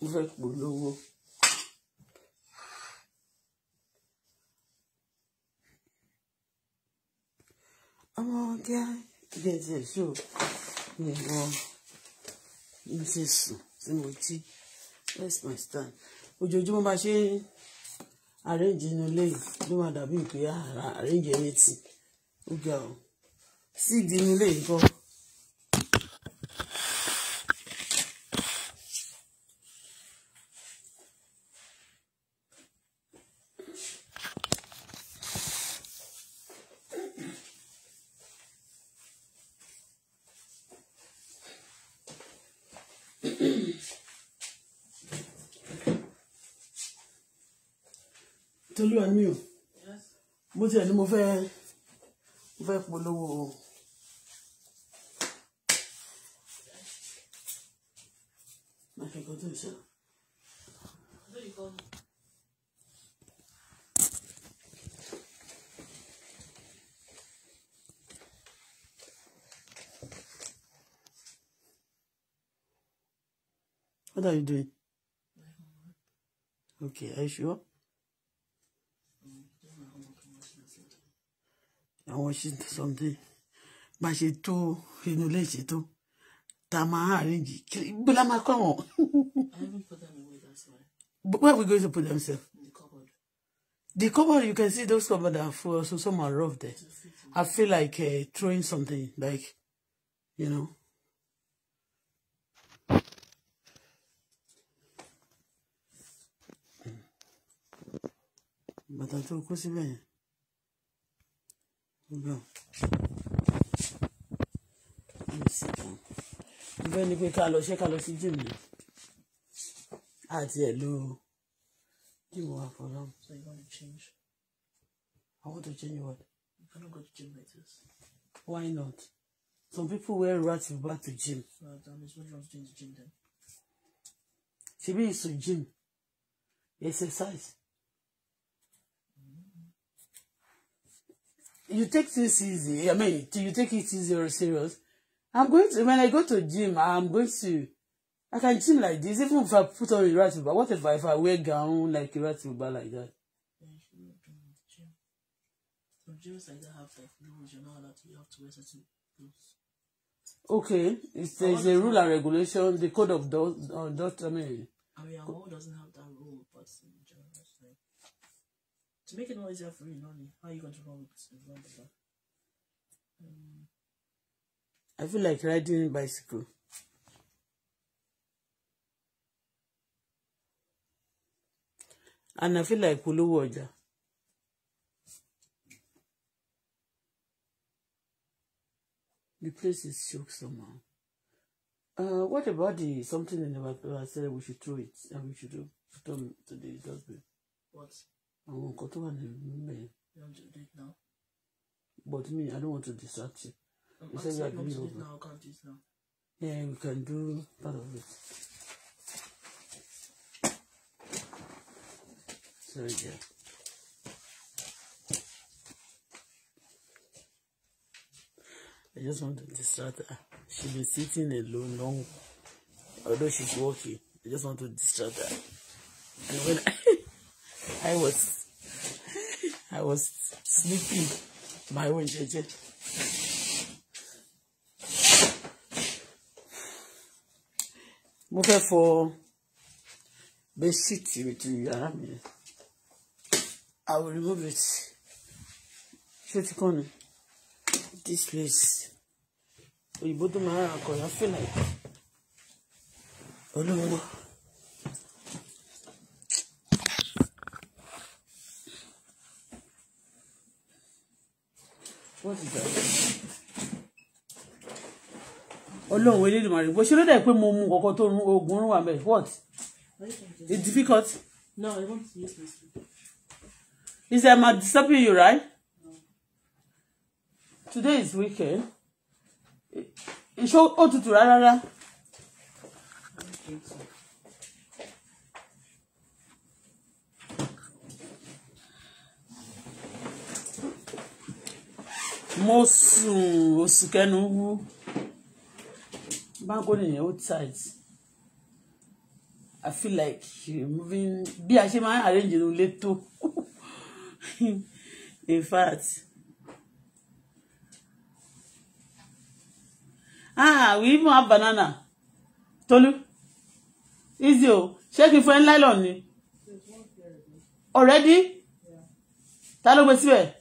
mo fẹ́ polówó. ọmọ kíá gẹ̀ẹ́sẹ̀ ṣó mi wọ mo ti sùn tí mo jí where's my stand ojoojúmọ́ bá ṣe ń arrange inú ilé ló máa dàbí ìpè àrà ah, arrange anything ó ga ọ sí ìdí inú ilé yìí kọ́. mi o mo tiẹ̀ ní mo fẹ́ mo fẹ́ polówó o. Akẹ́kọ̀ọ́ tó ń sọ. What are you doing? Okay, are you sure? àwọn something bá ṣe tó inú ilé ìṣètò tá a máa arrange kiri bó la máa kọ́ àwọn. where we going to put them sef. The cupboard, you can see those cupboard are full, so some are rough there. I feel like uh, throwing something, like, you know. Bàtà tó kó síbẹ̀ yẹn ọlọ́run mo sì tán mo fẹ́ ni pé ká lọ ṣe ká lọ sí jìmù àti ẹ̀ ló jìmù wà for long. So you want to change? I want to change what? You cannot go to gym like this. Why not? Some people wear rats if back to gym. Well, uh, that means what you want to gym then? Ṣebí it's a gym. Exercise. you take things easy. I mean, till you take it easy or serious. I'm going to when I go to gym, I'm going to I can gym like this, even if I put on a rat but what if I if I wear gown like a rat like that? Gyms Okay, it's there's a rule and regulation. The code of dot, uh, dot I mean. I mean, our world doesn't have that rule, but to make it more easier for you, Nani, how are you going to run with run Um, I feel like riding a bicycle. And I feel like polówó ọjà. The place is shook somehow. Uh, what about the something in the paper I said we should throw it and we should do to to the dustbin? What? àwọn nǹkan tó wà níbẹ̀ yẹn. But me, I don't want to distract you. You said you are doing over. Now, can't it now. Yeah, we can do part of it. Sorry, yeah. I just want to distract her. She's been sitting alone long. Although she's walking. I just want to distract her. And when I, I was I was sleeping my own jẹ́jẹ́. mo for. fọ bẹ́síìtì between your mi I will remove it ṣé corner. this place We both tó máa ń ra kọ̀ọ̀yà fìlà olówó. what is that ọlọ́run elédùnmarè bó ṣe ló dẹ̀ pé mo mu kọ̀kọ́ tó rún oògùn rún wà mẹ́ what it's difficult. no i want to use my sleep. is that disturbing you right. No. today is weekend. ìṣó òtútù rárá rárá. mo sùn oṣù kẹnu wú báńkò nìyẹn ó tight i feel like moving bí a ṣe máa ń arrange irun létò in fact ah we even have banana tolu easy o ṣé kí n fún ẹ ní nylon ni already ta ló gbé síbẹ̀.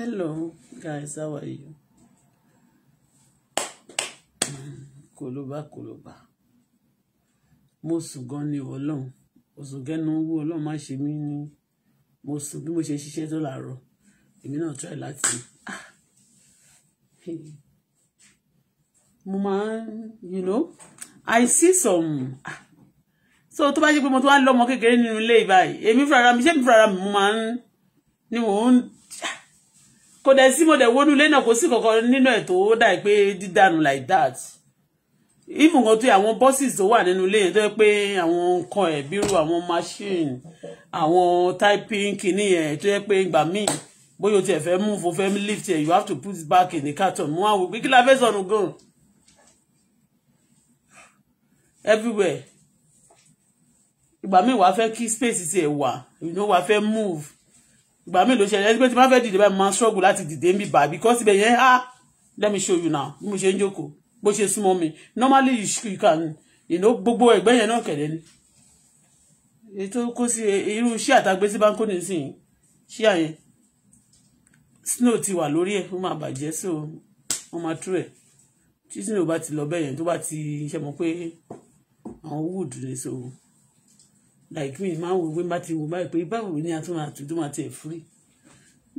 Hello, guys. How are you? Koloba, koloba. Mo sùn gan ni ọlọ́run. Òsùn gẹ́nu wú ọlọ́run má ṣe mí ní. Mo sùn bí mo ṣe ṣiṣẹ́ tó làárọ̀. Èmi náà try lati. Ah! Mo máa you know, I see some. Ah! So tó bá ṣe pé mo tó wá lọ́mọ kékeré nínú ilé ìbáyìí. Èmi fúnra mi, ṣé mi fúnra mi mo máa ni mò kò dẹ̀ sí mo dẹ̀ wọnú ilé náà kò sí kankan nínú ẹ̀ tó dà pé dídànù like that even kan tó yẹ àwọn bosses tó wà nínú ilé yẹn tó yẹ pé àwọn nǹkan ẹ̀ bírú àwọn machine àwọn typing kìíní yẹn tó yẹ pé ìgbà míì bóyá o tiẹ̀ fẹ́ mú fo fẹ́ lift yẹn you have to put it back in the carton mo wá wò pé kí la fẹ́ sọnù gan everywhere ìgbà míì wàá fẹ́ kí space tiẹ̀ wà you know wàá fẹ́ move ìgbà mi ló ṣe ẹni pé tí máa fẹ́ dìde báyìí máa ń struggle láti dìde ń bì bá because ibẹ̀ yẹn ah let me show you now bí mo ṣe ń jókòó bó ṣe súnmọ́ mi normally you can you know gbogbo ẹ̀gbẹ́ yẹn náà kẹ̀lẹ́ ni ètò kó sí irú iṣẹ́ àtàgbé sí báńkò nísìnyí ṣí àyẹn snow ti wà lórí ẹ̀ ó máa bàjẹ́ so wọ́n máa tú ẹ̀ tí snow bá ti lọ bẹ́ẹ̀ yẹn tó bá ti ṣe mọ̀ pé àwọn wood ni so like me máa ń wo pé má ti wò báyìí pé báwo ni a tún máa tún tó máa tẹ̀ free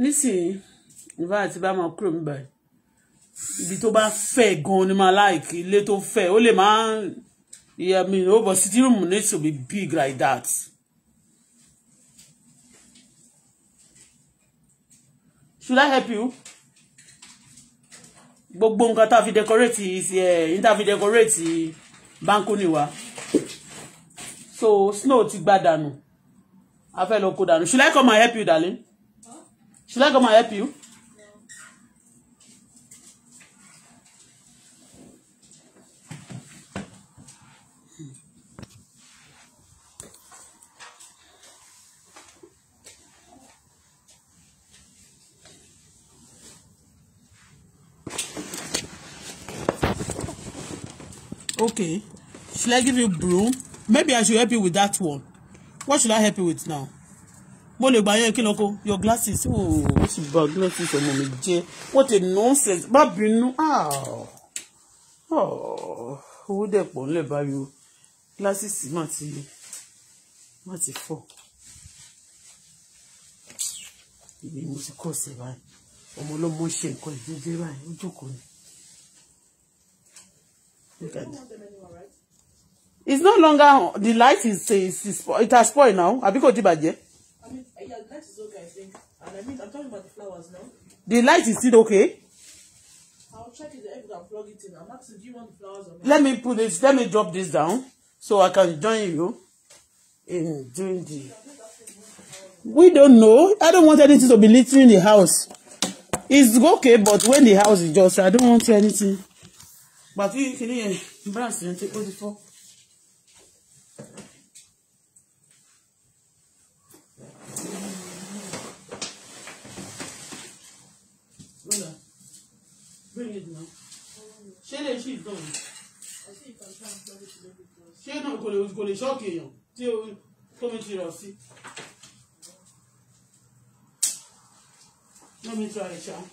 nísìnyí ìbá àti bá máa kúrò mi báyìí ibi tó bá fẹ́ gan ni máa like ilé tó fẹ́ ó lè máa yeah, I mean, oh, but sitting room needs to be big like that. Should I help you? gbogbo nǹkan tá a fi decorate is ẹ eh, n tá a fi decorate bankoni wa so snow ti gba dànù a fẹ́ lọ kó dànù should I come and help you darling should I come and help you. okay should I give you broom maybe I should help you with that one what should I help you with now mo lè gbà yẹn kí lọ́kọ́ your glasses ó oh, ó sì bà glasses ọmọ mi jẹ́ what a nonsense má bínú ah. oh, owó dẹ̀ pọ̀ ńlẹ̀ báyìí glasses má ti má ti fọ́ ìdí mo ti kọ̀ sí báyìí ọmọ ọlọ́mọ ṣe nǹkan ìdíje báyìí ó jókòó ni. Look at that it's no longer the light is is, is it has spoiled now àbí kò ti bàjẹ́. I mean yeah, the light is okay I think and I mean I'm talking about the flowers now. The light is still okay. I'll check it if I can plug it in I'm asking do you want the flowers or not. Let me put this let me drop this down so I can join you in doing the. We don't know I don't want anything to be littering the house it's okay but when the house is just I don't want anything. But Gbàtí kìnìyẹn eh, brass yẹn ti kó the fọ́. bring it now. ṣé lè ṣì tán ni. ṣé náà kò lè kò lè ṣọ́ọ̀kì èèyàn tí o tómi ti rọ̀ sí. Let me try it, y'all.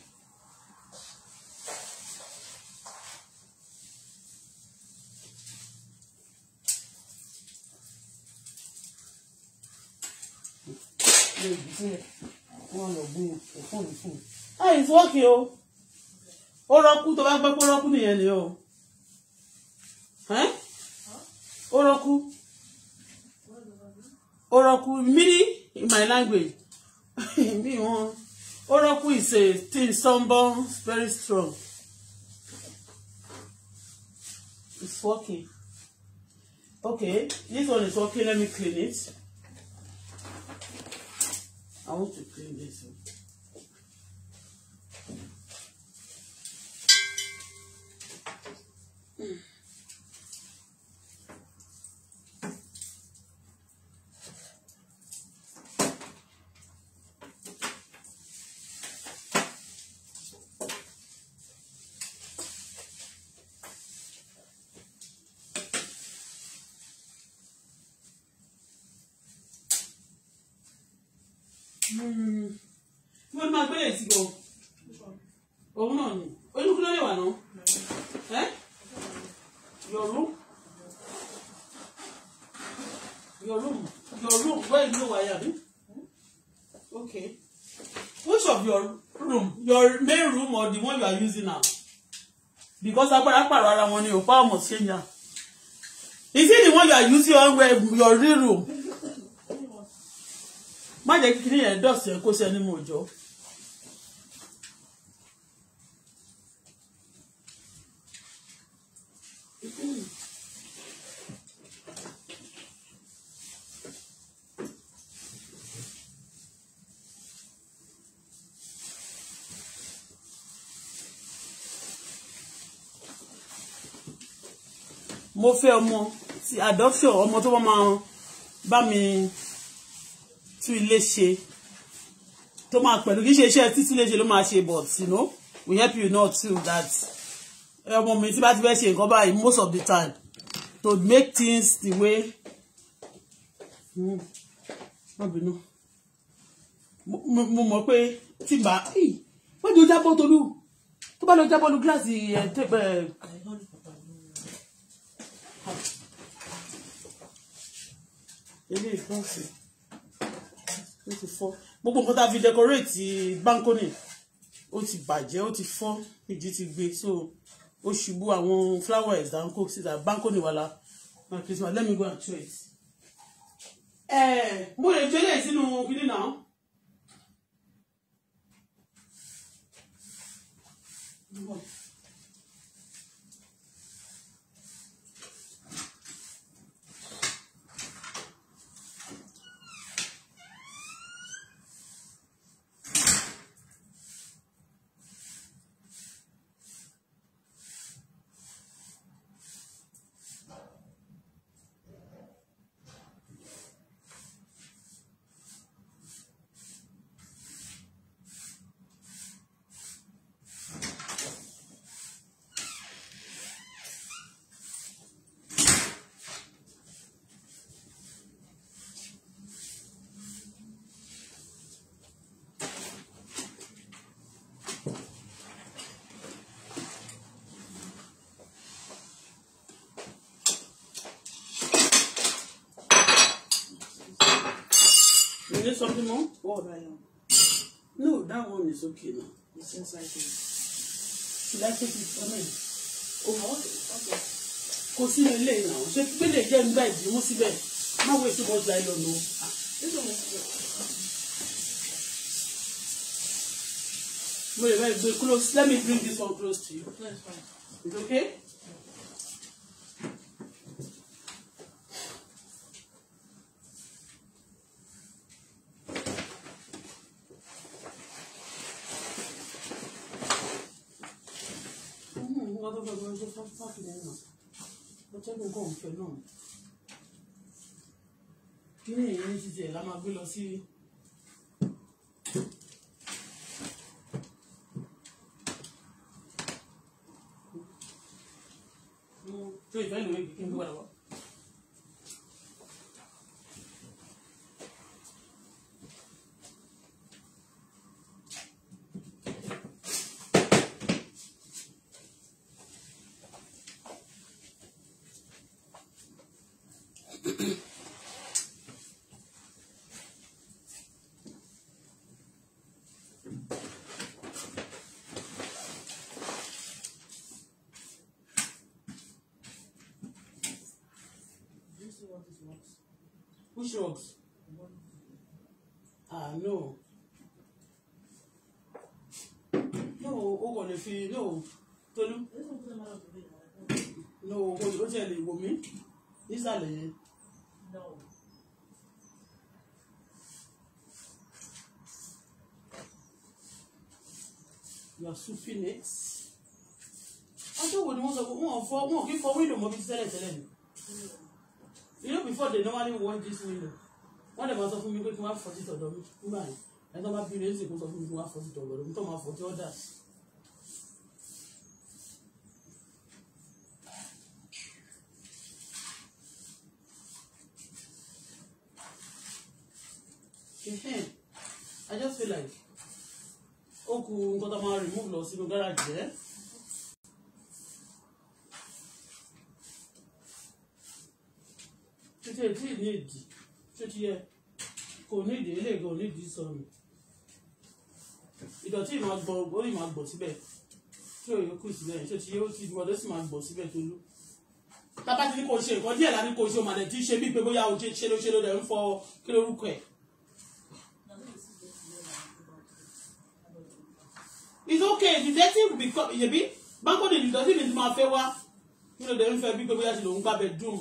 Hey, it's working, oh ó rọ́kú tó bá gbọ́ pé ó rọ́kú nìyẹn ni o ó rọ́kú ó rọ́kú mini in my language bí wọ́n ó rọ́kú is a thing sunburn very strong it's working okay this one is working let me clean it i want to clean this one. are using now because agbára pààrọ̀ ara wọn ni o power must change is it the one you are using on your real room má jẹ́ kí dust ẹ̀ mo fẹ́ ọmọ ti adoption ọmọ tó bá máa bá mi tún ilé ṣe tó máa pẹ̀lú kì í ṣe iṣẹ́ títún ilé ṣe ló máa ṣe but you know we help you know too that ọmọ mi tí bá ti fẹ́ ṣe nǹkan báyìí most of the time to make things the way ọbìnú hmm, mo mọ̀ pé tí bá wọ́n ti jábọ́ tolú tó bá lọ jábọ́ lu gíláàsì ẹ̀ tẹ́gbẹ̀ẹ́. ilé ìfọ́nsì ó ti fọ́ gbogbo nǹkan tá a fi decorate bánkónì ó ti bàjẹ́ ó ti fọ́ ìjì ti gbé so ó ṣubú àwọn flowers and coke síta bánkónì wà lá my christmas let me go and choose. it. ẹ mo lè jẹ́ lè sínú kíní náà. Thank you. Oh, that No, that one is okay now. It seems like this. Should I take it for me? Oh, okay. Okay. Kò sí ilé náà. Ṣé pé lè jẹ́ nígbà ìdìmú síbẹ̀? Má wo èso bọ́ọ̀dù láì lọ́nà. Mo lè bá ẹ gbé close. Let me bring this one close to you. It's okay? lẹ́nu ọ̀tẹ́gùn kò ń fẹ́ náà kí ni èyí ní títí ẹ̀ la máa gbé lọ sí. tó ìfẹ́ lórí kí n gbọ́dọ̀ wá. shops. Ah, no. No, o kò lè fi no Tolú. No, o kò tiẹ̀ lè wò mí nísàlẹ̀ yẹn. You are souping it. Ọjọ́ wo ni wọ́n sọ pé wọ́n fọ́ wọ́n kì fọ́ wíńdò mọ́ bí tẹ́lẹ̀ tẹ́lẹ̀ ni you know before they normally want this window One of máa sọ fún mi one forty wọ́n á fọ́tí tọ̀dọ̀ mi nígbà yẹn ẹni tó bá bí one forty sìnkú sọ fún mi forty others. á I just feel like Oh, kù nǹkan tó máa remove lọ sínú gáràjì ẹ̀. tí ní ìdí tó ti yẹ kò ní ìdí eléyìí kò ní ìdí sọnù ìdọ̀tí ìmọ̀ gbọ̀ ó ìmọ̀ gbọ̀ síbẹ̀ tí òye kù síbẹ̀ tó ti yẹ ó ti gbọdọ̀ sì máa gbọ̀ síbẹ̀ tó lú. tábà ti ní kò ṣe nǹkan díẹ̀ láti kò ṣe òmàdẹ̀ tí ṣe bíi pé bóyá o ṣe ló ṣe ló dẹ̀ ń fọ kí lórúkọ ẹ̀. it's okay the dirty because yẹbi báńkò lè dìdọ́tí lè ti máa fẹ́ wá kí ló dẹ̀ ń fẹ́ bíi pé bóyá ti lòún gbàbẹ̀ dùn.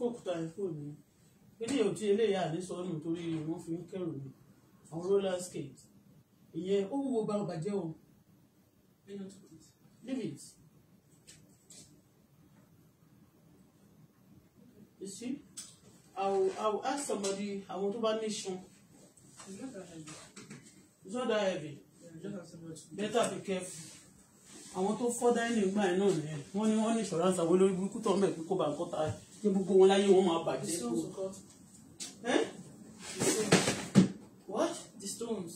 fóòkúta ẹ̀fọ́ mi eléyìí ò tí eléyìí àdésọ nù torí wọ́n fi ń kẹrù mi àwọn roller skate ìyẹn ó wúwo bá bàjẹ́ o leave it you see i will i will ask somebody àwọn tó bá ní sun it's not that heavy better be careful àwọn tó fọ́ dáínì gbà ẹ̀ náà nìyẹn wọ́n ní wọ́n ní ìṣọ̀ránṣà wọlé orí burúkú tó ń bẹ̀ pé kó bá ń kọ́ta ẹ̀ ṣé gbogbo wọn láyé wọn máa bàjẹ́ kú. what the stones.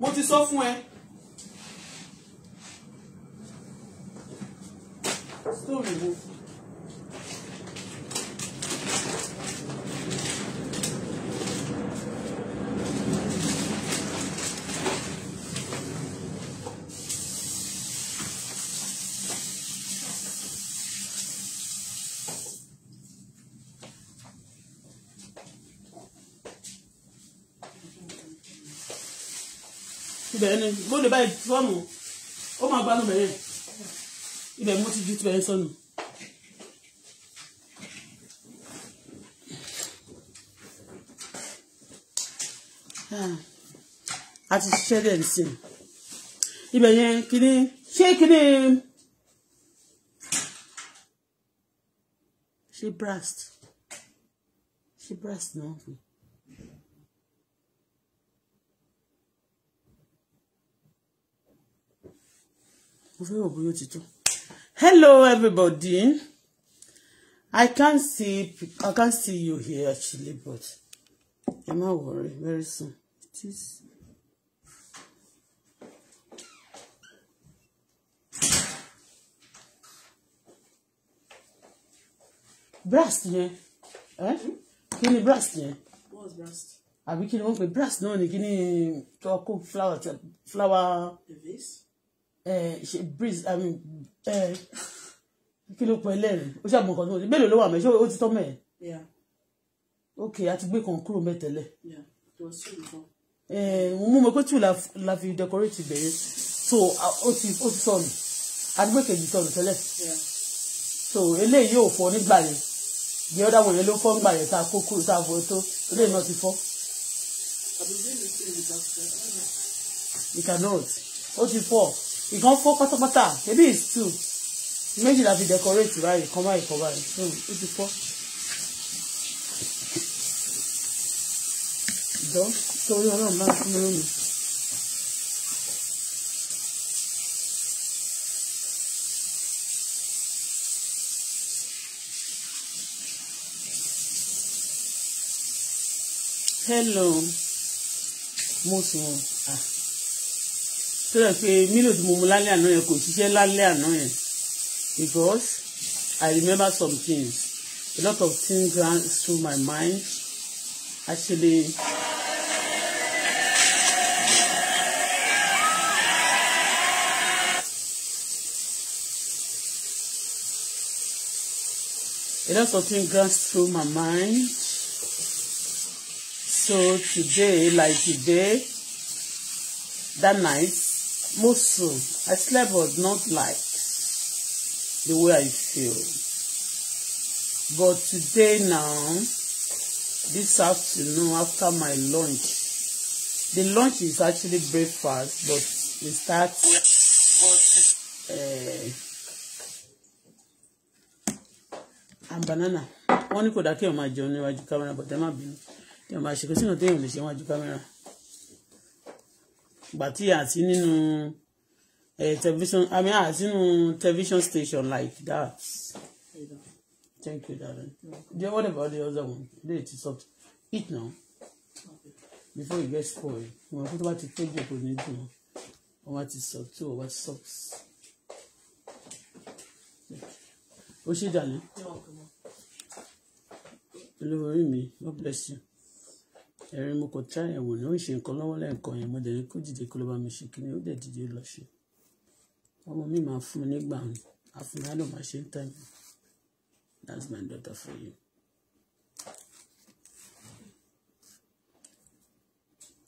mo ti sọ fún ẹ. stone wo. ibẹ̀ ni mo lè báyìí fọ́ọ̀mù ó máa gbanú bẹ̀rẹ̀ ibẹ̀ mo ti ju tibẹ̀ yẹn sọnù. a ti ṣiṣẹ́ dẹ̀ nsìn ibẹ̀ yẹn kíní ṣé kíní ṣé brast ṣé brast náà fún un. mo fẹ́ wò bóyá ti tó. hello everybody i can't see i can't see you here actually but ẹ not worry very soon it Brast brass yẹn eh? kí ni brass yẹn àbí kí ni wọ́n pè brass náà ni kí ni tó kó flower flower. The vase? Eh, ṣe breeze i mean eh, kí ló pọ ẹlẹ́rìí ó ṣàmù nǹkan tó ṣe mélòó ló wà mẹ́ ṣé ó ti tọ́ mẹ́ ẹ̀ ok a ti gbé kan kúrò mẹ́tẹ̀lẹ̀ eh, mo mú mi pé tù la fi decorate bẹ̀rẹ̀ so ó ti sọnù àdúgbò kejì sọnù tẹ́lẹ̀ so eléyìí ò fọ nígbà yẹn the other one yẹn ló fọ́ nígbà yẹn tá a kó kúrò tá a fọ tó eléyìí náà ti fọ́. you cannot ó ti fọ́ ìkan fọ́ pátápátá maybe it's two méjì la fi decorate báyìí kan báyìí kan báyìí hmm, ó ti fọ́. ìjọ torí ọlọ́run máa fún mi lónìí. hello mo sùn sọ́dọ̀ pé mílò tí mo mu lálẹ́ àná yẹn kò ṣiṣẹ́ lálẹ́ àná yẹn because I remember some things a lot of things ran through my mind actually. A lot of things glanced through my mind. So today, like today, that night, Muslim, I slept but not like the way I feel. But today now, this afternoon after my lunch, the lunch is actually breakfast, but we start. Uh, and banana. Wọ́n ní kò dá kéèyàn máa jẹun níwájú but ẹ má bínú. Kéèyàn máa ṣe kò sínú téèyàn lè ṣe níwájú ìgbà tí àti nínú television i mean àti nínú television station like that thank you darling yeah, what about the other one ilé it sọ eat now before you get spoil ìwọ̀n kó tó bá ti pé jù kò ní dùn wọ́n wá ti sọ tó wọ́n wá sọ. ó ṣe dàní olórí mi god bless you ẹ̀rín mo kò try ẹ̀ wò ní ó ń ṣe nǹkan lọ́wọ́ lẹ́ẹ̀kan yẹn mo dẹ̀ ní kó dìde kó ló bá mi ṣe kí ni ó dẹ̀ dìde lọ ṣe ọmọ mi máa fún mi nígbà àfúnmi á lọ máa ṣe ń tàn mí that's my daughter for you.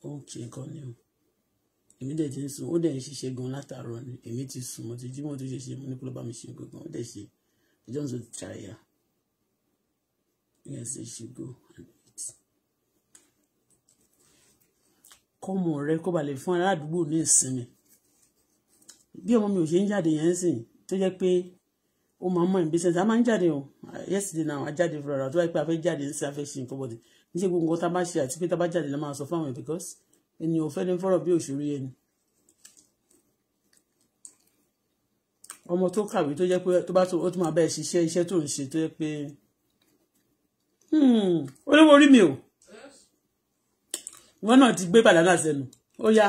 ó ń kí nǹkan ni o èmi dẹ̀ ti ń sùn ó dẹ̀ ń ṣiṣẹ́ gan látàárọ̀ ni èmi ti sùn mo ti jí mo ti ṣe ṣe mo ní kó ló bá mi ṣe gbogbo ó dẹ̀ ṣe ìjọ́nsọ ti try ya yes it should go. kọ́mọ rẹ kó ba lè fún aládùúgbò ní ìsinmi bí ọmọ mi ò ṣe ń jáde yẹn sìn tó jẹ́ pé ó máa mọ ìbísẹ̀nsì a máa ń jáde o yesterday náà a jáde fúnra rà tó wáyé pé a fẹ́ jáde ní sí afẹ́ ṣe nǹkan bọ̀dẹ̀ níṣẹ́ gbogbo nǹkan tá a bá ṣe àti pé tá a bá jáde la máa sọ fáwọn ẹ̀ because ènìyàn ò fẹ́ ní fọ́rọ̀ bí òṣèré ẹni. ọmọ tó kàwé tó jẹ́ pé tó bá tó ó tún máa bẹ́ẹ̀ ṣiṣẹ́ iṣẹ́ tó ń ṣe tó jẹ́ pé hmm, olówó orí mi o wọn náà ti gbé bàdánà sẹ́nu ó yá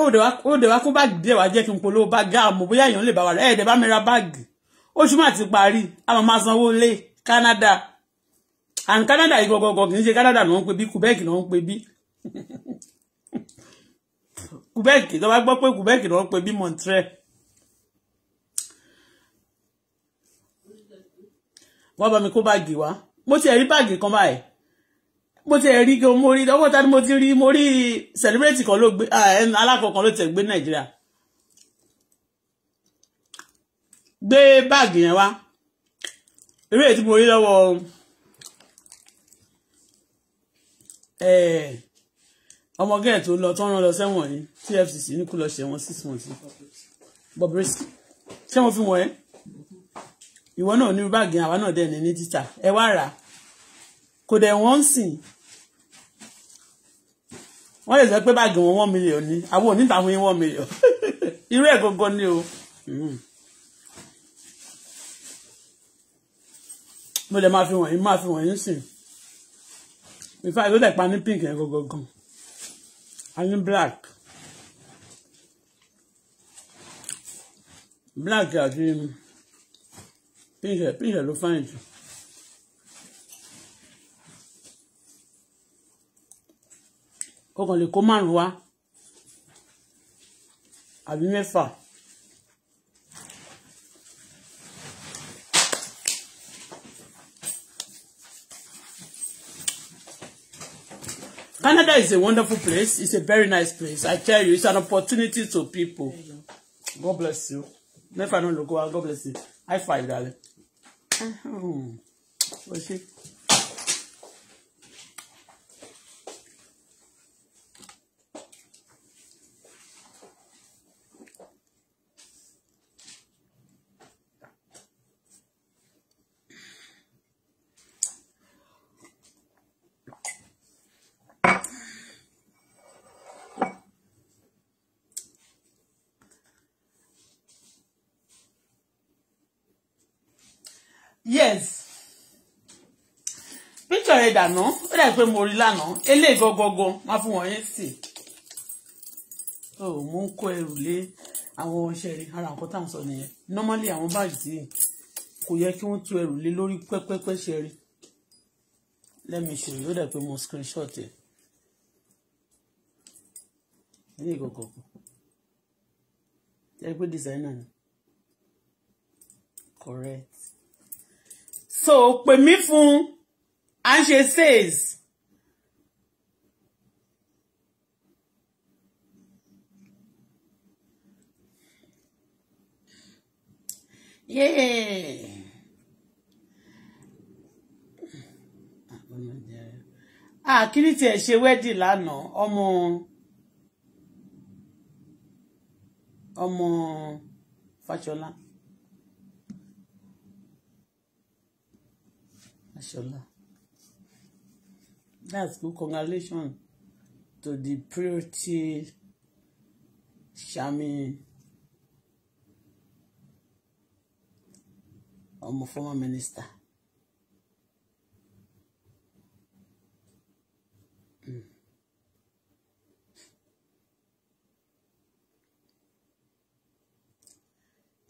ó dẹ̀ wá kó báàgì díẹ̀ wá jẹ́ kí n polówó báàgì àmọ́ bóyá èèyàn lè bá wa rẹ̀ ẹ̀ bá mi báàgì oṣù máa ti parí àwọn máa sanwó lé Canada and Canada yìí gọgọgọ kì í ṣe Canada ló ń pe bí Quebec ló ń pe bí Quebec tó bá gbọ́ pé Quebec ló ń pe bí Montreal. wọ́n bá mi kó báàgì wá mo ti ẹ̀rí báàgì kan báyìí mo ti rí gan mo rí ọwọ́ ta ni mo ti rí mo rí celebrate kan ló gbé alákọ̀ọ́kan ló ti gbé nàìjíríà gbé báàgì yẹn wá eré tí mo rí lọ́wọ́ ọmọ gẹ́ẹ̀ tó lọ tó ń rán lọ sẹ́wọ̀n ní tfcc ní kú lọ sẹ́wọ̀n six months Bobrisky ṣé mo fi wọ̀n ẹ́ ìwọ náà ní báàgì àwa náà dẹ̀ ní títà ẹ wá rà kò dẹ̀ wọ́n sìn wọ́n lè sọ pé báàgì wọn one million ni àwọn oníta fún yín one million irú ẹ̀ gangan ni o. Hmm. mo lè máa fi wọ̀nyí máa fi wọ̀nyí sìn ìfà ìlú dẹ̀ pa ní pink yẹn gangan a ní black black àti pink yẹn pink yẹn ló fáyìn jù. kọkàn lè kó márùn wá àbí mẹ́fà. Canada is a wonderful place. It's a very nice place. I tell you, it's an opportunity to people. God bless you. Never know, go God bless you. High five, darling. Uh-huh. Hmm. rẹ̀ dànù ó dà pé mo rí lánàá eléyìí gangan má fún wọn yẹn sì ó mú kó ẹrù lé àwọn ọṣẹ rí ara nǹkan tá à ń sọ nìyẹn normally àwọn báàgì tí kò yẹ kí wọ́n tú ẹrù lé lórí pẹ́pẹ́pẹ́ ṣe rí let me show you ó dà pé mo screenshot ẹ̀ ní ìkọ̀kọ̀ ẹ pé designer ni correct so pè mí fún and she says Yeah. Ah, kí ni tiẹ̀ ṣe wẹ́dì lánàá ọmọ ọmọ Fáṣọlá Fáṣọlá. That's good. Congratulations to the purity Shami um, former minister. Mm.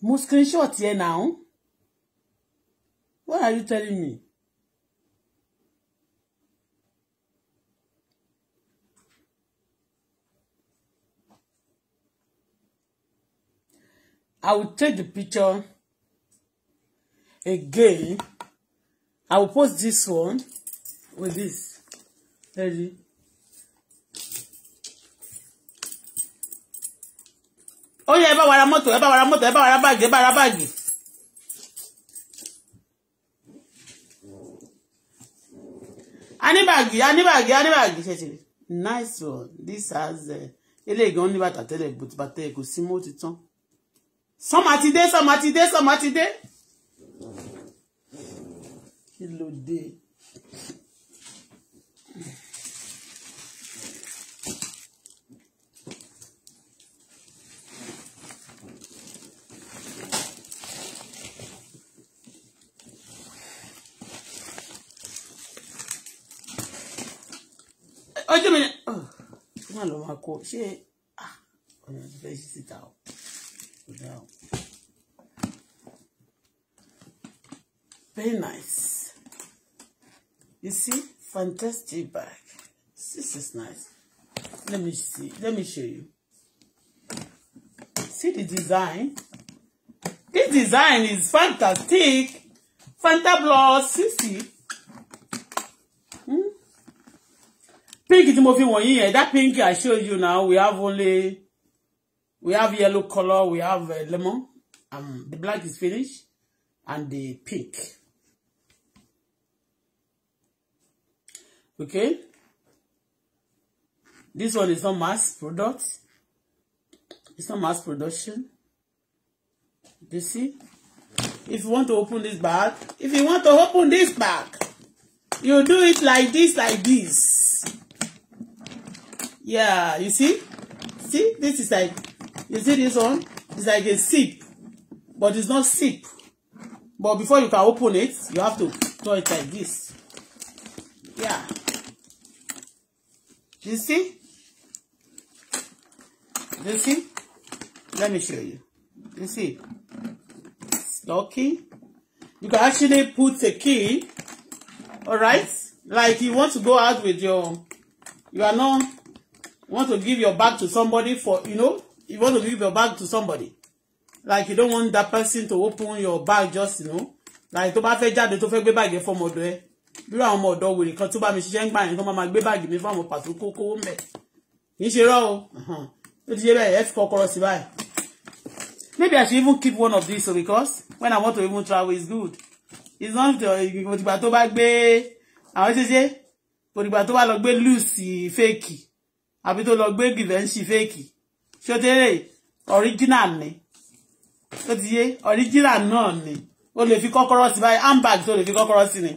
Mo screenshot here now. What are you telling me? I will take the picture again. I will post this one with this. Ready? Oh yeah, ẹ bá wa ra mọ́tò, ẹ bá wa ra mọ́tò, ẹ bá wa ra báàgì, ẹ bá wa ra báàgì. A ní Nice one. This has uh, eléyìí gan ní bàtà tẹ́lẹ̀ bó ti bàtà ẹ̀ kò sọ́mà ti dé sọ́mà ti dé sọ́mà ti dé. kí ló dé. ojú mi ni. kí ah, wọ́n lọ máa kó ṣé ah, ọ̀nà tó fẹ́ ṣí síta o down. Very nice. You see, fantastic bag. This is nice. Let me see. Let me show you. See the design. This design is fantastic. Fanta Plus, see. Hmm? Pink is moving one year. That pink I showed you now, we have only We have yellow color, we have uh, lemon, um, the black is finished, and the pink. Okay? This one is not mass product. It's not mass production. You see? If you want to open this bag, if you want to open this bag, you do it like this, like this. Yeah, you see? See, this is like You see this one? It's like a sip, but it's not sip. But before you can open it, you have to draw it like this. Yeah. You see? You see? Let me show you. You see? It's You can actually put a key, all right? Like you want to go out with your, you are not, want to give your bag to somebody for, you know, you want to give your bag to somebody like you don't want that person to open your bag just you know like tó bá fẹ́ jáde tó fẹ́ gbé báàgì fọmọ ọ̀dọ̀ ẹ bírò àwọn ọmọ ọ̀dọ̀ wèrè kan tó bá mi ṣiṣẹ́ ń gbà yẹn tó máa gbé báàgì mi fún àwọn pàtó kókówó mẹ́ kì í ṣe rọ́ o ó ti ṣe bẹ́ẹ̀ ẹ fi kọ́kọ́rọ́ sí báyìí maybe I should even keep one of these so because when I want to even travel it's good it's not the òtìgbà tó bá gbé àwọn ṣeṣe òtìgbà tó bá lọ gbé loose fake àbí tó lọ gbé givenchy fake ṣé o original ni ó ti yé original náà ni o lè fi kọ́kọ́rọ́ sí báyìí handbag tó lè fi kọ́kọ́rọ́ sí ni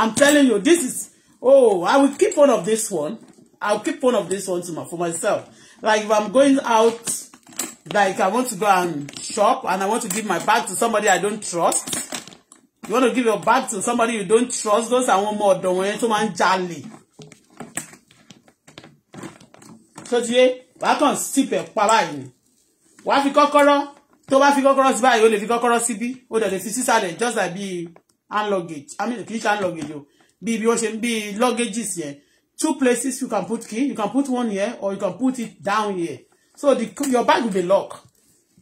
i'm telling you this is oh i will keep one of this one i will keep one of this one my, for myself like if i'm going out like i want to go and shop and i want to give my bag to somebody i don't trust you want to give your bag to somebody you don't trust those more. ọmọ ọ̀dọ̀ wọ̀nyẹn tó máa ń jalè. sọ́tìyé wàá kàn sípẹ̀ pa báyìí ni wàá fi kọ́kọ́rọ́ tó bá fi kọ́kọ́rọ́ sí báyìí o lè fi kọ́kọ́rọ́ sí bí o dẹ̀ lè fi sísàlẹ̀ just like bíi hand luggage i mean kì í ṣe hand luggage o bíi bí wọ́n ṣe ń bíi luggages yẹn two places you can put key you can put one here or you can put it down here so the your bag will be locked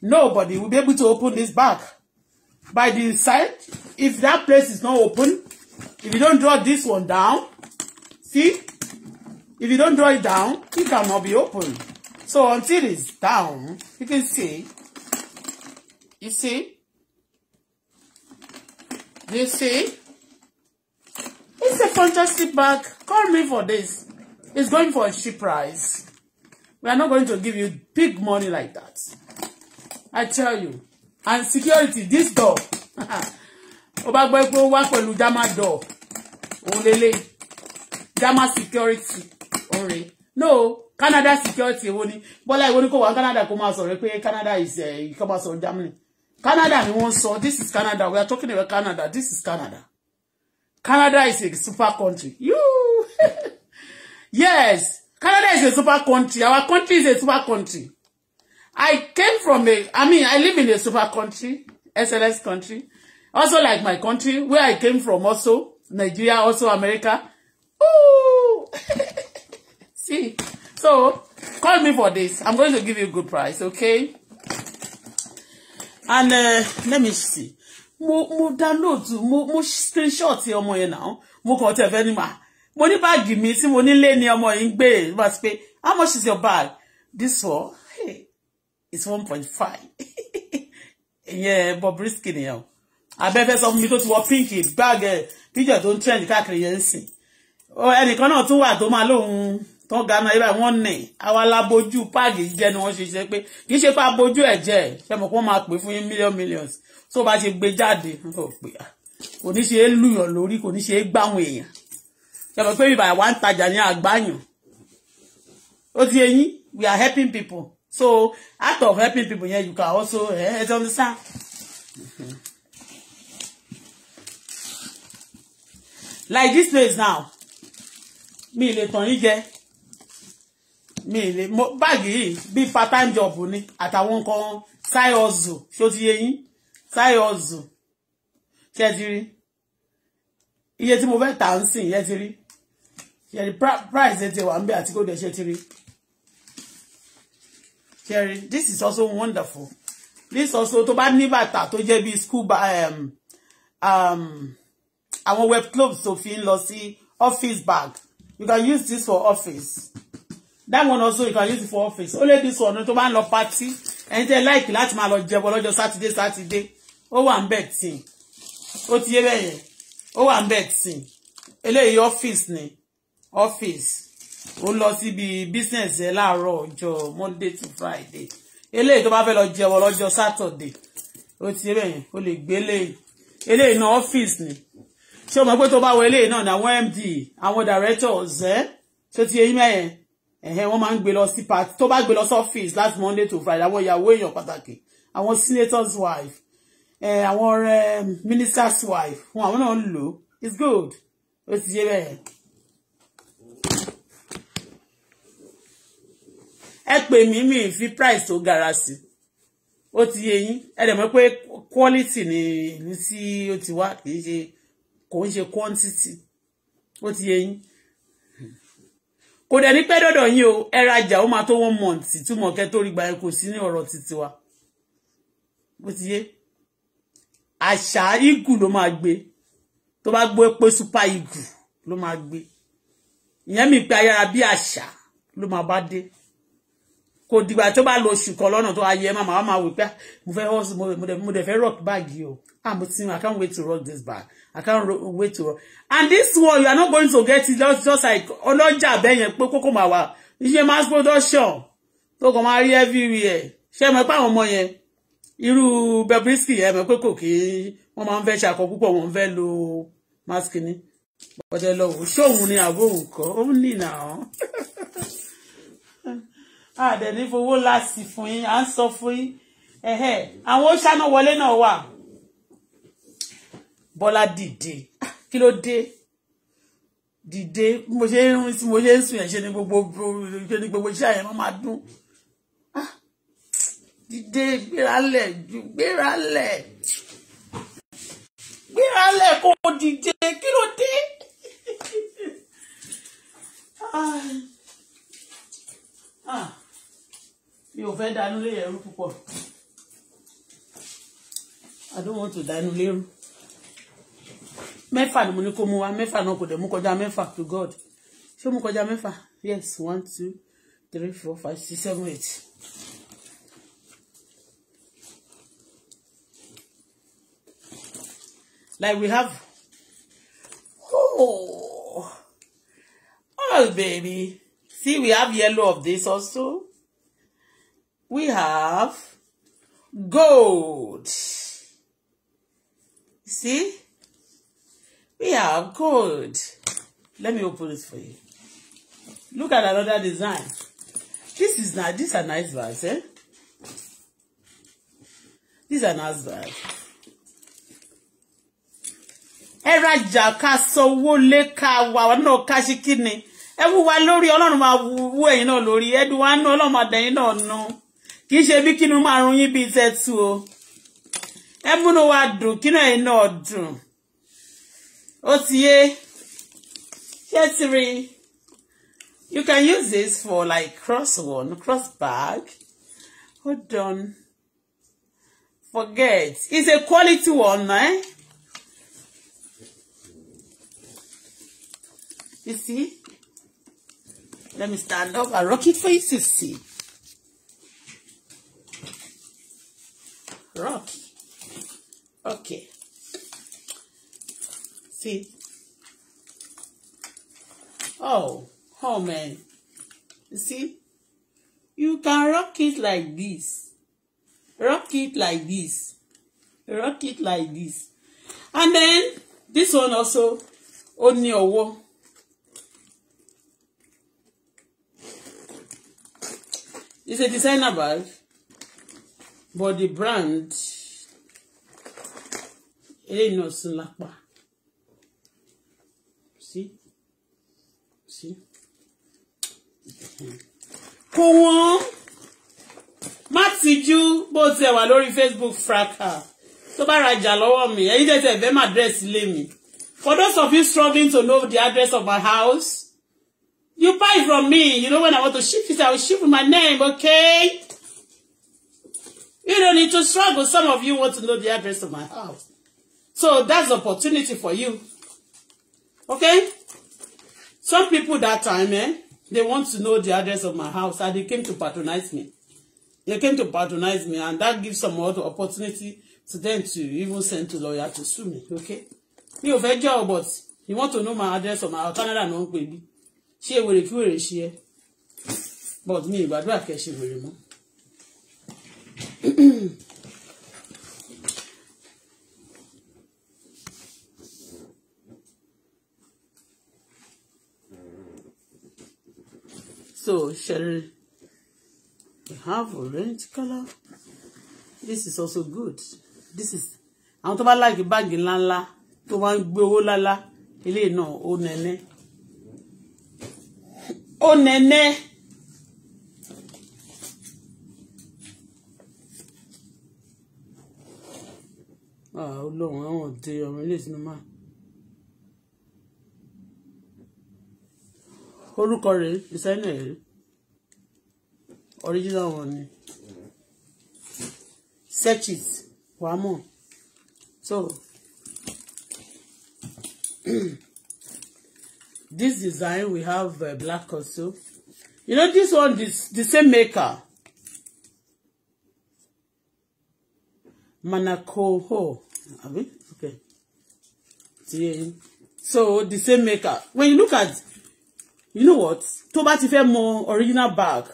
nobody will be able to open this bag by the side if that place is not open if you don't draw this one down see if you don't draw it down it cannot be open So until it's down, you can see, you see, you see, it's a fantastic bag. Call me for this. It's going for a cheap price. We are not going to give you big money like that. I tell you. And security, this door. Ó bá gbọ́ pé ó door. Olele. Dama security. Ọ̀rẹ́. No. Canada security èwo ni Bọ́lá èwo ni kò wá Canada kó máa sọ̀rọ̀ pé Canada is eh, kó máa sọ̀rọ̀ Germany Canada ni wọ́n so. this is Canada we are talking about Canada this is Canada Canada is a super country you yes Canada is a super country our country is a super country I came from a I mean I live in a super country SLS country also like my country where I came from also Nigeria also America ooh see So call me for this. I'm going to give you a good price, okay? And uh, let me see. Mo mo download mo mo screenshot ọmọ yẹn now. Mo kàn tẹ̀ fẹ́ ní ma. Mo ní báàgì mi tí mo nílé ni ọmọ yìí ń gbé. Mo how much is your bag? This one hey, it's one point five. Yeah, Bobrisky nìyẹn o. I sọ fún mi tó ti wọ pínkì báàgì píjọ tó ń trend káàkiri yẹn ń sìn. Ẹnìkan náà tún wà tó máa lóun tán ga náà ibà wọ́n nì àwa la bojú páàgì jẹ́ ni wọ́n ṣe ṣe pé kì í ṣe pa bojú ẹ̀ jẹ́ ṣe mọ̀ kó máa pè fún yín million millions tó bá ṣe gbé jáde kò ní ṣe é lùyàn lórí kò ní ṣe é gbáwọn èèyàn ṣe mọ̀ pé ibà wà ń tajà ní àgbáyàn ó ti eyín we are helping people so out of helping people yẹn yeah, you can also ẹ eh, ti eh, understand. like this place now mi ì lè tàn jẹ mi lè mo báàgì bí part time job ni àtàwọn nǹkan side hustle ṣó ti yé yín side hustle ṣe ti rí iye tí mo fẹ́ tà ń sìn yẹ ti rí ṣe rí price ẹ ti wà ń bẹ àti kó dẹ̀ ṣe ti rí ṣe rí this is also wonderful this also tó bá ní bàtà tó jẹ́ bí school um, um, àwọn web clubs tó fi ń lọ sí office bag you can use this for office that one also you can use it for office Only this one tó bá ń lọ party And tẹ́ like láti máa lọ jẹbọ lọ́jọ́ sátidé Saturday, ó wà ń bed tí ó ti yé bẹ́ẹ̀ yẹn ó wà ń bẹ̀ tí office ni office ó lọ síbi business ẹ láàárọ̀ ọjọ́ monday to friday eléyìí tó bá fẹ́ lọ jẹbọ lọ́jọ́ saturday ó ti yé bẹ́ẹ̀ yẹn ó lè gbé eléyìí eléyìí office ni ṣé o mọ̀ pé tó bá wọ eléyìí náà ní àwọn md àwọn directors ẹ tó ti yé yín ẹ̀hẹ́ wọ́n máa ń gbé lọ sí party tó bá gbé lọ sí office last monday to friday àwọn ìyàwó èèyàn pàtàkì àwọn senator's wife eh, àwọn ọ̀rẹ́ eh, minister's wife wọn àwọn náà ń lò it's good ó ti yé bẹ́ẹ̀. ẹ pè mí mi fi price tó gara sí ó ti yé yín ẹ dẹ̀ mọ̀ pé quality ni ìlú tí ó ti wá kì í ṣe kò ń ṣe quantity ó ti yé yín kò dẹ̀ ní pẹ́ dọ́dọ̀ yín o ẹ rajà ó máa tó one month túmọ̀ kẹ́ tó rí gba ẹ kò sí ní ọ̀rọ̀ títí wa bó ti yé àṣà igù ló máa gbé tó bá gbé pé super igù ló máa gbé ìyẹn mi pé ayára bí àṣà ló máa bá dé kò dìgbà tó bá lọ oṣù kan lọ́nà tó ayé ẹ máa máa wò pé ah, mo fẹ́ hustle mo dẹ̀ fẹ́ rock bag yìí o ah mo ti I can't wait to rock this bag I can't wait to and this one you are not going to get it just just like ọlọ́jà bẹ́ẹ̀ yẹn pé kókó máa wà iṣẹ́ mass production tó kàn máa rí everywhere ṣé ẹ mọ̀ pé àwọn ọmọ yẹn irú Bobrisky yẹn mọ̀ pé kò kí wọ́n máa ń fẹ́ ṣàkọ púpọ̀ wọ́n ń fẹ́ lo mask ni bọ́dẹ lọ́wọ́ ṣóun ni àbó nǹkan ó ní ìnáwó àdẹ̀ ní fowó láti fún yín à ń sọ fún yín àwọn ó ṣáná wọlé náà wà. Bọ́lá dìde kí ló dé dìde mo ṣe ń rún sí mo ṣe ń sùn yẹn ṣe ni gbogbo ṣe ni gbogbo iṣẹ́ yẹn máa dún ah! dìde gbéralẹ̀ ju gbéralẹ̀ gbéralẹ̀ kó dìde kí ló dé. Ah! Ah! mi ò fẹ́ dánú lé púpọ̀ I don't want to dánú lérú mẹ́fà ni mo ní kó mú wá mẹ́fà náà kò dẹ̀ mú kọjá mẹ́fà to God ṣé mú kọjá mẹ́fà yes one two three four five six seven eight. like we have oh oh baby see we have yellow of this also we have gold see Yeah, I'm cold. Let me open this for you. Look at another design. This is nice. These eh? are nice bags, eh? These are nice bags. Ẹ rajà ká sanwó lé ká wà náà ká ṣe kí ni? Ẹ wú wa lórí Ọlọ́run máa wú ẹ̀yin náà lórí. Ẹ̀dùn wa nú Ọlọ́run máa o. Ẹ múnú wa dùn kínú ẹ̀yin náà ó ti yé you can use this for like cross one cross bag hold on forget it's a quality one eh you see let me stand up and rock it for you to see rock okay See? Oh, oh man. You see? You can rock it like this. Rock it like this. Rock it like this. And then, this one also, ó ní ọwọ́. It's a designer bag, but the brand, eléyìí náà sún lápá. sí kò wọ́n má tijú bó tiẹ̀ wà Facebook fraka So bá rajà lọ́wọ́ mi ẹ̀yin tẹ̀sẹ̀ fẹ́ má address ilé mi for those of you struggling to know the address of my house you buy from me you know when I want to ship it I will ship with my name okay you don't need to struggle some of you want to know the address of my house so that's opportunity for you okay. Some people that time, eh, they want to know the address of my house and they came to patronize me. They came to patronize me and that gives some other opportunity to them to even send a lawyer to sue me, okay? Me ò fẹ́ but you want to know my address of my Canada náà ń She will Ṣé ewèrè kí wèrè ṣe ẹ́? But mi ìgbàdúrà kẹ́ ṣe wèrè mọ́. So, shall we have orange color? This is also good. This is àwọn tó bá láàgì báàgì ńláńlá tó bá ń gbé owó lálá ilé náà ó nẹ́nẹ́ ó nẹ́nẹ́ ah, ọlọ́run àwọn òde ọmọ ilé ìsinmi máa orúkọ rẹ̀ ìsẹ́nà ẹ̀ original one ni search it wàá mọ̀ so this design we have uh, black also you know this one is the same maker manakoho abi okay See, so the same maker when you look at you know what tó bá ti fẹ́ mọ original bag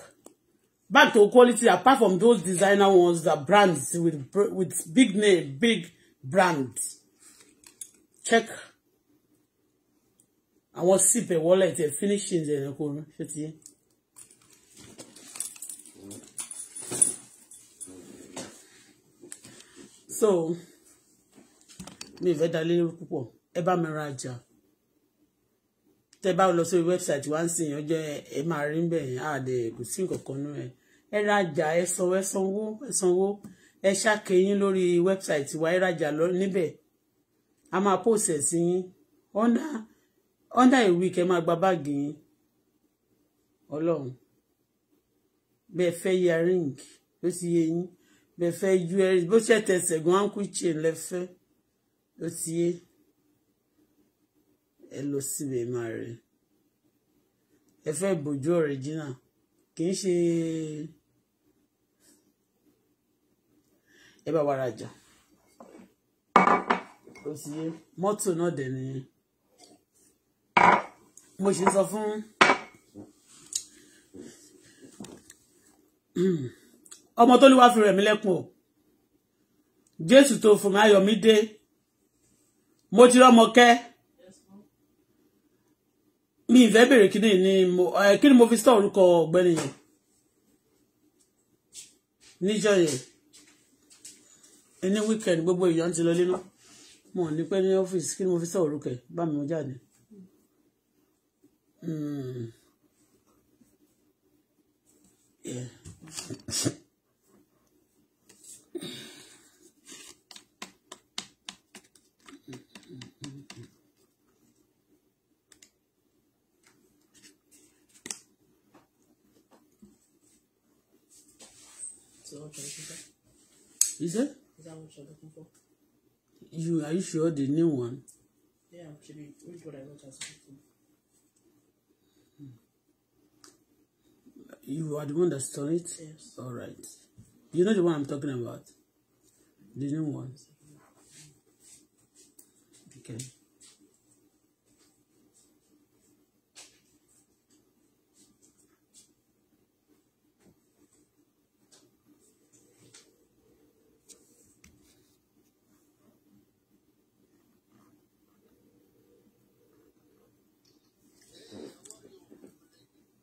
bag to quality apart from those designer ones that brands with with big name big brand check àwọn sip ẹ wallet ẹ finishing ẹ kò ṣe ti yẹ. so mi ìfẹ́ dalé púpọ̀ ẹ bá mi ra ọjà tẹ bá lọ sórí wẹ́bsáìtì wá ń sìn yàn jẹ́ ẹ máa rí bẹ́ẹ̀ yẹn àdè kò sí nǹkan kan nú ẹ ẹ rajà ẹ sanwó ẹ sanwó ẹ sanwó ẹ ṣàkẹyìn lórí wẹ́bsáìtì wa ẹ rajà níbẹ̀ a máa pòsè sí yín ọ́ndà ọ́ndà ìwí kẹ́ máa gba báàgì yín ọlọ́run bẹ́ẹ̀ fẹ́ yaring ló ti yé yín bẹ́ẹ̀ fẹ́ us bó ṣe tẹ̀sẹ̀ gan ankle chain ló ti yé yín ẹ lọ síbẹ̀ máa rẹ̀ ẹ fẹ́ bójú original kì í ṣe ẹ bá wa rajà kò sí mọ́tò náà dẹ̀ ni mo ṣe sọ fún ọmọ tó lúwa fi rẹ̀ mí lẹ́kùn o jésù tó fún mi ayọ̀ mi dé mo ti rọ́mọ kẹ́ mi ìfẹ́ bèrè kíní ni mo eh, kí ni mo fi sọ orúkọ ọ̀gbẹ́ni yẹn níjọ́ yẹn ẹni wíkẹ̀ndì gbogbo èèyàn ti lọ lé náà mo ní pẹ́ ní ọ́fíìsì kí ni mo fi sọ orúkọ ẹ̀ bá mi mú jáde. Hmm. Yeah. Is it? Is that what you're looking for? You are you sure the new one? Yeah, should be which one I wrote as You are the one that stole it? Yes. All right. You know the one I'm talking about? The new one? Okay.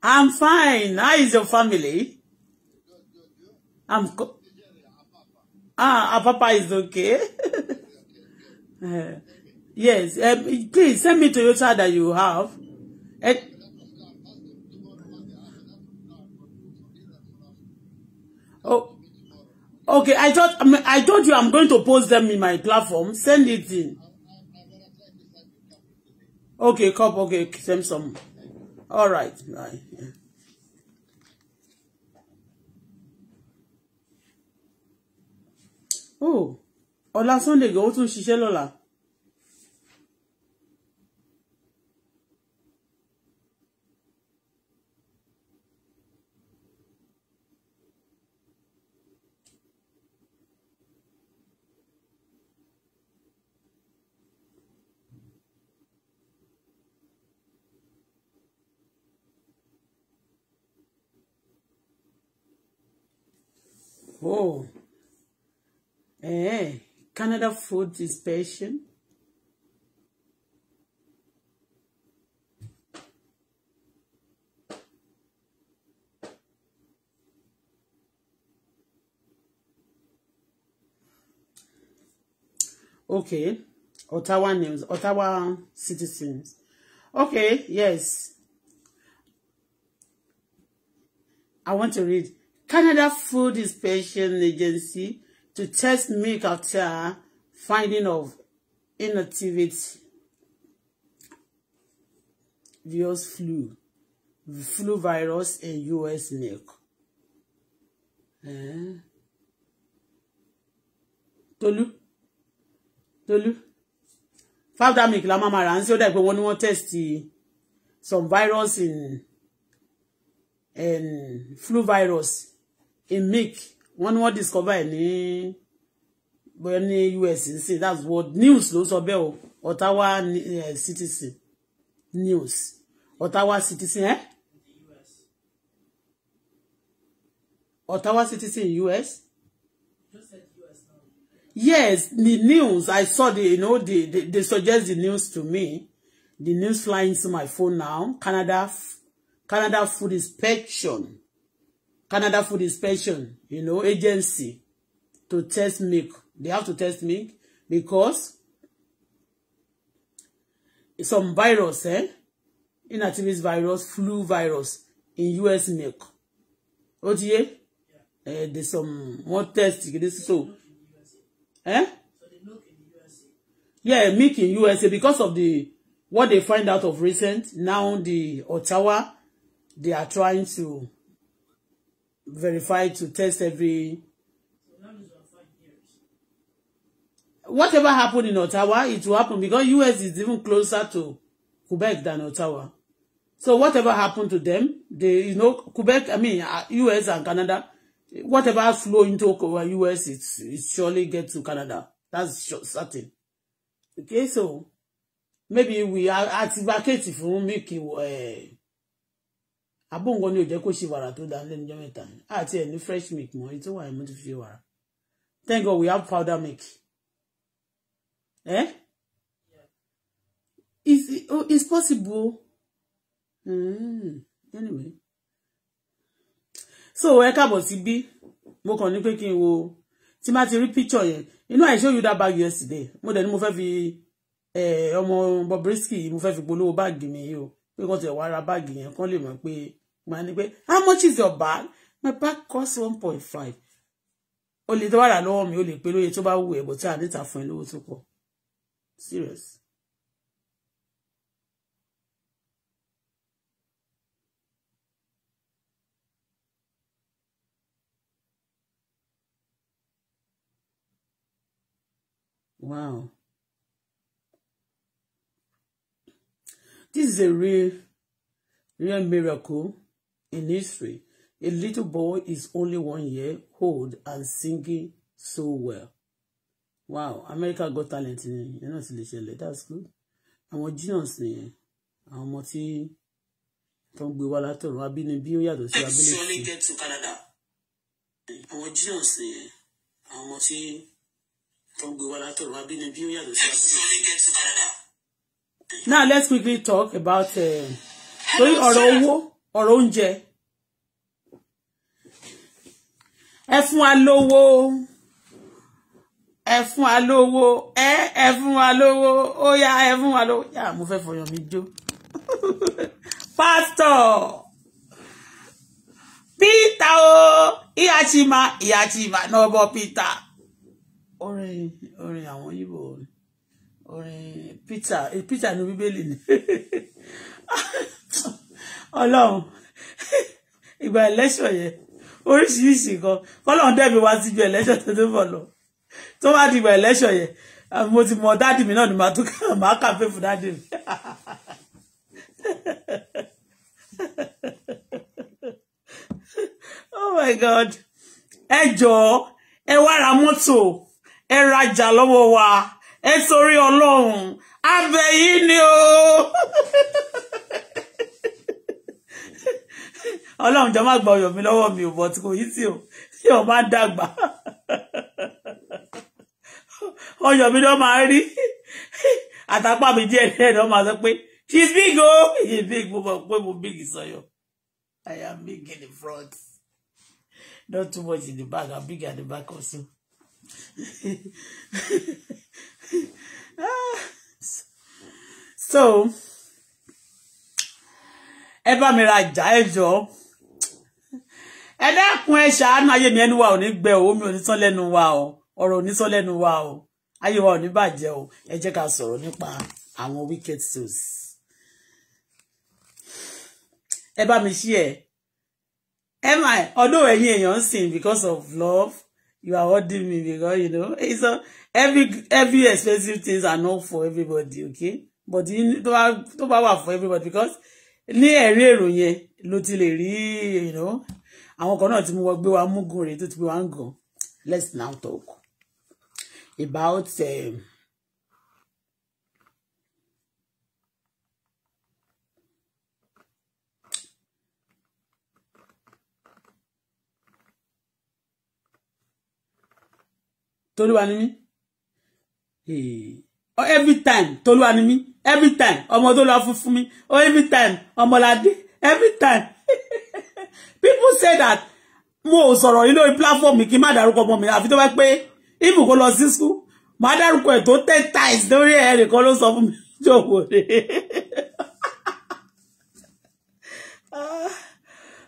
I'm fine. How is your family? I'm co ah, our papa is okay. uh, yes, um, please send me to your child that you have. Uh, oh, okay. I thought I, mean, I told you I'm going to post them in my platform. Send it in. Okay, cop. Okay, send some. All right, bye. Yeah. Oh, ọ̀la Sunday go ó tún ṣiṣẹ́ lọ́la. Oh. Eh, Canada Food Inspection. Okay, Ottawa names, Ottawa citizens. Okay, yes. I want to read. Canada Food Inspection Agency to test milk after finding of inactivity. virus flu, flu virus in U.S. milk. Eh? Tolu, Tolu, powder milk la mama ra ń sí ó dà pé wọ́n test some virus in um, flu virus in milk wọ́n ní wọ́n discover ẹ̀ ní bóyá ní US ń sìn that's what news ló sọ bẹ́ẹ̀ o Ottawa eh, citizen news Ottawa citizen, ẹ́ eh? Ottawa citizen, in US. Yes, the news, I saw the, you know, the, the, they suggest the news to me. The news flying to my phone now. Canada, Canada food inspection Canada Food Inspection, you know, agency to test milk. They have to test milk because some virus, eh? Inactivist virus, flu virus in US milk. What ti yé? Uh, there's some more tests. This so, eh? Yeah, milk in USA because of the what they find out of recent. Now the Ottawa, they are trying to verify to test every. Whatever happened in Ottawa, it will happen because US is even closer to Quebec than Ottawa. So whatever happened to them, they you know Quebec, I mean US uh, and Canada, whatever flow into US, it, it surely get to Canada. That's certain. Okay, so maybe we are advocate fún making. Uh, eh, abóǹgọ ni ò jẹ́ kó ṣe wàrà tó dáa lẹ́nu jọ́ mẹ́ta àti ẹ̀ ní fresh milk mọ́ èyí tó wà ní mo ti fi wàrà thank God we have powder milk eh? yeah. it's, oh, it's possible mm. anyway so ẹ káàbọ̀ sí bí mo kàn ní pé kí n wo tí picture yẹn you know I showed you that bag yesterday More than move every. fẹ́ fi eh, ọmọ Bobrisky mo fẹ́ fi polówó báàgì mi yìí pé kàn tẹ̀ wá ra báàgì yẹn kàn lè mọ̀ pé màá ní pé how much is your bag my bag cost one point five o lè tó wà rà lọ́wọ́ mi o lè pé lóye tó bá wù ẹ̀ bọ̀ tí a níta fún ẹ lówó tó pọ̀ serious. Wow. This is a real, real miracle in history. A little boy is only one year old and singing so well. Wow, America Got Talent ni yẹn náà sì lè that's good. Àwọn genius nìyẹn, àwọn ọmọ tí tó ń gbé wá látọ̀run abínibí ó yàtọ̀ sí get to Canada. Àwọn genius nìyẹn, àwọn ọmọ tí tó ń gbé wá látọ̀run abínibí ó yàtọ̀ sí get to Canada now let's quickly talk about uh, torí ọ̀rọ̀ owó ọ̀rọ̀ oúnjẹ ẹ fún wa lówó ẹ fún wa lówó ẹ ẹ fún wa lówó ó yá ẹ fún wa lówó yá mo fẹ́ fọyàn mi jó pásítọ̀ pítà o ìyá chima ìyá chima náà bọ pítà orin orin àwọn yìí bò orin orin Peter eh, Peter ní bíbélì ni Ọlọ́run ìgbà election yẹn oríṣiríṣi nǹkan kọ́lọ́run dẹbi wá síbi election tó tó bọ̀ lọ tó wá di ìgbà election yẹn mo ti mọ dáàdì mi náà ni màá tún màá kàfé fún dáàdì mi oh my god ẹ jọ̀ọ́ ẹ wá ra mọ́tò ẹ rajà lọ́wọ́ wa ẹ torí ọlọ́run abẹ yìí ni o ọlọ́run jọ má gba ọyọ̀ mi lọ́wọ́ mi ò bọ̀ tí kò yí sí o tí o bá dàgbà ọyọ̀ mi ló máa rí àtàpá mi díẹ̀ díẹ̀ ló máa sọ pé she is big o she is big mo mọ̀ pé mo big sọyọ I am big in the front not too much in the back I am big at the back also so ẹ bá mi ra ìjà ẹ jọ ẹ dẹ́kun ẹ ṣàánú ayé mi ẹnu wa ò ní gbẹ o omi ò ní tán lẹ́nu wa o ọ̀rọ̀ ò ní tán lẹ́nu wa o ayé wa ò ní bàjẹ́ o ẹ jẹ́ ká sọ̀rọ̀ nípa àwọn wicked souls ẹ bá mi ṣí ẹ ẹ máa ọdún ẹ̀yin èèyàn sìn because of love you are holding me because you know it's a, every every expensive things are not for everybody okay but you tó bá tó bá for everybody because ni ẹ̀rí èrò yẹn ló ti lè rí you know àwọn kan náà tí mo wọ gbé wa múgun rèé tó ti gbé wa ń let's now talk about. Um, tolúwa ni mí oh, every time tolúwa ni mí every time ọmọ tó lọ fún mi oh every time ọmọládé every time people say that mo ò sọ̀rọ̀ yìí lórí platform kí n má dárúkọ ọmọ mi àfi tó bá pé ibù kó lọ sí school má dárúkọ ẹ̀ tó ten times lórí ẹ̀ nìkan ló sọ fún mi jòwó rẹ̀. Ah,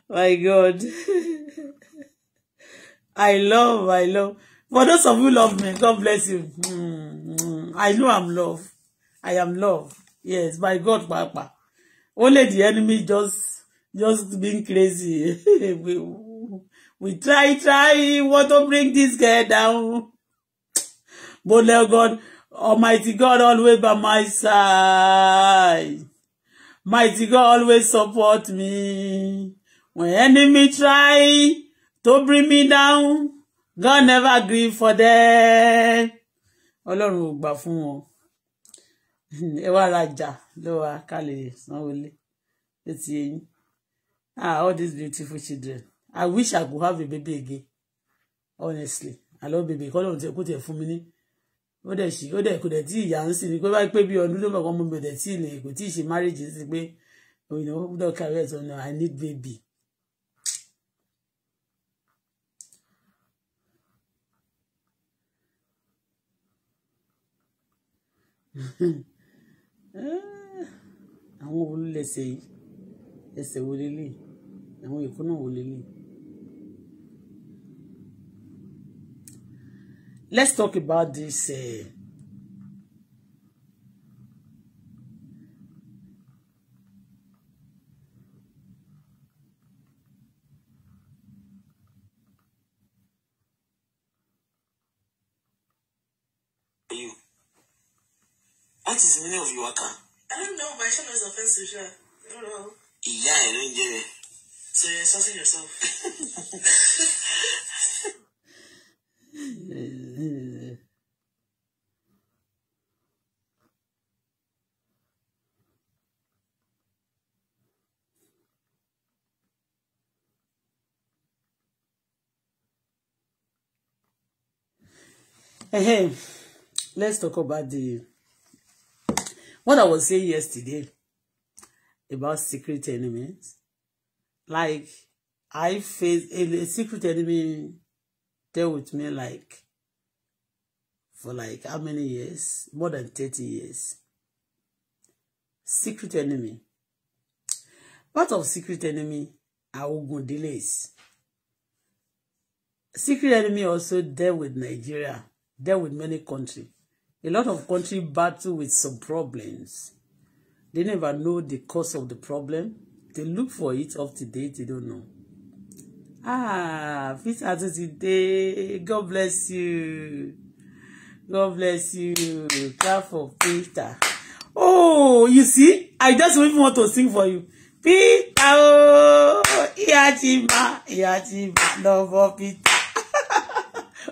my God. I love, I love. For those of you love me, God bless you. Mm-hmm. I know I'm love. I am love. Yes, by God, Papa. Only the enemy just just being crazy. we, we try, try, want to bring this girl down. But let God, Almighty God, always by my side. Mighty God always support me. When enemy try to bring me down, God never gree for them ọlọ́run ò gbà fún wọn ẹ wá rajà lọ́wọ́ ká lè sanwó lé etí eyín ah all these beautiful children I wish I could have a baby again honestly I love baby kọ́ lóun ti kú tiẹ̀ fún mi ní ó dẹ̀ ṣì ó dẹ̀ kò dẹ̀ tí ìyá ń sìn ní pé báyìí pé bí ọdún ló mọ̀ kọ́ mo bẹ̀rẹ̀ tí ilẹ̀ kò tí ì ṣe marriage ti pé òyìnbó dọ̀kà rẹ̀ tó náà I need baby àwọn olùlẹ̀sẹ̀ yìí ẹsẹ̀ wo lélẹ̀ àwọn ìkúnà wo lélẹ̀. Let's talk about this. Uh, What is the meaning of Iwaka? I don't know, but Shana is offensive, sure. I don't know. Yeah, I don't ń jẹ́ So you're insulting yourself. Hey, let's talk about the What I was saying yesterday about secret enemies, like I face a, secret enemy dealt with me like for like how many years? More than 30 years. Secret enemy. Part of secret enemy are Ogun delays. Secret enemy also dealt with Nigeria, dealt with many countries. A lot of country battle with some problems. They never know the cause of the problem. They look for it up to date, they don't know. Ah, fit as today. God bless you. God bless you. Clap for Peter. Oh, you see, I just even want to sing for you. Peter, oh, Iyachima, Iyachima, love for Peter.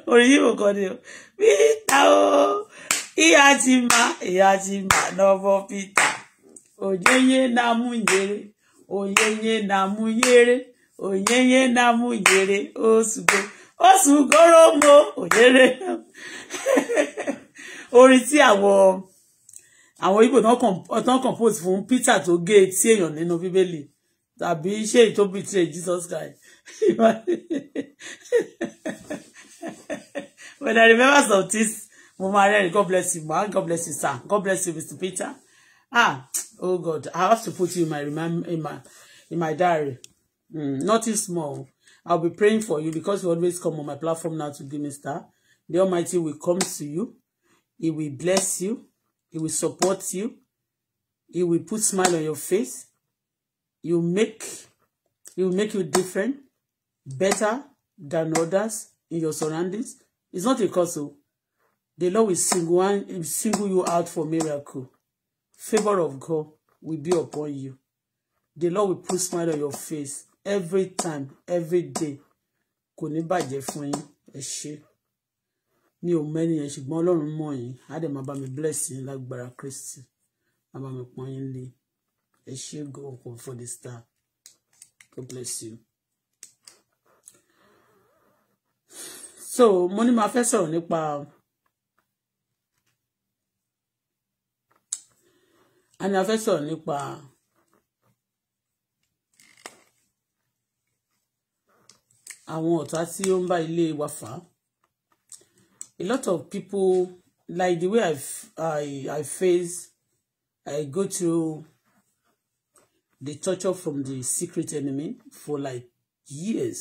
Or you will you. Peter, oh iyatima iyatima novo peter oyenye na munyere oyenye na munyere oyenye na munyere osugo osugoromo oyere orin tí àwọn Igbo tán compose fún Peter tó gé etí èèyàn nínú Bíbélì tàbí ṣé ìtóbi tí èyí Jesus Christ When I remember some things mo máa god bless you ma god bless you sir god bless you mr peter ah oh god i have to put you in my in my in my diary mm, nothing small i'll be praying for you because you always come on my platform now to give me star the almighty will come to you he will bless you he will support you he will put smile on your face You make he will make you different better than others in your surroundings it's not a cause oh. The Lord will single, one, single you out for miracle. Favor of God will be upon you. The Lord will put smile on your face every time, every day. Kò ní je fún yín, ẹ ṣé. Mi ò mẹ́ni yẹn ṣùgbọ́n Ọlọ́run mọ̀ yín, á dẹ̀ máa bá mi bless yín lágbára Kristi. Á bá mi pọ́n yín lé. Ẹ ṣé go for the star. God bless you. So, money ní máa fẹ́ sọ̀rọ̀ nípa. a ní a fẹ́ sọ̀rọ̀ nípa àwọn ọ̀tá tí ó ń bá ilé wa fà á a lot of people like the way I, I, I face I go through the torture from the secret enemy for like years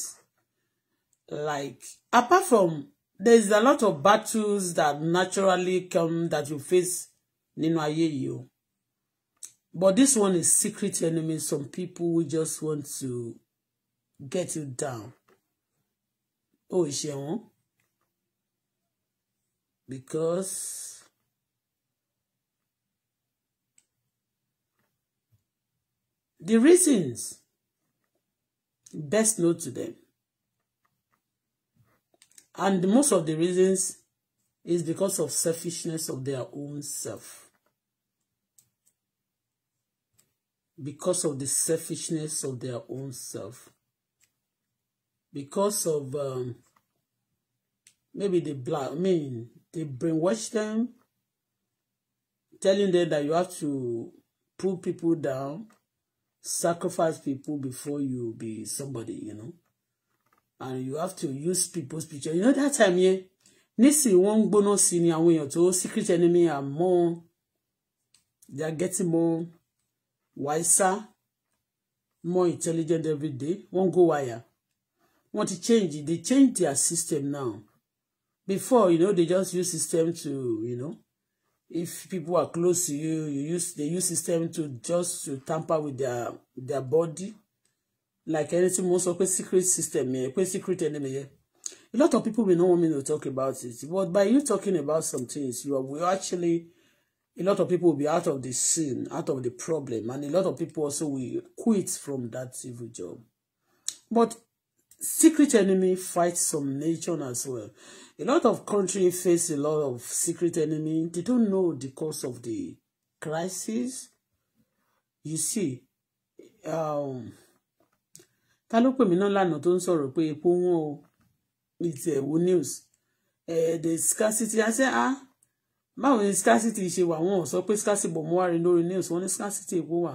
like apart from there is a lot of battles that naturally come that you face nínú ayé yìí o But this one is secret enemy. Some people who just want to get you down. Oh, is Isheon. Because the reasons best known to them. And most of the reasons is because of selfishness of their own self. because of the selfishness of their own self. Because of um, maybe the black, I mean, they brainwash them, telling them that you have to pull people down, sacrifice people before you be somebody, you know. And you have to use people's picture. You know that time, yeah? nísìnyí wọ́n go no senior when àwọn èèyàn secret enemy are more they are getting more wiser, more intelligent every day, wọ́n go wire. Want to change it. They change their system now. Before, you know, they just use system to, you know, if people are close to you, you use they use system to just to tamper with their their body. Like anything most of a secret system, a secret enemy. Yeah. A lot of people may not want me to talk about it, but by you talking about some things, you are we actually a lot of people will be out of the scene, out of the problem, and a lot of people also will quit from that evil job. But secret enemy fights some nation as well. A lot of country face a lot of secret enemy. They don't know the cause of the crisis. You see, um, ta ló no mí náà lánàá tó ń sọ̀rọ̀ uh, news. Uh, the scarcity, I say, ah, báwo ni scarcity ṣe wà wọn ò sọ pé scarcity bọ̀ mọ́ wá lórí news wọn ní scarcity èkó wà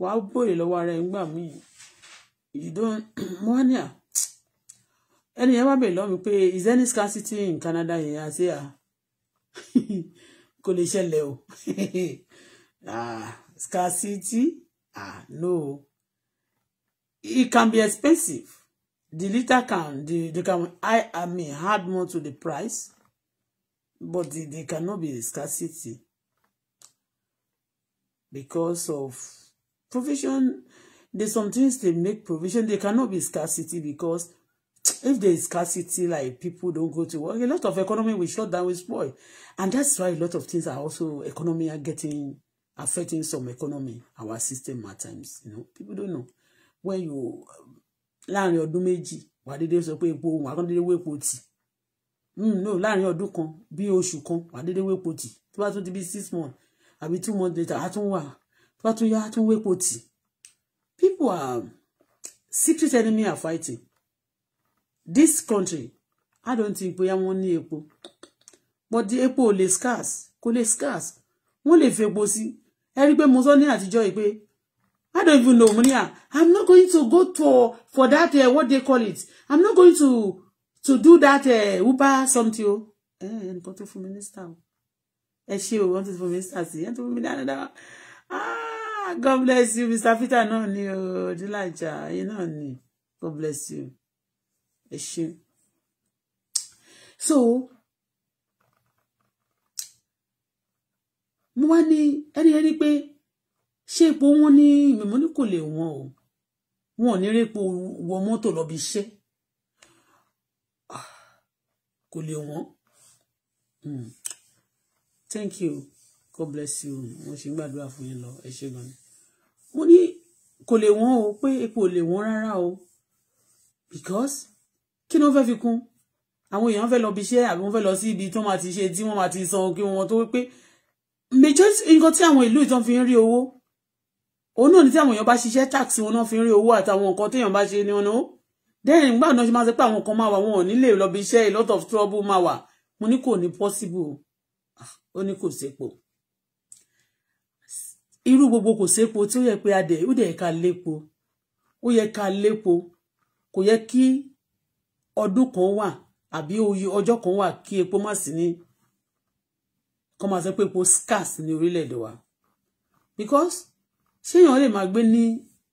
wàá bòrè lọ́wọ́ ara ẹ̀ ńgbà míì ìdán mọ́níà ẹni yẹn wá bèèrè lọ́mi pé is any scarcity in Canada yẹn àti à kò lè ṣẹlẹ̀ o ah, scarcity ah no it can be expensive the litre can the the can I, I mean add more to the price but there cannot be scarcity because of provision. There's some things they make provision. They cannot be scarcity because if there is scarcity, like people don't go to work, a lot of economy will shut down, will spoil. And that's why a lot of things are also economy are getting affecting some economy, our system at times. You know, people don't know. When you láàrin ọdún méjì, wà dédé sọ pé epo òun, àkọ́ndédé wé epo tì. Hmm, no láàrin ọdún kan bí oṣù kan àdédé wépo tì tó bá tún ti bí six months àbí two months later á tún wà tó bá tún yá á tún wépo tì people are secret enemy are fighting this country i don't think bóyá wọ́n ní epo but the epo ò lè scarce kò lè scarce wọ́n lè fi epo sí ẹ rí i pé mo sọ ní àtijọ́ yìí pé I don't even know, Munia. I'm not going to go to for that uh, what they call it. I'm not going to to do that uh, uber something o oh. eh, nǹkan tó fún mínísítà o ẹ ṣe o wọ́n tó fún mínísítà sí ẹ tó fún mi dáadáa ah god bless you mr peter náà ni o dílàjà ayé náà ni god bless you ẹ ṣe so mo wá ní ẹni ẹni pé ṣé epo wọn ní mímú ní kò lè wọn o wọn ò ní rí epo wọ mọ́tò lọ bí iṣẹ́ kò lè wọ́n hmm. thank you god bless you mo ṣe ń gbàdúrà fún yín lọ ẹ ṣe gan ni mo ní kò lè wọ́n o pé epo ò lè wọ́n rárá o because kí ni wọ́n fẹ́ fi kún àwọn èèyàn fẹ́ lọ bí iṣẹ́ àbí wọ́n fẹ́ lọ sí ibi tó máa ti ṣe tí wọ́n máa ti san kí wọ́n tó pé majority nǹkan tí àwọn ìlú ìtàn fi ń rí owó òun náà ni tí àwọn èèyàn bá ṣiṣẹ́ tax wọn náà fi ń rí owó àtàwọn nǹkan téèyàn bá ṣe ni wọn náà then gbà náà ṣe máa ṣe pé àwọn kan máa wà wọn ò nílé lọ bí iṣẹ́ a lot of trouble máa wà mo ní kò ní possible ah, ó ní kò sépo irú gbogbo kò sépo tí ó yẹ pé adẹ ó dẹ̀ ká lépo ó yẹ ká lépo kò yẹ kí ọdún kan wà àbí oye kan wà kí epo má sí ní kọ́ máa sọ pé epo scarce ní orílẹ̀-èdè wa because ṣéèyàn lè máa gbé ní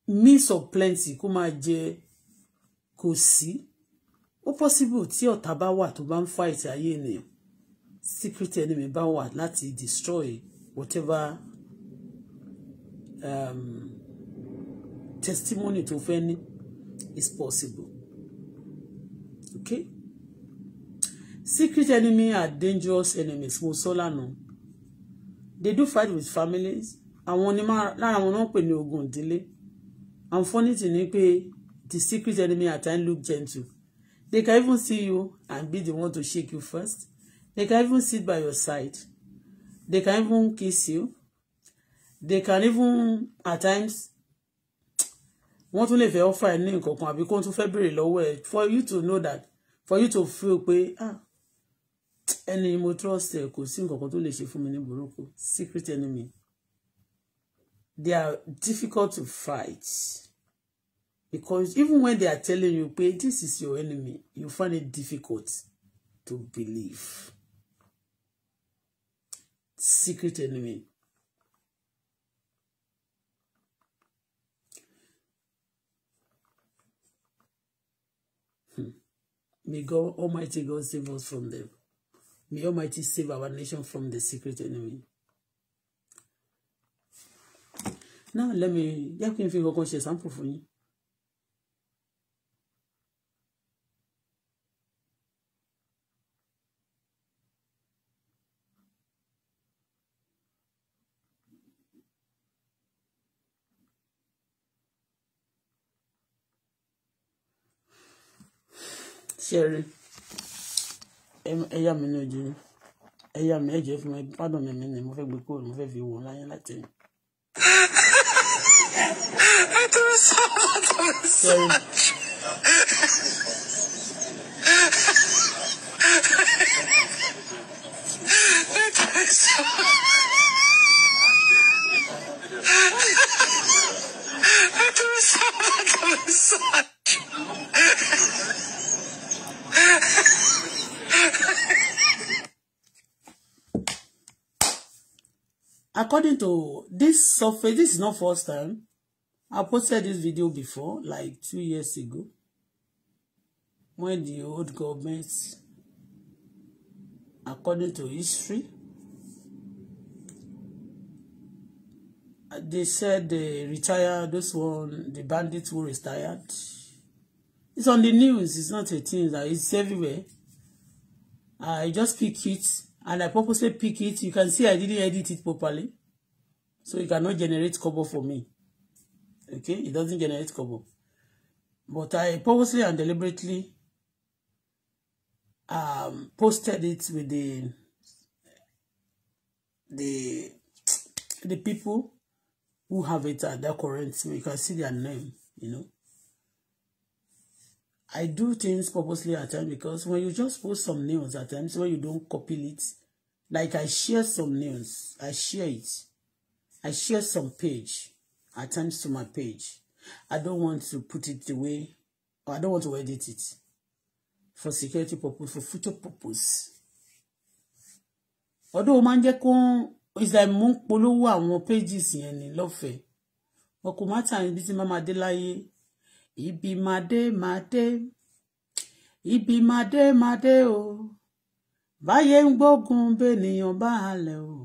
means of plenty kó máa jẹ kò sí ó possible tí ọ̀tá bá wà tó bá ń fight ayé ènìyàn secret enemy bá wà láti destroy whatever um, testimony tó fẹ́ ní is possible okay secret enemy are dangerous enemies mo sọ lánàá they do fight with families àwọn ni lára wọn náà pè ní ogun ìdílé àǹfọ̀nìtì ni pé the secret enemy at times look gentle. They can even see you and be the one to shake you first. They can even sit by your side. They can even kiss you. They can even at times want to lè fẹ́ offer ẹ ní nǹkan kan àbí kó tún fẹ́ for you to know that for you to feel pé ah Any more trust ẹ kò sí nǹkan kan tó lè ṣe fún secret enemy they are difficult to fight because even when they are telling you "Pay, this is your enemy you find it difficult to believe secret enemy hmm. may God Almighty God save us from them may Almighty save our nation from the secret enemy. now let me jẹ́ kí n fi kankan ṣe sample fún yín. ṣẹ́rí ẹ̀yà mi ní ojú ẹ̀yà mi ẹ̀jẹ̀ fún mi pádùn mi mi ni mo fẹ́ gbé kúrò mo fẹ́ fi wò láyé láti ní. ṣẹ́rí. Son. according to this surface, this is not first time. I posted this video before, like two years ago, when the old government, according to history, they said they retired those one, the bandits who retired. It's on the news, it's not a thing, that it's everywhere. I just pick it and I purposely pick it. You can see I didn't edit it properly. So it cannot generate kobo for me. Okay, it doesn't generate kobo. But I purposely and deliberately um, posted it with the the the people who have it at their current. So you can see their name, you know. I do things purposely at times because when you just post some news at times when you don't copy it, like I share some news, I share it. I share some page at times to my page. I don't want to put it away or I don't want to edit it for security purpose, for future purpose. Although man jẹ́ kó it's like mo ń polówó àwọn pages yẹn ni lọ́fẹ̀ẹ́. But kò má tà níbi tí má ibi máa dé ibi máa dé máa dé o báyé ń gbógun bẹ́nìyàn bá halẹ̀ o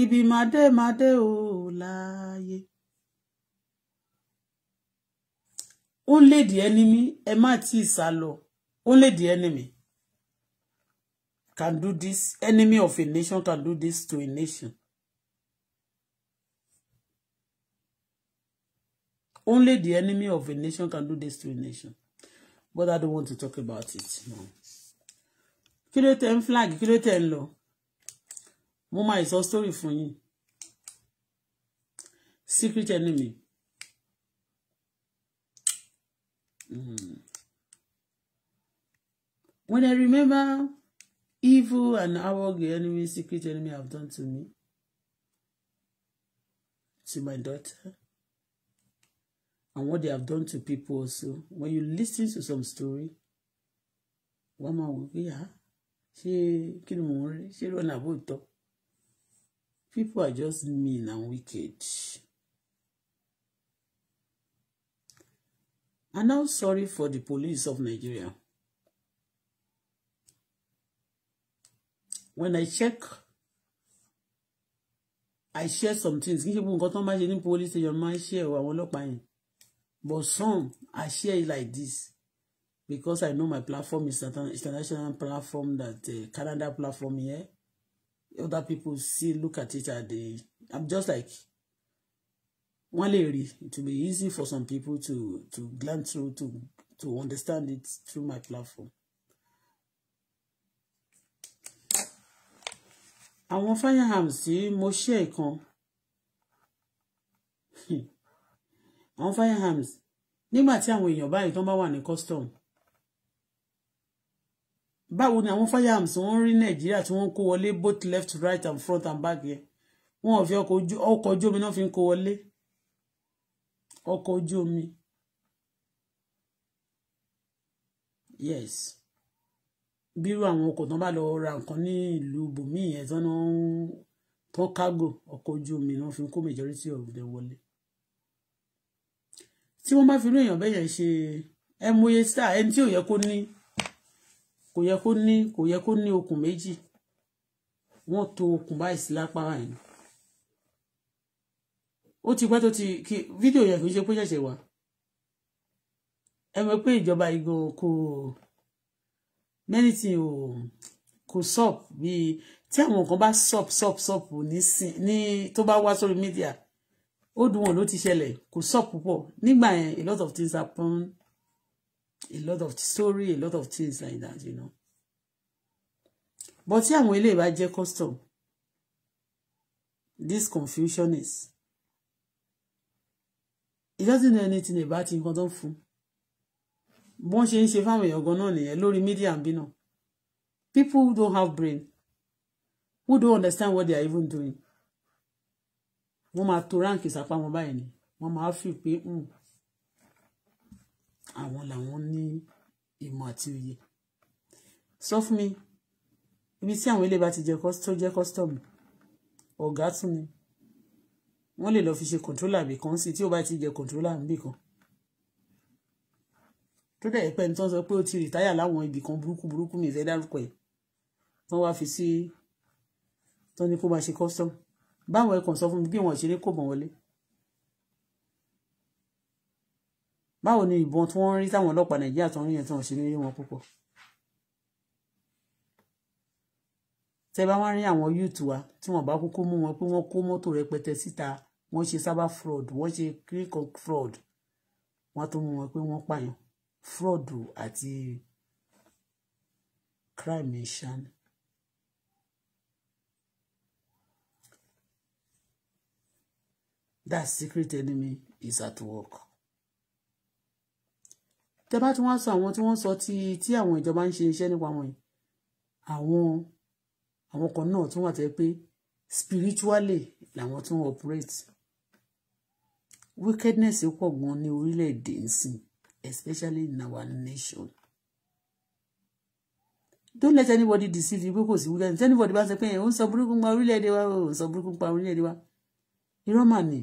ibi máa dé máa dé o láàyè. Only the enemy ẹ má tí sá lọ only the enemy can do this enemy of a nation can do this to a nation Only the enemy of a nation can do this to a nation. But I don't want to talk about it. No. Kí ló tẹ̀ flag, kí ló tẹ̀ ń lọ. Mo máa ìsọ story fún yín. Secret enemy. Mm. When I remember evil and our enemy, secret enemy have done to me, to my daughter, and what they have done to people also when you listen to some story wọ́n máa wò pé à ah, She kí ni mò ń people are just mean and wicked. And now sorry for the police of Nigeria. When I check, I share some things. Kí n ṣe gbogbo nǹkan police station máa ń ṣe ẹ̀wọ̀ àwọn ọlọ́pàá But some I share it like this because I know my platform is an international platform that uh, Canada platform here. Other people see look at it and they I'm just like one lady. It will be easy for some people to to glance through to to understand it through my platform. Àwọn firearms tí mo ṣe kan. Hmm, On firearms nígbà tí àwọn èèyàn báyìí tó bá wà ní custom báwo ni àwọn firearms wọ́n rí nàìjíríà tí wọ́n kó wọlé both left right and front and back yẹn wọn ò fi ọkọ̀ ojú omi náà fi ń kó wọlé ọkọ̀ ojú omi yes bírú àwọn ọkọ̀ tán bá lọ ra nǹkan ní ìlú bòmíì yẹn tán náà tán kágò ọkọ̀ ojú omi náà fi ń kó majority of them wọlé tí wọ́n bá fi irú èèyàn bẹ́yẹn ṣe ẹ mọye star ẹni tí ò yẹ kó ní kò yẹ kó ní kò yẹ kó ní okùn méjì wọ́n to okùn báyìí sí lápá ẹ̀ ní. ó ti pẹ́ tó ti kí fídíò yẹn kì í ṣe pé ṣẹ̀ṣẹ̀ wá ẹ mọ̀ pé ìjọba igun kò mẹ́rìntì ò kò sọ̀p bíi tí àwọn nǹkan bá sọ̀p sọ̀p sọ̀p ní tó bá wá sórí mídíà old one ló ti ṣẹlẹ̀ kò sọ púpọ̀ nígbà yẹn a lot of things happen a lot of story a lot of things like that you know but tí àwọn ilé ìbá jẹ́ custom this confusion is it doesn't know anything about nǹkan tó ń fún bọ́n ṣe ń ṣe fáwọn èèyàn gan náà nìyẹn lórí media ń bí people who don't have brain who don't understand what they are even doing wọ́n máa to ráǹkì sápá wọn báyìí ni wọ́n máa fi pé hmm, àwọn làwọn ní ìmọ̀ àti òye sọ fún mi ibi tí àwọn ilé bá ti jẹ tó jẹ kọsítọọmù ọ̀gá tún ni wọ́n lè lọ fi ṣe kọńtrólà bì kan sí tí ó bá ti jẹ kọńtrólà níbì kan tó dẹ̀ pẹ́ ní tó ń sọ pé ó ti rìtáyà láwọn ibì kan burúkú burúkú mi ìfẹ́ dárúkọ ẹ̀ tó wá fi sí tó ní kó máa ṣe kọ́sítọ́mù báwọn ẹkàn sọ fún mi bí wọn ṣe ní kò bọ̀ wọlé báwo ni ìbọn tí wọ́n rí táwọn ọlọ́pàá nàìjíríà tó ń rí yẹn tí wọ́n ṣe ní rí wọn púpọ̀ tẹ bá wá rí àwọn yúùtù wa tí wọ́n bá kúkú mú wọn pé wọ́n kó mọ́tò rẹpẹtẹ síta wọ́n ṣe cyber fraud wọ́n ṣe kíríkọ fraud wọ́n tó mú wọn pé wọ́n pààyàn fraud àti crime ṣáni. that secret enemy is at work. tẹ bá tí wọ́n sọ àwọn tí wọ́n sọ tí tí àwọn ìjọba ń ṣe iṣẹ́ nípa wọn yìí àwọn àwọn kan náà tún wà tẹ pé spiritually làwọn tún operate wickedness pọ̀ gan ní orílẹ̀-èdè nsìn especially in our nation don't let anybody deceive you pé kò sí wickedness anybody bá sọ pé ẹ̀ ń sọ burúkú pa orílẹ̀-èdè wa ò ń sọ burúkú pa orílẹ̀-èdè wa irọ́ mà ni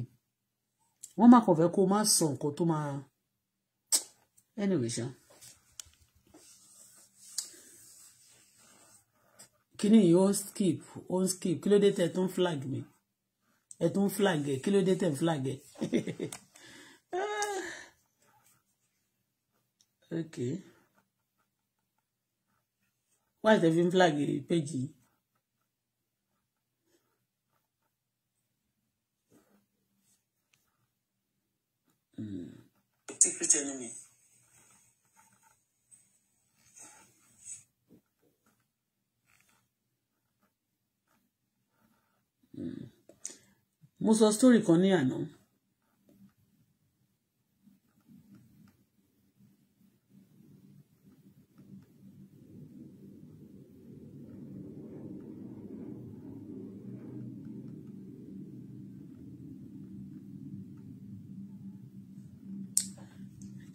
wọ́n má kàn fẹ́ kó má sọ nǹkan tó máa anyway ṣá kíní yìí ó ń skip ó ń skip kí ló dé tẹ tó ń flag mi ẹ tó ń flag ẹ kí ló dé tẹ ń flag ẹ okay why tẹ fi ń flag page yìí. secret enemy. Hmm. mo sọ story kan ní àná.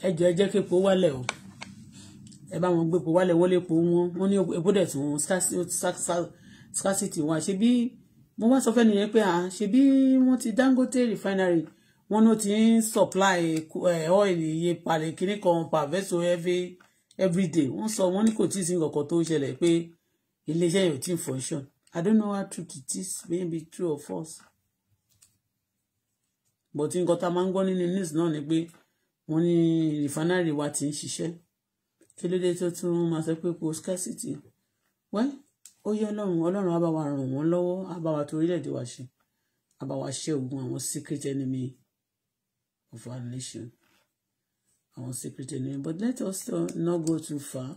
ẹ jọ ẹ jẹ́ képo wálẹ̀ o ẹ bá wọn gbépo wálẹ̀ wọlé epo wọn wọn ní epo dẹ̀ tí wọn scarcity wọn àṣẹ bí mo wá sọ fẹ́ nìyẹn pé à ṣe bí wọ́n ti Dangote refinery wọn ló ti ń supply eh, oil iye pàlẹ́ kínní kan per vessel every every day wọ́n sọ wọ́n ní kò tí ì sí nǹkan tó ń ṣẹlẹ̀ pé iléeṣẹ́ yóò ti ń function I don't know how true it is maybe true or false but nǹkan tá a máa ń gbọ́ nínú news náà ni pé wọ́n ní rìfánárì wa ti ń ṣiṣẹ́ kí ló dé tó tún máa sọ pé epo scarcity wẹ́ ó yẹ ọlọ́run ọlọ́run á bá wa ràn wọ́n lọ́wọ́ á bá wa torílẹ̀-èdè wa ṣe á bá wa ṣe ogun àwọn secret enemy of our nation àwọn secret enemy but let us not go too far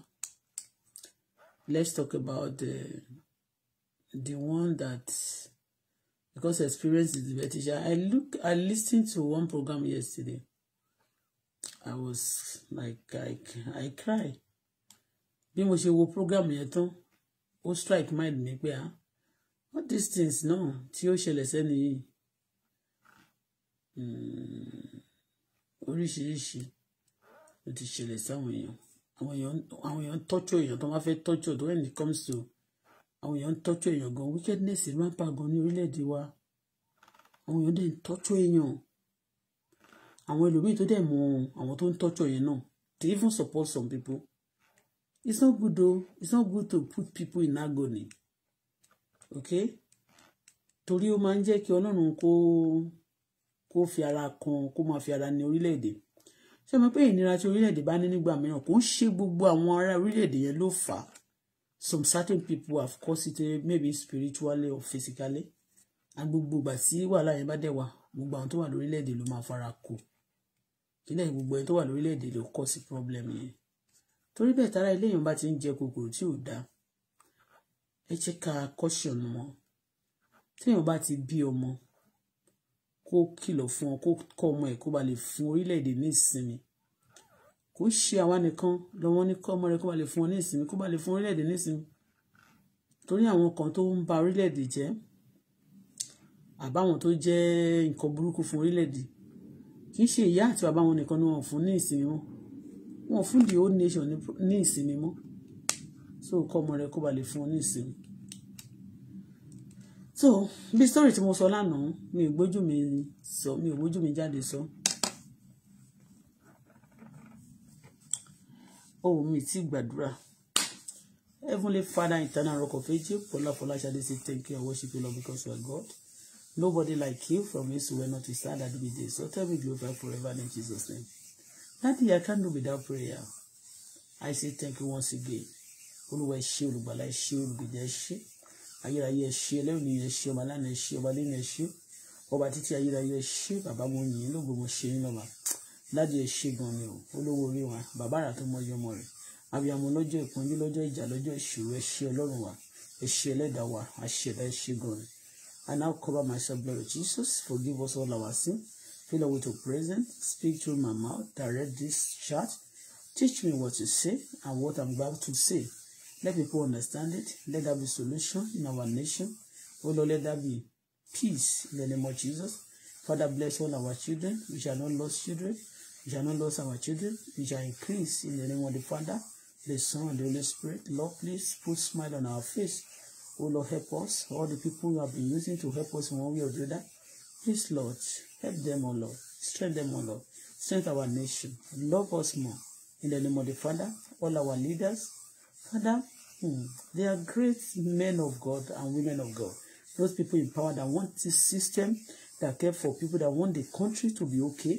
let's talk about the the one that because experience is the better teacher i look i listened to one program yesterday I was like I, I cry bí mo ṣe wo program yẹn tán ó strike mind mi pé ah all these things náà tí ó ṣẹlẹ̀ sẹ́ni yìí hmm, oríṣiríṣi ló ti ṣẹlẹ̀ sáwọn èèyàn àwọn èèyàn àwọn èèyàn tọ́jú èèyàn tó máa fẹ́ tọ́jú tó when it comes to àwọn èèyàn ń tọ́jú èèyàn gan wickedness rampant gan ní orílẹ̀-èdè wa àwọn èèyàn dẹ̀ ń tọ́jú èèyàn àwọn ẹlòmíì tó dẹ̀ mọ àwọn tó ń tọ́jọ yẹn náà to even support some people it's not good o it's not good to put people in agony okay torí ó máa ń jẹ́ kí ọlọ́run kó kó fi ara kan kó máa fi ara ní orílẹ̀-èdè ṣé mo pé ìnira tí orílẹ̀-èdè bá ní nígbà mìíràn kò ń ṣe gbogbo àwọn ará orílẹ̀-èdè yẹn ló fà á some certain people have caused it eh, maybe spiritually or physically and gbogbo ìgbà tí wàhálà yẹn bá dẹ̀ wà gbogbo àwọn tó wà lórílẹ̀-èdè ló máa fara kù kí lẹ́yìn gbogbo ẹni tó wà lórílẹ̀‐èdè ló kọ́ sí problem yẹn torí bẹ́ẹ̀ tára eléyìí bá ti ń jẹ kòkòrò tí ò dáa ẹ jẹ́ ká kọ́ṣọ̀nù wọn téèyàn bá ti bí ọmọ kó kìlọ̀ fún ọ kó kọ́ ọmọ ẹ̀ kó ba lè fún orílẹ̀‐èdè ní ìsinmi kò ṣe àwa nìkan lọ́wọ́ ní kọ́ ọmọ rẹ̀ kó ba lè fún ọ ní ìsinmi kó ba lè fún orílẹ̀‐èdè ní ìsinmi torí àwọn kan tó ń ba orílẹ̀‐èdè jẹ́ àbáwọn tó jẹ́ nǹkan burúkú fún orílẹ̀‐èdè kì í ṣe ìyá àti bàbá wọn nìkan ni wọn fún ní ìsinmi mọ́ wọn fún the whole nation ní ìsinmi mọ́ so kọ́ ọmọ rẹ kó ba lè fún ọ ní ìsinmi. so bí story tí mo sọ lánàá mi ò gbójú mi sọ mi ò gbójú mi jáde sọ. ohun mi ti gbàdúrà heavenly father Eternal rock of ages pọlápọlá ṣadé say thank you i worship you lord because you are god. Nobody like you from east to not north to south that do So tell me glorified forever in Jesus' name. Nothing I can do without prayer. I say thank you once again. Olúwa ẹ ṣé olùgbàlà ẹ ṣé olùgbèjà ẹ ṣé ayérayé ẹ ṣé ẹlẹ́rìí ẹ ṣé ọba títí ayérayé ẹ bàbá mo yìn ín lógo ṣe yín lọ́ba lájọ ẹ gan ni o olówó orí wa bàbá àrà tó mọyì ọmọ rẹ̀ abiyamọ lọ́jọ́ ìpọ́njú lọ́jọ́ ìjà lọ́jọ́ ìṣòro ẹ ọlọ́run wa ẹ ẹlẹ́dàá wa àṣẹ̀dá ẹ gan ni I now cover myself, blood of Jesus. Forgive us all our sin. Fill us with your presence. Speak through my mouth. Direct this church. Teach me what to say and what I'm about to say. Let people understand it. Let there be solution in our nation. Oh Lord, let there be peace in the name of Jesus. Father, bless all our children. We shall not lose children. We shall not lose our children. We shall increase in the name of the Father, the Son, and the Holy Spirit. Lord, please put smile on our face Oh Lord, help us. All the people you have been using to help us in one way or the other. Please, Lord, help them, O oh, Lord. Strengthen them, O oh, Lord. Strengthen our nation. Love us more. In the name of the Father, all our leaders. Father, hmm, they are great men of God and women of God. Those people in power that want this system, that care for people, that want the country to be okay,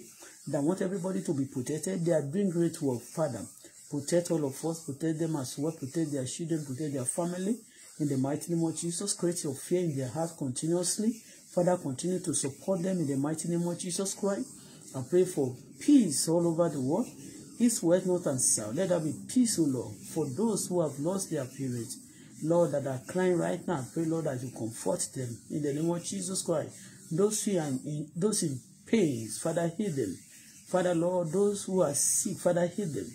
that want everybody to be protected. They are doing great work, Father. Protect all of us, protect them as well, protect their children, protect their family. In the mighty name of Jesus, create your fear in their heart continuously. Father, continue to support them in the mighty name of Jesus Christ. I pray for peace all over the world. It's worth north, and south. Let there be peace, O Lord, for those who have lost their parents. Lord, that are crying right now, pray, Lord, that you comfort them in the name of Jesus Christ. Those who are in, those in pains, Father, heal them. Father, Lord, those who are sick, Father, heal them.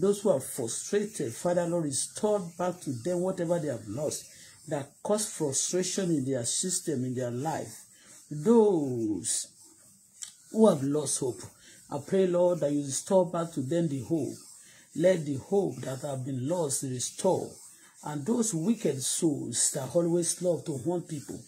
Those who are frustrated, Father Lord, restore back to them whatever they have lost that cause frustration in their system, in their life. Those who have lost hope, I pray, Lord, that you restore back to them the hope. Let the hope that have been lost restore. And those wicked souls that always love to haunt people,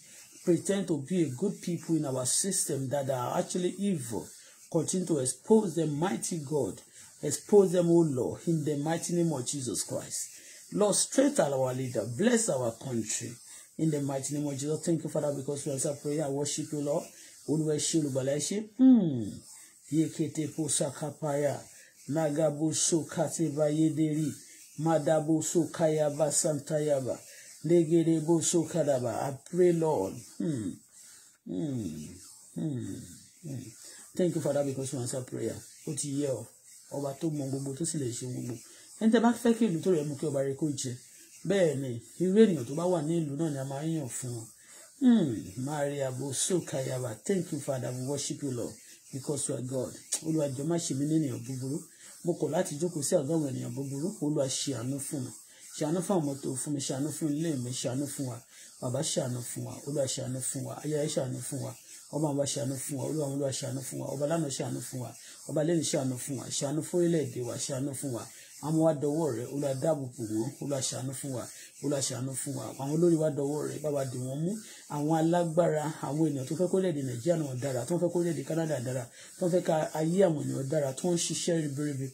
pretend to be a good people in our system that are actually evil, continue to expose them, mighty God. Expose them, O Lord, in the mighty name of Jesus Christ. Lord, strengthen our leader. Bless our country. In the mighty name of Jesus. Thank you, Father, because we answer prayer and worship you, Lord. Olúwa ṣe olùgbàlà ṣe. Hmm. Yékété po sakapaya. Nagabo so kateba yederi. Madabo so kayaba santayaba. Negere bo so kadaba. I pray, Lord. Hmm. Hmm. Hmm. Hmm. Thank you, Father, because you answer prayer. Ó ti yé ọ ọba tó mọ gbogbo tó sì lè ṣe gbogbo ẹni tẹ́ bá fẹ́ kí ìlú tó rẹ̀ mú kí ọba rẹ̀ kó jẹ bẹ́ẹ̀ ni irú ènìyàn tó bá wà ní ìlú náà ni a máa ń yàn fún un maria hmm, boso kayaba thank you father we worship you lord because you are god olúwa jọ̀ọ́ má ṣe mí ní ènìyàn búburú mo kọ̀ láti jókòó sí àgọ́ àwọn ènìyàn búburú olúwa ṣe àánú fún mi ṣàánú fún àwọn tó fún mi ṣàánú fún ilé mi ṣàánú fún wa bàbá ṣàánú fún wa olúwa ṣàánú fún wa ayé ṣàánú fún wa ọmọ àwọn aṣàánú fún wa olúwa olúwa aṣàánú fún wa ọba lánà aṣàánú fún wa ọba lẹ́nu aṣàánú fún wa aṣàánú fún orílẹ̀-èdè wa aṣàánú fún wa àwọn wa dọwọ́ rẹ olúwa dáàbòbò wọn olúwa aṣàánú fún wa olúwa aṣàánú fún wa àwọn olórí wa dọwọ́ rẹ báwa dì wọ́n mú àwọn alágbára àwọn ènìyàn tó fẹ́ kó lẹ́ẹ̀dẹ̀ nàìjíríà náà dára tó fẹ́ kó lẹ́ẹ̀dẹ̀ Canada dára tó fẹ́ ka ayé àwọn ènìyàn dára tó ń ṣiṣẹ́ ribiribi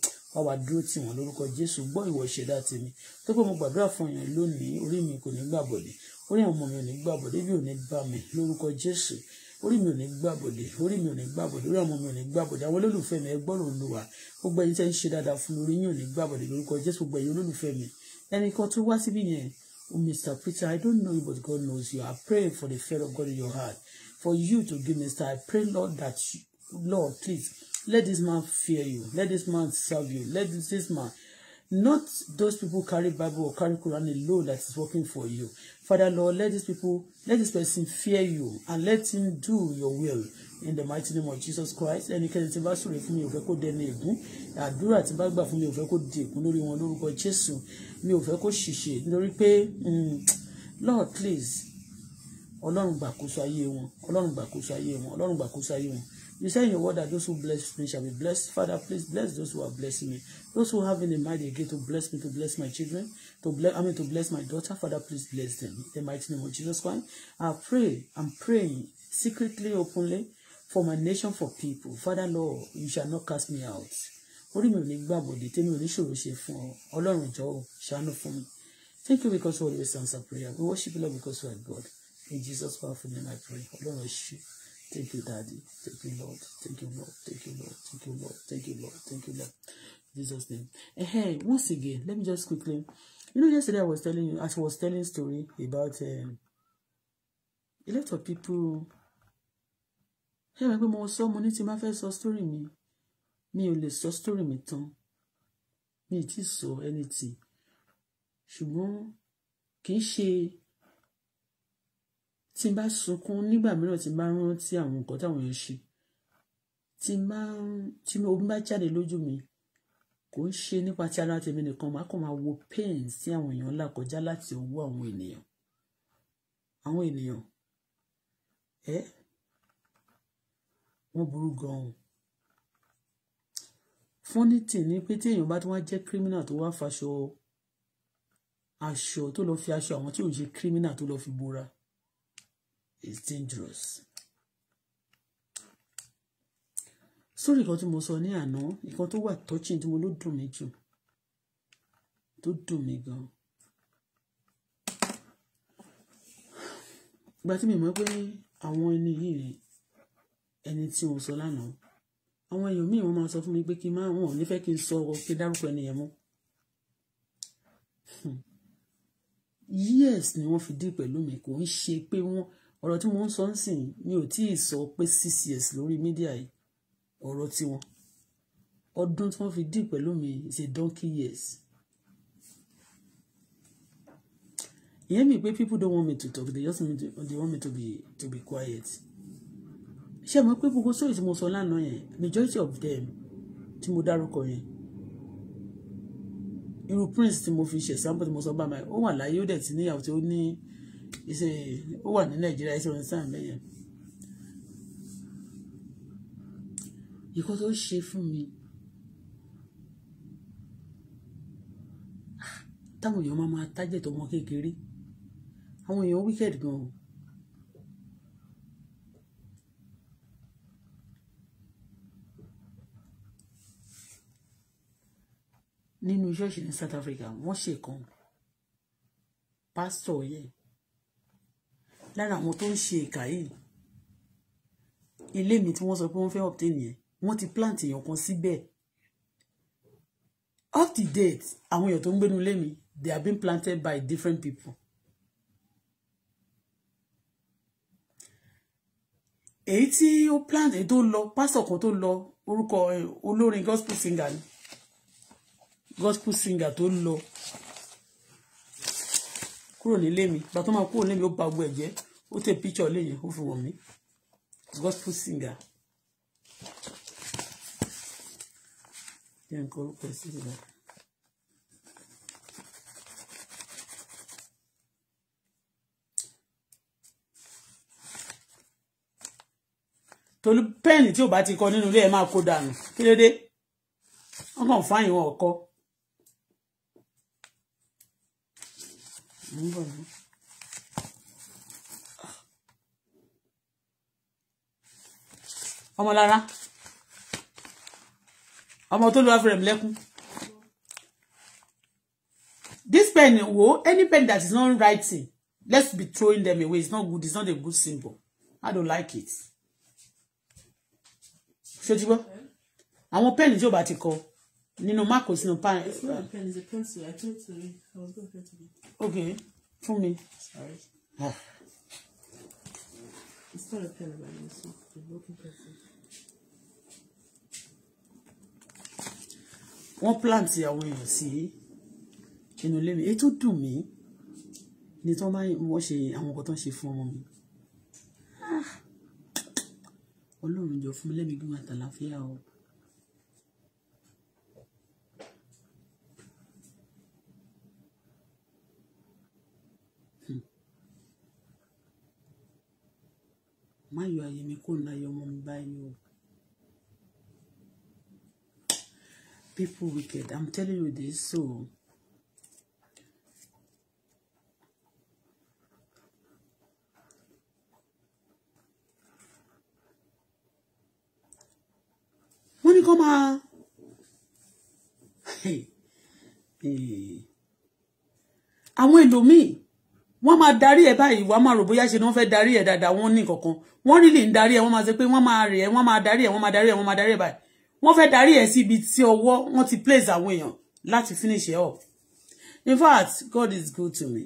wàá dúró tì wọ́n lórúkọ jésù gbọ́ ìwọ ìṣẹ̀dá tèmi tó pé mo gbàdúrà fún yẹn lónìí orí mi kò ní gbàbọ̀dé orí àwọn ọmọ mi ò ní gbàbọ̀dé bí ò ní bá mi lórúkọ jésù orí mi ò ní gbàbọ̀dé orí mi ò ní gbàbọ̀dé orí àwọn mi ò ní gbàbọ̀dé àwọn olólùfẹ́ mi ẹgbọ́rọ̀ olùwà gbogbo ẹ̀yin tẹ́ ń ṣe dáadáa fún mi orí yín ò ní gbàbọ̀dé lórúkọ Jésù gbogbo olólùfẹ́ mi ẹnìkan tó wá síbí yẹn Mr. Peter, I don't know you, but God knows you. I pray for the fear of God in your heart. For you to give Mr. I pray, Lord, that you, Lord, please, let this man fear you. Let this man serve you. Let this man Not those people carry Bible or carry Quran alone that is working for you. Father Lord, let these people, let this person fear you and let him do your will in the mighty name of Jesus Christ. Ẹnikẹ́ni tí bá sọ̀rọ̀ fún mi ò fẹ́ kó dẹni ègún. Àdúrà tí bá gbà fún mi ò fẹ́ kó di ègún lórí wọn lórúkọ Jésù. Mi ò fẹ́ kó ṣìṣe nítorí pé mm, Lord please Ọlọ́run gbàkóso ayé wọn Ọlọ́run gbàkóso ayé wọn Ọlọ́run gbàkóso ayé wọn. You say in your word that those who bless me shall be blessed. Father, please bless those who are blessing me. Those who have in the mind again to bless me, to bless my children, to bless I mean to bless my daughter. Father, please bless them. In the mighty name of Jesus Christ. I pray, I'm praying secretly, openly for my nation, for people. Father, Lord, you shall not cast me out. Orí mi ò ní me. tèmi ò ní ṣòro ṣe fún Thank you because you always answer prayer. We worship you, Lord, because you are God. In Jesus' powerful name I pray. Ọlọ́run ṣe. Thank you, Daddy. Thank you, Lord. Thank you, Lord. Thank you, Lord. Thank you, Lord. Thank you, Lord. Thank you, Lord. Jesus' name. hey, once again, let me just quickly. You know, yesterday I was telling you, as I was telling story about um, a lot of people. Hey, my pé mo sọ money, ní tí máa fẹ́ story me. Me ò lè story me, Tom. Me it is so anything. She kì í she tí n bá sunkún nígbà mìíràn tí n bá rántí àwọn nǹkan táwọn yẹn ṣe tí n bá tí omi bá jáde lójú mi kò ń ṣe nípa ti ara tèmi nìkan màá kàn máa wo pain sí àwọn èèyàn ńlá kọjá láti ọwọ́ àwọn ènìyàn àwọn ènìyàn ẹ wọ́n burú gan-an fúnítì ni pé tí èèyàn bá tún wá jẹ́ kírímínà tó wá faṣọ aṣọ tó lọ fi aṣọ àwọn tí ò ń ṣe kírímínà tó lọ fi bora is dangerous. sórí nǹkan tí mo sọ ní àná nǹkan tó wà touching tí mo ló dùn mí jù tó dùn mí gan. ìgbà tí mi mọ̀ pé àwọn ẹni yìí ẹni tí mo sọ lánàá àwọn èèyàn míì wọ́n máa sọ fún mi pé kí n máa wọn ò ní fẹ́ kí n sọ ọ kí n dárúkọ ẹni yẹn mọ́. Hmm. years ni wọ́n fi dí pẹ̀lú mi kò ń ṣe pé wọ́n ọ̀rọ̀ tí mo ń sọ ń sìn mi ò tí ì sọ pé six years lórí mídíà yìí ọ̀rọ̀ tiwọn ọdún tí wọ́n fi dì pẹ̀lú mi is a donkey years. ìyẹn mi pé people don't want me to talk they just want me to, they want me to be to be quiet. ṣé mo pé gbogbo sóyè tí mo sọ lánàá yẹn majority of them tí mo dárúkọ yẹn irú prince tí mo fi ṣe sample tí mo sọ bá mi ó wà láyé ó dẹ̀ ti níyàwó tí ó ní ìṣe ó wà ní nàìjíríà ìṣe òun sàn mẹyẹ ìkó tó ṣe fún mi táwọn èèyàn máa máa tájẹ̀ tó mọ kékeré àwọn èèyàn wicked gan o. nínú ṣọ́ọ̀ṣì ní South Africa wọ́n ṣèkan pásítọ̀ yẹn lára àwọn tó ń ṣe ìkà yìí ilé mi tí wọ́n sọ pé wọ́n fẹ́ obtain yẹn wọ́n ti plant èèyàn kan síbẹ̀ up to date àwọn èèyàn tó ń gbénu ilé mi they have been planted by different people. èyí tí ó plant èyí tó lọ pásítọ̀ kan tó lọ orúkọ eh, olórin gospel singer ni gospel singer tó lọ kúrò nílé mi bàtọ́ máa kúrò nílé mi ó ba gbogbo ẹ̀ jẹ́ ó take picture lẹ́yìn ó fi wọ̀n gospel singer yẹn kọ́ ti kọ n'inu lee e ma ko danu kí ló dé ọmọlára ọmọ tó lọ́wọ́ fẹ́rẹ̀ lẹ́kún this pen wo any pen that is not writing let's be throwing them away it's not good it's not a good symbol I don't like it ṣé o ti gbọ́ àwọn pen tí o bá ti kọ nínú máàkù sínú pan. it's not a pen it's a pencil I told you I was going to tell you. okay fún mi. sorry. Oh. it's not a pen but it's a broken pencil. wọ́n plant àwọn èèyàn sí inú ilé mi èyí tó dùn mí ni tí wọ́n máa wọ́n ṣe àwọn nǹkan tó ń ṣe fún ọmọ mi ọlọ́run jọ fún mi lẹ́mìí gbọ́n àtàlàfíà o. Hmm. má yọ àyè mi kó ń la yọ ọmọ mi báyìí o. people wicked i'm telling you this so wọ́n come kó Hey, àwọn I wọ́n to me. ẹ̀ báyìí wọ́n máa rò bóyá ṣe ni wọ́n fẹ́ darí ẹ̀ dáadáa wọ́n ní kankan wọ́n rí lè ń darí ẹ̀ wọ́n máa ṣe pé wọ́n máa rè ẹ̀ wọ́n máa darí ẹ̀ wọ́n máa darí ẹ̀ wọ́n máa darí ẹ̀ báyìí wọ́n fẹ́ darí ẹ̀ sí ibi tí ọwọ́ wọ́n ti place àwọn èèyàn láti finish ẹ̀ up in fact God is good to me.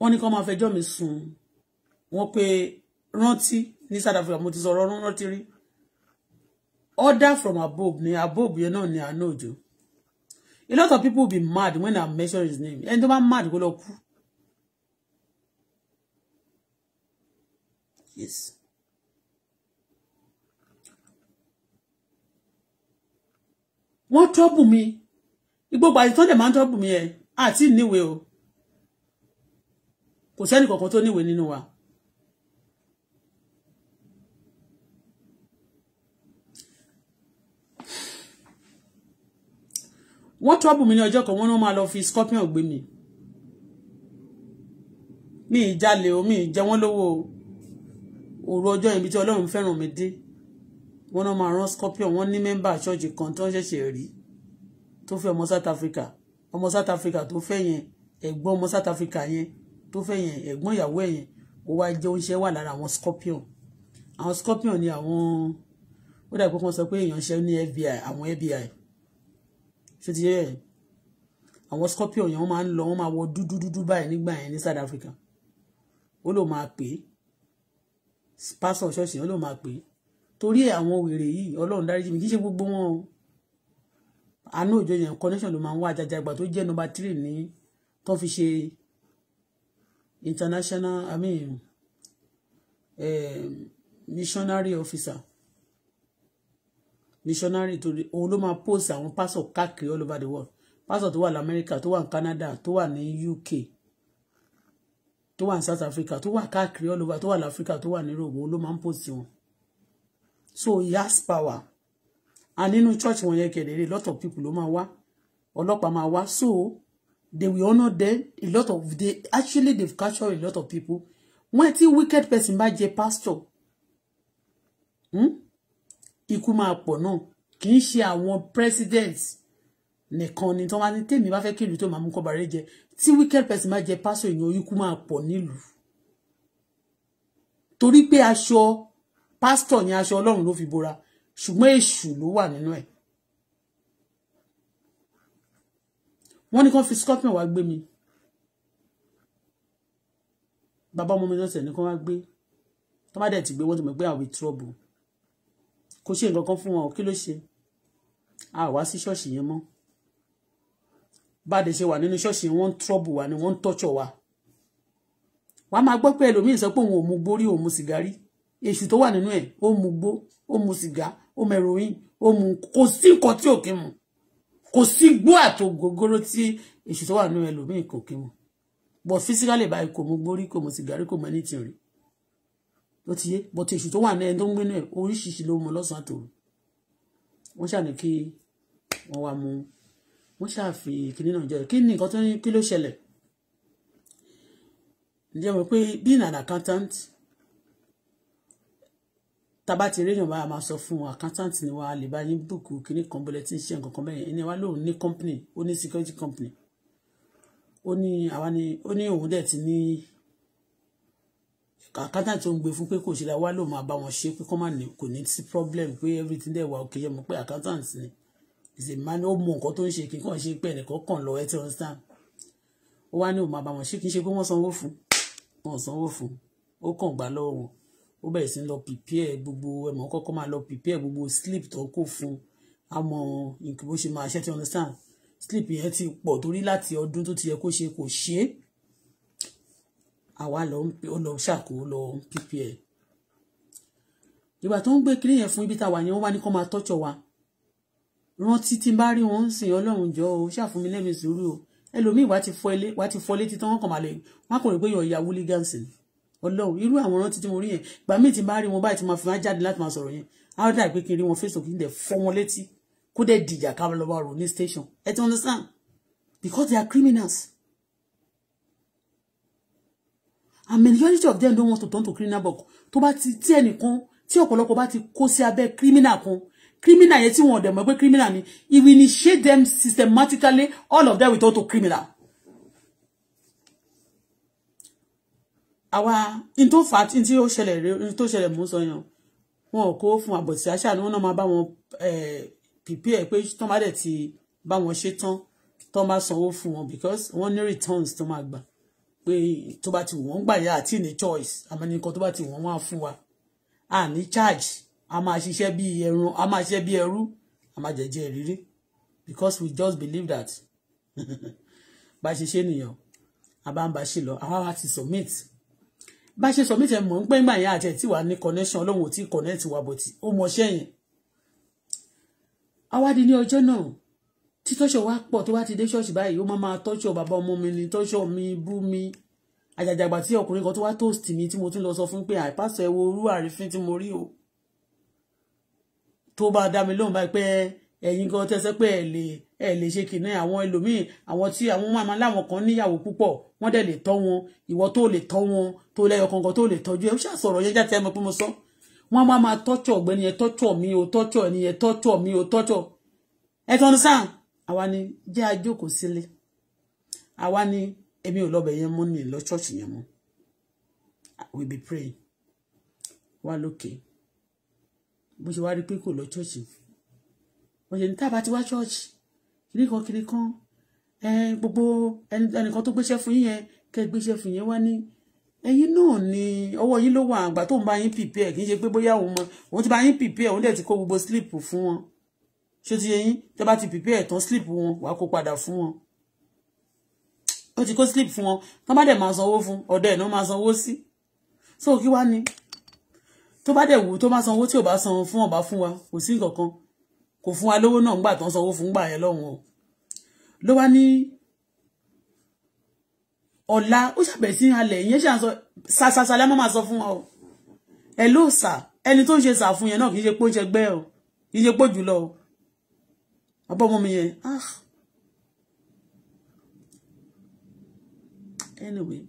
wọ́n ní kí wọ́n máa fẹjọ́ mi sùn wọ́n pé rántí ní South Africa mo ti sọ̀rọ̀ ọ̀run rántí rí order from above ni above you know ni àná òjò a lot of people be mad when I mention his name And tó bá mad go lọ kú. Yes. Wọ́n trouble mi. Igbogbo àti tó dẹ̀ máa ń trouble mi ẹ̀ àti níwèé o. Kò sẹ́ni kankan tó níwèé nínú wa. wọ́n tọ́bù mi ní ọjọ́ kan wọ́n ní wọ́n máa lọ fi scorpion gbé mi mi ì jalè o mi ì wọ́n lówó o òru ọjọ́ yẹn bí tí ọlọ́run fẹ́ràn mi dé wọ́n náà máa rán scorpion wọ́n ní mẹ́mbà ṣọ́ọ̀ṣì kan tó ń ṣẹ̀ṣẹ̀ rí tó fẹ́ ọmọ South Africa ọmọ South Africa tó fẹ́ yẹn ẹ̀gbọ́n ọmọ South Africa yẹn tó fẹ́ yẹn ẹ̀gbọ́n ìyàwó ẹ̀ yẹn ó wá jẹ́ oúnjẹ wà lára àwọn scorpion àwọn scorpion ni àwọn ó dàgbé kan sọ pé èèyàn ṣe ní FBI àwọn FBI ṣé ti yẹ àwọn scorpion yẹn wọ́n máa ń lọ wọ́n máa wọ dúdú dúdú báyìí nígbà yẹn ní South Africa ó lò máa pè é pásọ ṣọ́ọ̀ṣì Ọlọ́run máa pè é torí àwọn wèrè yìí Ọlọ́run dáríjì mi kì í ṣe gbogbo wọn o àánú òjò yẹn connection ló máa ń wá àjàjà ìgbà tó jẹ́ number three ní tó fi ṣe international I mean eh, missionary officer missionary torí òun ló máa post àwọn pásọ káàkiri all over the world pásọ tó wà lamẹ́ríkà tó wà ní Canada tó wà ní UK tó wà ní South Africa tó wà káàkiri all over tó wà láfíríkà tó wà nírò òun ló máa ń post wọn so he has power and nínú church wọn yẹn kedere lot of people ló máa wá ọlọ́pàá máa wá so they will honour them a lot of they actually they've captured a lot of people wọ́n ti wicked person bá jẹ pastor hmm? ikú máa pọ̀ náà kì í ṣe àwọn president nìkan ni tí wọ́n bá ní tèmi bá fẹ́ kí ìlú tó máa mú kọ́ bàrẹ́ jẹ tí wicked person máa jẹ pásítọ̀ èèyàn ikú máa pọ̀ nílùú torí pé aṣọ pásítọ̀ ni aṣọ ọlọ́run ló fi bora ṣùgbọ́n èṣù ló wà nínú ẹ̀ wọ́n ní kán fi scorpion wá gbé mi bàbá ọmọ mi lọ́sẹ̀ ní kán wá gbé tó dẹ̀ ti gbé wọ́n ti mọ̀ pé àwọn trouble kò ṣe nǹkan kan fún wọn kí ló ṣe a wá sí ṣọ́ọ̀ṣì yẹn mọ́ bá a dẹ̀ ṣe wà nínú ṣọ́ọ̀ṣì wọ́n ń trọ́bù wa ni wọ́n ń tọ́jọ̀ wa wàá máa gbọ́ pé ẹlòmíì sọ pé òun ò mu gbó rí òun mu sìgá rí èṣù tó wà nínú ẹ̀ ó mu gbó ó mu sìgá ó mu heroin ó mu kò sí nǹkan tí ò kí mu kò sí gbó àtò gògóró tí èṣù tó wà nínú ẹlòmíì kò kí mu bọ̀ fisikálì báyìí kò mu gbó rí kò mu sìgá rí kò mu ẹni tì rí ló ti yé bọ̀ tí èṣù tó wà nínú ẹni tó ń gbé náà oríṣiríṣi ló mu lọ́sàn-án àtòrò wọ́n ṣàní kí wọ́n wá mu wọ́n ṣàfi kíní náà jẹ kí ni nǹkan tó ní kí ló ṣẹlẹ̀ ǹjẹ́ mo pé being an accountant tába ti réyàn bá a máa sọ fún accountant ni wa lè bá yín búùkù kíní kan bọ́lẹ̀ tí ń ṣe nǹkan kan bẹ́ẹ̀ ẹni wa lóun ní company ó ní security company ó ní àwa ni ó ní òun dẹ̀ ti ní àkátà tó ń gbé fún pé kò ṣe la wá lóun máa bá wọn ṣe pé kọ́ kò ní sí problem pé everything dẹ̀ wà òkè yẹ mọ̀ pé accountant ni ìsè máa ní ó mọ nǹkan tó ń ṣe kíkan ṣe pé ẹnìkan kàn lọ ẹ ti ọ̀n sàn ó wá ní òun máa bá wọn ṣe kí n ṣe pé wọ́n sanwó fún wọn sanwó fún ó kàn gbà lọ́wọ́ wọn ó bẹ̀rẹ̀ sí lọ prepare gbogbo ẹ̀mọ́ kọ́kọ́ máa lọ prepare gbogbo sleep tó kù fún àmọ́ nǹkan bó ṣe máa ṣe ti understand sleep yẹn ti pọ̀ torí láti ọdún tó ti yẹ kó ṣe kò ṣe é àwa lọ ó lọ ṣàkó lọ prepare ìgbà tó ń gbé kiri yẹn fún ibi tá a wà yẹn wọ́n wá ní kó máa tọ́jọ́ wa rántí tí n bá rí wọn ń sìn ọlọ́run jọ o ṣàfùnmi lẹ́mìí sùúrù o ẹlòmíì wá ti fọ́ ilé wá ti fọ́ ilé títí wọn kàn máa lẹ́yìn wọn kò rí pé yàn ìyàwó lé gáàsì ni ọlọ́run irú àwọn rántí tí mo rí yẹn ìgbà míì tí n bá rí wọn báyìí tí máa fi máa jáde láti máa sọ̀rọ̀ yẹn á dà pé kí n rí wọn fèsò kí n dẹ̀ fọ́ wọn létí kó dẹ̀ dìjà ká lọ́wọ́ rò ní station ẹ ti understand because they are criminals and majority of them don't want to turn to criminal book tó bá ti tí ẹnìkan tí ọ̀pọ̀lọpọ̀ bá ti kó sí abẹ́ criminal kan criminal yẹn tí wọn dẹ̀ mọ̀ pé criminal ni he will initiate them systematically all of them with auto criminal. àwa n tó fà á tí ó ṣẹlẹ̀ n tó ṣẹlẹ̀ mú sọ yẹn wọn ò kó fún àbọ̀tí àṣà ni wọn náà máa bá wọn pìpì ẹ̀ pé tán bá dẹ̀ ti because one returns to magba. We pé tó bá ti wọ́n gbà yá àti ní choice àmọ́ nìkan tó bá ti wọ́n wá fún wa à ní charge a máa ṣiṣẹ́ bí ẹrú a máa ṣiṣẹ́ bí ẹrú a máa jẹjẹ rírí because we just believe that bá ṣe ṣe nìyẹn a bá ń bá ṣe lọ àwa wa ti submit bá ṣe submit ẹ mọ̀ ń pẹ́ ń gbà yẹn àti ẹ̀ tí wà ní connection ọlọ́run ò tí connect wa bọ̀ tí ó mọṣẹ́ yẹn awádìí ní ọjọ́ náà tí tọ́ṣọ̀ wa pọ̀ tó bá ti dé ṣọ́ọ̀ṣì báyìí ó máa máa tọ́ṣọ̀ bàbá ọmọ mi ni tọ́ṣọ̀ mi bú mi àjàjàgbà tí ọkùnrin kan tó wá toast mi tí mo tún lọ sọ fún pé àìpásọ ẹ wo orú àrífín tí mo rí o tó bá dá mi lóhùn báyìí pé ẹ̀yin gan tẹ́sẹ́ pé ẹ̀ lè ẹ̀ lè ṣe kìnnà àwọn ẹlòmíì àwọn tí àwọn máma láwọn kan níyàwó púpọ̀ wọ́n dẹ̀ lè tọ́ wọn ìwọ tó lè tọ́ wọn tó lẹ́yọ kankan tó lè tọ́jú ẹ̀ ó ṣàṣọ̀rọ̀ yẹn jáde ẹ̀mọ́ pé mo sọ wọ́n máa máa tọ́jọ̀ ọ̀gbẹ́ni yẹn tọ́jọ̀ mi ò tọ́jọ̀ ẹni yẹn tọ́jọ̀ mi ò tọ́jọ̀ ẹ tọ́nu sáà àwa ni jẹ́ ajókòó sílé àwa ni èmi ò lọ́bẹ̀ yẹn mọ́ ní ìlọ́ chọ́ọ̀chì yẹn mọ́ we be praying wá lókè. Okay bó ṣe wá rí pé kò lọ ṣọ́ọ̀ṣì bó ṣe ní tá a bá ti wá ṣọ́ọ̀ṣì kiri kan kiri kan gbogbo ẹnìkan tó gbéṣẹ́ fún yín yẹn kẹ́ gbéṣẹ́ fún yẹn wá ní ẹ̀yin náà ni ọwọ́ yín ló wà àgbà tó ń bá yín pìpẹ́ kì í ṣe pé bóyá òun mọ òun ti bá yín pìpẹ́ òun dẹ̀ ti kó gbogbo slip fún wọn ṣé ti yẹyin tẹ́ bá ti pìpẹ́ tán slip wọn wàá kó padà fún wọn ó ti kó slip fún wọn tán bá dẹ̀ máa sanwó fún ọ̀dọ̀ ẹ̀ náà máa sanwó sí so kí wá ni tó bá dẹ̀ wù tó bá san owó tí ò bá san fún ọba fún wa kò sí nǹkan kan kò fún wa lówó náà ńgbà tó ń sanwó fún gbà yẹn lọ́hùn o ló wá ní ọ̀la ó ṣàbẹ̀ sí halẹ̀ ìyẹn ṣà ń sọ sàṣàṣà lẹ́mọ́ máa sọ fún wa o ẹ ló sà ẹni tó ń ṣe sà fún yẹn náà kì í ṣe pé ó ṣe gbẹ́ o kì í ṣe pé jùlọ o ọbọ̀ ọmọ mi yẹn ah anyway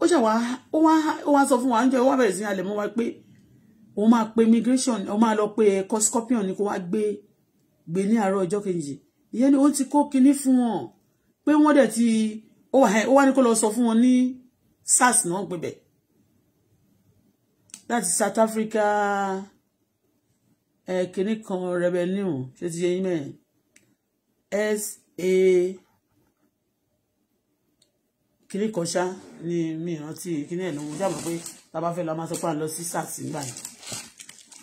ó ṣàwá ó wá sọ fún wa oúnjẹ ó wá bẹ̀rẹ̀ sí alẹ̀ mọ́ wa pé òun máa pe immigration òun máa lọ pe ẹ̀kọ́ scorpion ni kó wá gbé gbé ní àárọ̀ ọjọ́ kejì ìyẹn ni ó ti kó kinní fún wọn pé wọ́n dẹ̀ ti ó wá ní kó lọ sọ fún wọn ní SARS náà pé bẹ̀ láti South Africa ẹ̀ eh, kinní kan revenue ṣe ti yẹ yín mẹ́rin S A kíní kan ṣá ni mi rántí kíní ẹ̀ ló ń jábọ̀ pé tá a bá fẹ́ lọ máa sọ pé à ń lọ sí sars nígbà yẹn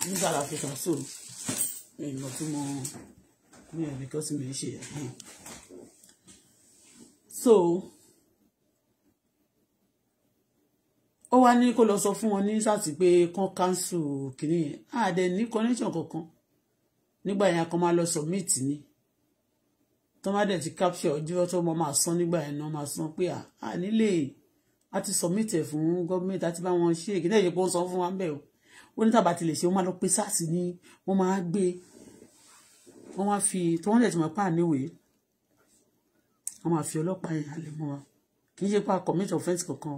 nígbà la fi sàṣọ mi lọ tí mo mi ò bí kọ́sí mi ṣe yẹn. so ó wá ní kó lọ sọ fún wọn ní sars pé kán cancel kíní yẹn àdẹ ní connection kankan nígbà yẹn a kan máa lọ submit ni tó má dẹ̀ ti capture ọjọ́ tó mọ máa san nígbà yẹn náà máa san pé à nílé a ti submit ẹ̀ fún gọ́ọ̀mẹ̀ntì àti bá wọn ṣe èkìtì ẹ̀yẹ pé ó ń san fún wa ń o ó ní tàbá ti lè ṣe wọ́n máa lọ pé sars ni wọ́n máa gbé wọ́n wá fi tí wọ́n dẹ̀ ti máa pa àníwèé wọ́n máa fi ọlọ́pàá yẹn halẹ̀ mọ́ wa kì í ṣe pa commit offence kankan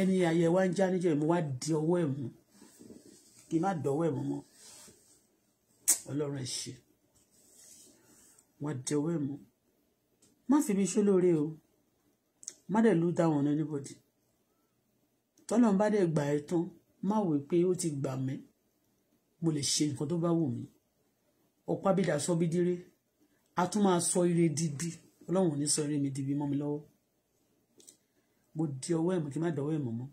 ẹni ayẹ wa ń já níjọ ìmú wa di ọwọ́ ẹ̀ mú kì í má dọ̀wọ́ ẹ̀ mọ́ mọ́ ọlọ́run ẹ ṣé wọ́n á jẹ́wọ́ ẹ̀ mọ́ má fi mi ṣó lóore o má dẹ̀ ló dá wọn anybody tọ́lọ́n bá dẹ̀ gbà ẹ́ tán má wò pé ó ti gbà mẹ́ mo lè ṣe nǹkan tó bá wù mí ọ̀pá bídà sọ bí dire a tún máa sọ ire dibi ọlọ́run ò ní sọ ire mi dibi mọ́ mi lọ́wọ́ mo di ọwọ́ ẹ̀mọ́ kí n má dọ̀wọ́ ẹ̀mọ́ mọ́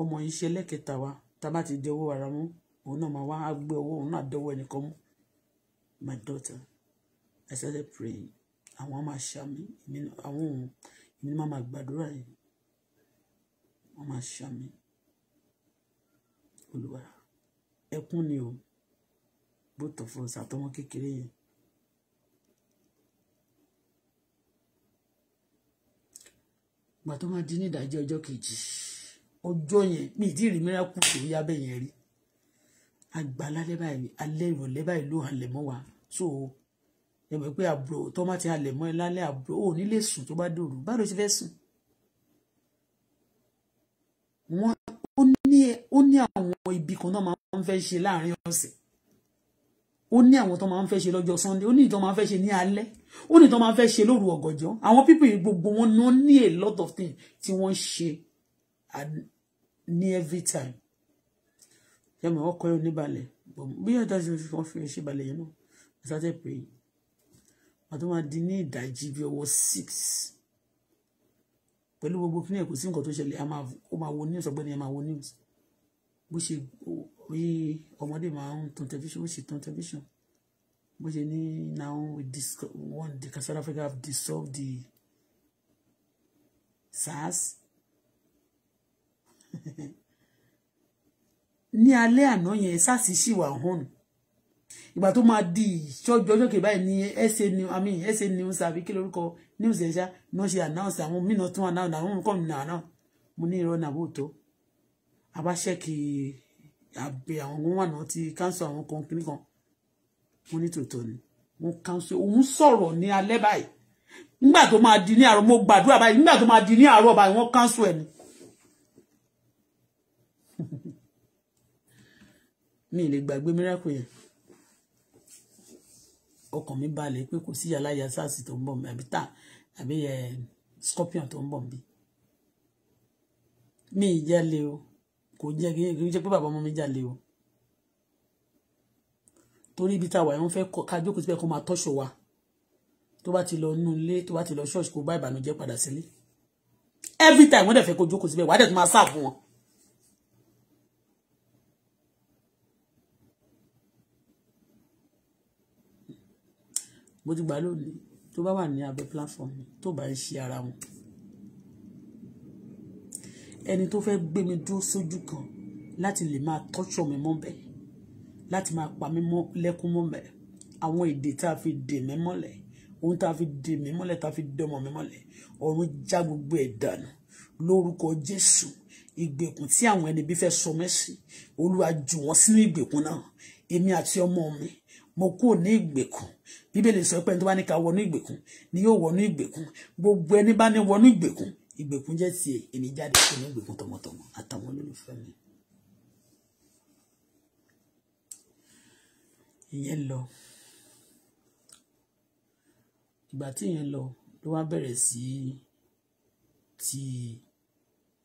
ọmọ yìí ṣe ẹlẹ́kẹta wa tá a ti di owó ara mú òun náà máa wá á gbé owó òun náà dọ́wọ́ ẹnìkan mú my daughter I started praying àwọn máa ṣàmì àwọn òun èmi ni máa gbàdúrà yìí wọ́n máa ṣàmì olùwà ẹkún ni o bó tọ̀ fún ọ̀sà àtọmọ kékeré yẹn. gbà tó máa di ní ìdájọ́ ọjọ́ kejì ọjọ́ yẹn mi ìdí ìrìn mìíràn kù tó yá bẹ́ẹ̀ yẹn rí àgbàlálẹ́ báyìí alẹ́ ìrọ̀lẹ́ báyìí ló halẹ̀ mọ́ wa so ẹ mọ̀ pé àbúrò tó má ti halẹ̀ mọ́ ẹ lálẹ́ àbúrò ò ní lè sùn tó bá dòrò báwo ló ti fẹ́ sùn. wọ́n ó ní àwọn ibi kan náà máa ń fẹ́ ṣe láàrin ọ̀sẹ̀ ó ní àwọn tó máa ń fẹ́ ṣe lọ́jọ́ sunday ó ní ìtọ́ máa ń fẹ́ ṣe ní alẹ́ ó ní ìtọ́ máa ń fẹ́ ṣe lóru ọ̀gànjọ́ àwọn pípìn gbogbo wọn ní a lot of things tí wọ́n ṣe ní every time ṣe mọ ọkọ yóò níbalẹ̀ bí yóò tẹsí oṣù kan fi ṣe balẹ̀ yẹn náà i started praying àti wọn di ní ìdajì bí ọwọ́ six pẹ̀lú gbogbo kí ní ẹ̀kọ́ sí nǹkan tó ṣẹlẹ̀ ó máa wo news ọ̀gbẹ́ni ẹ máa wo news bó ṣe bí ọmọdé máa ń tan television bó ṣe tan television bó ṣe ní now one the South Africa have dissolved the SARS ní alẹ́ àná yẹn sars sì wà hàn ìgbà tó máa di ìṣọ́jọ́jọ́ kì báyìí ní ẹsẹ̀ ni i mean ẹsẹ̀ news àbí kí lórúkọ news ẹ̀ ṣá ni wọ́n ṣe announce àwọn mìíràn tún announce àwọn nǹkan mìíràn announce mo ní ìrọ̀ nàbó tó abáṣẹ́kì àbẹ̀ àwọn ohun wà náà ti council àwọn kan kìnnì kan mo ní tòótọ́ ni wọ́n council òun sọ̀rọ̀ ní alẹ́ báyìí nígbà tó máa di ní àárọ̀ mo gbàdúrà báyìí nígbà tó máa di ní àárọ̀ báyìí wọ́n council ẹ̀ ni mi ì lè gbàgbé miracle yẹn ọkàn mi balẹ̀ pé kò sí yàláyà sars tó ń bọ̀ mi àbí tà àbí ẹ scorpion tó ń bọ̀ mi mi ì jalè o kò jẹ́ kí n jẹ́ pé bàbá ọmọ mi jalè o torí ibi tá a wà wọ́n fẹ́ ká jókòó síbẹ̀ kó máa tọ́ṣọ wa tó bá ti lọ nú ilé tó bá ti lọ ṣọ́ọ̀ṣì kó bá ìbànújẹ́ padà sílé every time wọ́n dẹ̀ fẹ́ kó jókòó síbẹ̀ wàá dẹ̀ tó máa sáà fún wọn mo ti gbà lónìí tó bá wà ní abẹ́ platform mi tó bá ń ṣe ara wọn ẹni tó fẹ́ gbé mi dúró sójú kan láti lè máa tọ́jú mi mọ́ bẹ́ẹ̀ láti máa pa mí mọ́ lẹ́kún mọ́ bẹ́ẹ̀ àwọn èdè tá a fi dè mí mọ́lẹ̀ ohun tá a fi dè mí mọ́lẹ̀ tá a fi dọmọ mi mọ́lẹ̀ ọ̀run já gbogbo ẹ̀ dànù lórúkọ Jésù ìgbèkùn tí àwọn ẹni bí fẹ́ sọ mẹ́sì Olúwa jù wọ́n sínú ìgbèkùn náà èmi àti ọmọ mi mo kúrò ní ìgbèkùn bíbélì sọ pé tó bá ní ká wọnú ìgbèkùn ni yóò wọnú ìgbèkùn gbogbo ẹni bá ní wọnú ìgbèkùn ìgbèkùn jẹ́ tiẹ̀ èmi jáde kúrò ní ìgbèkùn tọmọtọmọ àtàwọn olólùfẹ́ mi. ìyẹn lọ ìgbà tí ìyẹn lọ ló wá bẹ̀rẹ̀ sí ti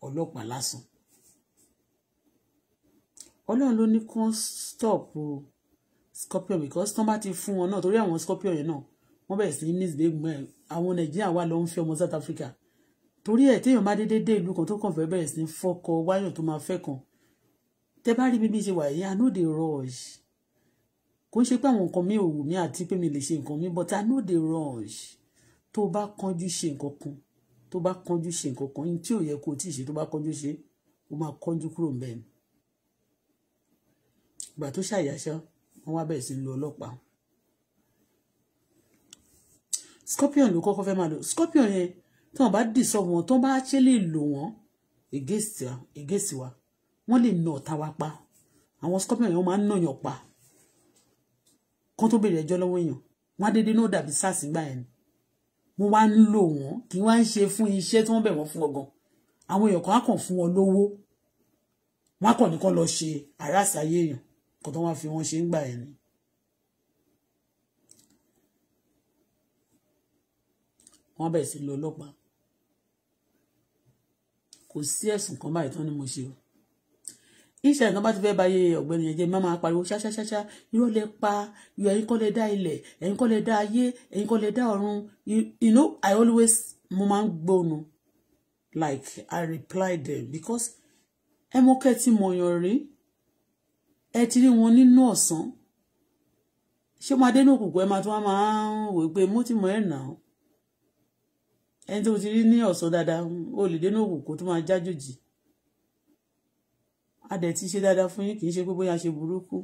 ọlọ́pàá lásán ọlọ́run ló ní kán stop o scorpion because tán bá ti fún wọn náà torí àwọn scorpion yẹn náà wọ́n bẹ̀rẹ̀ sí ní nísìlẹ́gbọ̀n ẹ̀ àwọn nàìjíríà wà ló ń fẹ́ ọmọ South Africa torí ẹ̀ téèyàn bá déédéé dé ìlú kan tó kàn fẹ́ bẹ̀rẹ̀ sí fọ́kọ wáyàn tó máa fẹ́ kan tẹ́ bá rí bíbí ṣe wà yìí I know the rush kò ń ṣe pé àwọn nǹkan mi ò wù mí àti pé mi lè ṣe nǹkan mi but I know the rush tó bá kánjú ṣe nǹkan kan tó bá kánjú ṣe nǹkan kan tí ò yẹ kó o tí ì ṣe tó bá kánjú ṣe ó máa kánjú kúrò ń bẹ́ẹ̀ tó ṣàyàṣán wọ́n wá bẹ̀rẹ̀ sí lu ọlọ́pàá scorpion ló kọ́kọ́ fẹ́ máa lò scorpion yẹn tí wọ́n bá dìsọ́ wọn tó bá ṣe lè lò wọ́n against wa wọ́n lè nà ọ̀tá wa pa àwọn scorpion yẹn wọ́n máa ń nàyàn pa kán tó bèrè ẹjọ́ lọ́wọ́ èèyàn wọ́n á dédé náà dàbí sars gbà yẹn mo wá ń lò wọ́n kí wọ́n á ń ṣe fún iṣẹ́ tí wọ́n bẹ̀ wọ́n fún ọgàn àwọn èèyàn kan á kàn fún wọn lówó wọ́n á kàn ní kán lọ ṣe àràsà ayé èèyàn kó tó wá fi wọ́n ṣe ń gbà yẹn ni. wọ́n bẹ̀rẹ̀ sí lọ ọlọ́pàá kò sí ẹ̀sùn kan báyìí tán ni mo ṣe o iṣẹ́ ìkan bá ti fẹ́ báyé ọ̀gbẹ́ni ẹ̀jẹ̀ má máa pariwo ṣáṣáṣáṣá irọ́ lẹ pa yọ ẹ̀yin kọ́ lẹ dá ilẹ̀ ẹ̀yin kọ́ lẹ dá ayé ẹ̀yin kọ́ lẹ dá ọ̀run you know I always mo máa ń gbónu like I reply them because ẹ mọ kẹ́ ti mọ̀yàn rí ẹ ti rí wọn nínú ọ̀sán ṣé máa dé ní òkùnkùn ẹ máa tún wá máa ń wò pé mo ti mọ ẹ nà án ẹni tó ti rí ní ọ̀sán dáadáa ó lè dé ní òkùnkùn tó máa jájòjì a dẹ̀ ti ṣe dáadáa fún yín kì í ṣe pé bóyá ṣe burúkú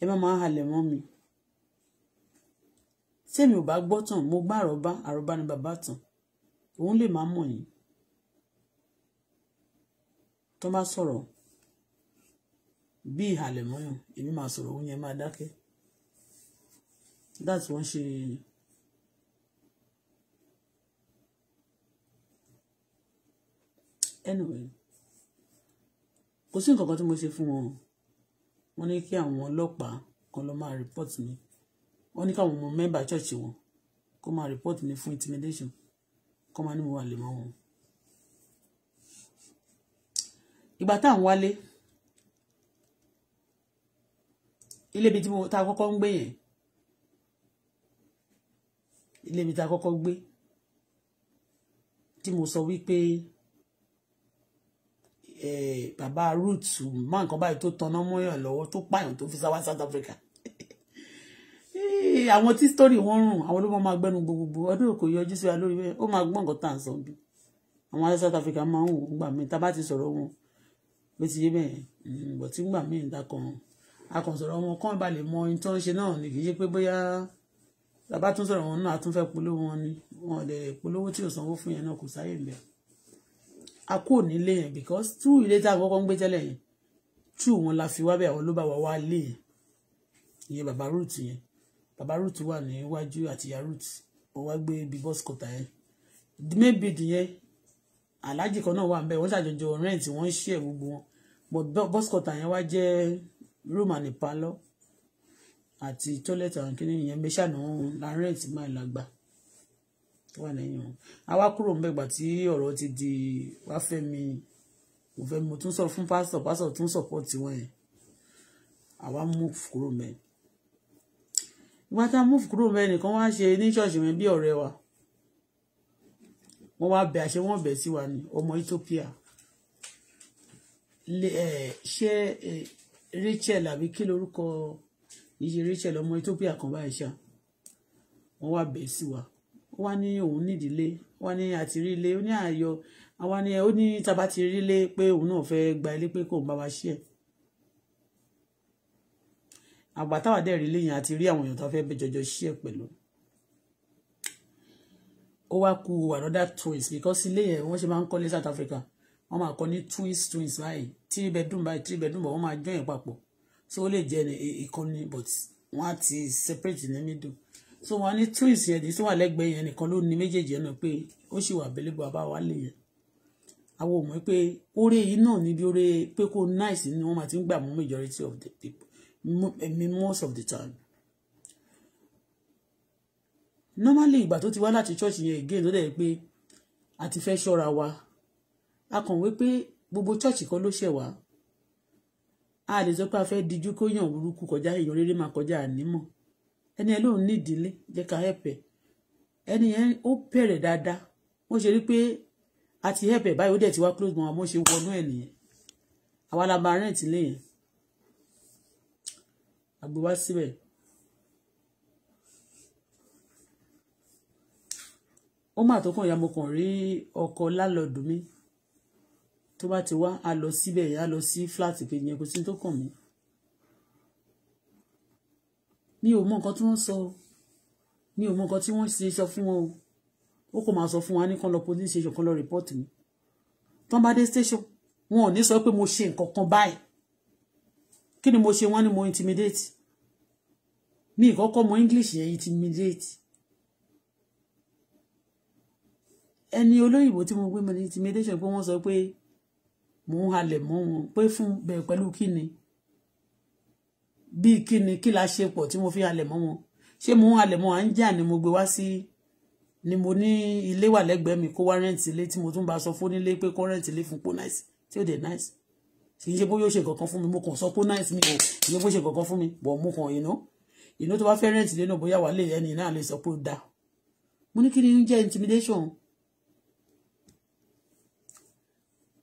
ẹ má máa halẹ̀ mọ́ mi tèmi ò bá gbọ́ tàn mo gbá àròbá àròbá ni bàbá tàn òun lè má mọ̀ yín tó bá sọ̀rọ̀ bí ìhàlẹ̀ mọ́yàn èmi máa sọ̀rọ̀ oúnjẹ máa dákẹ́ that's wọ́n ṣe anyway kò sí nǹkan kan tí mo ṣe fún wọn wọ́n ní kí àwọn ọlọ́pàá kan lọ máa report mi wọ́n ní káwọn ọmọ mẹ́mbà church wọn kó máa report mi fún intimidation kó máa ní mo wà lè mọ́ wọn. ìgbà táwọn wálé. ilé mi tí mo ta kọ́kọ́ ń gbé yẹn ilé mi ta kọ́kọ́ gbé tí mo sọ wípé bàbá root má nǹkan báyìí tó tanná mọ́yàn lọ́wọ́ tó pààyàn tó fi sáwá South Africa àwọn tí story wọn rùn àwọn ló máa gbẹnu gbogbogbò ọdún òkò yọjú sí wa lórí bẹ́ẹ̀ ó máa gbọ́n nǹkan tá à ń sọ bí àwọn ará South Africa máa ń wò ó gbà mí tá a bá ti sọ̀rọ̀ wọn bó ti yé bẹ́ẹ̀ bọ̀ tí gbà mí ń akọ̀sọ̀rọ̀ wọn kàn bá lè mọ ohun tó ń ṣe náà ni kì í ṣe pé bóyá bàbá tún sọ̀rọ̀ wọn náà a tún fẹ́ polówó wọn ni wọn lè polówó tí ò sanwó fún yẹn náà kò sáyè mbẹ́ a kúrò nílé yẹn because through ilé tá a kọ́kọ́ ń gbé tẹ́lẹ̀ yẹn through wọn la fi wá bẹ́ẹ̀ àwọn ló bá wa wá lé yẹn ìyẹn bàbá root yẹn bàbá root wà níwájú àti ìyá root ó wá gbé ibi bus kọta yẹn maybe yẹn aláàjì kan náà wà ń bẹ wọn ṣàjọjọ rent wọn ṣí ẹ gbogbo wọn but bus kọta yẹn wá jẹ́ room and parlour àti toilet àwọn kìnìún yẹn bẹ́ẹ̀ ṣàná láàrin ẹ̀ tí máa lágbà tó wà lẹ́yìn wọn àwa kúrò ń bẹ̀gbà tí ọ̀rọ̀ ti di wá fẹ́mi kò fẹ́ mo tún sọ fún pásítọ̀ pásítọ̀ tún support wọn yẹn àwa mú kúrò mẹ́ ìgbà tá a mú kúrò mẹ́ nìkan wá ṣe ní ṣọ́ọ̀ṣì mi bí ọ̀rẹ́ wa wọ́n wá bẹ̀ àṣẹ wọ́n bẹ̀ sí wa ní ọmọ Ethiopia ṣé Rachel àbí kí lorúkọ ìṣe Rachel ọmọ Ethiopia kan báyìí ṣá wọ́n wá bẹ̀ sí wa ó wá ní òun nídìílé ó wá ní àti rí ilé ó ní àyọ àwa ni ó ní taba ti rí ilé pé òun náà fẹ́ gba ilé pé kò ń bá wa ṣe ẹ̀ àgbà táwa dẹ̀ rí ilé yẹn àti rí àwọn èèyàn tó fẹ́ bẹ jọjọ ṣe ẹ̀ pẹ̀lú ó wá ku another twins because ilé yẹn wọ́n ṣe máa ń kọ́lé South Africa wọ́n máa kọ́ ní twins twins báyìí three bedroom báyìí three bedroom báyìí wọ́n máa join papọ̀ so ó lè jẹ́ e, ìkànnì but wọ́n á ti separate ní middle so wọ́n á ní twins yẹn tí wọ́n wà lẹ́gbẹ̀ẹ́ yẹn nìkan ló ní méjèèjì yẹn náà pé ó sì wà abẹ́lẹ́bù bàbá wa lè yẹn àwọn ò mọ̀ pé oore yìí náà níbi oore pé kó nice ni wọ́n máa ti ń gbà mú majority of the people most of the time normally ìgbà tó ti wá láti church yẹn again ló dẹ̀ pé a ti fẹ́ ṣọ́ra wa akọ̀wé pé gbogbo chọ́ọ̀chì kan ló ṣẹ̀ wá a lè sọ pé a fẹ́ dijú kó yàn burúkú kọjá èèyàn rere máa kọjá ànímọ̀ ẹni ẹ lóun ní ìdílé jẹ́ ká hẹ̀pẹ̀ ẹni yẹn ó bẹ̀rẹ̀ dáadáa wọ́n ṣe rí pé a ti hẹ̀pẹ̀ báyìí ó dẹ̀ ti wá close mọ́ àmọ́ ṣe wọnú ẹ̀ nìyẹn àwa la máa rẹ̀ǹtì lẹ́yìn àgbò wá síbẹ̀. ó mà tó kàn ya mo kàn rí ọkọ̀ lálọ́ọ̀dù mi tó bá ti wá a lọ síbẹ̀ a lọ sí flat kejì yẹn kò sí tó kàn mí mi ò mọ nǹkan tí wọ́n sọ mi ò mọ nǹkan tí wọ́n ṣe sọ fún wọn ó kò máa sọ fún wa ní kan lọ police station kan lọ report mi tán bá dé station wọn ò ní sọ pé mo ṣe nǹkan kan báyìí kí ni mo ṣe wọ́n ní mo intimidate mi ìkọ́kọ́ mọ English yẹn intimidate ẹni olóyìnbó tí mo gbé mo intimidation pé wọ́n sọ pé mò ń halẹ̀ mọ́ wọn pé fún bẹ̀rẹ̀ pẹ̀lú kí ni bíi kí ni kí la ṣe pọ̀ tí mo fi halẹ̀ mọ́ wọn ṣé mò ń halẹ̀ mọ́ à ń jà ni mo gbé wá sí ni mo ní ilé wà lẹ́gbẹ̀ẹ́ mi kó wá rẹ́ǹtì ilé tí mo tún bá sọ fún nílé pé kó rẹ́ǹtì ilé fún kó náìsì tí ó dé náìsì kì í ṣe bóyá ó ṣe kankan fún mi mo kàn sọ kó náìsì mi ò kì í ṣe bó ṣe kankan fún mi bọ̀ mo kàn ìná ìná tó bá fẹ́ rẹ́ǹtì ilé náà bóyá wà lè ẹni náà lè sọ pé ó dáa mo ní kí ni ń jẹ́ intimidation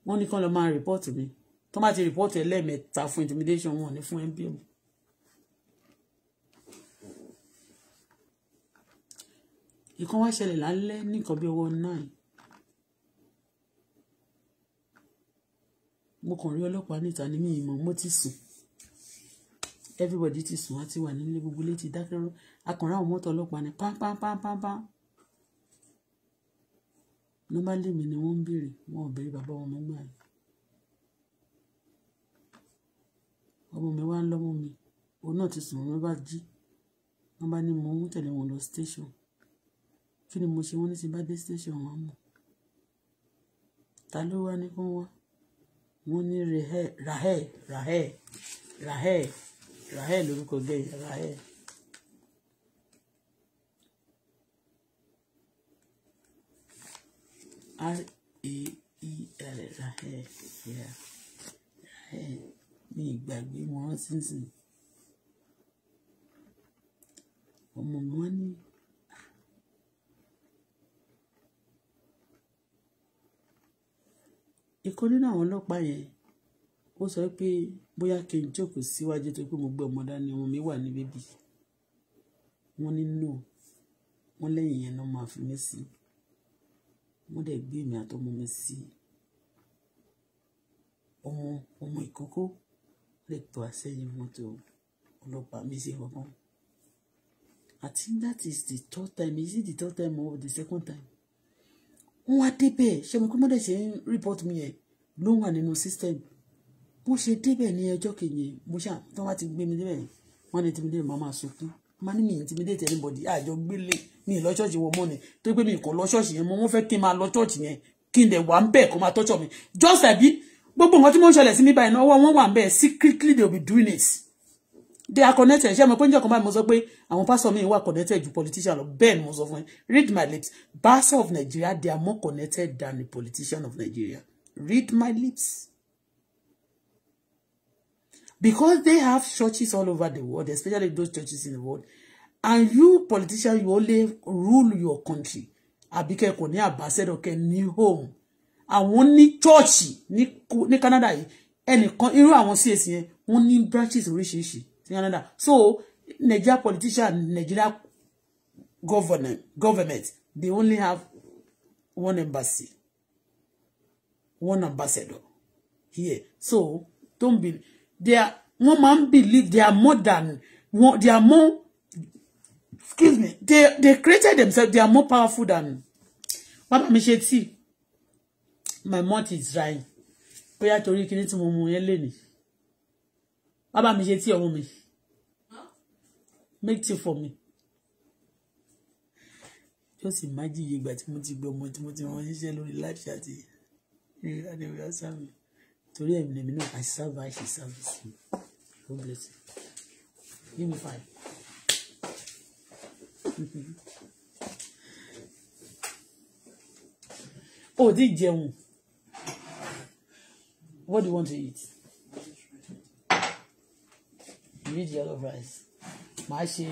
wọ́n ní kán lọ máa rìpọ́ọ̀tì mi tó má ti rìpọ́ọ̀tì ẹ lẹ́ẹ̀mẹ́ta fún intimidation wọn ní fún MPO. ìkan wá ṣẹlẹ̀ lálẹ́ ní nǹkan bí ọwọ́ nine mo kàn rí ọlọ́pàá níta ní mi ìmọ̀ mo ti sùn everybody ti sùn àti wà nílé gbogbo létí dákẹ́rọ́ akànrà àwọn mọ́tò ọlọ́pàá ní pánpánpánpánpán normally mi ni wọ́n ń béèrè wọn ò béèrè bàbá ọmọ mi gbà yẹn ọmọ mi wá ń lọ́mú mi òun náà ti sùn wọn bá jí wọn bá ní mo ń tẹ̀lé wọn lọ station kí ni mo ṣe wọn ní ti bá dé station wọn mọ̀ ta ló wá ní kó wá wọn ní rahel rahel rahel rahel rahel lórúkọ gẹ̀ẹ́ rahel. rahel I A E L h yeah. Rahel mi ìgbàgbé wọn sínsìn ọmọ wọn ní. ìkan nínú àwọn ọlọ́pàá yẹn ó sọ pé bóyá kí n jókòó síwájú tó pé mo gbé ọmọ dání ọmọ mi wà ní bébì wọ́n ní no wọ́n lẹ́yìn yẹn ló máa fi mí sí i wọ́n dẹ̀ gbé èmi àtọmọ mi sí ọmọ ọmọ ìkókó lè tó àsẹ́yìn mọ́tò ọlọ́pàá mi sí ọmọ. I think that is the third time is it the third time or the second time? wọ́n wá débẹ̀ ṣé mo kí mo dẹ̀ ṣe ń report mi yẹn ló wà nínú system bó ṣe débẹ̀ ní ọjọ́ kejì mo ṣáà tí wọ́n bá ti gbé mi débẹ̀ wọ́n ní tí mo débẹ̀ máa máa sunkún máa ní mi intimidate anybody àjọ gbélé mi lọ ṣọ́ọ̀ṣì wọ mọ́ni tó gbé mi kò lọ ṣọ́ọ̀ṣì yẹn mo wọ́n fẹ́ kí n máa lọ ṣọ́ọ̀ṣì yẹn kí n dẹ̀ wà ń bẹ̀ kó máa tọ́jọ́ mi just àbí gbogbo nǹkan tí mo ń ṣẹlẹ̀ sí mi báyìí náà wọ́n wà ń bẹ̀ secretly they will be doing it they are connected ṣé mo pé ń jẹ́ kan báyìí mo sọ pé àwọn pásọ mi wà connected ju politician lọ bẹ́ẹ̀ ni mo sọ fún yín read my lips pásọ of Nigeria they are more connected than the politician of Nigeria read my lips. Because they have churches all over the world, especially those churches in the world. And you, politician, you only rule your country. Àbíkẹ́ kò ní ambassador kẹ́ ní home. Àwọn ní church ní ní Canada yìí. Ẹnìkan irú àwọn CAC yẹn wọ́n ní branches oríṣiríṣi ní Canada. So Nigeria politician, Nigeria government, government, they only have one embassy, one ambassador here. So don't be they are wọ́n man ń believe they are more than wọ́n they are more excuse me they they created themselves they are more powerful than What mi ṣe tí my mouth is dry. bóyá torí kíní tí mo mu yẹn What about bàbá mi ṣe tí make tea for me just imagine you iye ìgbà tí mo ti gbé ọmọ tí mo ti wọn ṣiṣẹ́ lórí live chat yìí ní adéwìyá sáà mi torí ẹ̀mí lèmi náà I serve her she serves me God bless you give me five. o oh, ti jẹun what do you want to eat you need yellow rice màá ṣe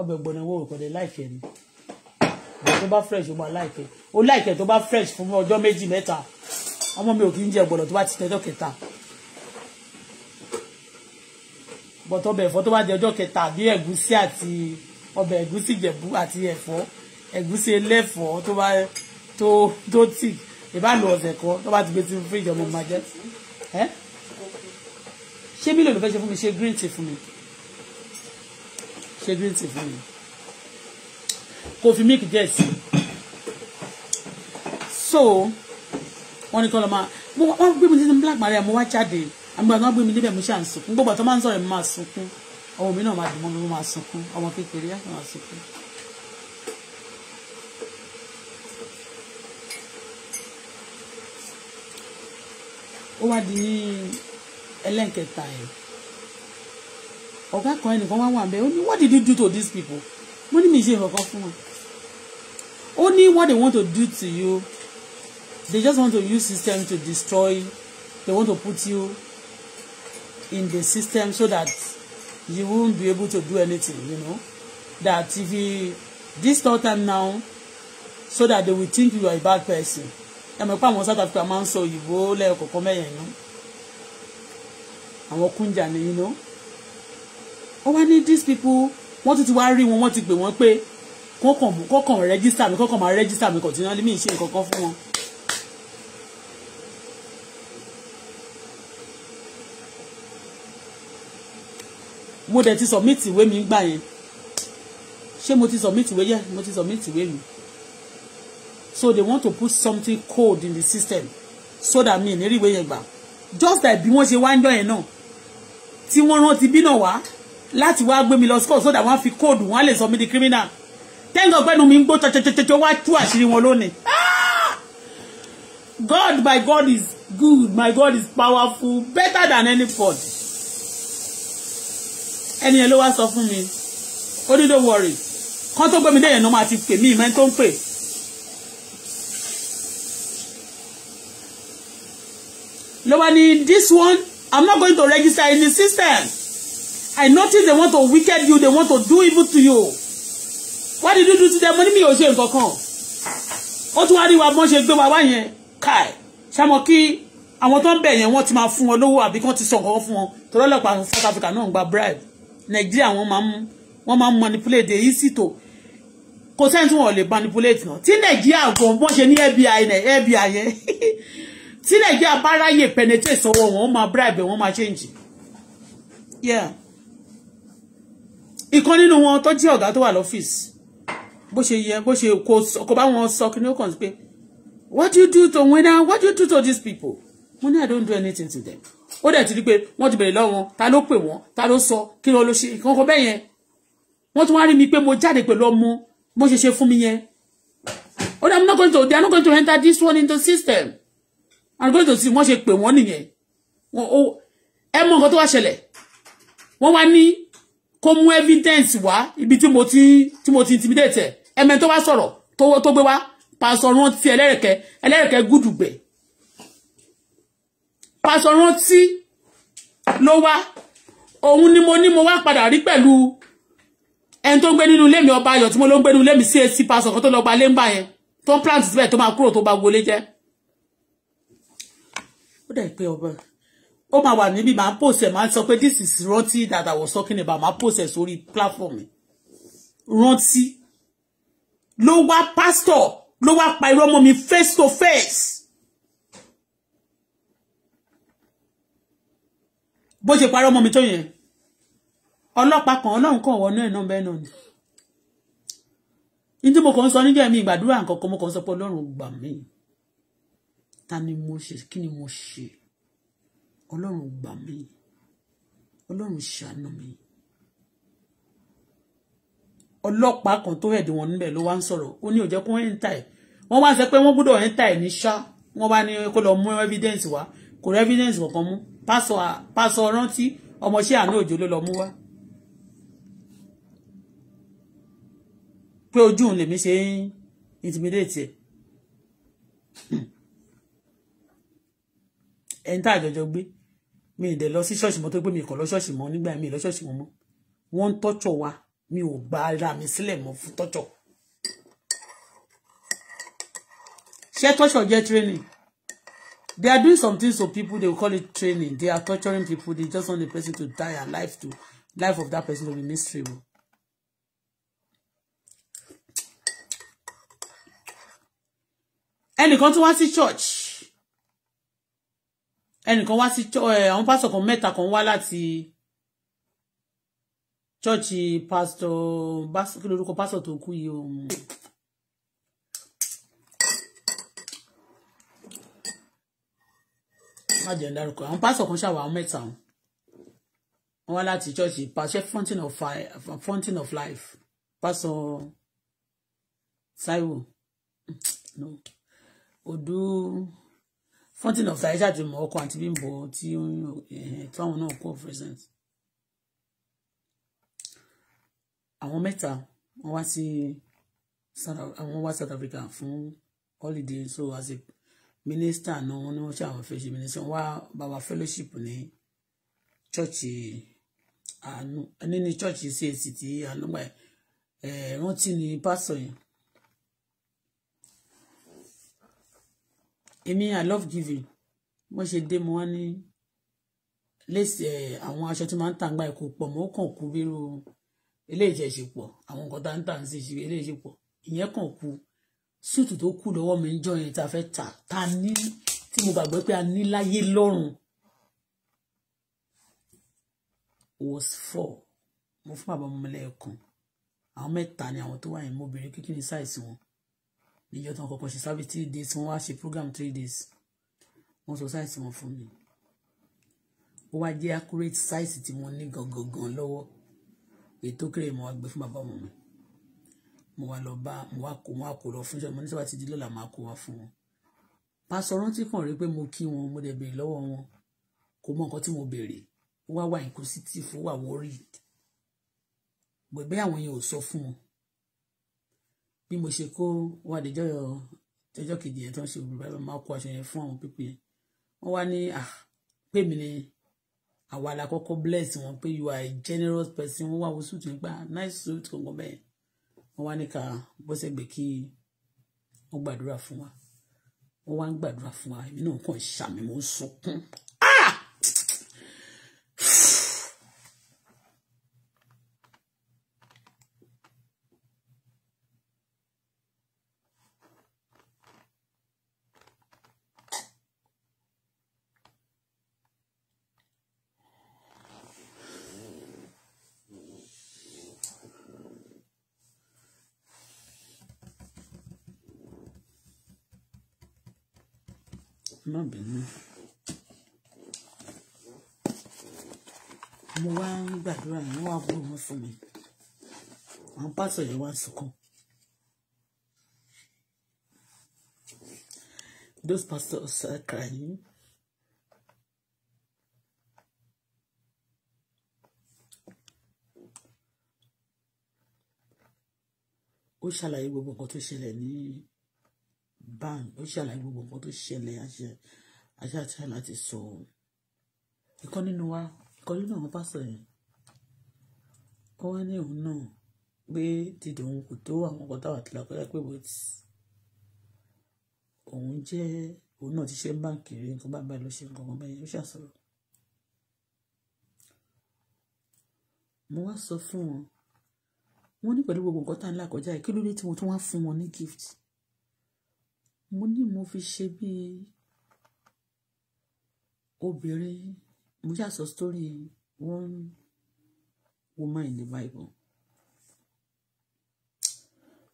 ọbẹ̀ gbọ̀nà owó òkòdè láìpẹ́ ni tó bá fresh ó máa láìpẹ́ ó láìpẹ́ tó bá fresh fún ọjọ́ méjì mẹ́ta ọmọ mi ò kì í jẹ ọ̀gbọ̀nọ̀ tó bá ti tẹjọ́ kẹta bọ́tọ̀ ọbẹ̀ ẹ̀fọ́ tó bá jẹjọ́ kẹta bí ẹ̀gúsí àti ọbẹ̀ ẹ̀gúsí jẹ̀bú àti ẹ̀fọ́ ẹ̀gúsí ẹlẹ́fọ́ tó bá tó tó tì ìbá lò ọ̀sẹ̀ kan tó bá ti gbé sínú fíríjì ọmọ máa jẹ ẹ́ ṣé mílò ló fẹ́ ṣe fún mi ṣe green tea fún mi ṣe green tea fún mi kò fi milk jẹ́ sí so wọ́n ní kọ́ lọ́ máa wọ́n gbé mi ní Black Maria mo wá jáde àgbà náà gbé mi níbẹ̀ mo ṣe à ń sunkún gbogbo àtọ́ máa ń sọ̀rọ̀ mo máa sunkún ọmọ mi náà máa dùn mọ́ mi mo máa sunkún ọmọ kékeré á máa sunkún. ó wá di ní ẹlẹ́ǹkẹta ẹ̀ ọ̀gá kan ẹnìkan wá wà bẹ́ẹ̀ ó ní what did you do to these people mo ní mi ṣe nǹkan fún wọn ó ní what they want to do to you they just want to use system to destroy they want to put you in the system so that you won't be able to do anything you know that if you this third time now so that they will think you are a bad person ẹmọ pé àwọn South Africa máa ń sọ òyìnbó lẹ́ẹ̀kọ̀ọ̀kan mẹ́yẹn nú àwọn kúnjà ni yín nú ó wá ní these people wọ́n tún ti wá rí wọn wọ́n ti pè wọ́n pé kọ́kàn kọ́kàn rẹ́gísítà mi kọ́kàn máa rẹ́gísítà mi kọ̀tún náà lè mí ṣe nǹkan kan fún wọn. mo dẹ̀ ti submit ìwé mi gbà yẹn ṣé mo ti submit ìwé yẹn mo ti submit ìwé mi so they want to put something cold in the system so that mi ní rí ìwé yẹn gbà just like bí wọ́n ṣe wá ń yọ yẹn náà tí wọ́n rántí bí náà wá láti wá gbé mi lọ school so that wọ́n á fi kóòdù wọ́n á lè sọ mi di criminal tẹ́ńgàn pẹ́nu mi ń gbó tọ́tọ́tọ́tọ́ wá tú àṣírí wọn lónìí. God my God is good my God is powerful better than any god ẹni yẹn ló wá sọ fún mi ó ní don't worry kán tó gbé mi lẹ́yìn náà máa ti pè mí ìmọ̀ ń pè ló wá ní this one i'm not going to register in the system i notice they want to wicked you they want to do evil to you what did you do to them mo ní mi ò ṣe nǹkan kan ó tún wá rí wa bọ́n ṣe gbé wa wá yẹn káì ṣàmọ́ kí àwọn tó ń bẹ̀ yẹn wọ́n ti máa fún wọn lówó àbí kán ti sọ fún wọn torí south africa náà ń gba bribe nàìjíríà wọ́n máa ń wọ́n máa ń manipulate they easy to kò sẹ́ni tí wọ́n lè manipulate náà tí nàìjíríà gan bọ́n ṣe ní FBI náà FBI yẹn tí nàìjíríà bá ráyè penetrate sọ́wọ́ wọn wọ́n máa bribe wọ́n máa change yeah ìkan nínú wọn tó jẹ́ ọ̀gá tó wà lọ́fíìsì bó ṣe yẹ bó ṣe kò bá wọn sọ kí ni ó kàn sí pé what do you do to winner what do you do to these people mo ní I don't do anything to them ó dẹ̀ ti rí pé wọ́n ti bẹ̀rẹ̀ lọ́wọ́ ta ló pè wọ́n ta ló sọ kí ló ló ṣe kankan bẹ́ẹ̀ yẹn wọ́n tún wá rí mi pé mo jáde pẹ̀lú ọmọ bó ṣe ṣe fún mi yẹn ó dẹ̀ I'm not going to they are not going to enter this one into system I'm going to see wọ́n ṣe pè wọ́n nìyẹn ẹ mọ nǹkan tó wá ṣẹlẹ̀ wọ́n wá ní kó mú evidence wá ibi tí mo ti tí mo ti intimidate ẹ̀ ẹ̀mẹ́ tó wá sọ̀rọ̀ tó gbé wá pàṣọ wọn fi ẹlẹ́rẹ̀kẹ́ ẹlẹ́rẹ̀kẹ́ gúdùgbẹ̀ pásọ rántí ló wá òun ni mo ní mo wá padà rí pẹ̀lú ẹni tó ń gbé nínú ilé mi ọba ayọ̀ tí mo ló ń gbé nínú ilé mi sí èsì pásọ kan tó lọ gba ilé ń bà yẹn tó ń plant síbẹ̀ tó máa kúrò tó bá wọlé jẹ́ ó dẹ̀ pé ọba ó máa wà níbi máa post ẹ̀ máa sọ pé this is rántí that I was talking about máa post ẹ̀ sórí platform rántí ló wá pásítọ̀ ló wá pa irọ́ mọ́ mi face to face. bó ṣe parọ́ ọmọ mi tó yẹn ọlọ́pàá kan ọlọ́run kan wọnú ẹ̀ náà náà ni ní tí mo kàn ń sọ níjẹ́ mi ìgbàdúrà nǹkan kan mo kàn ń sọ pé ọlọ́run gbà mí ta ni mo ṣe kí ni mo ṣe ọlọ́run gbà mí ọlọ́run ṣàánú mi ọlọ́pàá kan tó ẹ̀dùn wọn níbẹ̀ ló wá ń sọ̀rọ̀ ó ní òjẹ́ kó ń ta ẹ̀ wọ́n wá sọ pé wọ́n gbọ́dọ̀ ń ta ẹ̀ ní ṣá wọ́n bá ní kó lọ mú evidence wá kò rí evidence kankan mú pásọ rántí ọmọọṣẹ́ àánú òjò ló lọ mú wá pé ojú òun lèmi ṣe ń intimidate ẹ ẹni tá àjọjọ gbé mi ì dẹ̀ lọ sí ṣọ́ọ̀ṣì mọ́ tó gbé mi kọ̀ lọ ṣọ́ọ̀ṣì mọ́ nígbà mi ì lọ ṣọ́ọ̀ṣì mọ́ mọ́ wọ́n ń tọ́jọ̀ wa mi ò gba ara mi sílẹ̀ mọ́ fún tọ́jọ̀ ṣé tọ́jọ̀ jẹ́ training They are doing something so people they will call it training. They are torturing people. They just want the person to die and life to life of that person will be miserable. ẹnìkan tún wá sí church ẹnìkan wá sí eh, àwọn Pastor kan mẹ́ta kan wá láti church eh, Pastor kí lorúkọ Pastor tó kú yìí um, má jẹ́ dárúkọ àwọn pásọ̀ kan ṣàwọ̀ àwọn mẹ́ta wọn wọ́n wá láti ṣọ́ọ̀ṣì pàṣẹ fountain of fire fountain of life pásọ̀ Táíwò no odu fountain of life ṣáàtì mọ ọkọ àti Bímbọ́ tí eh, táwọn náà kó present àwọn mẹ́ta wọ́n wá sí àwọn wá South Africa fún holiday so as a mínísítà náà wọn ni wọ́n ṣe àwọn fẹ́ ṣe mínísítà wá bàbá fellowship ní chọ́ọ̀chì àánú nínú chọ́ọ̀chì CAC tí àánú gbà ẹ̀ rántí ni pásọ̀ yẹn. èmi i love giving wọ́n ṣe dé mo wá ní lẹ́sì àwọn aṣọ tí máa ń tàǹgbà ẹ̀kọ́ pọ̀ mọ́ ó kàn kú bírú eléyìí jẹ́ ṣe pọ̀ àwọn nǹkan tá ń tà ń sì ṣe eléyìí ṣe pọ̀ ìyẹn kàn kú súùtù tó kù lọ́wọ́ mi ń jọ yẹn tá a fẹ́ tà ta ní tí mo gbàgbọ́ pé a ní láyé lọ́rùn was four mo fún bàbá ọmọ lẹ́ẹ̀kan àwọn mẹ́ta ni àwọn tó wà yẹn mo bèrè kí kí ni sáìsì wọn níjọ́ tán kọ́kọ́ ṣe sábẹ́ three days wọ́n wá ṣe program three days wọ́n sọ sáìsì wọn fún mi ó wá jẹ́ accurate sáìsì tí mo ní gangan lọ́wọ́ ètò kéré mo wá gbé fún bàbá ọmọ mi mo wá lọ bá mo wá kó wọn kó lọ fún ṣọ mo ní sábà ti di lọ́la máa kó wá fún wọn pásọ rántí kàn rí pé mo kí wọn mo dẹ̀ béèrè lọ́wọ́ wọn kò mọ nǹkan tí mo béèrè ó wá wà inclusive ó wà wọ́ọ̀rì gbẹ̀gbẹ́ àwọn yẹn ò sọ fún wọn bí mo ṣe kó wà déjọ́ ọjọ́ kejì yẹn tó ń ṣe òbí máa kó aṣọ yẹn fún àwọn pípé yẹn wọ́n wá ní pé mi ni àwa la kọ́kọ́ bless wọn pé you are a generous person wọ́n wá wo suit nígbà nice suit kankan bẹ́ẹ̀ wọ́n wá ní ká Bọ́sẹ̀gbé kí wọ́n gbàdúrà fún wa wọ́n wá ń gbàdúrà fún wa èmi náà kàn ṣàmì mo sunkún má bínú mo wá ń gbàdúrà yẹn wá bú wọn fún mi àwọn pásọ yẹn wá sunkún those pastors are crying ó ṣàlàyé gbogbo nǹkan tó ṣẹlẹ̀ ní ban ó ṣàlàyé gbogbo nǹkan tó ṣẹlẹ̀ aṣááṣá láti sọ ìkan nínú wa ìkan nínú àwọn pásọ yẹn ó wá ní òun náà pé dídì òun kò tó àwọn ọkọ táwa ti là pé pé wọ́n ti òun jẹ́ òun náà ti ṣe báǹkì rí nǹkan bá báyìí ló ṣe nǹkan kan bẹ́ẹ̀ ó ṣàṣọrọ̀ mo wá sọ fún wọn wọ́n ní pẹ̀lú gbogbo nǹkan tá à ń là kọjá yìí kí ló dé tí mo tún wá fún wọn ní gift mo ní mo fi ṣe bí obìnrin mo ṣáà sọ story one woman in the Bible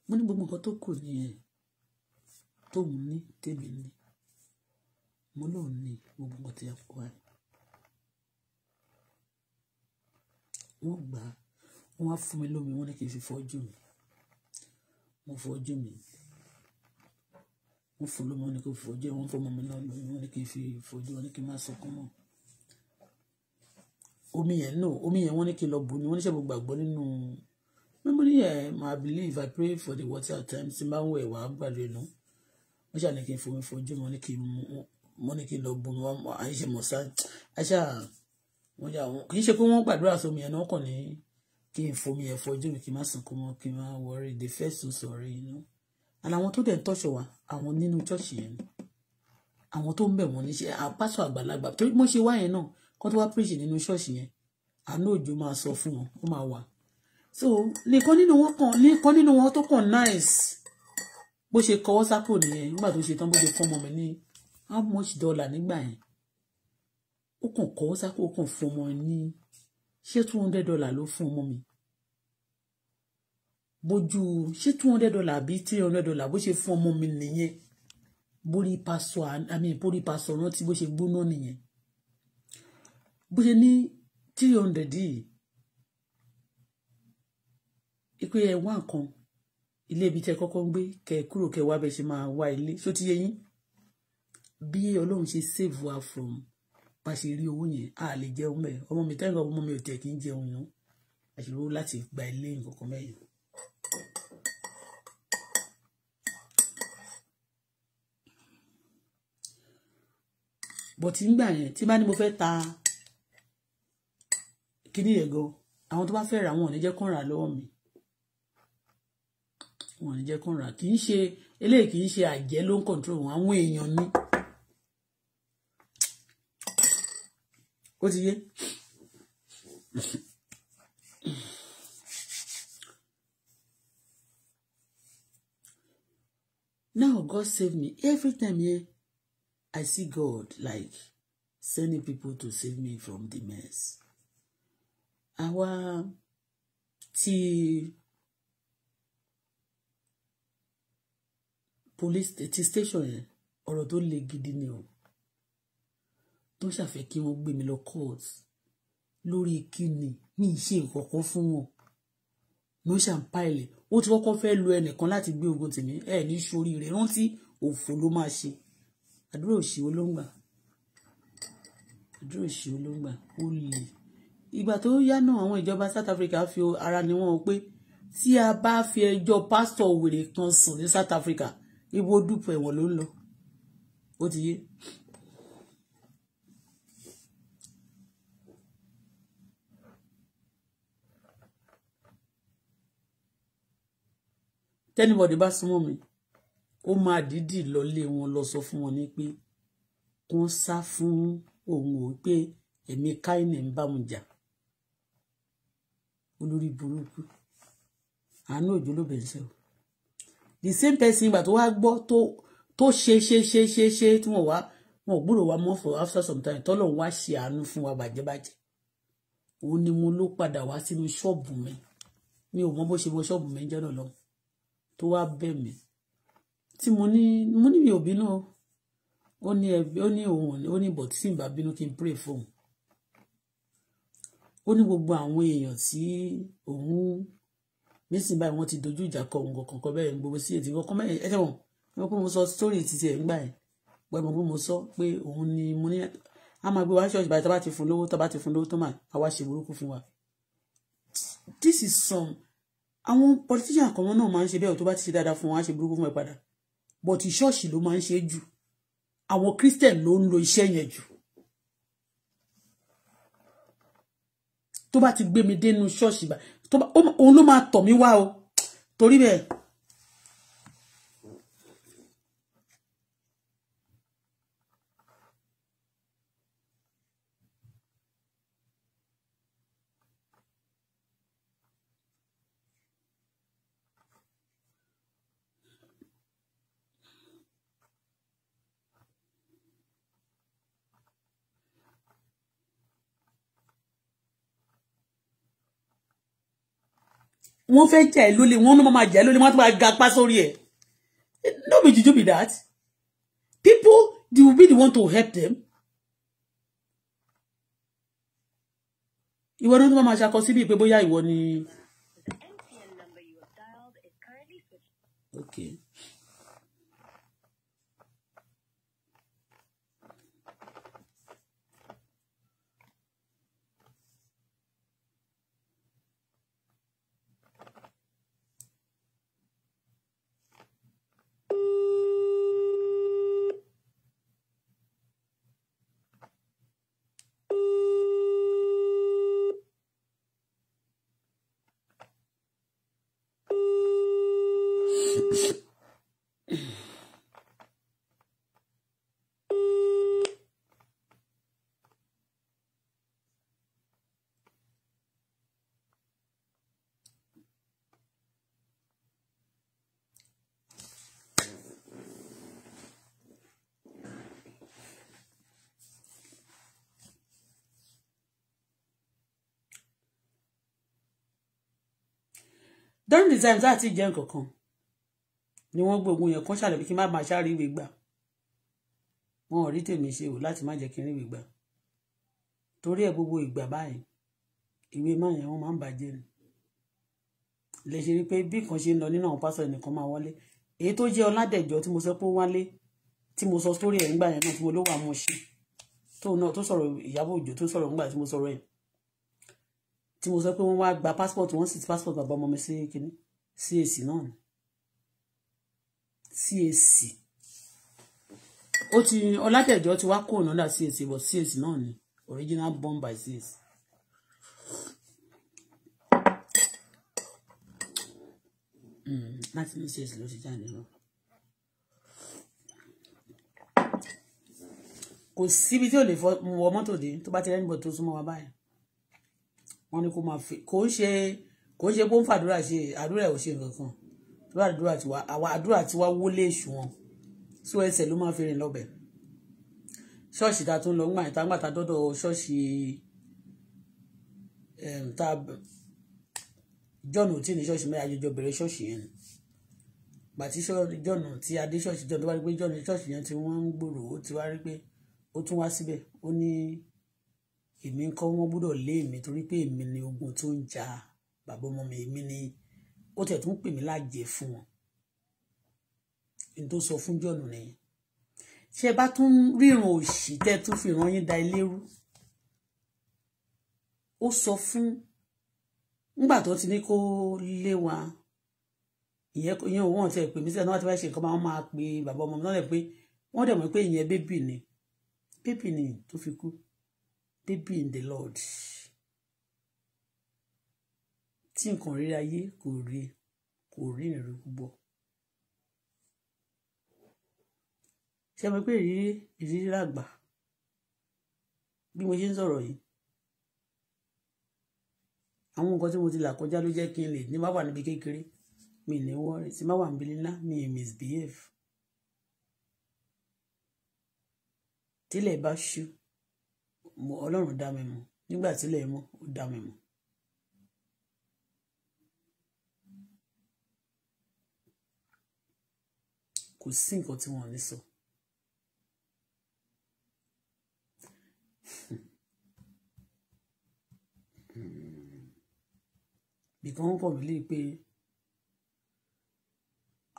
mo ní gbogbo nǹkan tó kù nìyẹn tóun ní tèmi ní mo lóun ní gbogbo nǹkan tó yẹ kó wà wọ́n gbà wọ́n wá fún mi lómi wọ́n ní kí n fi fọjú mi mo fọjú mi wọ́n fún lọ́mọ ní kò fọjọ́ wọ́n fọmọ mi náà lóyún wọ́n ní kí n fi fọjọ́ wọ́n ní kí n má sọkún mọ́ omi yẹn no omi yẹn wọ́n ní kí n lọ bù ni wọ́n ní ṣe mo gbàgbọ́ nínú mímúrí yẹn my believe I pray for the water at times tí n bá ń wẹ̀ wá gbàdúrà nù wọ́n ṣàní kí n fomi fọjọ́ wọ́n ní kí n wọ́n ní kí n lọ bù mi wọ́n àyíṣe mọ̀sá àṣà wọ́n yà wọ́n kì í ṣe pé wọ́n gbàdúrà sómi yẹn náà kàn ní kí n fomi yẹn fọjọ́ mi kí n má sọkún mọ́ kí n má worry the first so sorry you know and àwọn tó dẹ̀ ń tọ́ṣọ̀ wa àwọn nínú chọ́ọ̀ṣì yẹn ni àwọn tó ń bẹ̀ wọ́n níṣẹ́ àpásọ̀ àgbàlagbà torí mo ṣe wá yẹn náà kó tó wá preach nínú chọ́ọ̀ṣì yẹn àánú òjò máa sọ fún wọn ó máa wà so nìkan nínú wọn kàn nìkan nínú wọn tó kàn nice bó ṣe kọwọ́ sápò nìyẹn nígbà tó ṣe tán bó ṣe fún ọmọ mi ní how much dollar nígbà yẹn ó kàn kọwọ́ sápò ó kàn fún ọmọ ní ṣé two hundred dollar ló fún ọmọ mi bójú ṣé two hundred dollar àbí three hundred dollar bó ṣe fún ọmọ mi nìyẹn borí pásọ àmì borí pásọ rántí bó ṣe gbóná nìyẹn bó ṣe ní three hundred yìí ipe ẹ wá nǹkan ilé ibi tẹ kọ́kọ́ ń gbé kẹ kúrò kẹ wá bẹ ṣe máa wá ilé ṣó ti yẹ yín bí Ọlọ́run ṣe save wa from bá ṣe rí owó yẹn a lè jẹun bẹ́ẹ̀ ọmọ mi tẹ́lẹ̀ ọmọ mi ò tẹ̀ kí n jẹun yẹn àṣírí owó láti gba ilé nǹkan kan mẹ́yìn bọ̀tí nígbà yẹn tí bá ní mo fẹ́ ta kíní yẹn gan àwọn tó bá fẹ́ rà wọn ò ní jẹ́ kán rà lọ́wọ́ mi wọn ò ní jẹ́ kán rà kì í ṣe eléyìí kì í ṣe àjẹ́ ló ń kọ̀ǹtró wọn àwọn èèyàn ni ó ti yé now God save me every time here I see God like sending people to save me from the mess àwa ti police ti station yẹn ọ̀rọ̀ tó le gidi ni o tó ṣàfẹ́ kí wọ́n gbé mi lọ court lórí kíni mi ì ṣe nǹkan kan fún wọn ni ó ṣàn páìlì ó ti kọ́kọ́ fẹ́ lu ẹnìkan láti gbé ogun tèmi ẹ ní sórí rẹ̀ rántí òfò ló máa ṣe àdúrà òṣì olóńgbà àdúrà òṣì olóńgbà ó lè ìgbà tó yá náà àwọn ìjọba South Africa fi ara ni wọn pé tí a bá fi ẹjọ́ pásítọ̀ wèrè kan sùn ní South Africa ibo dúpọ̀ ẹ̀wọ̀n ló ń lọ ó ti yé tẹ́nibọ̀dì bá súnmọ́ mi ó máa dídì lọlé wọn lọ sọ fún wọn ní pé kó sá fún òun ò pé ẹ̀mí káìní ń bá mu jà olórí burúkú àánú òjò ló bẹ̀rẹ̀ sẹ́wọ̀ the same person ìgbà tó wá gbọ́ tó tó ṣe ṣe ṣe ṣe ṣe tí wọ́n wá wọn ò gbúrò wa mọ́ for after some time tọ́lọ̀ wá ṣe àánú fún wa bàjẹ́bàjẹ́ òun ni mo ló padà wá sínú ṣọ́ọ̀bù mi mi ò mọ bó ṣe wọ ṣọ́ọ̀bù mi jọ́nà lọ́wọ́ tó wá bẹ̀ mí tí mo ní mo ní mi ò bínú ó ní ẹbí ó ní òun ó ní bọ̀ tí n bá bínú kí n pray fóun ó ní gbogbo àwọn èèyàn tí òun nísìnyí báyìí wọ́n ti dojú ìjà kọ òun kankan kan bẹ́ẹ̀ gbogbo sí èdè kankan mẹ́rin ẹ̀jẹ̀ wọn pé mo sọ story títí ẹ̀ ń gbà yẹn pẹ̀lú pé mo sọ pé òun ni mo ní a máa gbé wá ṣọ́ọ̀ṣì báyìí tá bá ti fún lówó tá bá ti fún lówó tó máa àwa ṣe burúkú fún wa this is some àwọn politician kan náà máa ń ṣe bẹ́ẹ̀ tó bá ti ṣe dáadáa fún wọn á ṣe burúkú fún ẹ padà but ìṣọ́ọ̀ṣì ló máa ń ṣe jù àwọn christian ló ń lo iṣẹ́ yẹn jù tó bá ti gbé mi dénú ṣọ́ọ̀ṣì bá òun ló máa tọ̀ mí wá o torí bẹ́ẹ̀ wọ́n fẹ́ jà ẹ́ lólè wọ́n máa jà ẹ́ lólè wọ́n tún máa ga pa sórí ẹ̀ no be juju be that people they will be the one to help them ìwọ ló tún máa ṣakọ síbi ìpè bóyá ìwọ ni. okay. during the time tá a ti jẹ́ nǹkankan ni wọ́n gbógun yẹn kán ṣàlẹ̀ bí kí n má máa ṣáà ríwe gbà wọn ò rí tèmi ṣe o láti má jẹ́ kí n ríwe gbà torí ẹ̀ gbogbo ìgbà báyìí ìwé máa yẹn wọ́n máa ń bàjẹ́ ni lè ṣe rí pé bí kan ṣe ń lọ nínú àwọn pásítọ̀ nìkan máa wọlé èyí tó jẹ́ ọládẹ̀jọ́ tí mo sọ pé ó wálé tí mo sọ sórí ẹ̀ nígbà yẹn náà tí mo ló wà mọ̀ ṣe náà tó sọ̀rọ̀ Ìyábọ̀ Òjó tó sọ̀rọ̀ nígbà tí mo sọ̀rọ̀ yẹn tí mo sọ pé wọ́n wá gba passport wọ́n sì ti passport bàbá ọmọ mi sí kínní CAC náà ni CAC ó ti ọlátẹ̀jọ́ ti wá kó ọ̀nàdà CAC but CAC náà ni original born by CAC. Hmm, láti ní CAC ló ti jáde lọ. kò síbi tí ò lè fọ wọ mọ́tò dé tó bá ti rẹ́nìbọ̀ tó súnmọ́ wa báyìí wọ́n ní kó máa fi kò ń ṣe kò ń ṣe bó ń fàdúrà ṣe àdúrà ò ṣe nǹkan kan tó bá àdúrà tiwa àwa àdúrà tiwa wó lé èṣù wọn sí ẹsẹ̀ ló máa fi rìn lọ́bẹ̀ ṣọ́ọ̀ṣì ta tó ń lọ ńgbà yẹn tágbà ta dọ́dọ̀ ṣọ́ọ̀ṣì ta John ò tí ní ṣọ́ọ̀ṣì mẹ́ta jọjọ bẹ̀rẹ̀ ṣọ́ọ̀ṣì yẹn ni gbàtí John ti adé ṣọ́ọ̀ṣì John tó bá rí pé John ṣọ́ọ̀ṣì yẹn tí wọ́n ń gbòòrò ó ti wá rí pé ó tún wá síbẹ̀ ó ní èmi ń kọ́ wọ́n gbọ́dọ̀ lé èmi torí pé èmi ni ogun tó ń ja bàbá ọmọ mi èmi ni ó tẹ̀ tún pè mí lájẹ fún wọn n tó sọ fún jọ̀nù nìyẹn ṣe bá tún ríran òṣì tẹ́ tún fi ràn yín da ilé rú ó sọ fún nígbà tó ti ní kó lé wa ìyẹn òun ọ̀tẹ̀ pè mí sílẹ̀ náà ti wá ṣe nǹkan máa máa pe bàbá ọmọ mi náà lẹ̀ pé wọ́n dẹ̀ mọ̀ pé ìyẹn bébì ni bébì ni tó fi kú they be in the Lord tí nǹkan rí ayé kò rí kò rí ìrìn gbọ́ ṣe mọ̀ pé ìrírí ìrírí làgbà bí mo ṣe ń sọ̀rọ̀ yìí àwọn nǹkan tí mo ti là kọjá ló jẹ́ kí n lè ní má wà níbi kékeré mi ní wọ́ọ̀rì tí má wà níbi ńlá mi ì misbehave tílẹ̀ bá ṣú ọlọ́run dá mi mọ̀ nígbà tílẹ̀ mọ́ ó dá mi mọ̀. kò sí nǹkan tí wọ́n ní sọ. bìkan ń kọ̀ mí lé pé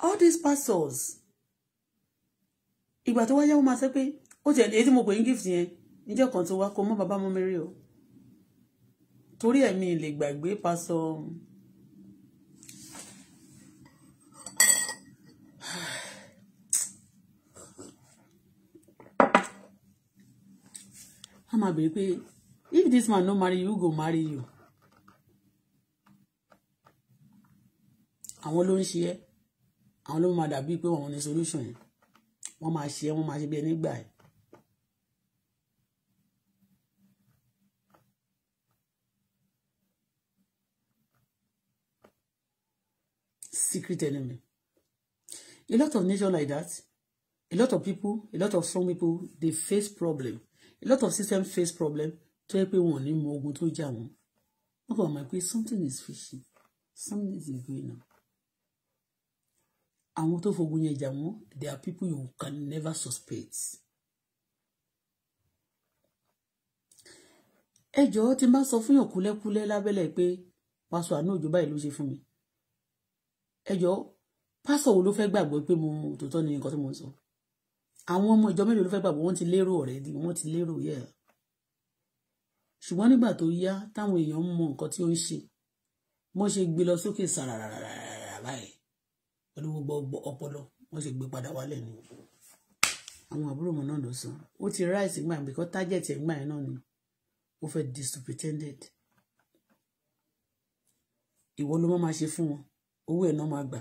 all these pastors ìgbà tó wáyé wọn máa sọ pé ó tiẹ̀ èyí tí mo pè ní gift yẹn níjọ́ kan tó wá kó mọ́ bàbá mú mi rí o torí ẹ̀mí lè gbàgbé pásọ. Um, a máa béèrè pé if this man no marry you go marry you àwọn ló ń ṣe ẹ́ àwọn ló máa dàbí pé àwọn ní solution yẹn wọ́n máa ṣe ẹ́ wọ́n máa ṣe bí ẹni gbà ẹ́ secret enemy. A lot of nation like that, a lot of people, a lot of some people, they face problem. A lot of system face problem. tó yẹ pé wọn ò ní mọ ogun tó something is fishy something is going on àwọn tó fogun yẹn jà are people you can never suspect. ẹ jọ̀ọ́ tí n bá sọ fún yàn kúlẹ́kúlẹ́ lábẹ́lẹ̀ pé pásọ àánú òjò báyìí ló ṣe ẹjọ́ pásọ̀ wo ló fẹ́ gbàgbọ́ pé mo tòótọ́ ni nǹkan tí mo ń sọ àwọn ọmọ ìjọ mélòó ló fẹ́ gbàgbọ́ wọ́n ti lérò already wọ́n ti lérò yẹ ṣùgbọ́n nígbà tó yá táwọn èèyàn ń mọ nǹkan tí ó ń ṣe wọ́n ṣe gbé lọ sókè sàràràràràrà báyìí pẹ̀lú gbogbo ọpọlọ wọ́n ṣe pretended ìwọ ló má owó ẹ̀ náà máa gbà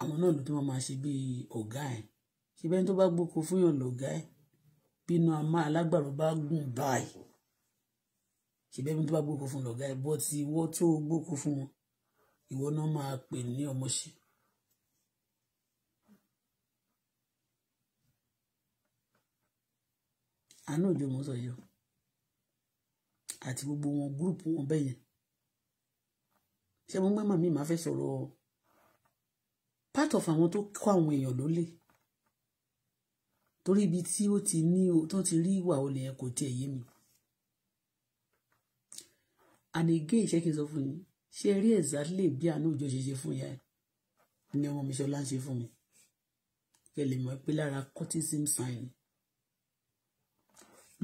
àwọn náà ló tó máa ṣe bí ọ̀gá ẹ̀ ṣebí ẹni tó bá gbóko fún yàn lọ̀gá ẹ̀ bínú àmọ́ alágbàro bá gùn báyìí ṣebí ẹni tó bá gbóko fún lọ̀gá ẹ̀ bọ́ ti ìwọ tó gbóko fún wọn ìwọ náà máa pè ní ọmọṣe. àánú òjò mo yìí àti gbogbo wọn gúrùpù wọn bẹ́yẹn ṣé mo gbẹ́ màmí màá fẹ́ sọ̀rọ̀ part of àwọn tó kọ́ àwọn èèyàn lólè torí ibi tí ó ti ní tó ti rí ìwà olè yẹn kò tiẹ̀ yé mi àdégé ìṣẹ́ kí n sọ fún yín ṣé rí ẹ̀zá lè bí àánú òjò ṣe ṣe fún ìyá ẹ̀ ni ọmọ mi ṣọlá ń ṣe fún mi kẹ lè mọ̀ pé lára cortisone sign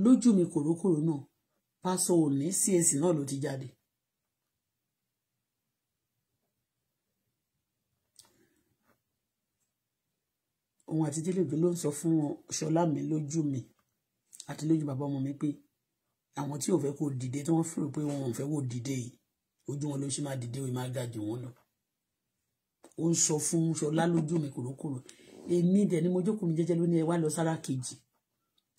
lójú mi kòrókòró náà pásọ òní csc náà ló ti jáde òun àti Délèbí ló ń sọ fún Ṣọlá mi lójú mi àti lójú bàbá ọmọ mi pé àwọn tí ò fẹ́ kó dìde tí wọ́n fèrò pé wọn ò fẹ́ kó dìde yìí ojú wọn ló ṣe máa dìde òye máa ga jù wọn lọ ó ń sọ fún Ṣọlá lójú mi kòrókòrò èmi dẹ̀ ni mo jókòó mi jẹ́jẹ́ ló ní ẹ wá lọ sára kejì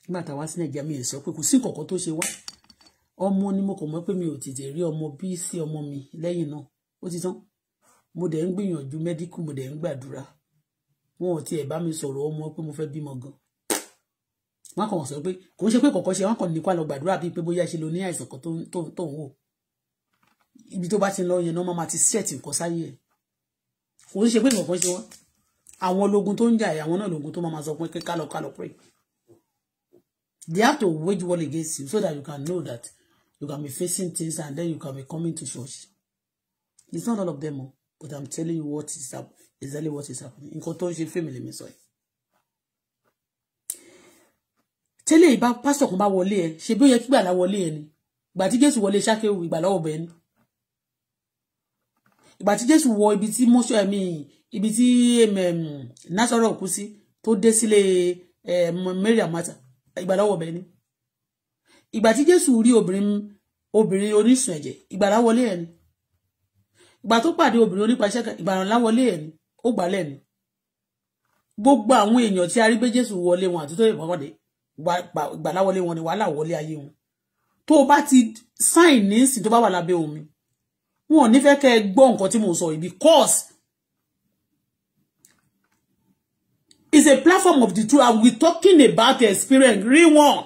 nígbà táwa sí nàìjíríà mi ò sọ pé kò sí kọ̀ọ̀kan tó ṣe wá ọmọ ni mo kò mọ̀ pé mi ò tètè rí ọmọ bí sí ọmọ mi lẹ́yìn náà ó ti tán mo dẹ̀ ń gbìyànjú mẹ́díkù mo dẹ̀ ń gbàdúrà wọn ò tiẹ̀ bá mi sọ̀rọ̀ ọmọ pé mo fẹ́ bímọ gan wọn kàn sọ pé kò ń ṣe pé kọ̀kọ́ ṣe wọn kàn ní lọ gbàdúrà bíi pé bóyá ṣe lo ní àìsàn kan tó ń wò ibi tó bá ti lọ yẹn náà máa ti ṣẹ̀tì nǹkan sáyé ẹ̀ kò ń ṣe pé kọ̀kọ́ ṣe wọn àwọn ológun tó ń jà àwọn náà ológun tó máa sọ pé kálọ kálọ pray they have to wage war against you so that you can know that you can be facing things and then you can be coming to church it's not all of them but i'm telling you what is happening exactly what is happening nǹkan tó ń ṣe fíìmù lèmi sọ yìí tẹ́lẹ̀ ìbá pásítọ̀ kan bá wọlé ẹ ṣe bí ó yẹ kí gbàlá wọlé ẹ ni ìgbà tí jésù wọlé ṣákéwù ìgbàlá ọ̀bẹ ni ìgbà tí jésù wọ ibi tí mọ́ṣọ́ ẹ̀mí ibi tí násọ̀rọ̀ kú sí tó dé sílé mary amata ìgbàlá ọ̀bẹ ni ìgbà tí jésù rí obìnrin obìnrin oníṣùn ẹ̀jẹ̀ ìgbàlá wọlé ẹ ni ìgbà tó pàdé obìnrin onípaṣẹ́kẹ̀ ìgbàlá wọlé ẹ ni ó gbà lẹ́nu gbogbo àwọn èèyàn tí a rí pé Jésù wọlé wọn àti tó lè wọlé gbàlá wọlé wọn ni wàhálà wọlé ayé wọn tó o bá ti sign nísìn tó bá wà lábẹ́ omi wọn ò ní fẹ́ kẹ́ ẹ gbọ́ nǹkan tí mo sọ yìí because it's a platform of the truth and we talking about the experience real one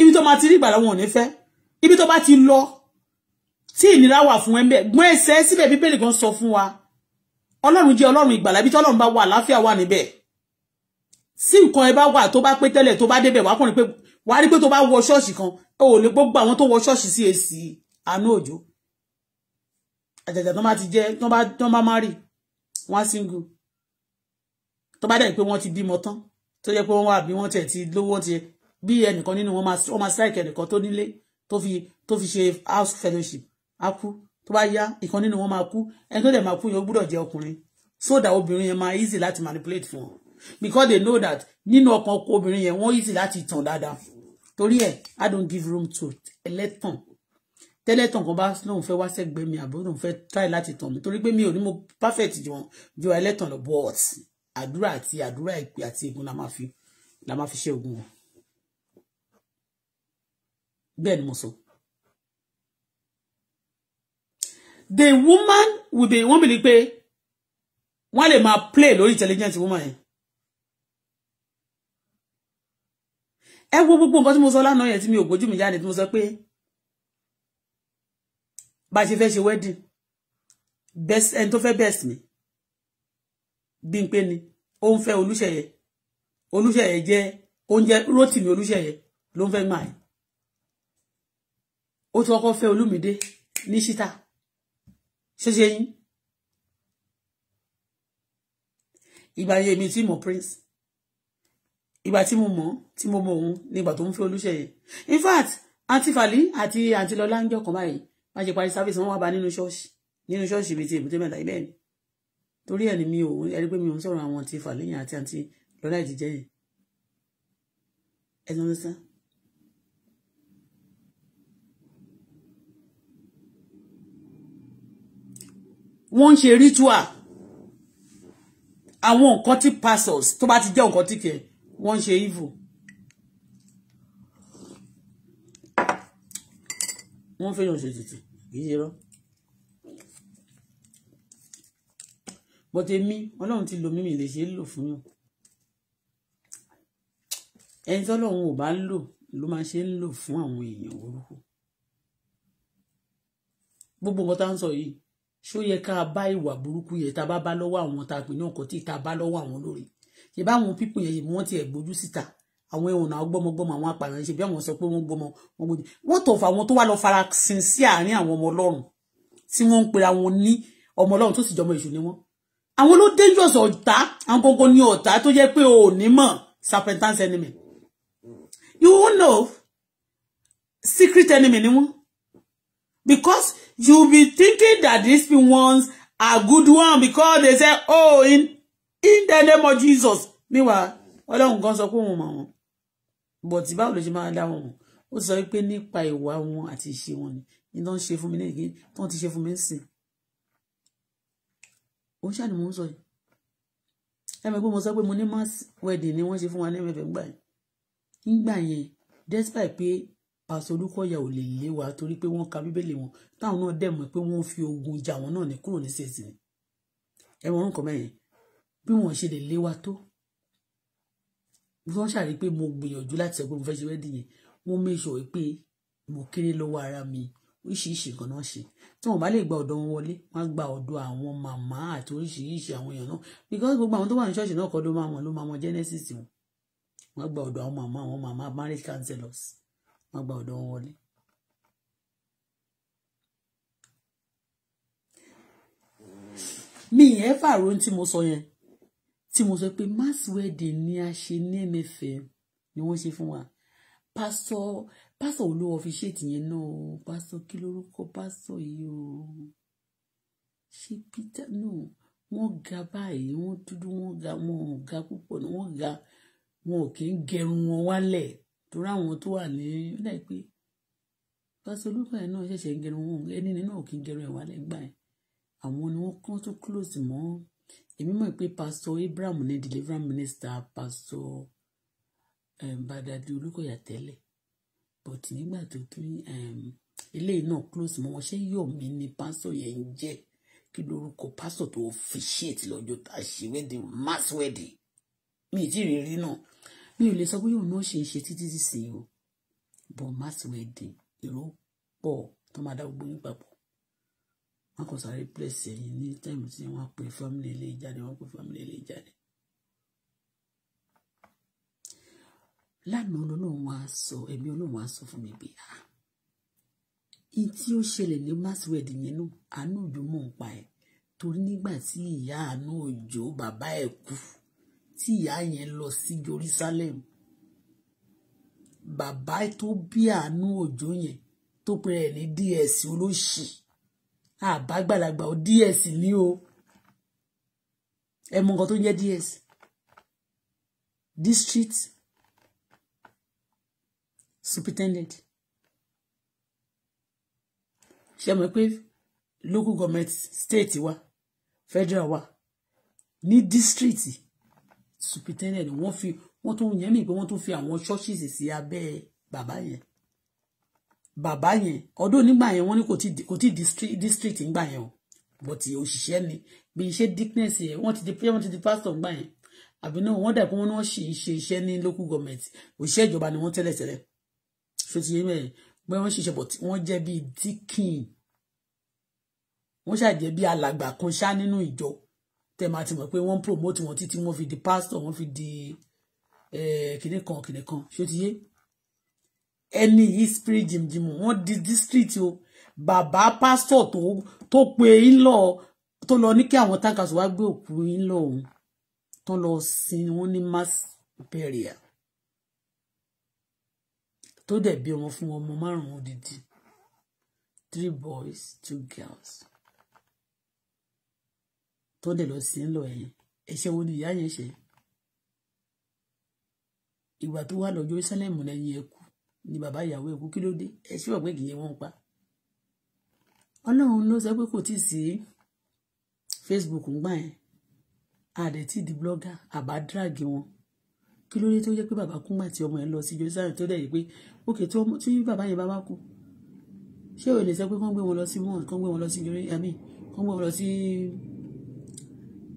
ibi tó máa ti rí ìgbàlá wọn ò ní fẹ́ ibi tó bá ti lọ tí ìnira wà fún ẹ̀mẹ́ gbọ́n ẹsẹ̀ síbẹ̀ bíbélì kan sọ fún wa ọlọ́run jẹ́ ọlọ́run ìgbàlà bí tọ́lọ́run bá wà àlàáfíà wà níbẹ̀ sí nǹkan ẹ bá wà tó bá pé tẹ́lẹ̀ tó bá débẹ̀ wá kàn rí pé wá rí pé tó bá wọ ṣọ́ọ̀ṣì kan ó lè gbogbo àwọn tó wọ ṣọ́ọ̀ṣì sí èsì àánú òjò àjàjà tó bá ti jẹ́ tó bá má rì wọ́n á single tó bá dẹ̀ pé wọ́n ti bímọ tán tó jẹ́ pé wọ́n wà bi wọ́n tẹ̀ ti lówó ti bí ẹnìkan nínú wọn máa strike ẹnìkan tó nílé tó fi ṣe house fellowship á kú tó bá yá ìkan nínú wọn máa kú ẹni tó dẹ̀ máa kú yẹn ó gbúdọ̀ jẹ́ ọkùnrin so that obìnrin yẹn máa easy láti manipulate fún wọn because they know that nínú ọkàn ọkọ obìnrin yẹn wọ́n easy láti tàn dáadáa torí ẹ̀ I don't give room to ẹlẹ́tàn tẹ́lẹ̀tàn kan bá lóun fẹ́ wá sẹ́gbẹ́ mi àbí lóun fẹ́ try láti tàn mí torí pé mi ò ní mo perfect jọ jọ ẹlẹ́tàn lọ but àdúrà àti àdúrà ìpè àti ègún la máa fi la máa fi ṣe ogun wọn bẹ́ẹ̀ ni mo sọ. So. the woman will be wọ́n bìlí pé wọ́n lè máa play lórí intelligent woman yẹn. ẹ wo gbogbo nǹkan tí mo sọ lánàá yẹn tí mi ò gbójú mi jáde tí mo sọ pé bá a ṣe fẹ́ wedding best ẹni to fẹ́ best mi Bímpé ni ó ń fẹ́ Olúṣèyẹ Olúṣèyẹ jẹ́ oúnjẹ Rótìmí Olúṣèyẹ ló ń fẹ́ gbà yẹn ó tún ọkọ fẹ́ Olúmídé ní ṣítà ṣé ṣe yín ìgbà yẹn mi tí mo prince iba ti mo mọ̀ tí mo mọ̀ òun ní ìgbà tó ń fẹ́ Olúṣèyẹ in fact àǹtí Fàlí àti àǹtí Lọlá ń jọkàn báyìí má ṣe parí sáfíìsì wọn wá bá nínú ṣọ́ọ̀ṣì nínú ṣọ́ọ̀ṣì mi ti èbúté mẹ́ta ibẹ̀ ni torí ẹ̀ ni mi ò ẹni pé mi ò ń sọ̀rọ̀ àwọn àǹtí Fàlí yẹn àti àǹtí Lọlá ìdíjẹ́ yẹn ẹ lọ́nà sáà wọ́n ń ṣe ritual àwọn nǹkan tí pastors tó bá ti jẹ́ nǹkan tí kẹ wọ́n ń ṣe evil wọ́n fẹ́yàn ṣe tètè kì í ṣe rọ́ bọ́tẹ̀ mi ọlọ́run ti lo mímì lè ṣe é lò fún yàn ẹni tọ́lọ́run ò bá ń lò ló máa ṣe ń lò fún àwọn èèyàn burúkú gbogbo nǹkan tá à ń sọ yìí ṣó yẹ ká bá ìwà burúkú yẹ tá a bá bá lọ́wọ́ àwọn tá a pè náà kò tí tá a bá lọ́wọ́ àwọn lórí ṣe bá àwọn pípọ̀ yẹn wọ́n ti ẹ̀ gbójú síta àwọn ẹ̀wọ̀n náà gbọ́mọgbọ́mọ àwọn apààyàn ṣe bí àwọn sọ pé wọ́n gbọ́mọ wọn gbòdì wọ́n tọ̀ fún àwọn tó wà lọ fara sin sí àárín àwọn ọmọ ọlọ́run tí wọ́n ń pera wọn ní ọmọ ọlọ́run tó sì jọmọ èṣù ni wọ́n àwọn ló dangerous ọ̀tá àwọn gangan ní ọ̀tá tó jẹ́ pé ò ní mọ̀ serpentine enemy you won't know secret enemy ni wọ́n because you be thinking that these ones are good one because they say oh in in the name of Jesus meanwhile Ọlọ́run kan sọ pé òun mọ̀ wọ́n but báwo ló ṣe máa dá wọn ó sọ pé nípa ìwà wọn àti ìṣe wọn ni ní tó ń ṣe fún mi ní ìgbín tó ń ti ṣe fún mi ń sìn ó ṣàní mò ń sọ yìí ẹ mọ̀ pé mo sọ pé mo ní mass wedding ni wọ́n ṣe fún wa ní ẹ̀mẹ̀fẹ̀ ńgbà yẹn ńgbà yẹn despite pé pàṣẹ Olúkọ̀yà ò lè lé wa torí pé wọ́n ka bíbélì wọn táwọn náà dẹ̀ mọ̀ pé wọ́n fi ogun jà wọ́n náà ní kúrò ní ṣèṣì ni ẹ wọ́n nǹkan mẹ́yìn bí wọ́n ṣe lè lé wa tó wọ́n ṣàrí pé mo gbìyànjú láti sọ pé mo fẹ́ ṣe wẹ́dì yẹn wọ́n méṣọ pé mo kéré lọ́wọ́ ara mi oríṣiríṣi nǹkan náà ṣe tí wọ́n bá lè gba ọ̀dọ̀ wọn wọlé wọ́n á gba ọ̀dọ̀ àwọn màmá àti oríṣiríṣi àwọn èèyàn náà because gbogbo àwọn tó wà ní ṣọ́ọ̀ṣì náà kọ́ ló máa mọ̀ ló máa mọ̀ genesis wọn wọ́n á gba ọ̀dọ̀ àwọn màmá àwọn màmá marriage counselors má gba ọ̀dọ̀ wọn wọlé. mi ẹ fàró tí mo sọ yẹn tí mo sọ pé mass wedding ni a ṣe ní MFM ni wọ́n ṣe fún wa pásọ pásọ olówó ọfíṣẹẹtì yẹn náà pásọ kí lorúkọ pásọ yìí o ṣé Peter no wọ́n ga báyìí wọ́n dúdú wọ́n ga wọ́n ga púpọ̀ wọ́n ga wọn ò kí ń gẹrun wọn wálẹ̀ torí àwọn tó wà ní ilé pé pásítọ̀ olúfà yẹn náà ṣẹ̀ṣẹ̀ ń gẹrun wọn ẹni nínú ò kí ń gẹrun ẹ̀ wá lẹ́gbàá yẹn àwọn ni wọ́n kán tó close mọ́ èmi mọ̀ pé pásítọ̀ Abraham ní deliverance minister pásítọ̀ ehm, Badadi Olúkọ̀yà tẹ́lẹ̀ but nígbà tó tún ehm, eléyìí náà close mọ́ wọn ṣé Yọ̀mí ni pásítọ̀ yẹn ń jẹ́ kí lórúkọ pásítọ̀ tó officiate lọ́jọ́ tá a ṣe wedding mass wedding mi ì tí ì rí rí náà mi ò lè sọ bóyá òun náà ṣe é ṣe títí sísè o bọ̀ mass wedding èrò pọ̀ tó máa dá gbogbo yín papọ̀ wọn kò sáré place ẹ̀yìn ní táìmù tí wọ́n pe family ilé ìjáde wọ́n pe family ilé ìjáde. lánàá olóòwò wa sọ ẹ̀mí olóòwò wa sọ fún mi bí a in tí ó ṣẹlẹ̀ ní mass wedding yẹn náà àánú òjò mọ̀ ń pa ẹ̀ torí nígbà tí ìyá àánú òjò bàbá ẹ̀ kú tí ìyá yẹn lọ sí Jerusalem bàbá tó bí àánú òjò yẹn tó pe rẹ̀ ní ds olóṣì àbágbàlagbà ó ds ní o ẹ mọ nǹkan tó ń jẹ́ ds district superintendent ṣe mọ̀ pé local government state wa federal wa ní district superintendent wọ́n fi wọ́n tún yẹn mi pé wọ́n tún fi àwọn churches sí abẹ́ bàbá yẹn bàbá yẹn ọdún nígbà yẹn wọ́n ní kò tí district nígbà yẹn o but òṣìṣẹ́ ni bí iṣẹ́ dickness yẹn wọ́n ti di wọ́n ti di pastor nígbà yẹn àbí náà wọ́n dàbí wọ́n náà ṣì ń ṣe iṣẹ́ ní local government òṣìṣẹ́ ìjọba ni wọ́n tẹ́lẹ̀ tẹ́lẹ̀ So ti yé mẹ́rin bẹ́ẹ̀ wọ́n ṣiṣẹ́ but wọ́n jẹ́ bíi deacon wọ́n ṣàjẹ́ bíi alàgbà kan ṣá nínú ìjọ tẹ́ máa ti mọ̀ pé wọ́n ń promote wọn títí wọ́n fi di pastor wọ́n fi di kìnì kan kìnì kan ṣé ó ti yé ẹni yìí spirit jìmjìmù wọ́n di district o bàbá pastor tó tó pe ńlọ tó lọ ní kí àwọn tankers wá gbé òkú ńlọ òun tó lọ sin wọn ní mass burial tó dẹ̀ bí ọmọ fún ọmọ márùn-ún odidi three boys two girls tó dẹ̀ lọ sí ń lọ ẹ̀yìn ẹ̀ṣẹ̀ wo ni ìyá yẹn ṣe ìgbà tó wà lọ Jerusalem lẹ́yìn ẹ̀kú ni bàbá ìyàwó ẹ̀kú kí ló dé ẹ̀ṣẹ̀ ọ̀gbẹ́ kìí yẹn wọ́n pa ọlọ́run ló sọ pé kò tíì sí Facebook ń gbà yẹn àdẹ̀tì di blogger àbá drag wọn kí ló dé tó jẹ́ pé bàbá kú màtí ọmọ ẹ̀ lọ sí Jerusalem tó dẹ̀ yìí pé òkè tí bàbá yẹn bá wá kú ṣé ò lè sọ pé kán gbé wọn lọ sí mọ́ọ̀n kán gbé wọn lọ sí Jerusalem kán gbé wọn lọ sí.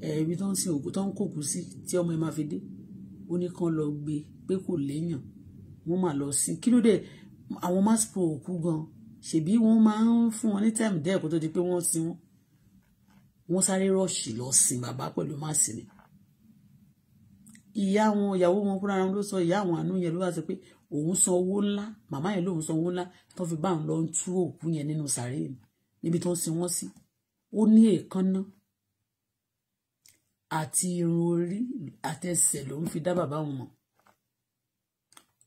Eh, ibi tó ń sin òkú tó ń kòkú sí tí ọmọ ẹ máa fi dé ó ní kán lọ gbé pé kò léèyàn wọ́n máa lọ sin kí ló dé àwọn mass pro òkú gan ṣebí wọ́n máa ń fún wọn ní time díẹ̀ kó tó di pé wọ́n sin wọn wọ́n sáré rọ̀ṣì lọ sin bàbá pẹ̀lú máàsì ni ìyá wọn ìyàwó wọn fúnra wọn ló sọ ìyá àwọn àánú yẹn ló wá sọ pé òun san owó ńlá màmá yẹn lòun san owó ńlá tó fi bá òun lọ ń tú òkú yẹn nínú sàréè níbi tó ń sin wọn sí ó ní èèkánná àti irun orí àtẹsẹ̀ ló ń fi dá bàbá wọn mọ̀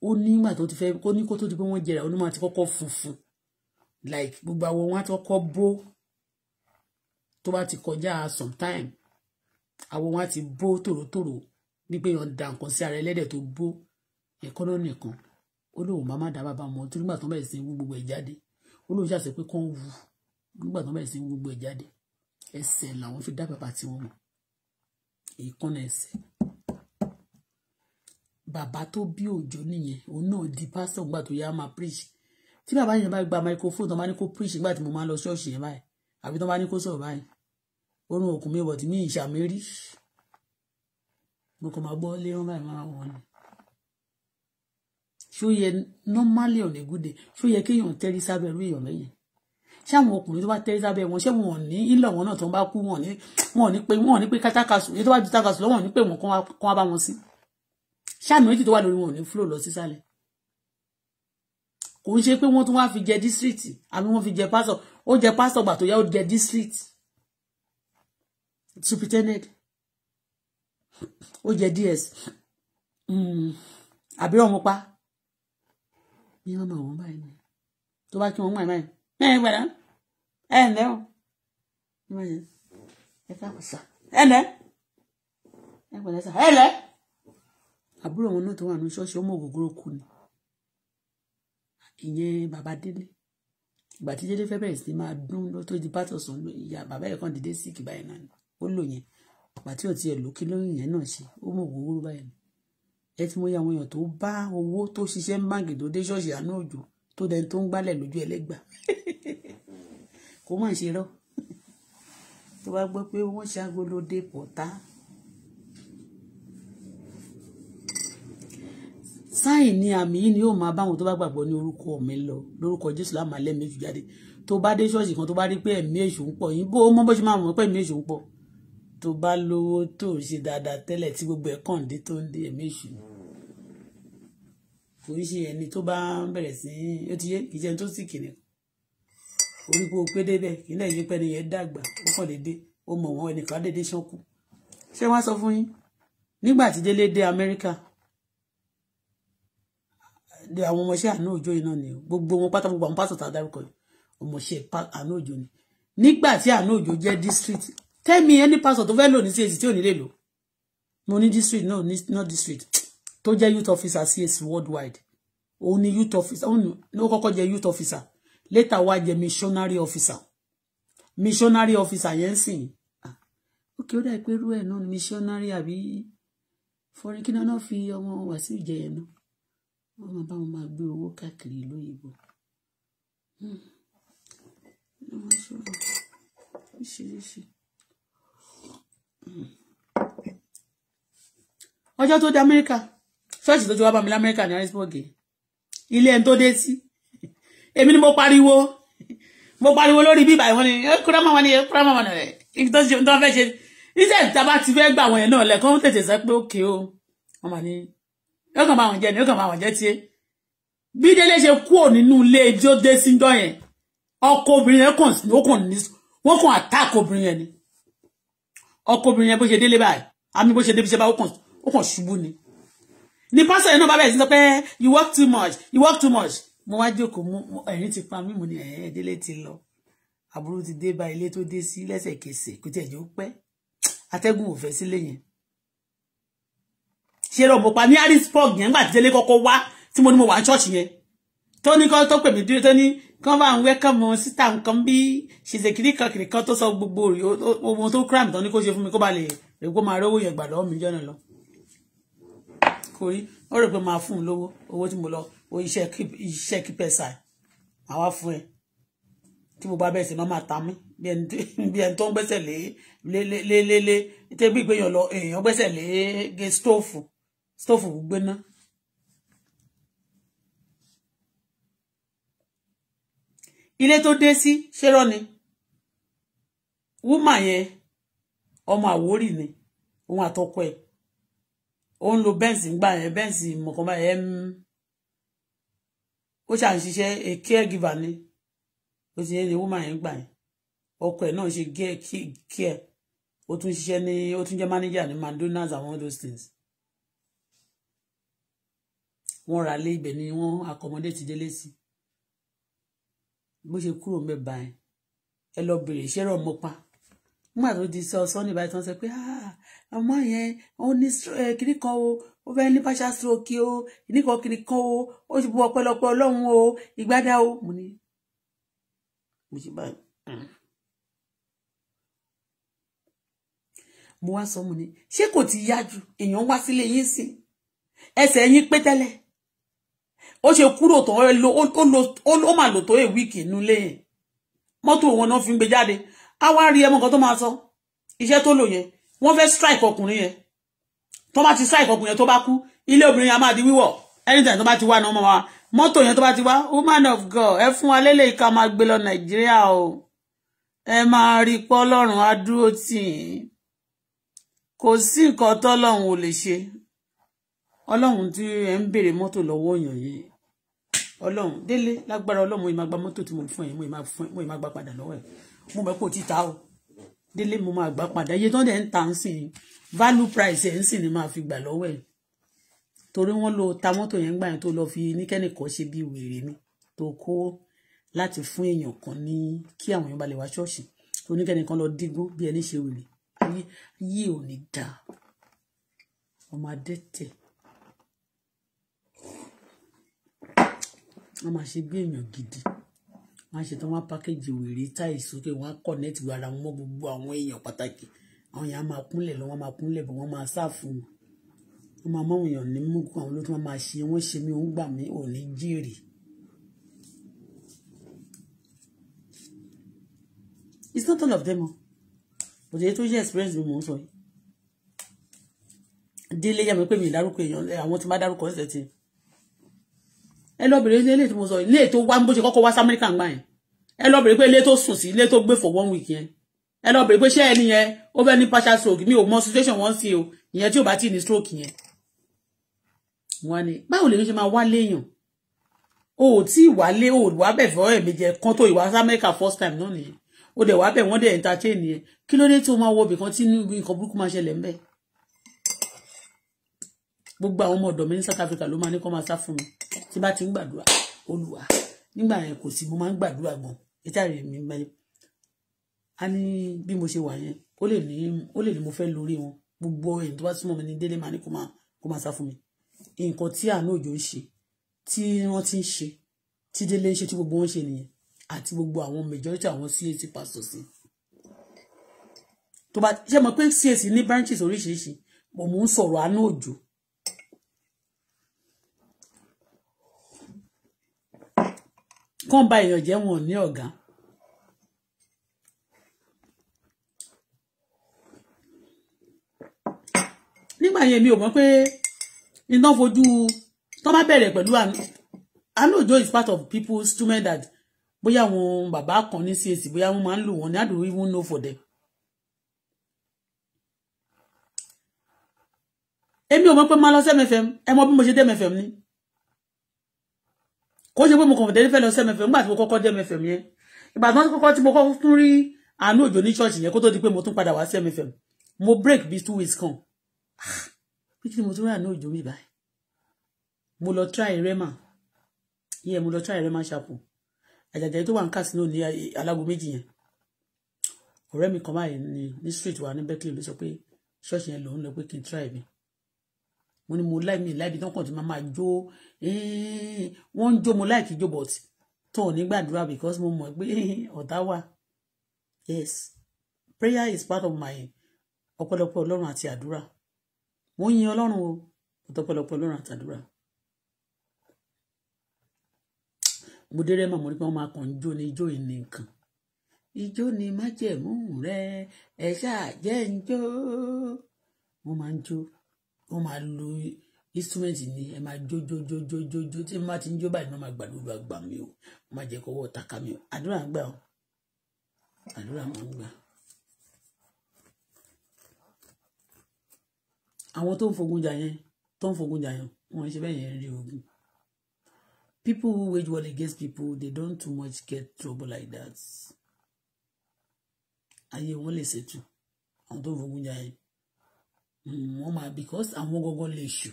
ó nígbà tó ti fẹ́ kó ní kó tó di pé wọ́n jẹrà onímọ̀ àti kọ́kọ́ funfun like gbogbo àwọn wọn á ti kọ́kọ́ bó tó bá ti kọjá sometime àwọn wọn á ti bó tòrótòró wípé yàn da nǹkan sí ara ẹlẹ́dẹ̀ tó bó ẹ̀kọ́ náà nìkan ó lóun má má dá bàbá wọn tó nígbà tó bẹ̀rẹ̀ sí wú gbogbo ẹ̀ jáde ó lóun ṣàṣẹ pé kán wú nígbà tó bẹ̀rẹ̀ sí wú gbogbo ẹ̀ jáde ẹsẹ̀ làwọn fi dá bàbá tiwọn mọ̀ èékánná ẹsẹ̀ bàbá tó bí òjò nìyẹn òun náà di pásítọ̀ nígbà tó yá máa preach tí bàbá yẹn bá gba microphone tó máa ní kó preach nígbà tí mo máa lọ ṣọ́ọ̀ṣì yẹn báyìí àbí tó máa ní kó sọ̀rọ̀ báyìí orun òkú mi wọ̀ tí mi ìṣàmì rí mo kàn máa gbọ́ lérán báyìí máa wọ̀ ni. ṣó yẹ normally on a good day ṣó yẹ kéèyàn tẹ́rí sábẹ́ irú èèyàn ṣé àwọn ọkùnrin tó bá tẹ́ sábẹ́ wọn ṣé wọn ò ní ilẹ̀ wọn náà tó ń bá kú wọn ò ní wọn ò ní pé wọn ò ní pé kátàkàsù èyí tó bá ju tákàsù lọ́wọ́ ò ní pé wọn kán wá bá wọn sí ṣáàmì méjì tó wà lórí wọn ò ní fúlò lọ sísàlẹ̀ kò ń ṣe pé wọ́n tún wá fi jẹ district àbí wọ́n fi jẹ pásọ̀ ó jẹ pásọ̀ gbà tó yá ó jẹ district superintendent ó jẹ ds hmm. àbí ọ̀hún pa bí wọ́n mọ̀ wọ́n báyìí tó bá kí wọ́n mọ̀ ẹ̀ báyìí ẹ gbẹ̀rẹ̀ ẹ ǹlẹ́ o ẹ káàbọ̀ sà ẹ ǹlẹ́ ẹ gbẹ̀rẹ̀ sà ẹ ǹlẹ́ àbúrò wọn náà tó wà ní ṣọ́ọ̀ṣì ó mọ ògógóró kù ni ìyẹn bàbá délé ìgbà tí délé fẹ́ bẹ̀rẹ̀ sí máa dún ló tó di pátọ̀sán ìyá bàbá yẹn kàn dédé sí ìkì báyìí náà ó lò yẹn ìgbà tí ò tiẹ̀ lò kí lóyún yẹn náà ṣe ó mọ ògógóró báyìí ẹ ti mọ iye àwọn èèyàn tó bá owó tó ṣiṣẹ́ ń báǹkì tó dé ṣọ́ọ̀ṣì àánú òjò tó dẹni tó ń gbálẹ̀ lójú ẹlẹ́gbà kó má ṣe rọ́ tó bá gbọ́ pé wọ́n ṣàgolóde pọ̀tá. sáìn ni àmì yìí ni yóò máa báwọn tó bá gbàgbọ́ ní orúkọ mi lọ lórúkọ jésù láàmà lẹ́mìí èṣù jáde tó bá dé ṣọ́ọ̀ṣì kan tó bá rí pé ẹ̀mí èṣù ń pọ̀ yín bó mọ́ bó ṣe máa mọ̀ pé ẹ̀mí èṣù ń pọ̀ tó bá lówó tó ṣe dáadáa tẹ́lẹ̀ tí gbogbo ẹ̀ kàn dé tó ń dé ẹ̀mí èṣù ni kò ń ṣe ẹni tó bá ń bẹ̀rẹ̀ sí ó ti yé kì í ṣe ẹni tó sì kìnnì orí kó o pé débẹ̀ kì í lẹ̀ yí pẹ́ni yẹn dàgbà ó kàn déédé ó mọ̀ wọ́n ẹnìkan déédé ṣọ́kù ṣé wọ́n sọ fún yín nígbà tí délé dé Amẹ́ríkà àwọn ọmọọṣẹ́ àánú òjò yìí náà ni gbogbo wọn pátá gbogbo àwọn pásítọ̀ tá a dárúkọ yìí ọmọọṣẹ́ àánú òjò ni nígbà tí àánú òjò jẹ́ district tell me any pásítọ̀ tó fẹ́ lò ní csc tí ò ní lè lò mo ní district no not district tó jẹ́ youth officer CAC worldwide òun ni youth officer òun ni ó kọ́kọ́ jẹ́ youth officer later wá jẹ́ missionary officer missionary officer yẹn sìn òkè ah, ó dà pé irú náà missionary àbí foreign kí náà fi ọmọ Wàsíù jẹ yẹn náà wọ́n máa bá wọn máa gbé owó káàkiri ìlú òyìnbó hmm. hmm. ọjọ́ tó dé Amẹ́ríkà ṣọ́ọ̀ṣì tó ti wá bá mi lamẹ́ríkà ní harrisburg ilé ẹni tó dé sí èmi ni mo pariwo mo pariwo lórí bíbà ìwọ ni eh, kúrẹ́ mọ́ wọn ni eh, kúrẹ́ mọ́ wọn ni ibi tó ṣe tó fẹ́ ṣe níṣẹ́ ìtaba ti fẹ́ gbà wọ̀nyẹn náà lẹ́kọ́ tètè sọ pé òkè o wọn mà ní yóò kàn máa wọn jẹ ni yóò kàn máa wọn jẹ tiẹ̀ bí délé o kúrò nínú ilé ijó dé síjọ yẹn ọkọ obìnrin yẹn kàn ó kàn ní wọn kàn àtàkì obìnrin yẹn ni ọkọ obìnrin yẹn bó ṣe délé báyìí àmì bó ṣe débi ṣe báyìí ó kàn ṣubú ni ni pastor náà bá bẹ̀rẹ̀ sí sọ you work too much you work too much mo wá jókòó mo ẹ̀rín ti pa mí mo ní ẹ̀ẹ́ délé ti lọ àbúrò ti dé bá ilé tó dé sí lẹ́sẹ̀kẹsẹ̀ kò tiẹ̀ jẹ́ ó pẹ́ atẹ́gùn o fẹ́ sílé yẹn ṣe rọ̀ mo pa ní harrisburg yẹn nígbà tí délé kọ́kọ́ wá tí mo ní mo wà ní ṣọ́ọ̀ṣì yẹn tó ní kọ́ tó pè mí dúró tó ní kán bá ń wẹ́kàn mọ́ síta nǹkan bí ṣèṣe kìríkan kìríkan tó sọ o ohun tó crime tán ní kó ṣe fún mi kó ba lè rè kó máa rówó yẹn gbà lọ́wọ́ mi jọ́nà lọ kórí wọ́n rò pé máa fún un lówó owó tí mo lọ o iṣẹ́ iṣẹ́ kípẹ́ sàn máa wá fún ẹ tí mo bá bẹ̀rẹ̀ sí náà máa ta mí bí ẹni tó ń gbẹ́sẹ̀ lé lé lé lé tẹ́bí ìgbéyàn lọ èèyàn gbẹ́sẹ̀ lé gé stóòfù stóòfù gbéná. ilé tó dé sí ṣérọ́ ni wúmà yẹn ọmọ àwórì ni òun àtọkọ ẹ̀ ó ń lo bẹ́ǹsì ń gbà yẹn bẹ́ǹsì mọ̀kàn báyìí ẹ̀ ń ó ṣà ń ṣiṣẹ́ a caregiver ni ó ti yẹ ni woman yẹn gbà yẹn ọkọ ẹ̀ náà ṣe care ó tún ṣiṣẹ́ ní ó tún jẹ́ manager ní McDonald's and all those things wọ́n ra lé ibẹ̀ ni wọ́n accommodate ti délé sí bó ṣe kúrò ń bẹ̀ báyìí ẹ lọ bèrè iṣẹ́ rẹ̀ ọmọ pa nígbà tó di sọ sọ́ni báyìí tán sọ pé ah, ọmọ yẹn ó ní eh, kíní kan o ó fẹ́ ní pàṣẹ stroke o kíní kan kíní kan o ó ti bu ọpẹ́lọpẹ́ ọlọ́run o ìgbádá o mo ní mo ti bá mo wá sọ mo ní ṣé kò ti yá ju èèyàn wá sílé yín sí ẹsẹ̀ yín pé tẹ́lẹ̀ ó ṣe kúrò tó ó mà lò tó a week nulẹ̀ yẹn mọ́tò wọn náà fi ń gbé jáde á wá rí ẹmọ kan tó máa sọ iṣẹ́ tó lò yẹn wọ́n fẹ́ strike ọkùnrin yẹn tó bá ti strike ọkùnrin yẹn tó ku kú ilé obìnrin yẹn á di wíwọ̀ anytime tó bá ti wá ní ọmọ wa mọ́tò yẹn tó bá ti wá woman oh, of God ẹ fún wa lélẹ̀ ìka máa gbé lọ nàìjíríà o ẹ máa rí pọ́ lọ́rùn á dúró tì í kò sí nǹkan tọ́lọ́run ò lè ṣe ọlọ́run tí ẹ ń béèrè mọ́tò lọ́wọ́ èèyàn yìí ọlọ́run délé lágbára ọlọ́run mo ì gba mọ́tò tí mo fún ẹ mo ì máa gba padà lọ́wọ́ ẹ mo mọ̀ pé ti ta o délé mo máa gbà padà iye tó dẹ̀ ń ta ń sìn value price ẹ̀ ń sìn ni máa fi gbà lọ́wọ́ ẹ̀ torí wọ́n lo ta mọ́tò yẹn gbà yẹn tó lọ fi níkẹ́nìkan ṣe bí wèrè mi tó kó láti fún èèyàn kan ní kí àwọn èèyàn bá lè wá ṣọ́ọ̀ṣì oníkẹ́nìkan lọ dígbó bí ẹni ṣe wèrè yí ò ní dà ọmọ adẹ́tẹ̀ wọ́n máa ṣe bí èèyàn gidi wọ́n ṣe tán wọ́n á wèrè táì sókè wọ́n á kọ̀nẹ́tì ara wọn mọ́ gbogbo àwọn èèyàn pàtàkì àwọn èèyàn máa kúnlẹ̀ lọ wọ́n máa kúnlẹ̀ bọ̀ wọ́n máa sá fún wọn wọ́n máa mọ́ èèyàn ní mú àwọn olóòtú wọn máa ṣe wọ́n ṣe mí òun gbà mí ò ní jèrè. it's not all of them o But tẹ̀lé tó yẹ experience mi mò ń sọ yìí délé yà mí pé mi ì dárúkọ èèyàn àwọn tí má dárúkọ ọ̀sẹ̀ ti ẹ lọ bèrè ilé tí mo sọ ilé tó wá bó ṣe kọ́kọ́ wá sí amẹ́ríkà ń gbà yẹn ẹ lọ bèrè pé ilé tó sùn sí ilé tó gbé for one week yẹn ẹ lọ bèrè pé ṣé ẹni yẹn ó fẹ́ ní partial stroke mi ò mọ situation wọn sí o ìyẹn tí ò bá tí ní stroke yẹn wọn ni báwo lèmi ṣe máa wá léèyàn o ò tí ì wálé o ò wá bẹ̀ fọ́ ẹ̀mí jẹ kan tó ìwà sí amẹ́ríkà first time náà nìyẹn o dẹ̀ wá bẹ̀ wọ́n dẹ̀ entertain yẹn kí ló dé tó máa wọ ibìkan tí nǹkan burúkú máa ṣẹlẹ̀ ńbẹ̀ gbogbo àwọn ọmọ ọ̀dọ̀ mi ní South Africa ló máa ní kó máa sá fún mi tí bá ti ń gbàdúrà olùwà nígbà yẹn kò sí mo máa ń gbàdúrà gan ìtàrí mi báyìí a ní bí mo ṣe wà yẹn ó lè ní ó lè ní mo fẹ́ lórí wọn gbogbo èyí tó bá súnmọ́ mi ní délé màá ní kó máa kó máa sá fún mi nǹkan tí àánú òjò ń ṣe tí wọ́n ti ń ṣe tí délé ń ṣe tí gbogbo wọn ṣe nìyẹn àti gbogbo àwọn majority àwọn CAC pastors sí tó bá ṣe mọ̀ pé CAC ní branches oríṣiríṣi mo mú sọ̀rọ̀ àánú òjò kán ba èèyàn jẹ́ wọn ò ní ọ̀gá. nígbà yẹn mi ò mọ̀ pé iná fojú tó bá bẹ̀rẹ̀ pẹ̀lú alóòjó is part of people's instrument that bóyá àwọn bàbá kan ní CAC bóyá wọ́n máa ń lò wọ́n ní àdúró even know for them. èmi ò mọ̀ pé máa lọ sí MFM ẹ mọ̀ bí mo ṣe dé ni kó ṣe pé mo kàn fẹ́ fẹ́ lọ sí MFM nígbà tí mo kọ́kọ́ dé MFM yẹn ìgbà tí wọ́n kọ́kọ́ tí mo kọ́kọ́ tún rí àánú òjò ní ṣọ́ọ̀ṣì yẹn kó tó di pé mo tún padà wá sí MFM mo break be two weeks kan bí kí ni mo tún rí àánú òjò mi báyìí mo lọ try rema yẹn mo lọ try rema ṣàpò àjàjà tó wà ní kásínò ní alágo méjì yẹn ọ̀rẹ́ mi kan báyìí ní street wa ní Berkeley ló sọ pé ṣọ́ọ̀ṣì yẹn lòun lọ pé kí n try mi mo ní mo láì mi láì bí tán kàn tí máa máa jó wọ́n ń jó mo láì jó but tó ní gbàdúrà because mo mọ̀ pé ọ̀tá wà yes prayer is part of my ọ̀pọ̀lọpọ̀ ọlọ́run àti àdúrà mo ń yin ọlọ́run o ọ̀tọ̀pọ̀lọpọ̀ ọlọ́run àti àdúrà mo dé rẹ́mà mo ní pé wọ́n máa kàn ń jó ní ijó yìí nìkan ijó ni májẹ̀mú rẹ ẹ̀ ṣáà jẹ́ ń jó mo máa ń jó wọ́n máa lo instrument ni ẹ máa jó jó jó jó jó jó tí má ti ń jó báyìí má máa gbàdúrà gbà mí o má jẹ́ kọ́wọ́ taka mi o àdúrà ń gbà o àdúrà máa ń gbà. àwọn tó ń fogun jà yẹn tó ń fogun jà yẹn wọn ṣe bẹ́ẹ̀ yẹn rí ogun people who wage war against people they don't too much get trouble like that ayé wọn lè ṣètò àwọn tó ń fogun jà yẹn wọ́n máa because àwọn gangan lè ṣù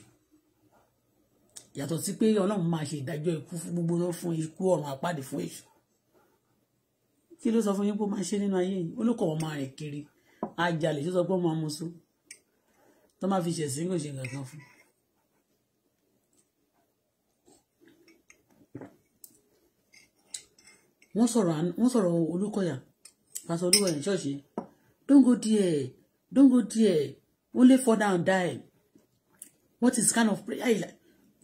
yàtọ̀ sí pé ọlọ́run máa ṣe ìdájọ́ ikú gbogbo lọ fún ikú ọ̀run àpáàdé fún èṣù kí ló sọ fún yín pé ó máa ṣe nínú ayé yìí olùkọ́ wọn máa rìn kiri ajalè tó sọ pé ó máa mú sún tó máa fi ṣẹ̀sìn kò ṣe nǹkan fún. wọ́n sọ̀rọ̀ wọ́n sọ̀rọ̀ olùkọ́yà pásọ olùkọ́yà ṣọ́ọ̀ṣì don't go there don't go there only fall down and die what is kind of prayer is like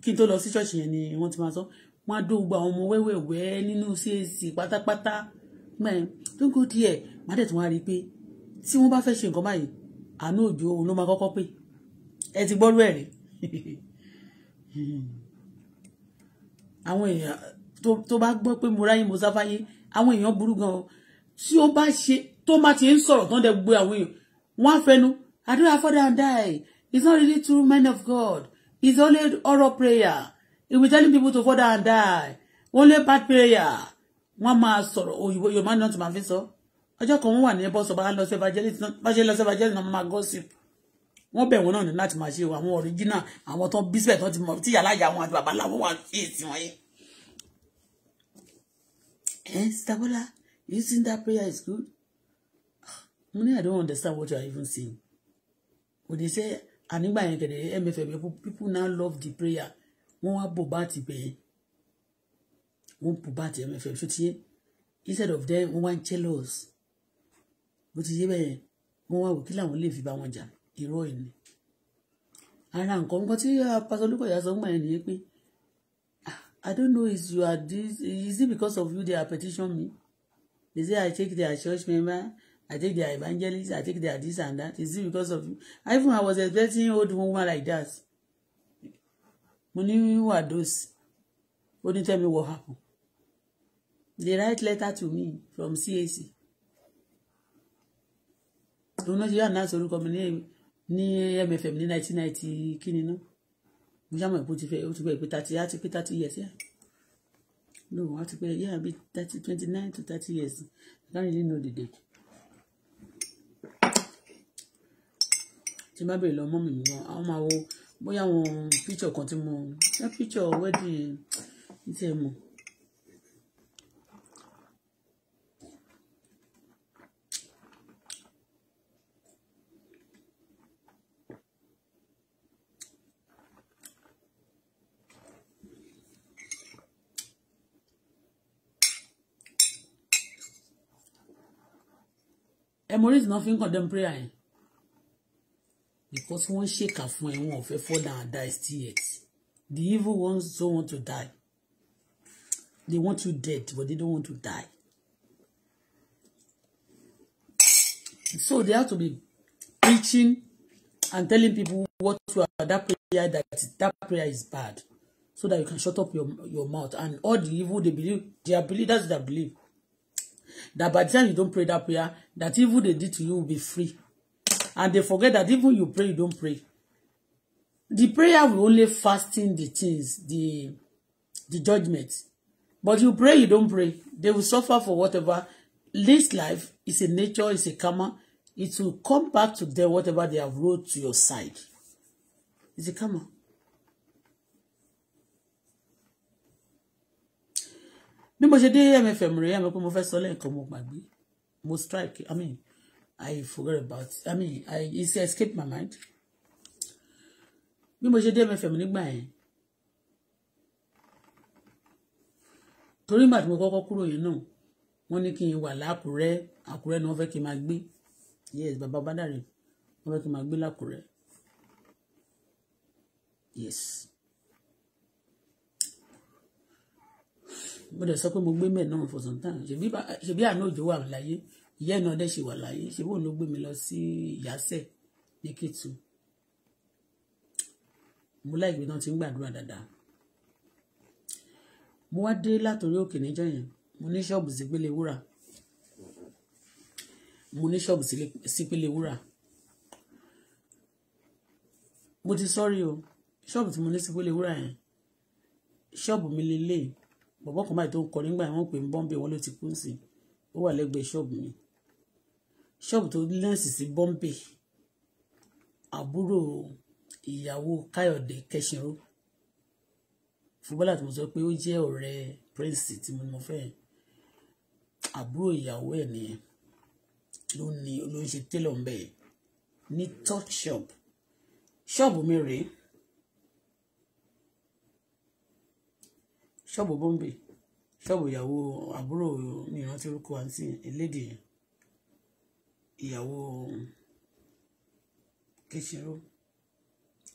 kí n tó lọ sí ṣọ́ọ̀ṣì yẹn ni wọ́n ti máa sọ wọ́n á dó gbogbo àwọn ọmọ wẹ́wẹ̀wẹ́ nínú CAC pátápátá gbẹ̀yìn tó ń kó díẹ̀ màá dẹ̀ tún wá rí i pé tí wọ́n bá fẹ́ ṣe nǹkan báyìí àánú òjò òun ló máa kọ́kọ́ pè ẹ ti gbọ́rú ẹ̀ rí àwọn èèyàn tó bá gbọ́ pé mo ráyè mo sáfáyé àwọn èèyàn burú gan-an tí ó bá ṣe tó má ti ń sọ̀rọ̀ tán dẹ̀ gbé àwọn èèyàn wọ́n á fẹnu I do have father and die. It's not really true man of God. It's only oral prayer. It will telling people to father and die. Only bad prayer. One oh, man sorrow. òyìnbó Yorùbá náà tó máa fi sọ. Ọjọ́ kan wọ́n wà ní ẹbọ sọ bá lọ sí evangelist náà bá ṣe lọ sí evangelist náà máa gossip. One bẹ̀ one náà ní láti máa ṣe àwọn original àwọn tó ń bí síbẹ̀ tó ti mọ̀ tí yàrá ìyá wọn àti bàbá làwọn wà sí èsì wọ̀nyí. you think that prayer is good? Ah, mo I don't understand what you are even saying kò dé sẹ́ ànígbà yẹn kẹ̀dẹ̀ mfm people now love the prayer wọ́n wá bò bá ti bẹ̀ẹ́ wọ́n bò bá ti mfm tó ti instead of them wọ́n wá ń jealous bó ti yé bẹ́ẹ̀ wọ́n wá wò kí làwọn lè fi bá wọn jà irọ́ ẹ̀ ni ara nǹkan nǹkan tí ah, pásọ olùkọ́yà sọ mọ́ ẹ̀ nìyẹn pé ah, I don't know is you are this is it because of you they are petition me they say I take their church member I take their evangelists, I take their this and that. Is it because of you? I even I was expecting old woman like that. Money who are those? Ó ní tell me what happened. They write letter to me from CAC. Do not you yóò announce orúkọ mi ní MFM ní 1990 kíni náà. Mo ṣàmọ̀ ìpò ti fẹ́ ó ti pẹ́ ìpè thirty years yá. No, wọ́n ti pẹ́ yá bí thirty twenty nine to thirty years. I don't really know the date. tí má bèrè lọ mọ́mì mi gan àwọn máa wo bóyá àwọn píchọ̀ kan tí mo ṣe píchọ̀ wedding ní tẹ̀ ẹ mọ orí ìtàn fi condemn prayer because one shake fún ẹ wọn ò fẹ́ fall down and die still yet the evil ones don't want to die they want you dead but they don't want to die so they have to be preaching and telling people what you are that prayer that that prayer is bad so that you can shut up your your mouth and all the evil they believe they belief that's their believe. that by the time you don't pray that prayer that evil they did to you will be free and they forget that even you pray, you don't pray. The prayer will only fasten the things, the the judgment. But you pray, you don't pray. They will suffer for whatever. This life is a nature, is a karma. It will come back to them whatever they have wrote to your side. It's a karma. bí mo ṣe dé MFM rèé àmọ́ pé mo fẹ́ sọ mo strike I mean I forgot about I mean, I, it escaped my mind. Bí mo ṣe dé MFM nígbà yẹn. Torí ìgbà tí mo kọ́kọ́ kúrò yẹn náà, wọ́n ní kí n wà lákùrẹ́, àkùrẹ́ ni wọ́n fẹ́ kí n máa gbé. Yes, bàbá Bádàrè, wọ́n fẹ́ kí n máa gbé lákùrẹ́. Yes. Mo dẹ̀ sọ pé mo gbé mẹ́ẹ̀ náà for some time. Ṣèbí àná òjò wà láyé ìyá ìnà ọdẹ ṣe wà láyé ṣe bóun ló gbé mi lọ sí ìyásẹ̀ ní kìtù mo láì gbé náà ti ń gbàdúrà dáadáa mo wá dé látòrí òkè níjọ́ yẹn mo ní ṣọ́ọ̀bù sí pélé wúrà mo ní ṣọ́ọ̀bù sí pélé wúrà mo ti sọ́rí o ṣọ́ọ̀bù tí mo ní sí pélé wúrà yẹn ṣọ́ọ̀bù mi lélẹ̀ bọ̀bọ́ kan báyìí tó ń kọ nígbà yẹn wọ́n pè ń bọ́m̀bì wọn ló ti kú sí ó wà lẹ́gbẹ̀ẹ́ ṣọ́ọ̀bù mi ṣọ́ọ̀bù tó lẹ́ǹsì sí Bombay àbúrò ìyàwó Káyọ̀dé Kẹ́sìnró fúbọ́lá tí mo sọ pé ó jẹ́ ọ̀rẹ́ prince tí mo fẹ́ àbúrò ìyàwó ẹ̀ nìyẹn ló ń ṣe télọ̀ ń bẹ̀ ní touch shop ṣọ́ọ̀bù mi rèé ṣọ́ọ̀bù Bombay ṣọ́ọ̀bù ìyàwó àbúrò mi ìrántí orúkọ àǹtí elédè ìyàwó um, Kẹ́sìrò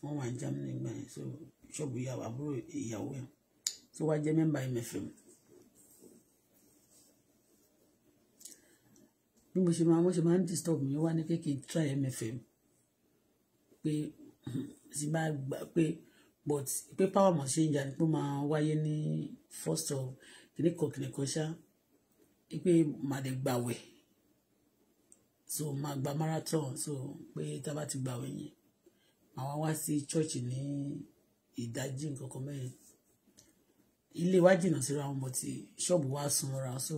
wọ́n wà ní Germany gbà yẹn so ṣọ́ọ̀bù ìyàwó àbúrò ìyàwó ẹ̀ tó wá jẹ́ mẹ́mbà MFM. bí mo ṣe máa mo ṣe máa ń disturb mi wá ní kéèké try MFM pé sì máa gbà pé but pé power must change and pé máa wáyé ní first of kìnìkan kìnìkan ṣá pé màdé gbàwẹ̀ so máa gba marathon so pé tá a bá ti gbà wẹ̀yìn màá wá sí church ní ìdájí nǹkan kan mẹ́rin ilé wa jìnnà síra wọn bọ̀ ṣọ́ọ̀bù wa súnmọ́ra so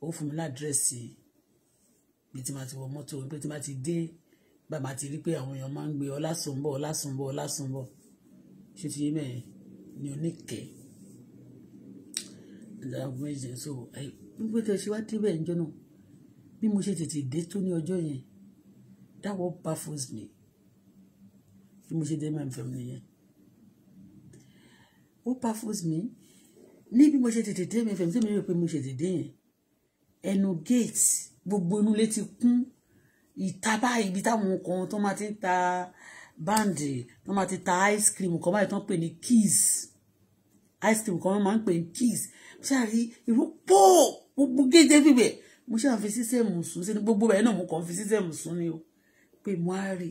ó fún mi ládírẹ́sì bí tí màá ti wọ mọ́tò pé tí màá ti dé bá màá ti rí pé àwọn èèyàn máa ń gbé ọlásùnbọ̀ ọlásùnbọ̀ ọlásùnbọ̀ ṣé ti yé mẹ́rin ni oníkẹ́ ìdàgbọ́n ìjẹ́ so ẹ gbogbo tẹ̀ ṣe wá débẹ̀ níjọ́ náà bí mo ṣe tètè dé tó ní ọjọ́ yẹn that what baffles me bí mo ṣe dé máa ń fẹ́ nìyẹn ó baffles me ní bí mo ṣe tètè dé mẹ́fẹ̀ẹ́ tí mi rò pé mo ṣe tètè dé yẹn ẹnu gate gbogbo inú ilé ti kún ìta báyìí ibi táwọn kan tó máa ti ń ta báǹdì tó máa ti ta ice cream kan báyìí tó ń pè ní kiss ice cream kan máa ń pè ní kiss ṣáà rí irú pọ̀ gbogbo gate everywhere mo ṣáà fi sísèmù sùn sí ni gbogbo ẹ̀ náà mo kàn fi sísèmù sùn ni o pé mo á rí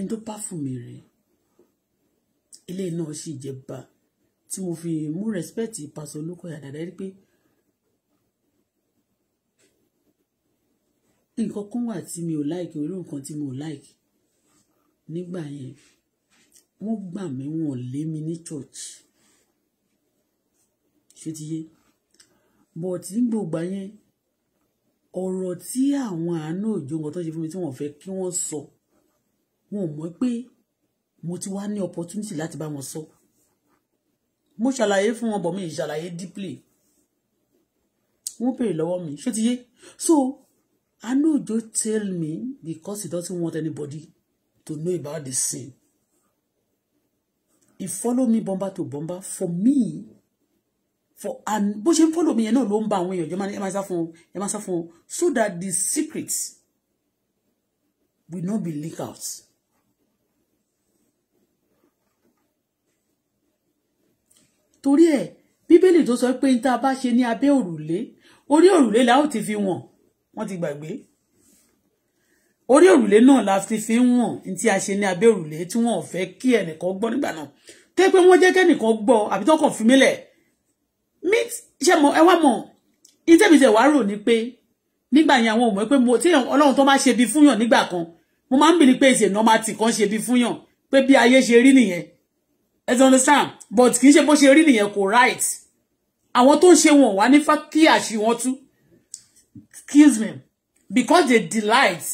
i n tó bá fún mi rèé ilé náà sì jẹ bá tí mo fi mú rẹ́spẹ̀tì pàṣẹ Olókọ̀yà dáadáa rí pé nǹkan kan wà tí mi ò láìkì orí nǹkan tí mi ò láìkì nígbà yẹn wọ́n gbà mí wọ́n lé mi ní church ṣé yé but nígbògbà yẹn ọ̀rọ̀ tí àwọn àánú òjò nǹkan tó ṣe fún mi tí wọ́n fẹ́ kí wọ́n sọ wọn ò mọ̀ pé mo ti wá ní opportunity láti bá wọn sọ mo ṣàlàyé fún wọn bọ̀ mi ìṣàlàyé deeply wọ́n béèrè lọ́wọ́ mi ṣé ti yé so àánú òjò tell me because he doesn't want anybody to know about the sin he follow me bumper to bumper for me for and bó ṣe follow me, mi yẹn náà ló ń ba àwọn èèyàn jọ ẹ máa sá fún wọn ẹ máa sá so that the secrets will not be leak out. torí ẹ̀ bíbélì tó sọ pé tá a bá ṣe ní abẹ́ òrùlé orí òrùlé la o ti fi wọ̀n wọ́n ti gbàgbé orí òrùlé náà la ti fi ń wọ̀n ní tí a ṣe ní abẹ́ òrùlé tí wọ́n ò fẹ́ kí ẹnìkan gbọ́ nígbà náà tẹ́ pé wọ́n jẹ́ kẹ́nìkan gbọ́ àbí tó kàn fi mílẹ̀ mix ṣe mọ ẹ wá mọ ìtẹ́bìtì ẹ̀ wá rò ní pé nígbà yẹn àwọn ò pé mo tí ọlọ́run tó máa ṣe bí fúnyàn nígbà kan mo máa ń bìlí pé ìṣe nọ́màtì kan ṣe bí fúnyàn pé bí ayé ṣe rí nìyẹn ẹ ti understand but kì í ṣe bó ṣe rí nìyẹn kò right àwọn tó ń ṣe wọn wá nífà kí àṣì wọn tú excuse me because they delight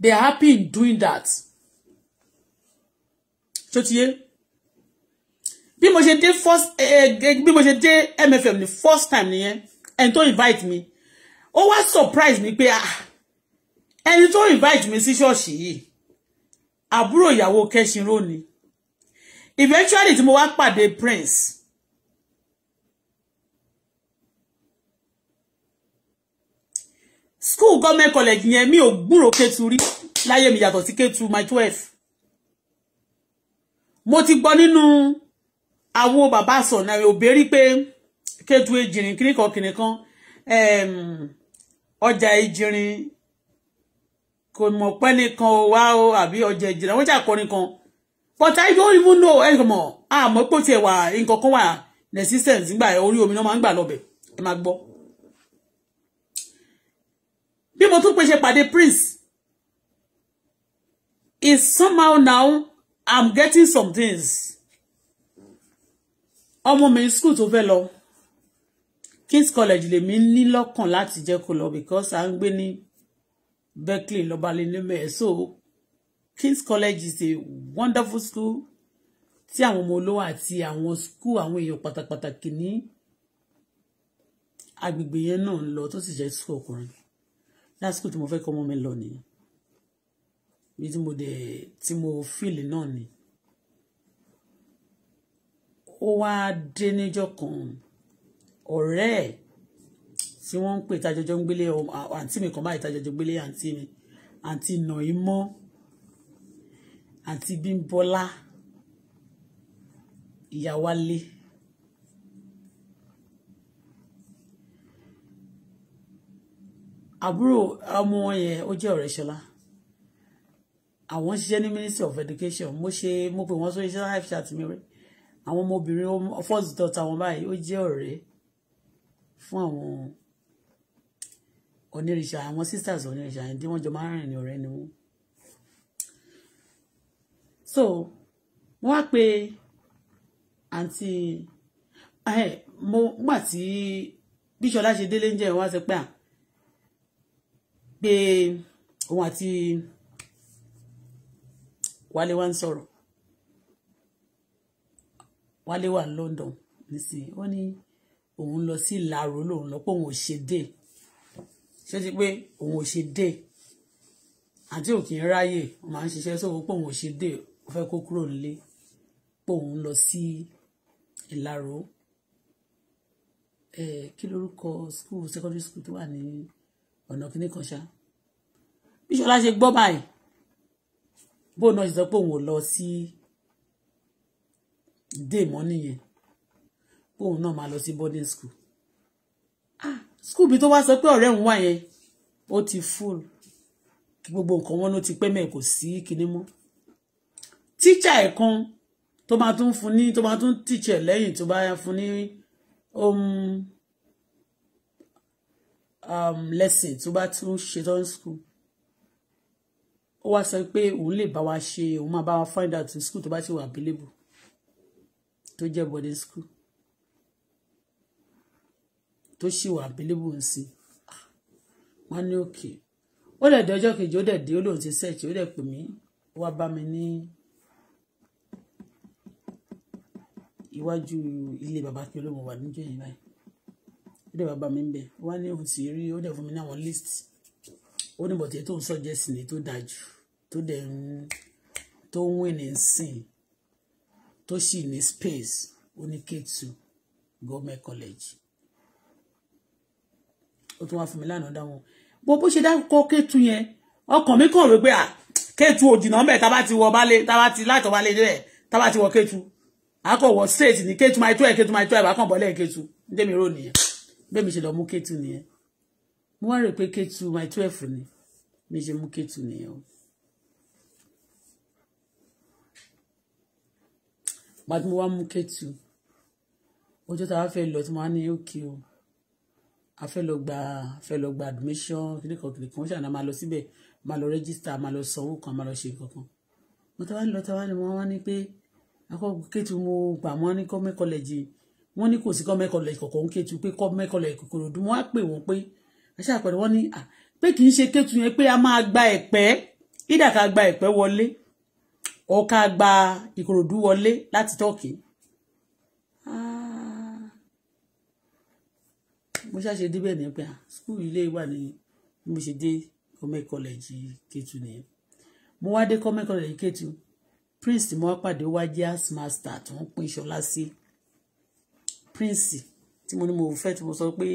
they happy in doing that ṣó ti bí mo ṣe dé first eh, eh, bí mo ṣe dé MFM ní first time nìyẹn ẹni tó invite mi ó wá surprise mi pé ah, ẹni tó invite mi sí ṣọ́ọ̀ṣì yìí àbúrò ìyàwó kẹ́sìnrò ni eventually tí mo wá pàdé prince school government college yẹn mi ò gbúrò Ketu rí láyé mi yàtọ̀ sí Ketu my twelve mo ti gbọ́ nínú. No àwọn bàbá sọ̀nà òbérí pé kétu ejìrìn kíníkan kíníkan ọjà ejìrìn kò mọ̀ pẹ́ nìkan o wá o àbí ọjà ejìrìn àwọn ìjà kọrin kan but I don't even know ẹ̀ mọ̀ àmọ́ pé ó ti wà nǹkan kan wà resistance nígbà orí omi náà máa ń gbà lọ́bẹ̀ ẹ máa gbọ́. bí mo tún pè ṣe pàdé prince is somehow now I'm getting some things ọmọ mi school tó fẹ́ lọ King's College lèmi ní lọ́kàn láti jẹ́ kó lọ because à ń gbé ní Berkeley lọ́balẹ̀ nímẹ̀ so King's College is a wonderful school tí àwọn ọmọ olówó àti àwọn school àwọn èèyàn pàtàkì ní agbègbè yẹn náà ń lọ tó sì jẹ́ school ọkùnrin lásìkò tí mo fẹ́ kọ́ ọmọ mi lọ nìyẹn bí tí mo dẹ̀ tí mo fìlì náà nìyẹn ó wá dé níjọ́ kan ọ̀rẹ́ ẹ̀ tí wọ́n ń pè tajọjọ́ ń gbélé àǹtí mi kan báyìí tajọjọ́ gbélé àǹtí mi àǹtí Nàímọ́ àǹtí Bímbọ́lá Ìyáwálé. àbúrò ọmọ yẹn ó jẹ́ ọ̀rẹ́ ṣọlá àwọn ń ní ministry of education mo ṣe mo pè wọ́n sórí iṣẹ́ life chat mi rí àwọn ọmọbìnrin first daughter wọn báyìí ó jẹ́ ọ̀rẹ́ fún àwọn onírìṣà àwọn sisters onírìṣà yẹn tí wọ́n jọ máa ń rìn ní ni wọ́n. so wọ́n wá pe àǹtí mo gbà tí bíṣọlá ṣe délé ń jẹ́ wọ́n á sọ pé à pé òun àti wálé wá ń sọ̀rọ̀ wálé wà London nísìnyí ó ní òun lọ sí ìlàró lòun lọ pé òun ò ṣe dé ṣé ti pé òun ò ṣe dé àti òkè ń ráyè òun máa ń ṣiṣẹ́ sóhun pé òun ò ṣe dé ó fẹ́ kó kúrò nílé pé òun lọ sí ìlàró kí lorúkọ school secondary school tó wà ní ọ̀nà kìíní kan ṣá bí ṣọlá ṣe gbọ́ báyìí bóun náà ṣe sọ pé òun ò lọ sí. Si, dé mọ́ nìyẹn bóun náà máa lọ sí boarding school ah school bí tó wá sọ pé ọ̀rẹ́ òun wà yẹn ó ti full gbogbo nǹkan wọn ló ti pẹ́ mẹ́ẹ̀ kò sí kinní mọ́ tíṣà ẹ̀ kan tó máa tún fún ní tó máa tún tíṣà lẹ́yìn tó bá fún ní ohun um, um, lesson tó bá tún ṣe tán school ó wá sọ pé òun lè bá wa ṣe òun máa bá wa find out school tó bá ti wà available tó jẹ́ boarding school tó ṣì wà available ń sí ah, wọn ní òkè ó lè dọjọ́ kejì ó dẹ̀ dé ó lóun ti search ó dẹ̀ pè mí wá bá mi ní iwájú ilé bàbá kí olóhùn wà níjọ́ yìí báyìí ó dẹ̀ bàbá mi ń bẹ̀ wá ní òun sì rí ó dẹ̀ fún mi ní àwọn list ó ní bọ̀tẹ́ tó ń sọ jẹ́sìn ní tó dájú tó dẹ̀ ń tó ń wìn ní sìn tó sì ní space ó ní k College ó tún wá fún mi lánàá dáhùn bó bó ṣe dákọ K2 yẹn ọkàn mi kàn wípé à ah, K2 òjìnà mẹ́ẹ̀ tá bá ti wọ balẹ̀ tá bá ti látọ̀ balẹ̀ délẹ̀ tá bá ti wọ K2 àkọ̀wọ̀ straight ní K2 my twelve K2 my twelve àkànbọ̀lẹ̀ K2 ní tèmi rò nìyẹn bẹ́ẹ̀ mi ṣe lọ mú k nìyẹn mo wá rò pé K2 my twelve ni mi ṣe mú k nìyẹn o. gba tí mo wá mú kẹ́tù ọjọ́ tá a fẹ́ lọ tí mo wá ní òkè o a fẹ́ lọ gba fẹ́ lọ gba admission kìnìkan kìnìkan ṣáà náà máa lọ síbẹ̀ máa lọ register máa lọ sanwó kan máa lọ ṣe kankan mo tàwa ń lọ tàwa ni wọ́n wá ní pé akọ́ kẹ́tù mo gbà wọ́n ní kọ́mẹ́ kọ́lẹ́jì wọ́n ní kò sí kọ́mẹ́ kọ́lẹ́jì kọ̀ọ̀kan ń kẹ́tù pé kọ́mẹ́ kọ́lẹ́jì Ìkòròdú wọ́n á pè wọ́n pé ẹṣẹ́ àpẹẹrẹ wọ́n ní pé kì í ṣe kẹ́tù yẹn pé a máa gba ẹ̀pẹ́ ìdàkà gba ẹ̀pẹ́ wọlé or ká gba Ìkòròdú wọlé láti tọ́kì ah. mo ṣáà ṣe débẹ̀ ní pé ah, skul ilé wà ní mo ṣe dé Kọ́mẹ́ kọ́lẹ́jì Kétu nìyẹn mo wá dé Kọ́mẹ́ kọ́lẹ́jì Kétu prince mo wá pàdé wá jẹ́ master tó ń pín Ṣọlá sí prince tí mo ní mo fẹ́ tí mo sọ pé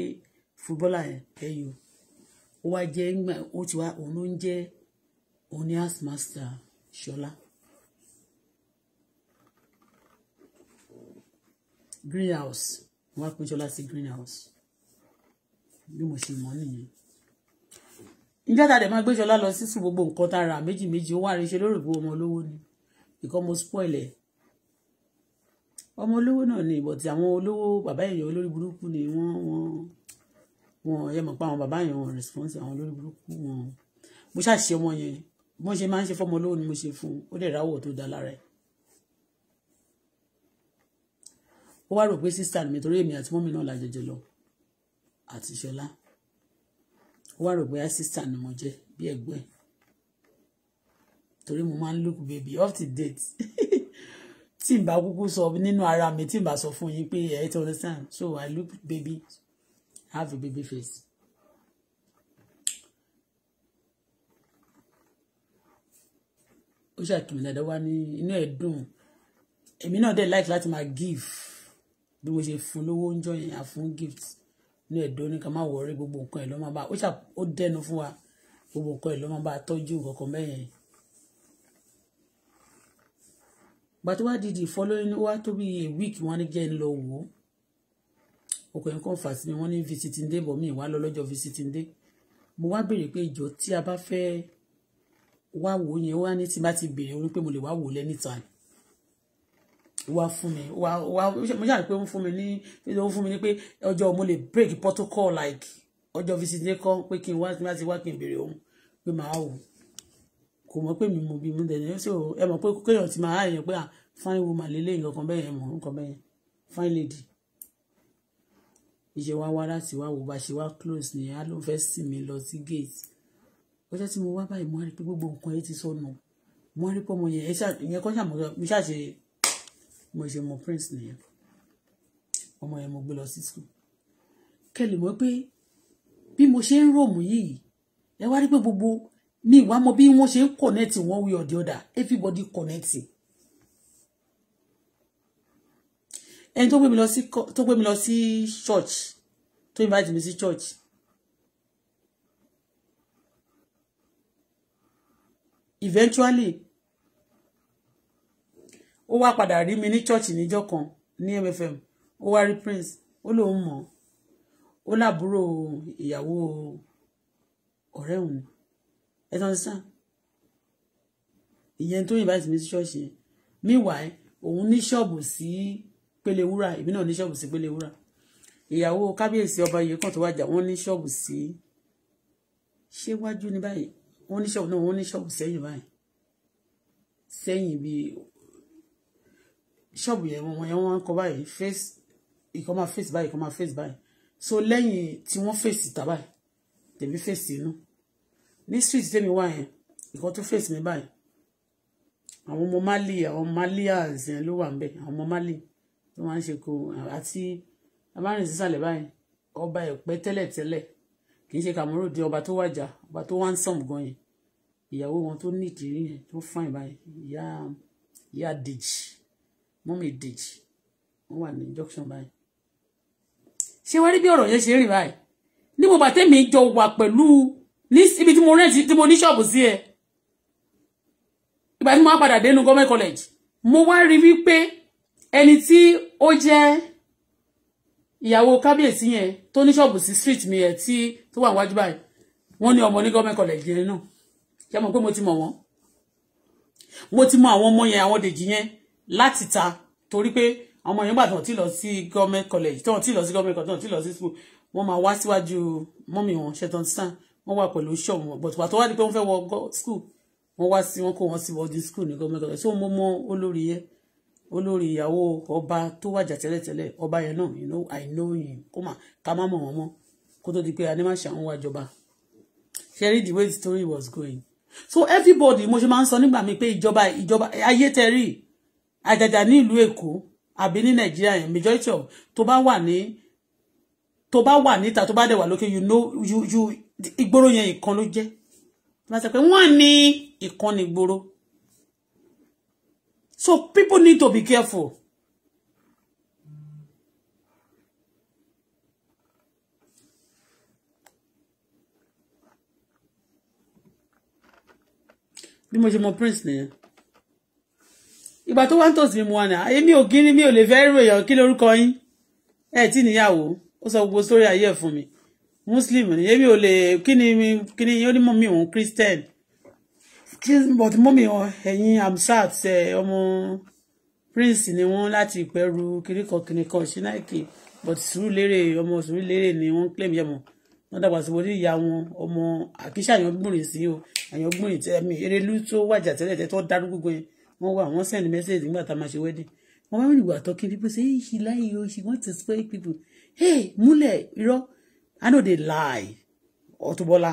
fúbọ́là ẹ̀yọ ó wá jẹ́ ó ti wá òun ló ń jẹ́ òun master Ṣọlá greenhouse mo wá pín ṣọlá sí greenhouse bí mo ṣe mọ̀ nìyẹn ìjọ tàdé máa gbé ṣọlá lọ sí sùn gbogbo nǹkan tára méjì méjì ó wà rí ṣe lórí ìbò ọmọ olówó ni ìkọ́ mo spoil ẹ̀ ọmọ olówó náà ni ìbọ̀ tí àwọn olówó bàbá èèyàn olórí burúkú ni wọ́n wọ́n wọ́n ẹ mọ̀ pé àwọn bàbá èèyàn wọn response àwọn olórí burúkú wọn mo ṣàṣì ọmọ yẹn bí wọ́n ṣe máa ń ṣe fọ́mọ olówó ni mo ṣe fún un ó dẹ̀ ráwọ̀ tó dá lára ẹ̀ ó wá rò pé sísá mi torí èmi àti mọ́mí náà lájọjọ lọ àti ṣọlá ó wá rò pé sísá ni mo jẹ bí ẹ̀gbọ́n torí mo máa ń look baby up to date tí n bá kúkú sọ nínú ara mi tí n bá sọ fún yín pé ẹ ti understand so I look baby I have a baby face. ó ṣàkìmọ̀ dáadáa wá ní inú ẹ̀ dùn èmi náà dẹ̀ like láti máa give bí mo ṣe fún lówó ń jọ yẹn àfún gift inú ẹ̀dọ́ ní ká má wọrí gbogbo nǹkan ẹ̀ ló máa bá ó ṣà ó dẹnu fún wa gbogbo nǹkan ẹ̀ ló máa bá tọ́jú nǹkan kan bẹ́ẹ̀ yẹn. ìgbà wá tó bí a week wọn ní jẹ́ ń lọ wò ó ọkọ̀ yẹn kàn fà sí mi wọ́n ní visiting day bọ̀ mí wá lọ lọ́jọ́ visiting day mo wá béèrè pé ìjọ tí a bá fẹ́ wá wò ó yẹn wá ní tí bá ti béèrè wípé mo lè wá wò ó lẹ́nìtàn wá fún mi wá wá mo ṣàrí pé ó ń fún mi ní ó ń fún mi ní pé ọjọ́ mo lè break protocol like ọjọ́ visiting kan pé kí n wá láti wá kí n béèrè òun pé màá wò kò mọ̀ pé mi mo bí mi dẹ̀ ṣe ẹ mọ̀ pé kéèyàn ti máa yẹn pé ah, fine woman lélẹ́yìn kankan bẹ́ẹ̀ yẹn mọ̀ nǹkan bẹ́ẹ̀ yẹn fine lady ìṣe wá wá láti wá wò bá ṣe wá close ni a ló fẹ́ sìn mí lọ sí gate ọjọ́ tí mo wá báyìí mo rí pé gbogbo nǹkan yẹn ti sọnù mo rí pé ọmọ yẹn ìyẹn kan ṣàmùlò mi ṣàṣe mo ṣe mọ prince nìyẹn ọmọ yẹn mo gbé lọ sí school kẹlẹ mọ̀ pé bí mo ṣe ń ròmù yìí ẹ wá rí pé gbogbo ní ìwà mọ bí wọ́n ṣe ń connect one way or the other everybody connecting ẹni tó gbé mi lọ tó gbé mi lọ sí church tó invite mi sí church eventually ó wá padà rí mi ní church níjọ́ kan ní MFM ó wá rí prince ó lóun mọ̀ ó lábúrò ìyàwó ọ̀rẹ́ òun ẹ tán sàn ìyẹn tó yìnbá sí mi sí church yẹn meanwhile òun ní ṣọ́ọ̀bù sí Pélewúrà èmi náà ní ṣọ́ọ̀bù sí Pélewúrà ìyàwó kábíyèsí ọba yìí kan tó wájà wọ́n ní ṣọ́ọ̀bù sí ṣé wájú ní báyìí wọ́n ní ṣọ́ọ̀bù náà wọ́n ní ṣọ́ọ̀bù sẹ́yìn báyìí sẹ́yìn bíi ṣọ́ọ̀bù yẹn wọn yẹn wọ́n ń kọ báyìí face ìkan máa face báyìí ìkan máa face báyìí so lẹ́yìn tí wọ́n face ìta báyìí tèmi face inú ní street tèmi wà yẹn ìkan tó face mi báyìí àwọn ọmọ mali àwọn Mali, yẹn ló wà nbẹ àwọn ọmọ mali tó máa ń ṣe kó àti abárin sísàlẹ̀ báyìí ọba ẹ̀pẹ́ tẹ́lẹ̀tẹ́lẹ̀ kì í ṣe kàmúrò di ọba tó wàjà ọba tó wá ń sàn gan yẹn ìyàwó wọn tó nídìí yẹn tó fáìn báyìí ìyá ìyá dèjì mọ́mí ìdèjì wọ́n wà ní junction báyìí ṣé wá rí bí ọ̀rọ̀ yẹn ṣe rìn báyìí ní mo bàtẹ́ mi jọ wà pẹ̀lú ibi tí mo rẹ́ǹtì tí mo ní ṣọ́ọ̀bù sí ẹ ìgbà tí mo wá padà dénú gọ́mẹ̀ college mo wá rí wípé ẹni tí ó jẹ́ ìyàwó kábíyèsí yẹn tó ní ṣọ́ọ̀bù sí street mi ẹ̀ tí tó wà wájú báyìí wọ́n ní ọmọ ní gọ́mẹ̀ college yẹn náà ṣé mo pé mo ti mọ̀ wọ́n mo ti mọ àwọn ọmọ yẹn àwọn dèjì yẹn láti ta torí pé ọmọ yẹn gbà tí wọ́n ti lọ sí government college tí wọ́n ti lọ sí government college tí wọ́n ti lọ sí school wọ́n máa wá síwájú mọ́mì wọn ṣetán sàn wọ́n wà pẹ̀lú ṣọ́ọ̀mù wọn bọ̀tùpà tó wá di pé wọ́n fẹ́ wọ school wọ́n wá sí wọ́n kó wọn sí boarding school ní government college so mo mọ olórí yẹn olórí ìyàwó ọba tó wàjà tẹ́lẹ̀tẹ́lẹ̀ ọba yẹn náà you know i know him kó mà ká má mọ̀ wọ́n mọ́ kó tó di pé animasa ń wá jọba ṣẹ́rí the way the story was going so everybody mo ṣe máa ń sọ nígbà mi pé ìjọba ìjọba ayé tẹ́rì àjàjà ní ìlú èkó àbí ní nàìjíríà yẹn majority of tó bá wà ní tó bá wà níta tó bá dẹ̀ wà lókè you know you you ìgboro yẹn ìkan ló jẹ́ tó bá sọ pé wọ́n ní ìkan ní ìgboro so people need to be careful. bí mo ṣe mọ prince nìyẹn ìgbà tó wá ń tòsí mu àná èmi ò kí ni mi ò lè fẹ́ rò èèyàn kí lórúkọ yín ẹ tí níyàwó ó sọ gbogbo sórí ayé ẹ̀ fún mi muslim ni èmi ò lè kí ni mi kí ni ó ní mọ̀ mi òun christian but mọ̀ mi ẹ̀yin amsat ọmọ prince ni wọ́n láti ìpẹ́rù kìnìkan kìnìkan ṣínáìkì but sùúrùlérè ọmọ sùúrùlérè ni wọ́n claim yẹmọ wọ́n dàgbà sí wọlé ìyá wọn ọmọ àkíṣà àyàngbùnrin sí o àyàngbùnrin tẹmí erelú tó wàjà tẹ́lẹ̀ tẹ tó dárú gbogbo yẹn wọ́n wà wọ́n send message nígbà tá a máa ṣe wedding wọ́n wá rìn wà talking people say hey, she lie o she want to spoil people hey múlẹ̀ irọ́ i no dey lie Auto-Bola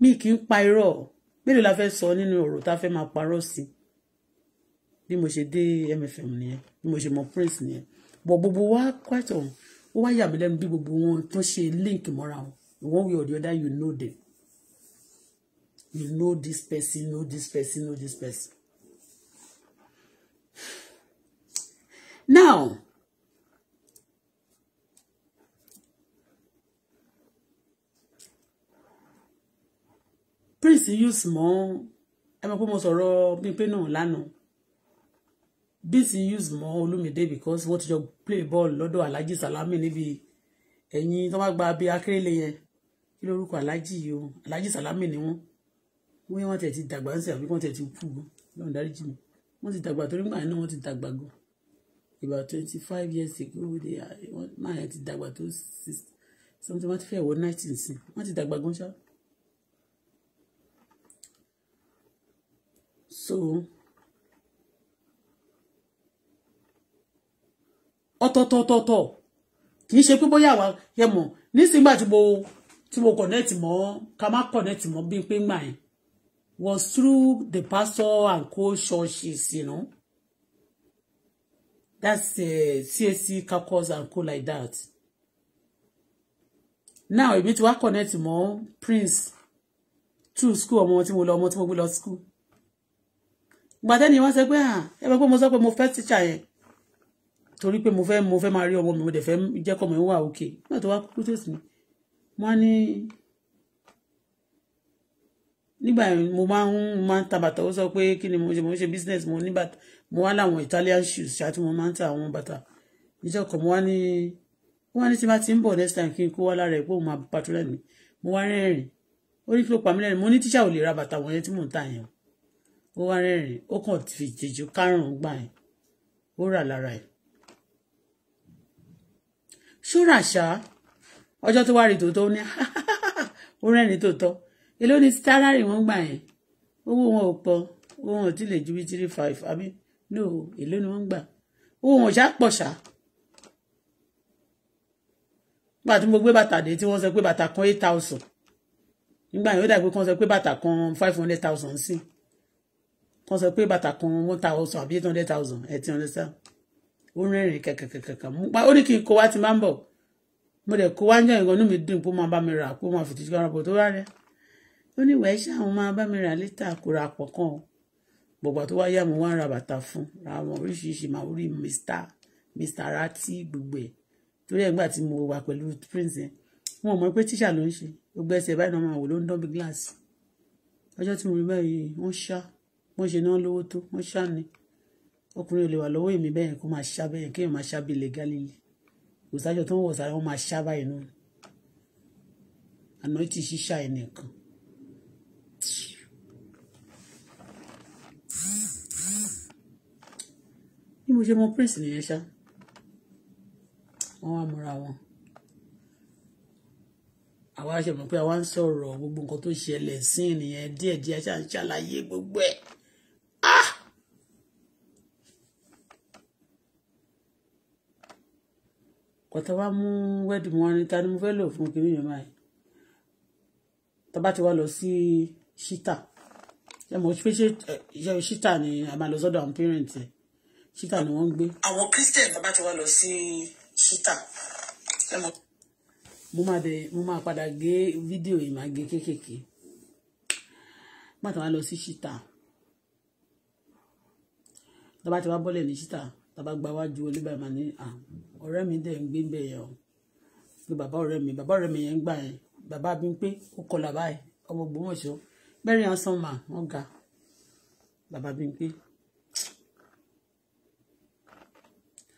mi kì í pa irọ́ mélòó la fẹ́ sọ nínú ọ̀rọ̀ tá a fẹ́ máa parọ́ sí bí mo ṣe dé MFM nìyẹn bí mo ṣe mọ Prince nìyẹn bọ̀ gbogbo wa quite ọ̀hún ó wá yà mí lẹ́nu bí gbogbo wọn tó ṣe link mọ́ra wọn one way or the other you know them you know this person know this person know this person Now, Prince use mọ́ ẹ mọ̀ pé mo sọ̀rọ̀ Bímpé náà lánàá. Prince use mọ́ Olúmídé because wọ́n ti jọ play ball lọ́dọ̀ Alhaji Salami níbi ẹ̀yìn tó bá gba abẹ́ akérèlé yẹn kí lórúkọ Alhaji yìí o Alhaji Salami ni wọ́n wọ́n yẹn wọ́n tẹ̀ ti dàgbà ń sè àbí wọ́n tẹ̀ ti kú lọ́run dáríjì mi wọ́n ti dàgbà torí nígbà náà wọ́n ti dàgbà gan about twenty five years ago they are máa yẹn ti dàgbà tó six something wọ́n ti fẹ́ wọ nineteen sí wọ́n ti dàgbà gan ṣá. so ọ̀tọ̀tọ̀tọ̀tọ̀ kì í ṣe pé bóyá àwa yẹ mọ̀ nísìnyígbà tí mo tí mo connect mọ́ ká má connect mọ́ bíi pé ń gbà yẹn was through the pastor and co-churches you know. That's uh, CSC calculus and co like that. Now ebi tí wàá connect more, Prince to school or tí mo lọ ọmọ tí mo school. But then you want to go? bá pé mo sọ pé mo to tíṣà yẹn torí pé mo fẹ́ mo fẹ́ máa rí ọmọ mi mo dẹ̀ fẹ́ jẹ́ kọ́ ọmọ yẹn wà òkè nígbà tó wá kú tó sì ni wọ́n á ní nígbà mo máa ń máa ń ta bàtà ó sọ pé kí ni mo ṣe mo ṣe business mo ní mo wá láwọn Italian shoes ṣáà tí mo máa ń ta àwọn bàtà níjọ́ kan mo wá ní wọ́n ní tí bá ti ń bọ̀ next time kí n kó wá lára ẹ̀ pé òun máa patrol mi mo wá rẹ́rìn ó ní kí ló pa mí lẹ́rìn mo ní tíṣà ò lè ra bàtà wọ̀nyẹn tí mò ń tà yẹn ó wá rẹ́rìn ó kàn fi jèjì kárùn-ún gbà yẹn ó rà lára ẹ̀ ṣúra ṣá ọjọ́ tó wá rí tòótọ́ ó ní ó rẹ́rìn tòótọ́ èló ni sítárárì wọ́n gbà yẹn owó wọn ò pọ̀ owó wọn ò tí lè ju bí three five àbí no èló ni wọ́n ń gbà ohun ọ̀sá pọ̀ ṣá nígbà tí mo gbé bàtà dé tí wọ́n sọ pé bàtà kan eight thousand nígbà yẹn ó dàgbé kan sọ pé bàtà kan five hundred thousand sí kan sọ pé bàtà kan one thousand àbí eight hundred thousand ẹ̀ ti hundred sá ó rẹ́rìn kẹ̀kẹ̀kẹ̀kẹ̀ mú pa ó ní kí n kó wá ti máa ń bọ̀ mo dẹ̀ kó wá ń jẹ́ ìgbọ́n inú mi dùn kó máa bá mi rà kó máa fìtìjú kan rà tó wá rẹ̀ ó ní ìwẹ̀ ṣáà máa bá mi rà lítà kó ra pọ̀ kan o gbogbo tó wá yá mo wá ra bàtà fún ra àwọn oríṣiríṣi màá rí mr mr rati gbogbo ẹ̀ torí ẹ̀gbà tí mo wà pẹ̀lú prince yẹn wọn ò mọ̀ pé tíṣà ló ń ṣe gbogbo ẹsẹ̀ báyìí náà máa wò ló ń dán bí gíláàsì ọjọ́ tí mo rí báyìí wọ́n ṣá wọ́n ṣe náà lówó tó wọ́n ṣá ni ọkùnrin ò lè wà lọ́wọ́ èmi bẹ́yẹn kó máa ṣá bẹ́yẹn kéèyàn máa ṣá bíi ilẹ̀ galilei kò sájọ tó ń wọ̀ sára wọ́n máa ṣá báyìí náà àná ti ṣíṣà ẹ̀ bí mo ṣe mọ prince nìyẹn ṣá wọn wá múra wọn àwa ṣe mọ̀ pé àwa ń sọ̀rọ̀ gbogbo nǹkan tó ṣẹlẹ̀ sí ènìyàn díẹ̀díẹ̀ ṣá ń ṣàlàyé gbogbo ẹ̀ ah. kọ̀tà wa mú wẹ́ẹ̀dì wọn ni ta ni mo fẹ́ lò fún kiri yẹn báyìí tá bá ti wá lọ sí ṣítà ṣe mo fi ṣe ṣe ṣítà ni a máa lọ sọ́dọ̀ àwọn parent ẹ̀ ṣítà ni wọ́n ń gbé. àwọn christian bàbá ti wá lọ sí ṣítà. mo máa dé mo máa padà gé fídíò yìí máa gé kéékèèké má tàn wá lọ sí ṣítà tọ́ba ti wá bọ́lẹ̀ ní ṣítà tọ́ba gba wájú olúbàmà ní ọ̀rẹ́ mi dẹ̀ ń gbé bẹ́ẹ̀ yẹn o pé bàbá ọ̀rẹ́ mi bàbá ọ̀rẹ́ mi yẹn ń gbà yẹn bàbá mi pé ó kọlà báyìí ọmọ Ògbómọ̀ṣọ́ very handsome man wọ́n ga bàbá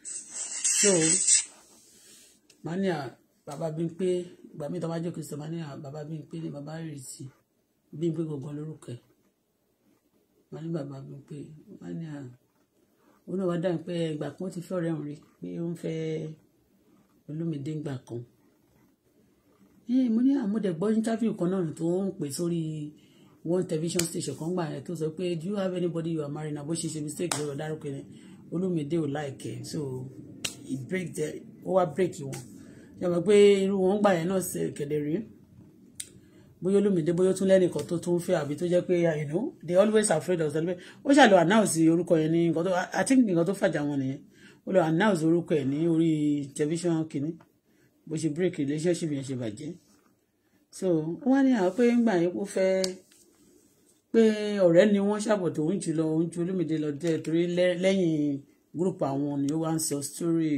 so mania Baba Bimpe bàbá Bímpé ìgbà mi tó bá jókòó sọ màá ní à bàbá Bímpé ní Bimpe Ìrètí Bímpé gangan lórúkọ ẹ̀ màá ní bàbá Bímpé màá ní à òun náà wá dáhùn pé ìgbà kan ti fẹ́ ọ̀rẹ́ òun rí pé ó ń fẹ́ Olúmídé ńgbà kan mo ní àmúdẹ̀gbọ́ interview kan náà tó ń pè sórí. So one television station kan gbà yẹn tó sọ pé do you have anybody you are married na bó ṣe ṣe mistake lọ́rọ̀ dárúkọ yẹn olómìnira ò láìkẹ so he break the ó wá break wọn yàgbọ́ pé irú wọn gbà yẹn náà ṣe kẹ̀dẹ̀ rí bóyá olómìnira bóyá tún lẹ́nìkan tó tún fẹ́ àbí tó jẹ́ pé you know they always afraid of celebrate ó ṣàlọ́ announce orúkọ yẹn ní nǹkan tó i think nǹkan tó fàjà wọn nìyẹn ó lọ announce orúkọ ẹ̀ ní orí television kìíní bó ṣe break relationship yẹn ṣe bàjẹ́ so wọ́n ní àwọn pé ńgbà yẹn kó fẹ́ẹ́ pé ọ̀rẹ́ ni wọ́n ṣàbọ̀tò òun jùlọ òun ju olúmìdé lọ dé torí lẹ́yìn gúrùpù àwọn ni ó wá ń sọ sítórì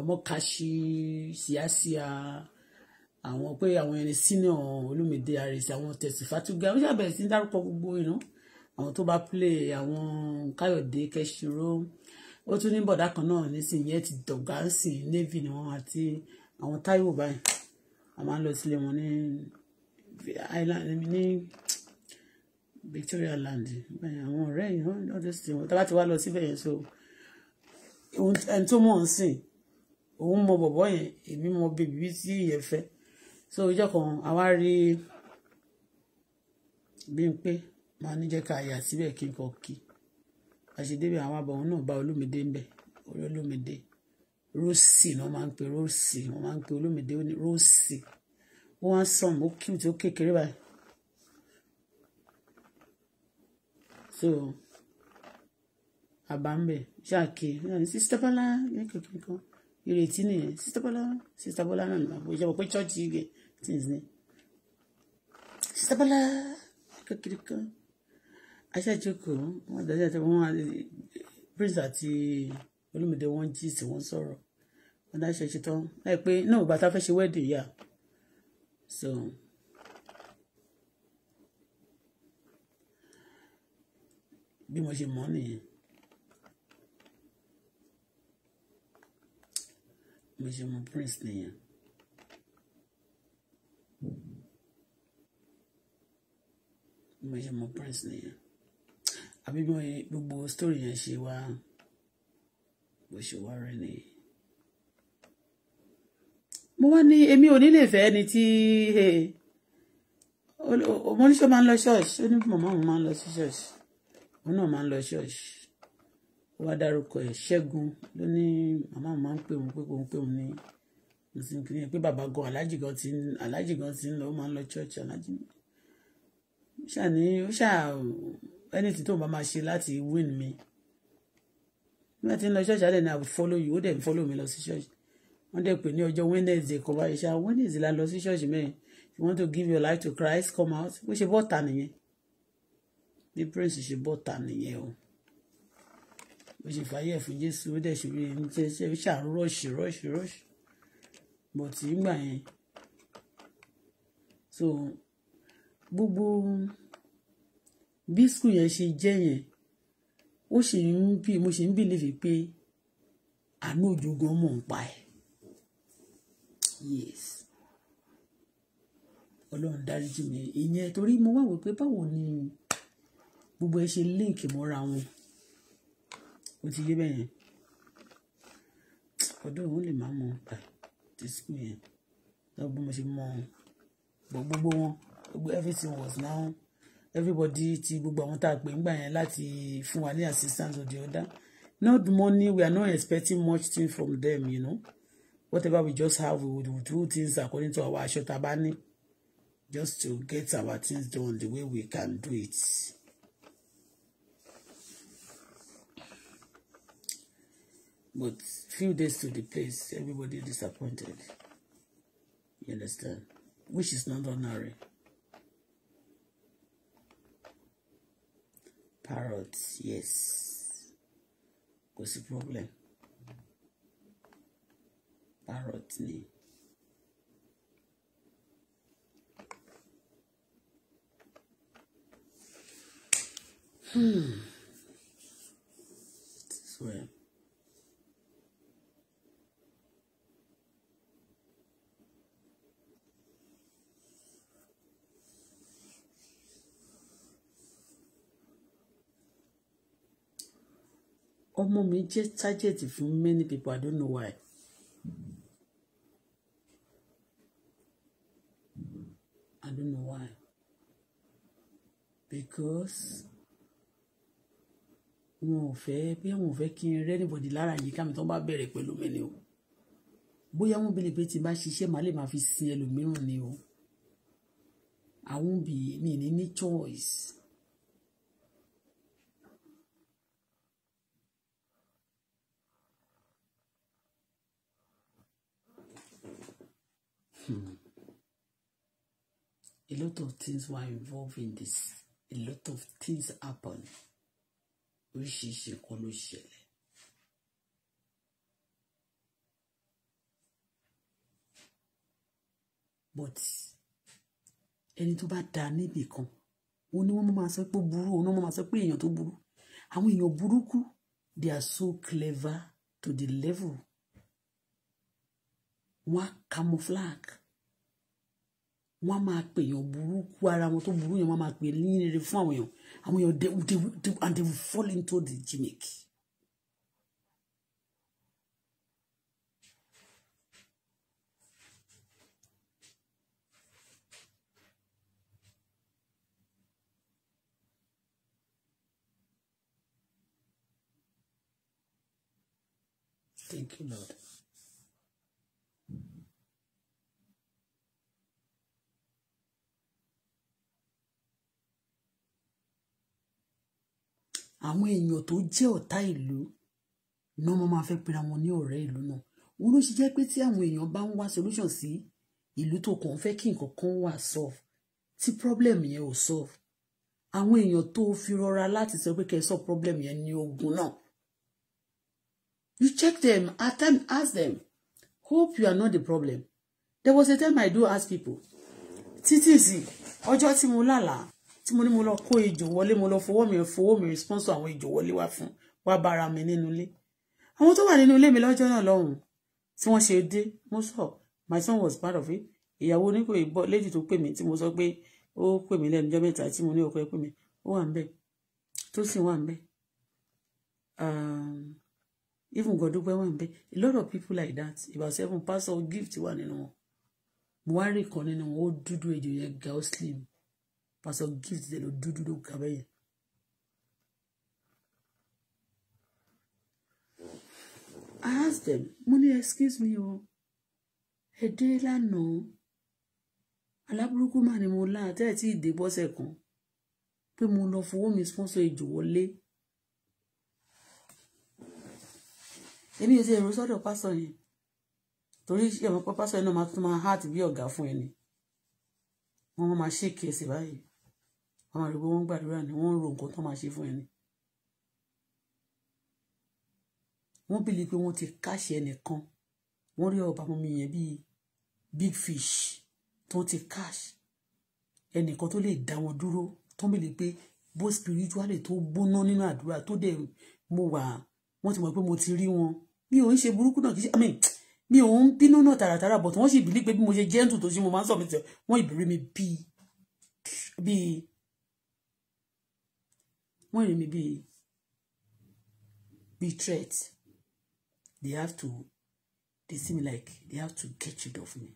ọmọkàṣí síásíá àwọn pé àwọn ẹni sínú olúmìdé àrèsí àwọn tẹ̀sífàtúgà ó ṣàbẹ̀rẹ̀ sí ń dárúkọ gbogbo ìran àwọn tó bá play àwọn káyọ̀dé kẹ́sìrò ó tún ní bọ̀dá kan náà nísìnyí ẹ̀ ti dọ̀gá sí navy ni wọ́n àti àwọn táíwò báyìí a máa ń lọ sílé wọn ní island ní Victoria Land àwọn ọ̀rẹ́ yìí ọdún sí wọn tá bá ti wá lọ síbẹ̀ yẹn so ẹni tó mọ̀ ń sìn òun mọ bọ̀bọ̀ yẹn èmi mọ bèbí tí ìyẹn fẹ́ so ìjọ kan àwa rí bí n pé màá ní jẹ́ ká yà síbẹ̀ kí n kọ kí àṣedébẹ̀ àwọn abàwọn náà bá olómìdé ń bẹ̀ orí olómìdé rósì ni wọ́n máa ń pe rósì wọ́n máa ń pe olómìdé rósì wọ́n á sàn ó cute ó kékeré báyìí so Abambe àbámbẹ̀ ṣáàkì sista bọ́lá kankan ìrètí nìyẹn sista bọ́lá sista bọ́lá náà nìyẹn ìjọba pé chọ́ọ̀chì yìí gẹ̀ things ni sista bọ́lá kékeré kan aṣáájókòó wọn dájú àti wọn prince àti olùmìdé wọn jí sí wọn sọ̀rọ̀ wọn dáṣẹ ṣetán láìpẹ́ náà bàtà fẹ́ ṣe wedding yà so. bí mo ṣe mọ̀ nìyẹn mo ṣe mọ̀ prince nìyẹn. mo ṣe mọ̀ prince nìyẹn àbí bí gbogbo story yẹn ṣe wá bó ṣe wá rẹ nìyẹn mo wá ní èmi ò ní lè fẹ́ ẹni tí mo ní sọ máa ń lọ ṣọ́ọ̀ṣì ó ní mọ̀mọ́ mi máa ń lọ sí ṣọ́ọ̀ṣì òun náà máa ń lọ ṣọ́ọ̀ṣì ó wá dárúkọ ẹ̀ ṣẹ́gun ló ní màmá mi máa ń pè òun pé òun pé òun ní mùsùlùmí kìíní pé bàbá gan aláàjì gan ti aláàjì gan ti ń lọ ó máa ń lọ ṣọ́ọ̀ṣì aláàjì ṣáà ní ó ṣáà ẹni tí tóun bá máa ṣe láti win mi nígbà tí ń lọ ṣọ́ọ̀ṣì alẹ́ ní I will follow you ó dẹ̀ follow me, lọ sí ṣọ́ọ̀ṣì wọ́n dẹ̀ pè ní ọjọ́ Wednesday kan báyìí ṣá Wednesday la lọ sí ṣọ́ọ̀ṣì mẹ́rin if you want to give your life to Christ come out bó ṣe bọ́ta nìyẹn bí prince ṣe bọ́ta nìyẹn o ó ṣe fàyè fún jésù ó dẹ̀ ṣe bí ẹni tẹ́ ṣe ṣàrùn rọ́ọ̀ṣì rọ́ọ̀ṣì rọ́ọ̀ṣì bọ̀ tí ń gbà yẹn so gbogbo bí skul yẹn ṣe jẹ́ yẹn ó ṣì ń bí mo ṣì ń bìlìfì pé àánú òjò gan mọ̀ ń pa ẹ̀ yes ọlọ́run dáríjì mi ìyẹn torí mo wá wò pé báwo ni gbogbo ẹ ṣe link mọ́ra wọn ó ti yé bẹ́yẹn ọdún òun lè má mọ pa ti school yẹn lọ bí mo ṣe mọ gbogbo wọn gbogbo everything was now everybody ti gbogbo àwọn tá a pè ńgbà yẹn láti fún wa ní assistance of the other not money we are not expecting much thing from them you know whatever we just have we would do things according to our aṣọ tá a bá ní just to get our things done the way we can do it. But few days to the place, everybody disappointed. You understand? Which is not ordinary. Parrots, yes. What's the problem? Parrot ni. Hmm. Swear. ọmọ mi jẹ́ target fún many people I don't know why. I don't know why. Because wọn ò fẹ́ bí wọn ò fẹ́ kí n rẹ́ anybody lára yìí kámi tó bá bẹ̀rẹ̀ pẹ̀lú mi ni o. Bóyá wọn bèèrè pé tí n bá ṣiṣẹ́ màá lè máa fi sin ẹlòmíràn ni o. I won't be mi ní choice. Hmm. A lot of things were involved in this. A lot of things happened. Oríṣiríṣi nǹkan ló ṣẹlẹ̀. But ẹni tó bá da níbì kan, òun ni wọ́n máa sọ pé ó burú, òun ni wọ́n máa sọ pé èèyàn tó burú. Àwọn èèyàn burúkú, they are so clever to the level wọ́n á camouflage wọ́n á máa pè èèyàn burúkú ara wọn tó burú yẹn wọ́n á máa pè ní rere fún àwọn èèyàn àwọn èèyàn they they they and they will fall into the gimmick. Thank you, Lord. àwọn èèyàn tó jẹ́ ọ̀tá ìlú náà wọ́n máa fẹ́ pera wọn ní ọ̀rẹ́ ìlú náà wọ́n ló ṣe jẹ́ pé tí àwọn èèyàn bá ń wá solution sí ìlú tó kàn fẹ́ kí nǹkan kan wà solve tí problem yẹn ò solve àwọn èèyàn tó fi rọra láti sọ pé kẹsàn problem yẹn ní ogun náà you check them at time ask them hope you are not the problem there was a time I do ask people títí sí ọjọ́ tí mo lálàá tí mo ní mo lọ kó ejò wọlé mo lọ fowó mi fowó mi response àwọn ejò wọlé wá fún wá bára mi nínú ilé àwọn tó wà nínú ilé mi lọ́jọ́ náà lọ́hùn tí wọ́n ṣe dé mo sọ my son was part of it ìyàwó oníkò ìbọ lady tó pè mí tí mo sọ pé ó pè mí lẹ́nu ọjọ́ mẹ́ta tí mo ní ọkọ ẹ pè mí ó wà ń bẹ̀ tó sì wà ń bẹ̀ um, even Godúpẹ́ wà ń bẹ̀ a lot of people like that about seven pastor gift wà nínú wọn mo wá rí kan nínú wọn ó dúdú ejò yẹn ga ó slim Pastor gift tẹ̀lé dúdú ló kà bẹ́yẹn. I asked them, mo excuse me oh. ẹ dé lánàá, aláburúkú mà ni mo lá àtẹ́ tí ì dé bọ́sẹ̀ kan pé mo lọ fowó mi sponsor ìjò wọlé. Èmi ò ti èrò sọ́dọ̀ pásọ yẹn, torí ẹ̀mọ́ pé pásọ yẹn náà máa tún máa hàt bí ọ̀gá fún ẹni, wọ́n máa ṣèkì wọ́n máa rí pé wọ́n gbàdúrà ni wọ́n ń ro nǹkan tó máa ṣe fún ẹni wọ́n bìlí pé wọ́n ti káṣẹ ẹnìkan wọ́n rí ọba mọ́mi yẹn bíi big fish tó ti cash ẹnìkan tó lè dá wọn dúró tó bìlí pé bó spiritually tó gbóná nínú àdúrà tó dẹ̀ mo wà wọ́n ti mọ̀ pé mo ti rí wọn mi ò ń ṣe burúkú náà kì í ṣe mi ò ń bínú náà tààràtàrà bọ̀ tí wọ́n sì bìlí pé bí mo ṣe gentle tó ṣe mo máa ń sọ̀ mi tẹ̀ wọ́n ìbírí mi bíi bíi wọ́n rìn mí bíi bíi threat they have to they seem like they have to get rid of me.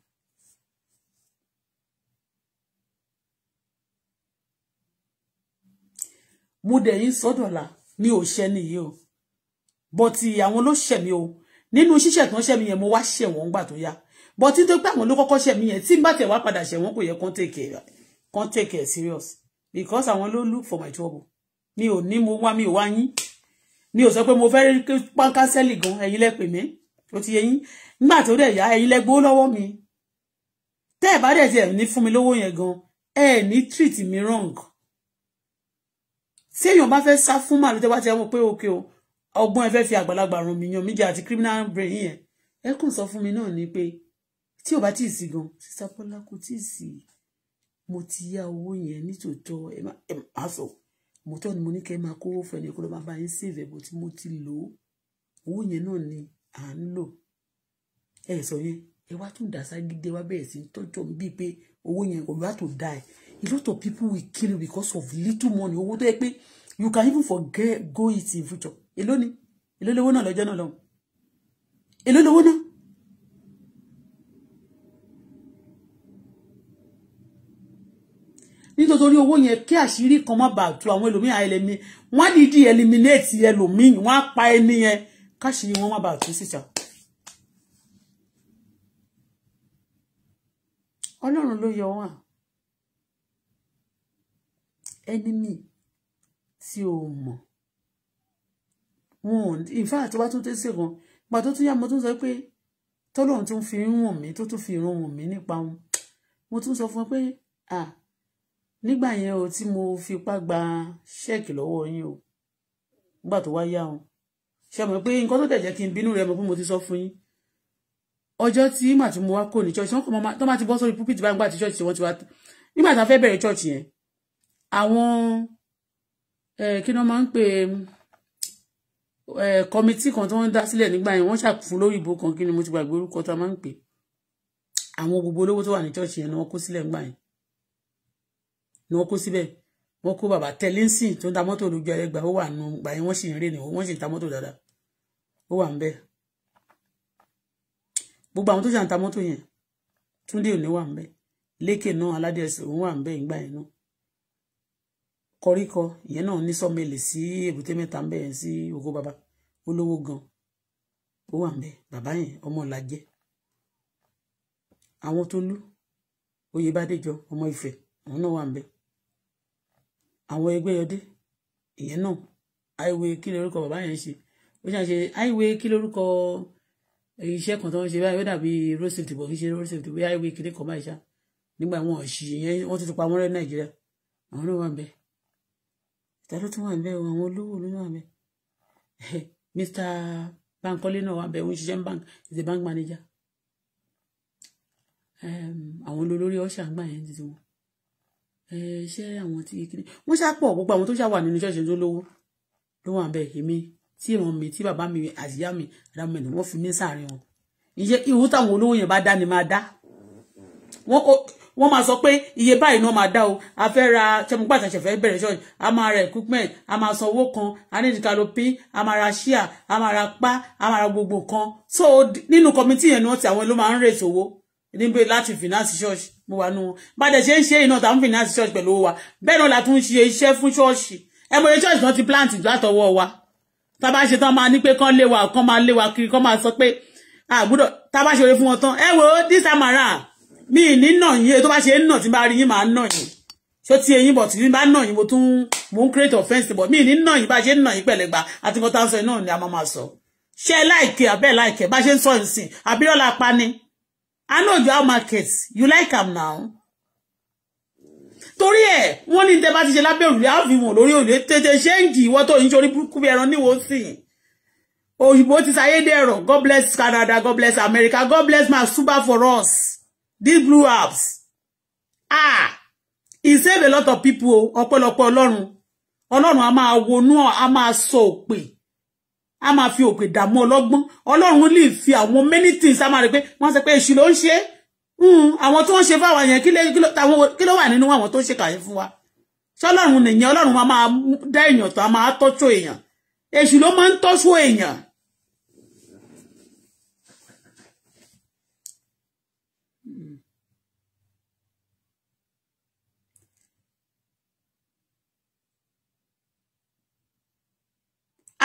mo dẹ̀ yín sọ́dọ̀la mi ò ṣẹ́ nìyí o bọ́tì àwọn ló ṣẹ̀ mí o nínú ṣíṣẹ̀ tó ń ṣẹ̀ mí yẹn mo wá ṣẹ̀ wọ́n gbà tó yá bọ́tì tó pé àwọn ló kọ́kọ́ ṣẹ̀ mí yẹn tí n bá tẹ̀ wá padà ṣẹ̀ wọ́n kò yẹ kán take care kán take care serious because àwọn ló look for my trouble mi ò ní mo wá mi ò wá yín mi ò sọ pé mo fẹ́ pánkásẹ́lì gan ẹ̀yin lẹ pè mí ó ti yẹ yín nígbà tó dẹ̀ yá ẹ̀yin lẹ gbowó lọ́wọ́ mi tẹ́ ẹ̀ bá dẹ̀ tiẹ̀ ní fún mi lówó yẹn gan ẹ̀ ní treat mi wrong tí èèyàn bá fẹ́ sá fún màlúù tẹ́ bá ti ẹ̀ mọ̀ pé o ọgbọ́n ẹ fẹ́ fi àgbàlagbà ràn mí yan mí jẹ àti criminal brain yẹn ẹ kàn sọ fún mi náà ni pé tí ò bá tí ì sí gan sísá bọ́lá kò tí ì sí mo ti yá owó yẹn nítòótọ́ ẹ má sọ mo tọ́ ni mo ní kẹ́ máa kówó fẹ́ ni kó ló máa bá yín sèvè bó tí mo ti lò ó owó yẹn náà ni à ń lò ẹ sọ yẹn ẹ wá tún dàsá gidi wá bẹ̀rẹ̀ sí tọ́jọ́ bíi pé owó yẹn kò lọ́wọ́ tó da ẹ̀ a lot of people will kill because of little money owó tó yẹ pé you can even forget go it in future èló ni èló lówó náà lọ́jọ́ náà lọ́hùn èló lówó náà nítorí owó yẹn kí àṣírí kan má bàa tú àwọn ẹlòmíì àìlẹ́ni wọ́n á dídí eliminate ẹlòmíì wọ́n á pa ẹni yẹn káṣírí wọn má bàa tú síta. ọlọ́run ló yọ wọn ẹnìmí tí o mọ̀ wọn ò in fact wá tó tẹ́sí gan gbà tó tún yá mo tún sọ pé tọ́lọ́run tún fi ń wọ̀n mí tó tún fi ìran wọ̀n mí nípa wọn mo tún sọ fún ọ pé ah nígbà yẹn o tí mo fipá gba ṣẹ́ẹ̀kì lọ́wọ́ yín o nígbà tó wá yá o ṣe mọ̀ pé nǹkan tó dẹ̀ jẹ́ kí n bínú rẹ mọ̀ pé mo ti sọ fún yín ọjọ́ tí màá ti mo wá kò ní church wọn kò mọ tó máa ti bọ́ sórí púpìtì bá ń gbà tí church wọn ti wá nígbà tá a fẹ́ bẹ̀rẹ̀ church yẹn àwọn kí ni wọ́n máa ń pè kọmitì kan tí wọ́n dá sílẹ̀ nígbà yẹn wọ́n ṣàkùfún lórí ìbò kan kí ni mo ti gbàgbé orúkọ tó máa ń pè àwọn gbogbo olówó tó wà ní church yẹn ni wọ́n kó sílẹ̀ nígbà yẹn ni wọ́n kó síbẹ̀ wọ́n kó bàbá tẹlẹsìn tó ń ta mọ́tò olùjọ ẹgbàá ó wà nù gbà yẹn wọ́n sì ń rè ní wọ́n sì ń ta mọ́tò dáadáa ó wà ń bẹ̀ gbogbo àwọn tó ṣà ń ta mọ́tò yẹn túndé òní wà ń bẹ̀ lékè náà aládìẹsẹ òun wà ń bẹ̀ ìgbà yẹn náà kọríkọ ìyẹn náà ní sọmẹlì sí èbúté mẹ́ta ń bẹ̀ yẹn sí ògo bàbá olówó gan ó wà ń bẹ̀ bàbá yẹn ọmọ làjẹ àwọn tó lú oyèbádéjọ ọmọ Ifẹ̀ àwọn náà wà ń bẹ̀ àwọn ẹgbẹ́ ọdẹ ìyẹn náà highway kí lórúkọ bàbá yẹn ṣe ó ṣàṣe highway kí lórúkọ iṣẹ́ kan tó ń ṣe báyìí ó dàbí road safety bọ̀ kí ṣe road safety bóyá highway kiri kan báyìí ṣá nígbà wọn ṣì yẹn wọn tuntun pa wọn rẹ nàìjíríà àwọn ló wà ń bẹ ìta ló tún wà ń bẹ àwọn olówó ló wà ń bẹ Mr. Bankole náà wà ń bẹ òun ṣiṣẹ́ bank is a bank manager àwọn olórí ọṣà ń gbà yẹn ti tiwọn ṣé àwọn tí kiri wọ́n ṣá pọ̀ gbogbo àwọn tó ṣá wà nínú ṣọ́ọ̀ṣì tó lówó ló wà bẹ́ẹ̀ èmi tí ìran mi tí bàbá mi àtìyá mi àdàmọ ẹni wọ́n fi mí sáàrin wọn iye ìwú táwọn olówó yẹn bá dá ni máa dá wọ́n máa sọ pé iye báyìí náà máa dá o a fẹ́ ra ṣẹ́mu gbà ṣẹ̀ṣẹ̀ fẹ́ bẹ̀rẹ̀ ṣọ́ọ̀ṣì a máa ra equipment a máa san owó kan a ní ìdíkalopin a máa ra ṣíà a máa ra pá a máa ra gbogbo kan so nínú kọmitì yẹn ni wọ́n ti àwọn ló máa ń rètò owó níbi láti finance ṣọ́ọ̀ṣì mo wà nù wọn bá dẹ̀ ṣe ń ṣe iná tàwọn finance church pẹ̀lú wa bẹ́ẹ̀ náà la tún ṣe iṣẹ́ fún ṣọ́ọ̀ṣì ẹ mọ̀ iye church náà ti plant látọwọ́ wa tá bá ṣe tán máa ní pé kán lé wa kán máa lé wa kiri kán máa sọ pé àgbúdọ̀ tá bá ṣe oore fún wọn tán ẹ wò ó this time around mi ì ní nà yín tó bá ṣe ń nà tí bá rí yín máa nà yín ṣó tí eyín bọ̀ tí bá nà yín mo tún mo ń create offence bọ̀ mi ì ní nà yín bá ṣe ń nà yín pẹ̀lẹ́gbà àti nǹkan tá a sọ náà ni a máa máa sọ ṣe láìkè àbẹ́ láìkè bá ṣe ń sọ ìsìn àbírọ́lá pa ni I know Joao markets. you like am now torí ẹ̀ wọ́n ní tẹ́ bá ti ṣe lábẹ́ òrùlé àfihàn lórí òrùlé tètè ṣe ń kì í wọ́n tó ń ṣorí burúkú bí ẹran níwò sí òyìnbó ti ṣayédèrò God bless Canada God bless America God bless my super for us these blue apps ah he save a lot of people ọ̀pọ̀lọpọ̀ Ọlọ́run Ọlọ́run a máa wonú a máa sọ òpè a máa fi òpè dààmú ọlọ́gbọ́n ọlọ́run lè fi àwọn many things a máa rè pé wọ́n sọ pé èṣù ló ń ṣe hmm, àwọn tó ń ṣe fáwọn yẹn kí ló wà nínú àwọn tó ń ṣe kàyé fún wa ṣọlọ́run nìyẹn ọlọ́run máa dá èèyàn to a máa tọ́jú èèyàn èṣù ló máa ń tọ́jú èèyàn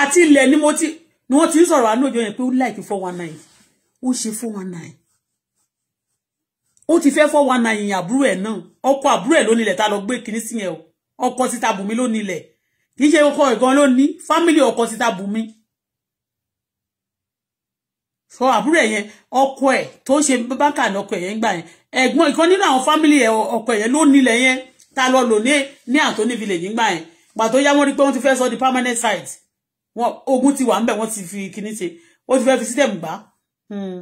àti ilẹ̀ ni mo ti ni wọ́n ti ń sọ̀rọ̀ àánú òjò yẹn pé ó láìkí four one nine ó ṣe four one nine ó ti fẹ́ four one nine yìnyín àbúrò ẹ̀ náà ọkọ àbúrò ẹ̀ ló nílẹ̀ tá lọ gbé kinní sí yẹn o ọkọ títa bùnmi ló nílẹ̀ kì í ṣe ọkọ ẹ̀ gan fámìlì ọkọ títa bùnmi so àbúrò ẹ̀ yẹn ọkọ ẹ̀ tó ṣe bákà ní ọkọ ẹ̀ yẹn gbà yẹn ẹ̀gbọ́n ìkan nínú àwọn fámìlì ọkọ ẹ̀ yẹn ló nílẹ̀ yẹn tá lọ lò ní ní Anthony village nígbà yẹn gbà tó yá wọn rí pé wọ́n ti fẹ́ sọ di permanent site wọn ogun ti wà ń bẹ̀ wọ́n ti fi kíní ṣe ó ti fẹ́ fi system gbá hmm.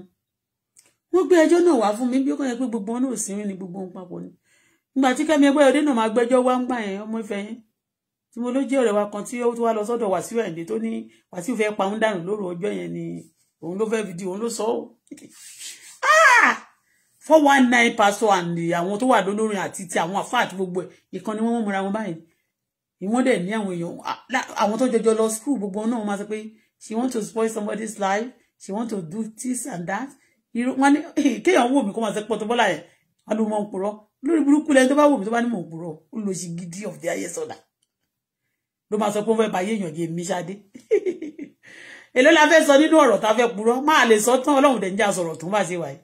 wọ́n gbé ẹjọ́ náà wá fún mi bí ó kàn yẹ pé gbogbo wọn náà sí ní gbogbo wọn papọ̀ ni nígbà tí Kẹ́mi ẹgbẹ́ ọdẹ náà máa gbẹ́jọ́ wá ń gbà yẹn ọmọ Ifẹ̀ yẹn tí mo ló jẹ́ ọ̀rẹ́ wa kan tí ó tó wá lọ sọ́dọ̀ Wàsíù Àyìndé tó ní Wàsíù fẹ́ pa ń dànù lóru ọjọ́ yẹn ni òun ló fẹ́ fìdí òun ló sọ ah! four one nine pastor and àwọn tó wà lólórin àti ti àwọn àfáà àti gbogbo ẹ̀ ìkan ni wọ́n mú múra wọn báyìí ìwọ́n dẹ̀ ní àwọn èèyàn àwọn tó jọjọ lọ school gbogbo náà máa sọ pé she want to spoil somebody's life she want to do this and that irú wọn ní kéèyàn wò mí kó máa sọ pọ̀ tó bọ́lá yẹn wọn ló mọ̀ ń purọ́ lórí burúkú lẹni tó bá wò mí tó bá ní mọ̀ ń purọ́ ó lọ sí gidi of the highest order ló máa sọ pé ó fẹ́ ba ayé èèyàn jẹ mí ṣáde èló la fẹ́ sọ nínú ọ̀rọ̀ tá a fẹ́ purọ́ máa lè sọ tán ọlọ́run dẹ̀ ń já sọ̀rọ̀ tó ń bá ṣe wáyé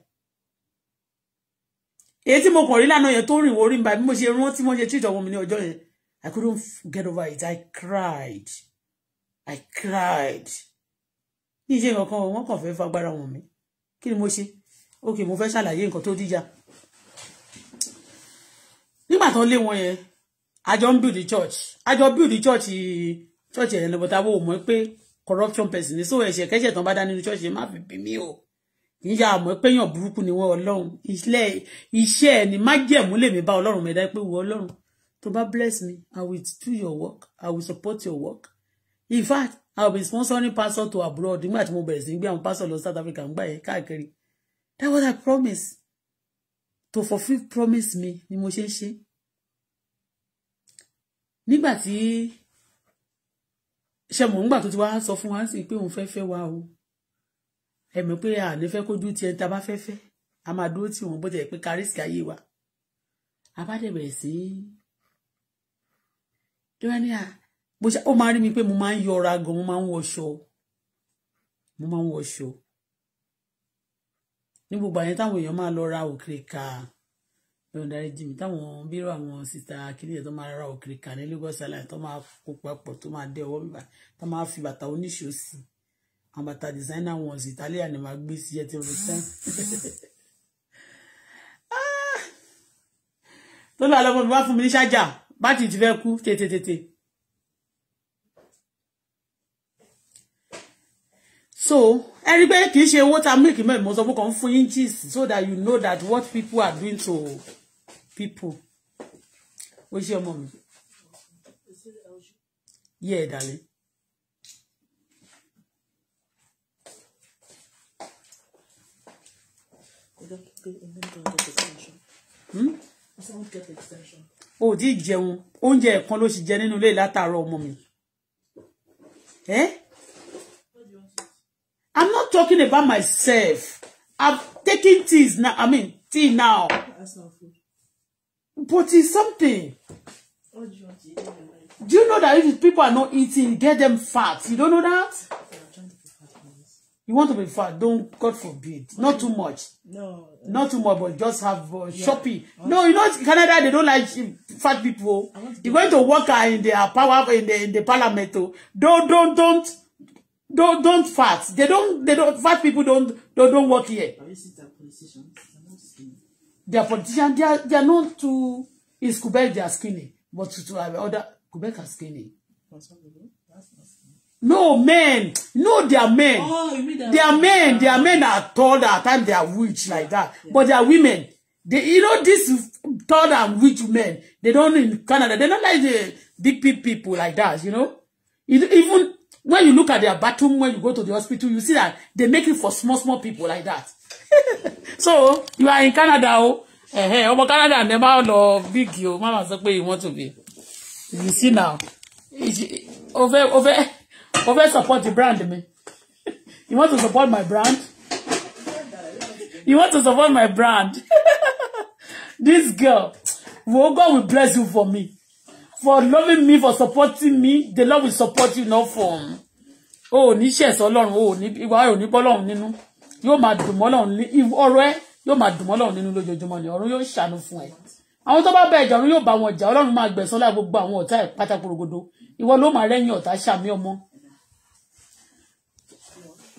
èyí tí mo kàn rí lánàá yẹn tó rìn wọ orí mi bá bí mo ṣe rán tí mo ṣe tíjọ wọn mi ní ọjọ́ yẹn I couldn't get over it. I cried. I cried. Ní ìṣe kankan wọ́n kàn fẹ́ fagbára wọn mi. Kí ni mo ṣe? Ok, mo fẹ́ ṣàlàyé nǹkan to dìjà. Nígbà tó lé wọn yẹn, I don't build the church. I don't build the church church ẹ̀yẹn lọ́bọ̀ tá a bò mọ̀ corruption person ní so ẹ̀ṣẹ̀ kẹ́ṣẹ̀ tán bá dá nínú church yẹn má fi bí mí o. Kì í ṣe àmọ́ pé èèyàn burúkú ni wọ́n Ọlọ́run. Iṣẹ́ ẹ̀ ni májẹ̀mú lèmi bá Ọlọ́run mẹ́dá pé wọ́n To bá bless me i will do your work i will support your work in fact i will be sponsoring pastor to abroad nígbà tí mo bẹ̀rẹ̀ sí gbé àwọn pastor lọ south africa ń gbà yẹn káàkiri that was i promise to fulfill promise me, ni mo ṣe ń ṣe nígbà tí ṣe mọ̀ nígbà tó ti wá sọ fún wa sí pé òun fẹ́ fẹ́ wa o ẹ mọ̀ pé àní fẹ́ kójú tiẹ̀ ta bá fẹ́ fẹ́ a do dúró tí wọn bó tẹ̀ pé kárísìkì ayé wa a bá dẹ̀ bẹ̀rẹ̀ sí lóyún ah, bó ṣe ó máa rí mi pé mo máa ń yọra gan mo máa ń wọṣọ mo máa ń wọṣọ ní gbogbo àyẹn táwọn èèyàn máa lọ ra òkèrè ká lọ́dún darí jì mí táwọn bírò àwọn sista akíndíyẹ tó máa ra òkèrè ká ní Lagos Island tó máa kó papọ̀ tó máa dé ọwọ́ bíbá tó máa fi bàtà oníṣòó sí àwọn bàtà designer ones Italian ni màá gbé sí ẹ ti rò tán ah! tó lọ àlọ́ mọ̀ mi wá fún mi ní ṣájà bátì ti fẹ́ kú tètè tètè. so ẹ rí pé kì í ṣe owó tá a make mẹ́rin mo sọ pé kàn fún yín so that you know that what people are doing to people ó ṣe ọmọ mi yẹ ẹ dàlẹ. Hmm? Someone get the extension o ò tí ì jẹun oúnjẹ kan ló sì jẹ nínú ilé látàárọ̀ ọmọ mi eh I'm not talking about myself I'm taking things now I mean tea now but it's something do you know that if people are not eating get them fat you don't know that. You want to be fat? Don't God forbid. Not too much. No. Not too much, but just have uh, yeah. shopping. Okay. No, you know Canada they don't like fat people. You going to work uh, in their uh, power in the in the parliament. Oh. Don't don't don't don't don't fat. They don't they don't fat people don't don't don't work here. They are politicians. They are they are not too. In Quebec they are skinny, but to, to other Quebec are skinny. That's what No men. No, they are men. Oh, you mean they, are men. They are men that are tall. at time they are rich like that. Yeah. But they are women. They, you know, these tall and rich men. They don't in Canada. They're not like the big people like that. You know. Even when you look at their bathroom, when you go to the hospital, you see that they make it for small small people like that. So you are in Canada, oh. Eh, ọmọ Canada never lọ big o. Oh. Mama sọ pé you want to be. You see now. Over over mo fẹ́ support the brand mi you want to support my brand you want to support my brand this girl well God will bless you for me for loving me for supporting me the Lord will support you not for Oh, ní ṣẹ̀sọ́ ọlọ́run o ní ìwà ò ní bọ́lọ́run nínú yóò máa dùn mọ́lọ́run ọ̀rọ̀ ẹ yóò máa dùn mọ́lọ́run nínú lójoojúmọ́ ni ọ̀run yóò ṣàánú fún ẹ àwọn tó bá bẹ ìjà ọ̀run yóò bá wọn jà ọlọ́run máa gbẹ̀san láì gbogbo àwọn ọ̀tá ẹ̀ pátákó rogodo ìwọ ló máa rẹ́yìn ọ̀tá ṣàmì ọmọ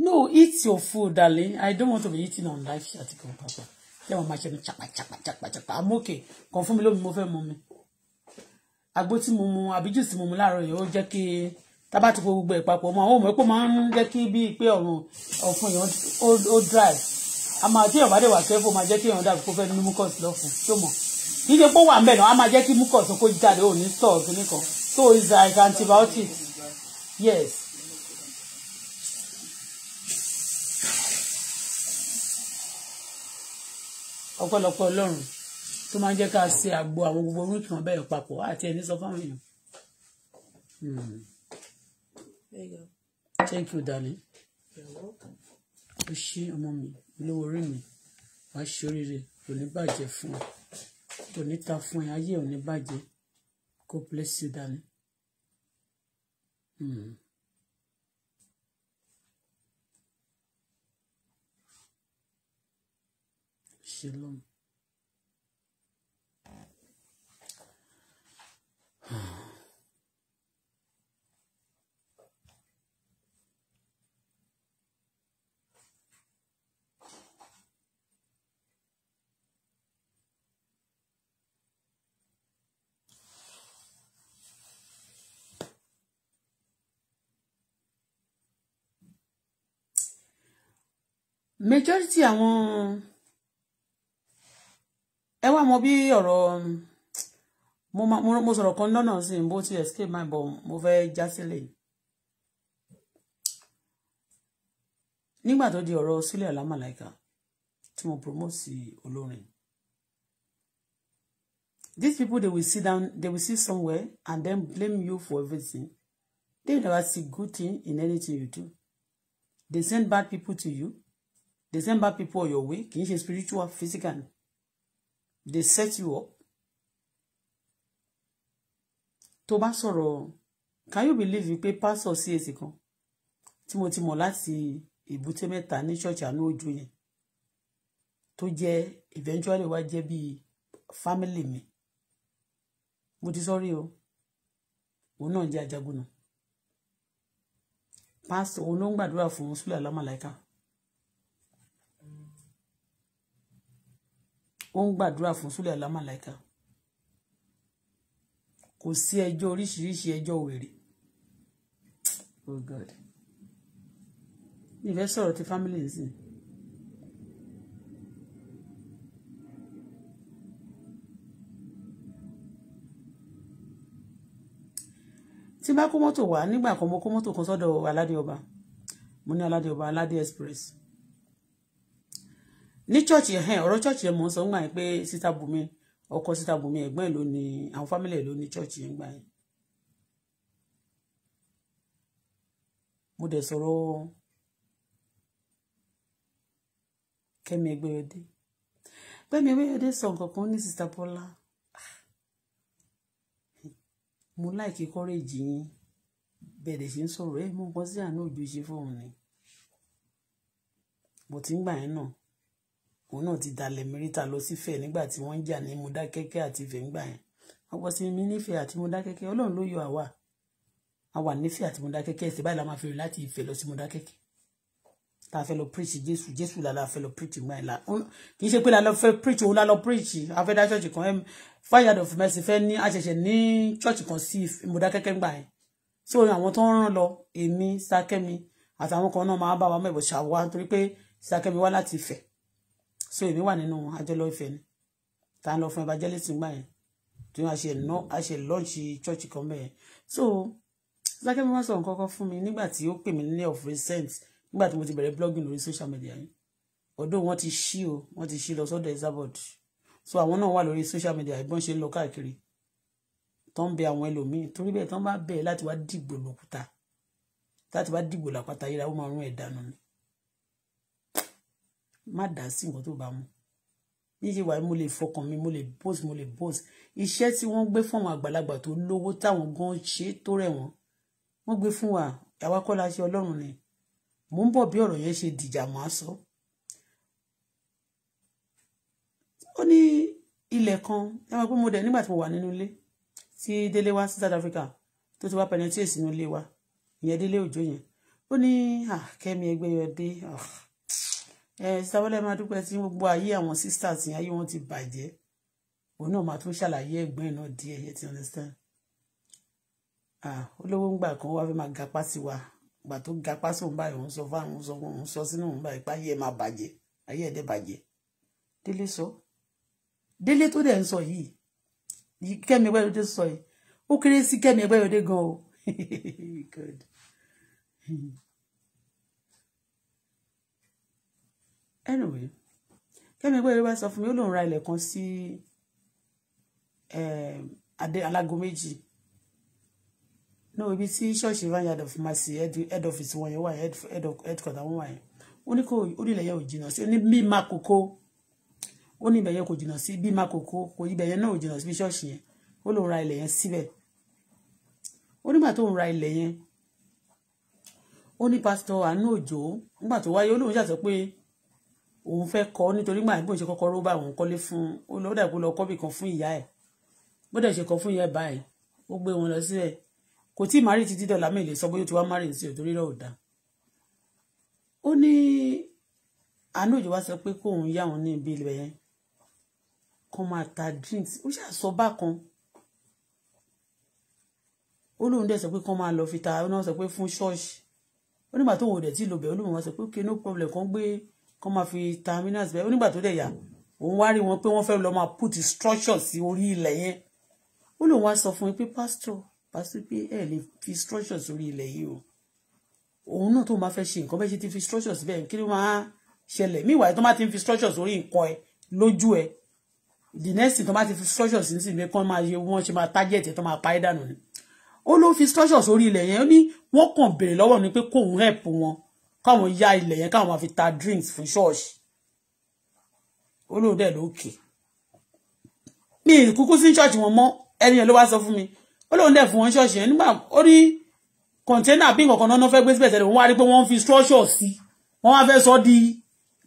No, eat your food, darling. I don't want to be eating on life. chat. Ṣé wọn máa ṣe mi chapa chapa chapa chapa. I'm okay. Kàn fún mi lómi mo fẹ́ mu mi. Àgbo tí mo mu àbí jùsì mo mu láàárọ̀ yẹn ó jẹ́ kí tábà ti fo gbogbo ẹ̀ papọ̀ mọ́. Àwọn ọmọ ẹ̀pọ̀ máa ń jẹ́ kí bíi pé ọ̀run ọ̀fun yẹn ó dry. A máa tí èèyàn bá dé wà kẹ́fọ́ máa jẹ́ kí èèyàn dàbí kó fẹ́ ní mucus lọ́fun. Ṣé o mọ̀? Kì í ṣe pé ó wà ń bẹ̀ náà. A máa jẹ́ kí mucus kó jáde òní stọ̀ọ̀ kíníkan. So it's like antibiotics. Yes. ọpẹ́lọpẹ́ Ọlọ́run tó máa ń jẹ́ ká ṣe àgbo àwọn gbogbo orúkì wọn bẹ́ẹ̀ papọ̀ àti ẹni sọ fáwọn èèyàn. thank you darling o ṣé ọmọ mi olówó orí mi wàá ṣe oríire kò ní bàjẹ́ fún ọ kò ní ta fún ẹ ayé ò ní bàjẹ́ God bless you darling. Mm. Shalom. majority àwọn ẹ wá mọ bí ọ̀rọ̀ um, mo sọ̀rọ̀ kan lọ́nà sí bó ti escape my bomb mo fẹ́ já sílẹ̀ nígbà tó di ọ̀rọ̀ sílẹ̀ alámàláìka tí mo promote sí olórin these people they will sit down they will sit somewhere and then blame you for everything they never see good thing in anything you do they send bad people to you they send bad people your way kì í ṣe spiritual physical they set you up tó bá sọ̀rọ̀ can you believe pé pásọ̀ CAC kan tí mo ti mọ̀ láti èbúté mẹ́ta ní ṣọ́ọ̀ṣì àánú ojú yẹn tó jẹ́ eventually what jẹ́ be family me? mo sorry, oh, o òun náà jẹ́ ajagun náà pásọ̀ òun ló ń gbàdúrà fún sùlẹ̀ alámàlàíkà. Like ó ń gbàdúrà fún Sule Alao Malaika kò sí ẹjọ́ oríṣiríṣi ẹjọ́ wèrè oh god ìfẹ́ sọ̀rọ̀ ti family nsìn. tí bá kó mọ́tò wá nígbà kan mo kó mọ́tò kan sọ́dọ̀ aládé ọba mo ní aládé ọba aládé express ní church yẹn ọ̀rọ̀ church yẹn mò ń sọ ń gbà yẹn pé sita bumi ọkọ sita bumi ẹ̀gbọ́n ẹ̀ ló ní àwọn family ẹ̀ ló ní church yẹn gbà yẹn. mo dẹ̀ sọ̀rọ̀ Kẹ́mi Ẹgbẹ́yọdé Kẹ́mi Ẹgbẹ́yọdé sọ nǹkan kan ní sista Bọ́lá mo láìkí kọ́rẹ́jì yín bẹ̀rẹ̀ sí ń sọ̀rọ̀ ẹ̀ mú nǹkan sí àánú òjò ṣe fóun ni bọ̀tí ń gbà yẹn náà òun náà ti dalẹ̀ mẹ́ríta lọ sífẹ̀ nígbà tí wọ́n ń jà ní Mọdákẹ́kẹ́ àti Ifẹ̀ ńgbà yẹn wọ́n pọ̀ sí mi nífẹ̀ẹ́ àti Mọdákẹ́kẹ́ Ọlọ́run ló yọ àwa àwa nífẹ̀ẹ́ àti Mọdákẹ́kẹ́ ẹ̀sẹ̀ báyìí la máa fi rìn láti Ifẹ̀ lọ sí Mọdákẹ́kẹ́ ta fẹ́ lọ preach Jésù Jésù la la fẹ́ lọ preach ìgbà yẹn la kì í ṣe pé la lọ fẹ́ preach òun la lọ preach afẹ́dá church kan fire of mercy fẹ́ ní àṣẹ̀ṣẹ̀ ní church kan sí Mọdákẹ́kẹ́ ńgbà yẹn tí orin àwọn tó ń rán lọ èmi Sakẹ́mi àtàwọn kan náà máa bá wa mẹ́bọ̀ ṣàwá torí pé Sakẹ́mi wá láti Ifẹ̀ so èmi wà nínú àjọlọ ìfẹ́ ni tá a lọ fún evangelist gbà yẹn tí wọn ṣe ná a ṣe lọ́ọ̀ṣì church kan bẹ́ẹ̀ so sákẹ́mi wá sọ nǹkan kan fún mi nígbà tí ó pè mí ní of recent nígbà tí mo ti bẹ̀rẹ̀ blogging lórí social media yẹn ọ̀dọ̀ wọn ti ṣí o wọn ti ṣí lọ sọ́dọ̀ Esabod so àwọn náà wà lórí social media ìbọn ṣe ń lọ káàkiri tó ń bẹ àwọn ẹlòmíì torí bẹ́ẹ̀ tó ń bá bẹ̀ láti wá dìgbò lòkúta láti wá dìgbò làpáta yìí ra máa rún ẹ̀ dànù ni má dá sí nǹkan tó bá mu níṣẹ́ wàá mo lè fọkàn mi mo lè bọ́ọ̀sì mo lè bọ́ọ̀sì iṣẹ́ tí wọ́n gbé fún àwọn àgbàlagbà tó lówó táwọn gan ṣe tó rẹ̀ wọ́n wọ́n gbé fún wa àwa kọ́ la ṣe ọlọ́run ni mò ń bọ̀ bí ọ̀rọ̀ yẹn ṣe dìjà mọ́ aṣọ. ó ní ilẹ̀ kan ẹ máa pé mo dẹ̀ nígbà tí mo wà nínú ilé tí délé wá sí South Africa tó ti wá penetrate sínú ilé wa ìyẹn délé òjò yẹn ó ní ah, Kẹ́mi Ẹgbẹ́yọdé ọ̀h ah ẹ sábẹ́lẹ̀ máa dúpẹ́ tí gbogbo ayé àwọn sisters yẹn ayé wọn ti bàjẹ́ òun náà máa tún ṣàlàyé ẹ̀gbọ́n ẹ̀ náà díẹ̀ yẹn ti understand olówó ń gbà kan wá fẹ́ máa gapá sí wa gbà tó gapá sóun báyìí òun sọ fún àwọn sọ fún òun sọ sínú òun báyìí páyé ẹ máa bàjẹ́ ayé ẹ̀ dẹ̀ bàjẹ́ délé sọ délé tó dẹ̀ ń sọ yìí kẹ́mi ẹgbẹ́yọdé sọ yìí ó kéré sí kẹ́mi ẹgbẹ́yọdé gan o good. anyway kẹ́mi gbé ìrẹ́wẹ́ sọ fún mi ó lòun ra ilẹ̀ kan sí ehm, adé alágo méjì náà ibi tí ṣọ́ọ̀ṣì vanyard of mercy head office wọn yẹn wà head wọn wà yẹn ó ní kò ó ní ilẹ̀ yẹn ò jìnnà sí ó ní bí má kókó ó ní ibẹ̀ yẹn kò jìnnà sí bí má kókó kò ibẹ̀ yẹn náà ò jìnnà sí bí ṣọ́ọ̀ṣì yẹn ó lòun ra ilẹ̀ yẹn síbẹ̀ ó nígbà tó ń ra ilẹ̀ yẹn ó ní pásítọ̀ àánú òjò nígbà tó wáyé ó lóun ṣàtọ́ pé òun fẹ́ kọ́ nítorí màá bóun ṣe kọ́kọ́ róbà òun kọ́lé fún olóòdà kó lọ kọ́bì kan fún ìyá ẹ̀ bódà ṣe kọ́ fún ìyá ẹ̀ báyìí ó gbé wọn lọ síbẹ̀ kò tí ì má rí títí dọ̀là mi lè sọ bóyá ó ti wá má rí sí òtórí rẹ̀ ò dá ó ní àánú òjò wá sọ pé kóun yá òun ní ibi ilẹ̀ yẹn kó máa ta drinks ó ṣàṣọ bákan ó lóun dẹ̀ sọ pé kán máa lọ fi ta ó náà sọ pé fún ṣọ́ọ̀ṣì ó nígbà tóun ò dẹ̀ tí ì lò bẹ̀ ó lóun wá sọ pé kí no problem kán gbé kọ́ máa fi terminus bẹ́ẹ̀ onígbà tó dẹ̀ yà òun wá rí wọn pé wọ́n fẹ́ lọ máa put structure sí orí ilẹ̀ yẹn ó lóun wá sọ fún mi pé pastor pastor pé ẹ lè fi structure sórí ilẹ̀ yìí o òun náà tó máa fẹ́ ṣe nǹkan bẹ́ẹ̀ ṣe ti fi structure síbẹ̀ kí ló máa ṣẹlẹ̀ mí ìwà tó máa ti fi structure sórí nǹkan ẹ lójú ẹ the next thing tó máa ti fi structure sí sí kán máa yẹ wọ́n ṣe máa target ẹ̀ tó máa pa ẹ́ dànù ni ó ló fi structure sórí ilẹ̀ yẹn ó ní wọ́n kàn béèrè lọ́wọ́ ni pé kóun help wọn káwọn ya ilẹ̀ yẹn káwọn máa fi ta drinks fún ṣọ́ọ̀ṣì olóòdẹ̀ lókè mi kúkú sí ṣọ́ọ̀ṣì wọn mọ́ ẹni yẹn ló wá sọ fún mi olóòdẹ̀ fún wọn ṣọ́ọ̀ṣì yẹn nígbà ó ní kọ̀ńténà bí nǹkan kan náà fẹ́ gbé síbẹ̀ tẹ́lẹ̀ wọ́n wá rí pé wọ́n ń fi structure sí wọ́n wá fẹ́ sọ di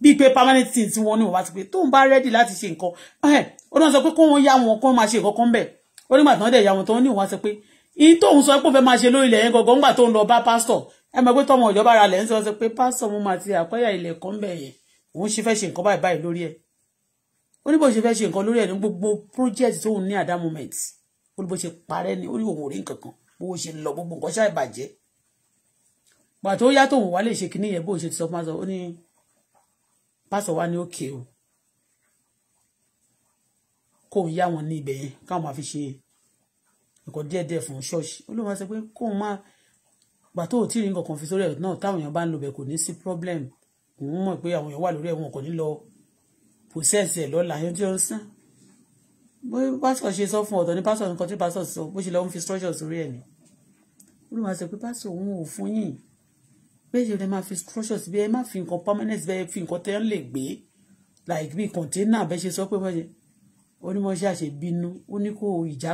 bíi pé permanent thing tí wọ́n ní wọ́n bá ti pé tóun bá rẹ́dì láti ṣe nǹkan ó ní wọ́n sọ pé kó wọn yá wọn kó wọn máa ṣe nǹkan kan bẹ̀ ó nígbà tán dẹ̀ yá wọn tán ó ní wọ́n sọ pé ìyí tóun sọ pé òun fẹ́ máa ṣe lórí ilẹ̀ yẹn gangan nígbà tóun lọ bá pásítọ̀ ẹ mọ̀ pé tọmọ ìjọba ara lẹ̀ ń sọ sọ pé pásọ mo máa ti àpẹ́yà ilẹ̀ kan bẹ̀ yẹn òun ṣe fẹ́ ṣe nǹkan báyìí báyìí lórí ẹ̀ ó ní bó ṣe fẹ́ ṣe nǹkan lórí ẹ̀ ní gbogbo project tó ń ní at that moment ó ní bó ṣe parẹ́ ni ó ní òwò rí nǹkan kan bó ṣe lọ gbogbo nǹkan ṣáà ìbàjẹ́ gbà tó yá tóun wá lè ṣe kinní yẹn bó ṣe ti sọ fún pásọ ó ní pásọ wá ní òkè o kóun yá wọn ní ibẹ̀ yẹn káwọn máa fi ṣe nǹkan díẹ̀díẹ̀ fún ṣọ́ọ̀ṣì ó máa sọ pé kóun máa gbà tó ò tí ì rí nǹkan kan fi sórí ẹ̀ náà táwọn èèyàn bá ń lo bẹ̀ kò ní sí problem òun mọ̀ pé àwọn èèyàn wà lórí ẹ̀ wọn kò ní lọ process ẹ̀ lọ́la yẹn tí ó ń sàn bó pásítọ̀ ṣe sọ fún ọ̀tọ̀ ní pásítọ̀ nǹkan tí pásítọ̀ sọ bó ṣe lọ ń fi structure sórí ẹ̀ ni ó lè máa sọ pé pásítọ̀ òun ò fún yìí bẹ́ẹ̀ ṣe lè máa fi structure síbi ẹ má fi nǹkan permanent bẹ́ẹ̀ fi nǹkan tẹ́ ń lè gbé like bí container bẹ́ẹ̀ ṣe sọ pé wọ́n ṣe onímọ̀ṣẹ́ àṣebínú ó ní kó ìjà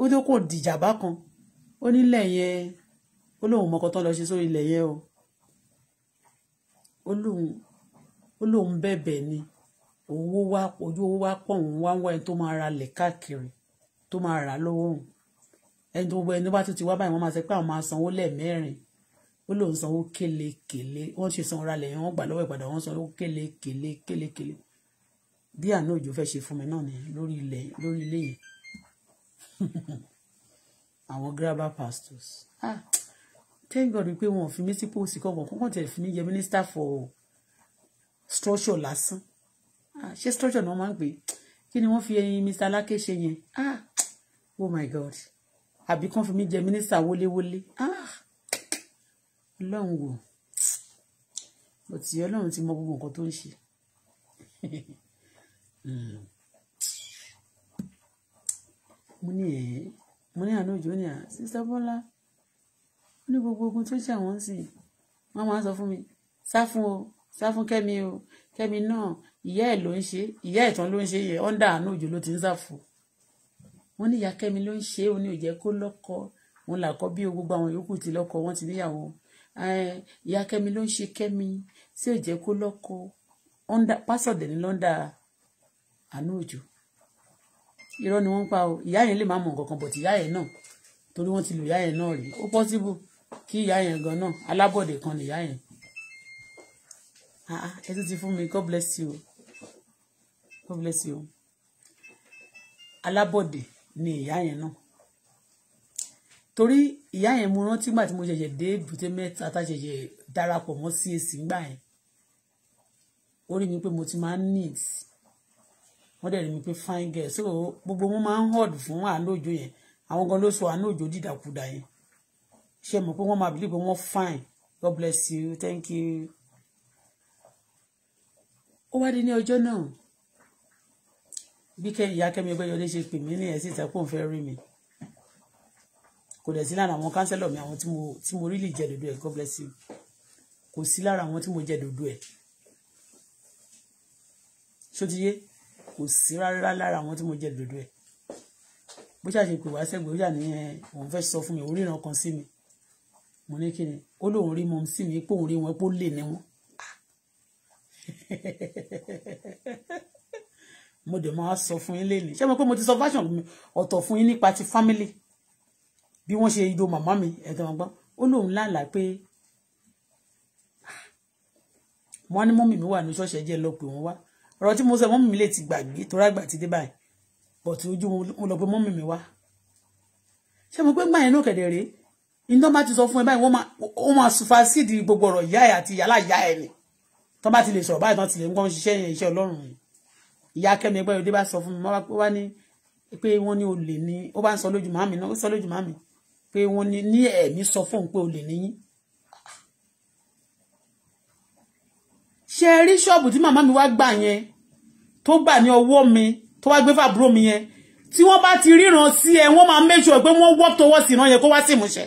ó ní kó dìjà kan ó nílẹ̀ yẹn ó lóun mọkọ tó lọ ṣe sórí ilẹ̀ yẹn o ó lóun ó ni òun ó wá ojú owó wá pọ̀ òun wá ń wá ẹni tó máa ra lẹ̀ káàkiri tó máa rà lọ́wọ́ òun ẹni tó gbogbo ẹni tó bá tún ti wá báyìí wọ́n máa sọ pé àwọn máa sanwó lẹ́ẹ̀mẹ́rin ó lóun sanwó kélekèle wọ́n ṣe sanwó ra lẹ̀ yẹn wọ́n gbà lọ́wọ́ ìpadà wọ́n sanwó kélekèle kélekèle bí àná òjò fẹ́ ṣe fún mi náà ni lórí ilẹ̀ lórí ilé yìí àwọn grabber pastors. Ah thank God pé wọn ò fi mí sí póòsì kankan kankan tẹ̀ fi mí yẹ minister for structure lásán ah, ṣé structure náà máa ń pè kí ni wọ́n fi ẹyin Mr. Aláké ṣe yẹn ah oh my God àbí kàn fi mí jẹ minister wọléwọlé ah ọlọ́run wò ọtí ọlọ́run ti mọ gbogbo nǹkan tó ń ṣe hmm. mo ní ẹ̀ mo ní àná òjò ní à ah, sísá bọ́lá ní gbogbo ogun tó jà wọ́n sì wọ́n máa ń sọ fún mi sá fún o sá fún kẹ́mi o kẹ́mi náà ìyá ẹ̀ ló ń ṣe ìyá ẹ̀tàn ló ń ṣe yẹ ọ́ndà àánú òjò ló ti ń sàfò wọ́n ní ìyá kẹ́mi ló ń ṣe ó ní ó jẹ́ kó lọ́kọ òun làkọ́ bí gbogbo àwọn yòókù ti lọ́kọ wọ́n ti níyàwó ìyá kẹ́mi ló ń ṣe kẹ́mi tí ó kó lọ́kọ pásọ̀dẹ̀ ní lọ́ndà àánú òjò irọ́ ni wọ́n pa o ìyá yẹn lè má mọ̀ nǹkan kan bọ̀t ìyá yẹn náà torí wọ́n ti lù ìyá yẹn náà rí ó pọ́síbù kí ìyá yẹn gan náà alábọ̀dé kan nìyá yẹn ah, ah, ẹ tún ti fún mi god bless you god bless you alábọ̀dé ni ìyá yẹn náà torí ìyá yẹn mo rántí gbà tí mo ṣẹ̀ṣẹ̀ dé bùté mẹ́ta tá ṣẹ̀ṣẹ̀ darapọ̀ mọ́ CAC gbà yẹn ó mi pé mo ti máa ń neat wọ́n dẹ̀ rí mi pé fine girl so gbogbo wọn máa ń hard fún àánú òjò yẹn àwọn gan ló sọ àánú òjò dìdàkudà yẹn ṣe mọ̀ pé wọ́n máa believe wọ́n fine God bless you thank you ó wá dé ní ọjọ́ náà bí ìyá Kẹ́mi Ọgbẹ́yọdé ṣe pè mí ní ẹ̀ sì tẹ́kùn fẹ́ rí mi kò dẹ̀ sí lára àwọn kánsẹ́lọ̀ mi àwọn tí mo rí lè jẹ dòdò ẹ̀ God bless you kò sí lára àwọn tí mo jẹ dòdò ẹ̀ ṣótiyé kò sí rárá lára àwọn tí mo jẹ dòdò ẹ̀ bó ṣàṣe pè wá sẹ́gbẹ̀ẹ́ ó yà ní òun fẹ́ sọ fún mi oríran kan sí mi mo ní kí ni ó lóun rí mọ́mí sí mi pé òun rí wọn pé ó lè ní wọn mo dẹ̀ máa sọ fún yín lénìí ṣé mo pé mo ti sọ fashion mi ọ̀tọ̀ fún yín nípa ti family bí wọ́n ṣe do màmá mi ẹ̀dọ̀ ọgbọ́n ó lóun lálàá pé wọ́n ní mọ́mì mi wà ní ṣọ́ọ̀ṣì ẹ̀jẹ̀ lọ pé wọ́n wá ọ̀rọ̀ tí mo sọ mọ́mì mi lè ti gbàgbé torí àgbà ti dé báyìí bọ̀ ojú mo lọ pé mọ́mì mi wá ṣé mo pé gbà yẹn náà kẹ̀dẹ̀ rèé ìdán bá ti sọ fún ẹ báyìí wọ́n máa sùfàsídìí gbogbo ọ̀rọ̀ ìyá ẹ̀ àti ìyálà ìyá ẹ̀ ni tó bá ti lè sọ̀rọ̀ báyìí tán ti lè ń kọ́ ṣiṣẹ́ yẹn iṣẹ́ ọlọ́run yìí ìyá kẹ́mi ẹgbẹ́ òde bá sọ fún mi ó wá ní pé wọ́n ní olè ní ó bá ń sọ lójú màmí náà ó sọ lójú màmí pé wọ́n ní ní ẹ̀mí sọ fóun pé olè ní yín. ṣe rí ṣọ́ọ̀bù tí màmá mi wá gbà yẹn tó gbà ní ọwọ́ mi tó wá gbé fàbúrò mi yẹn tí wọ́n bá ti ríran sí ẹ wọ́n máa make sure pé wọ́n work towards ìran yẹn kó wá sí ìmúṣẹ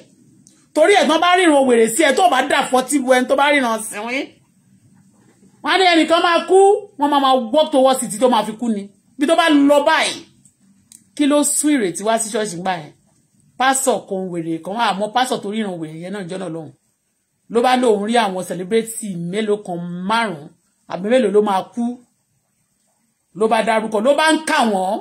torí ẹ̀gbọ́n bá ríran wèrè sí ẹ tó bá dà fọ́tí bu ẹni tó bá ríran sìnwín wọn á ní ẹnìkan máa kú wọn máa máa work towards títí tó máa fi kú ni bí tó bá lọ báyìí kí ló sún ìrètí wá sí ṣọ́ọ̀ṣì gbà yẹn pásọ̀ kan wèrè kan àmọ́ pásọ̀ tó ríran wèrè yẹn náà jọ́nà lọ́hùn ló bá lóun rí àwọn celebrity mélòó kan márùn-ún àbí mélòó ló máa kú ló bá dárúkọ ló bá ń kà wọ́n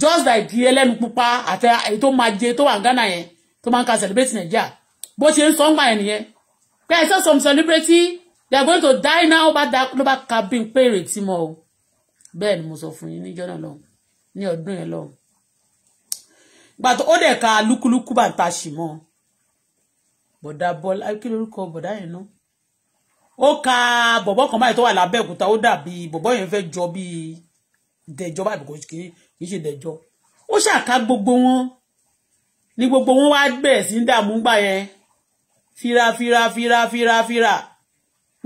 just like ẹlẹ́nu pupa àti èyí tó máa jẹ tó wà ń gánà yẹn tó máa ń ka celebrate Nigeria bó ṣe ń sọ ń gbà yẹn nìyẹn pé I saw some celebrity they are going to die now bá da ló bá ka bí n pé ìrètí mọ́ o bẹ́ẹ̀ ni mo sọ fún yín níjọ́ náà lọ́hùn ní ọdún yẹn lọ́hùn gbà tó ó dẹ̀ ka lúkúlúkú bá ta sì mọ́ bọ̀dà bọ́lá kí lórúkọ bọ̀dà yẹn náà ó ka bọ̀bọ̀ kan báyìí tó wà lábẹ́òkúta ó dàbí bọ̀bọ̀ yẹn fẹ́ jọ bíi dẹjọ́ báyìí kò kì í ṣe dẹjọ́ ó ṣàka gbogbo wọn ní gbogbo wọn wá bẹ̀rẹ̀ sí ń dààmú gbà yẹn fira fira fira fira fira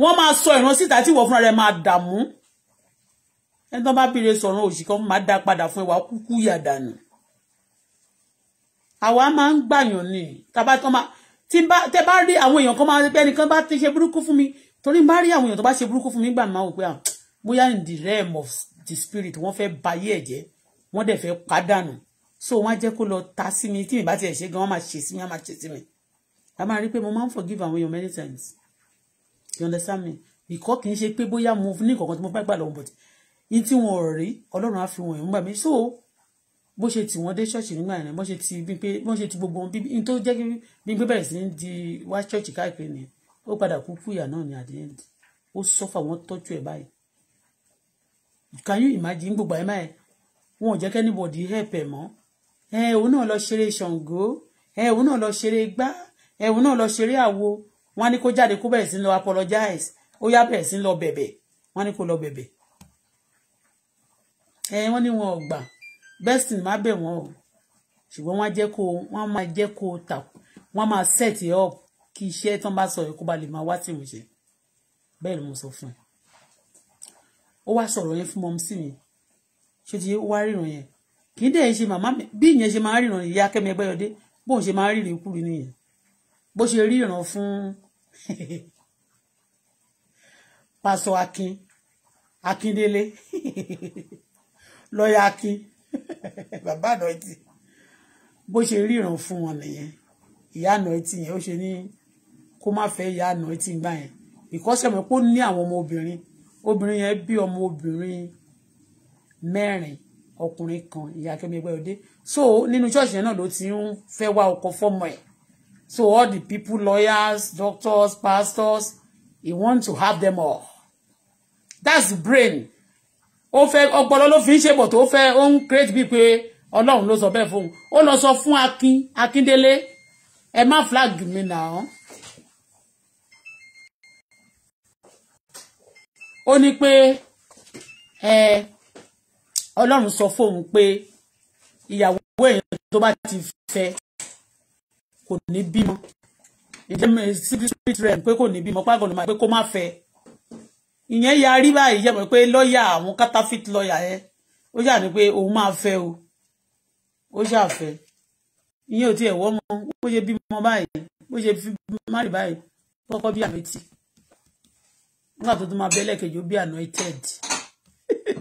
wọ́n máa sọ ìran síta tí ìwọ fúnra rẹ̀ máa dààmú ẹni tó bá bèrè sọ̀rọ̀ òṣìkọ́ máa dá padà fún ìwà kúkú yàdànù àwa máa ń gbàyàn ni tàbá tó máa tí bá tẹ bá rí àwọn èèyàn kan máa ń pẹ́ bá ti ṣe burúkú fún mi torí bá rí àwọn èèyàn tó bá ṣe burúkú fún mi gbà máa wò pé ah, bóyá in the realm of the spirit wọ́n fẹ́ bayé ẹ̀jẹ̀ wọ́n dẹ̀ fẹ́ pàdánù so wọ́n á jẹ́ kó lọ ta sí mi tí mi bá tiẹ̀ ṣe gan wọ́n máa ṣe sí mi wọ́n máa ṣe sí mi a máa rí pé mo máa ń forgive àwọn èèyàn many times you understand me ìkọ́ kì í ṣe pé bóyá mo ní ìkọ̀kan tí mo fẹ́ gbà lọ́wọ́ bọ̀dì yín tí wọn ò rí ọlọ́run á fi wọ̀nyí nígbà mi so bó ṣe tì wọ́n dé ṣọ́ọ̀ṣì nígbà yẹn bó ṣe ti Bímpé bó ṣe ti gbogbo ohun bíbí tó jẹ́ kí Bímpé bẹ̀rẹ̀ sí ní di wá ṣọ́ọ̀ṣì káàkiri nìyẹn ó padà kú kú ìyà náà ní àdéhùn ó sọ́fà wọ́n tọ́jú ẹ̀ báyìí can you imagine gbogbo ẹ̀ máa ẹ̀ wọn ò jẹ́ kẹ́nìbọ̀dì help ẹ̀ mọ́ ẹ òun náà lọ ṣeré ṣàngó ẹ òun náà lọ ṣeré gbá ẹ òun náà lọ ṣeré àwo wọn á kó jáde kó bẹ̀rẹ̀ sí lọ apologize ó yá bẹ̀rẹ̀ sí lọ bẹ̀bẹ̀ wọn á ní kó lọ bẹ̀bẹ̀ ẹ wọn ní wọn ò gbà bestin má bẹ̀ wọ́n o ṣùgbọ́n wọ́n jẹ́ kó wọ́n máa jẹ́ kó tà wọ́n máa set up kí iṣẹ́ tán bá sọ̀rọ̀ kó ba lè máa wá tì wọ́n ṣe bẹ́ẹ̀ ni mo sọ fún ẹ ó wá sọ̀rọ̀ yẹn fún mọ́mísì mi ṣé ti wá ríran yẹn kì í dẹ̀ ṣe màmá mi bí ìyẹn ṣe máa ríran ìyá Kẹ́mi Ẹgbẹ́yọdé bóun ṣe máa ríran ikú rí nìyẹn bó ṣe ríran fún pásọ Akin Akindélé lọ́ọ̀yà Akin bàbá àdọ́tì bó ṣe ríran fún wọn nìyẹn ìyá ànọ́tì yẹn ó ṣe ní kó má fẹ́ ìyá ànọ́tì gbà yẹn ìkọ́sẹ̀ mọ́ pé ó ní àwọn ọmọ obìnrin obìnrin yẹn bí ọmọ obìnrin mẹ́rin ọkùnrin kan ìyá Kẹ́mi Ẹgbẹ́yọdé so nínú church yẹn náà ló ti ń fẹ́ wá ọkọ fọ́mọ ẹ̀ so all the people lawyers doctors pastors he want to have them all that's the brain ó fẹ́ ọpọlọ ló fi ń ṣe bọ̀ tó fẹ́ ó ń create bíi pé ọlọ́run ló sọ bẹ́ẹ̀ fóun ó lọ sọ fún Akin Akíndélé ẹ má flag mi nà án. ó ní pé ẹ. Eh, ọlọ́run sọ fóun pé ìyàwó èèyàn tó bá ti fẹ́ kò ní bímọ ìjẹ́mi secret rẹ̀ pé kò ní bímọ pàgọ́ ní ma pé kó má fẹ́ ìyẹn ya rí báyìí jẹ́ mọ̀ pé lọ́ọ̀yà àwọn catafit lọ́ọ̀yà yẹn ó yà ní pé òun máa fẹ́ o ó ṣàfẹ́ ìyẹn ò tiẹ̀ wọ́n mọ bó ṣe bímọ báyìí bó ṣe fi má rí báyìí kọ́kọ́ bí àmì tì nígbà tó tún máa bẹ́lẹ̀ kejì ó bí anointed.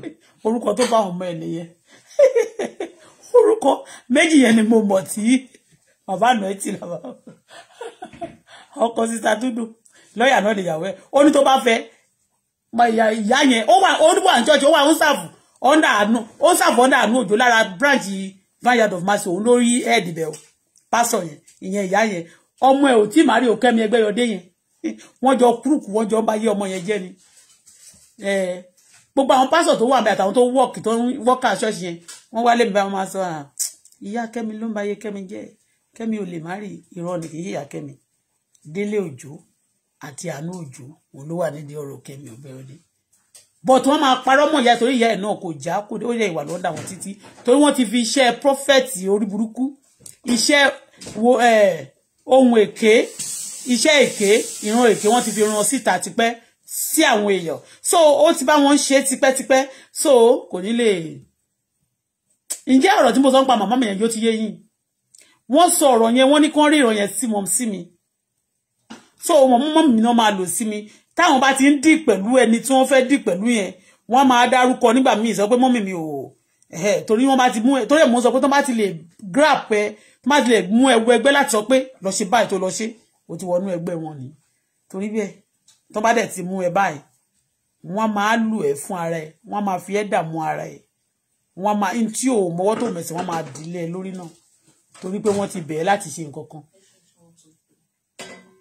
orúkọ tó bá ọmọ ẹ nìyẹn orúkọ méjì yẹn ni mo mọ̀ tí bàbá àná ẹ ti là bàbá ọkọ sísá dúdú lọ́ọ̀yà náà nìyàwó ẹ ó ní tó bá fẹ́ ìyá yẹn ó wà ó wà ní church ó wà ó ń sàfù under àánú ó ń sàfù under àánú òjò lára branch vineyard of mercy òun lórí ẹ̀ẹ́dì bẹ̀ o pásọ̀ yẹn ìyẹn ìyá yẹn ọmọ ẹ̀ ò tí màrí òkẹ́mi ẹgbẹ́ yọdé yẹn wọ́n jọ kúrùkù wọ́n jọ ń bá yé ọmọ yẹn jẹ́ ni gbogbo àwọn pásọ̀ tó wà bẹ́ẹ̀ àtàwọn tó wọ́ọ̀kì tó ń wọ́ọ̀kà ṣọ́ọ̀ṣì yẹn wọ́n wálé mi bá wọn máa sọ à ah, ìyá kẹ́mi ló ń bá yé kẹ́mi jẹ́ kẹ́mi ò lè má rí irọ́ ni kì í yà kẹ́mi délé òjò àti àánú òjò òun ló wà nídìí ọ̀rọ̀ kẹ́mi ọ̀bẹ́ọ́dé but wọ́n máa parọ́ mọ̀ ìyá torí ìyá ẹ̀ náà kò já kó ó yẹ ìwà lọ́dà wọn títí torí wọ́n ti fi iṣẹ́ prọfẹ̀tì orí burúkú iṣẹ́ wo eh, ohun èké iṣẹ́ èké ìran èké wọ́n ti fi ran síta tipẹ́ sí àwọn èèyàn so ó ti bá wọn ṣe tipẹ́tipẹ́ so kò ní lè ǹjẹ́ ọ̀rọ̀ tí mo sọ ń pa màmá mi yẹn yóò ti yé yín wọ́n sọ ọ̀rọ̀ yẹn wọ́n ní kán rí ìrọ̀ yẹn sí mọ́ sí mi so mọ̀mọ́ mi náà máa lò sí mi táwọn bá ti ń dì pẹ̀lú ẹni tí wọ́n fẹ́ dì pẹ̀lú yẹn wọ́n máa dárúkọ nígbà míì sọ pé mọ́mì mi ò ẹ̀hẹ́ torí wọ́n bá ti mú ẹ torí ẹ̀ mo sọ pé tó bá ti lè grab ẹ tó bá ti lè mú ẹwọ ẹgbẹ́ láti sọ pé lọ ṣe báyìí tó lọ ṣe ó ti wọnú ẹgbẹ́ wọn ni torí bẹ́ẹ̀ tó bá dẹ̀ ti mú ẹ báyìí wọ́n máa lù ẹ́ fún ara ẹ̀ wọ́n máa fi ẹ́ dààmú ara ẹ̀ wọ́n máa ní tí ò mọ́wọ́ tó mẹ̀sìn wọ́n máa dìlẹ̀ lórí náà torí pé wọ́n ti bẹ̀ẹ́ láti ṣe nǹkan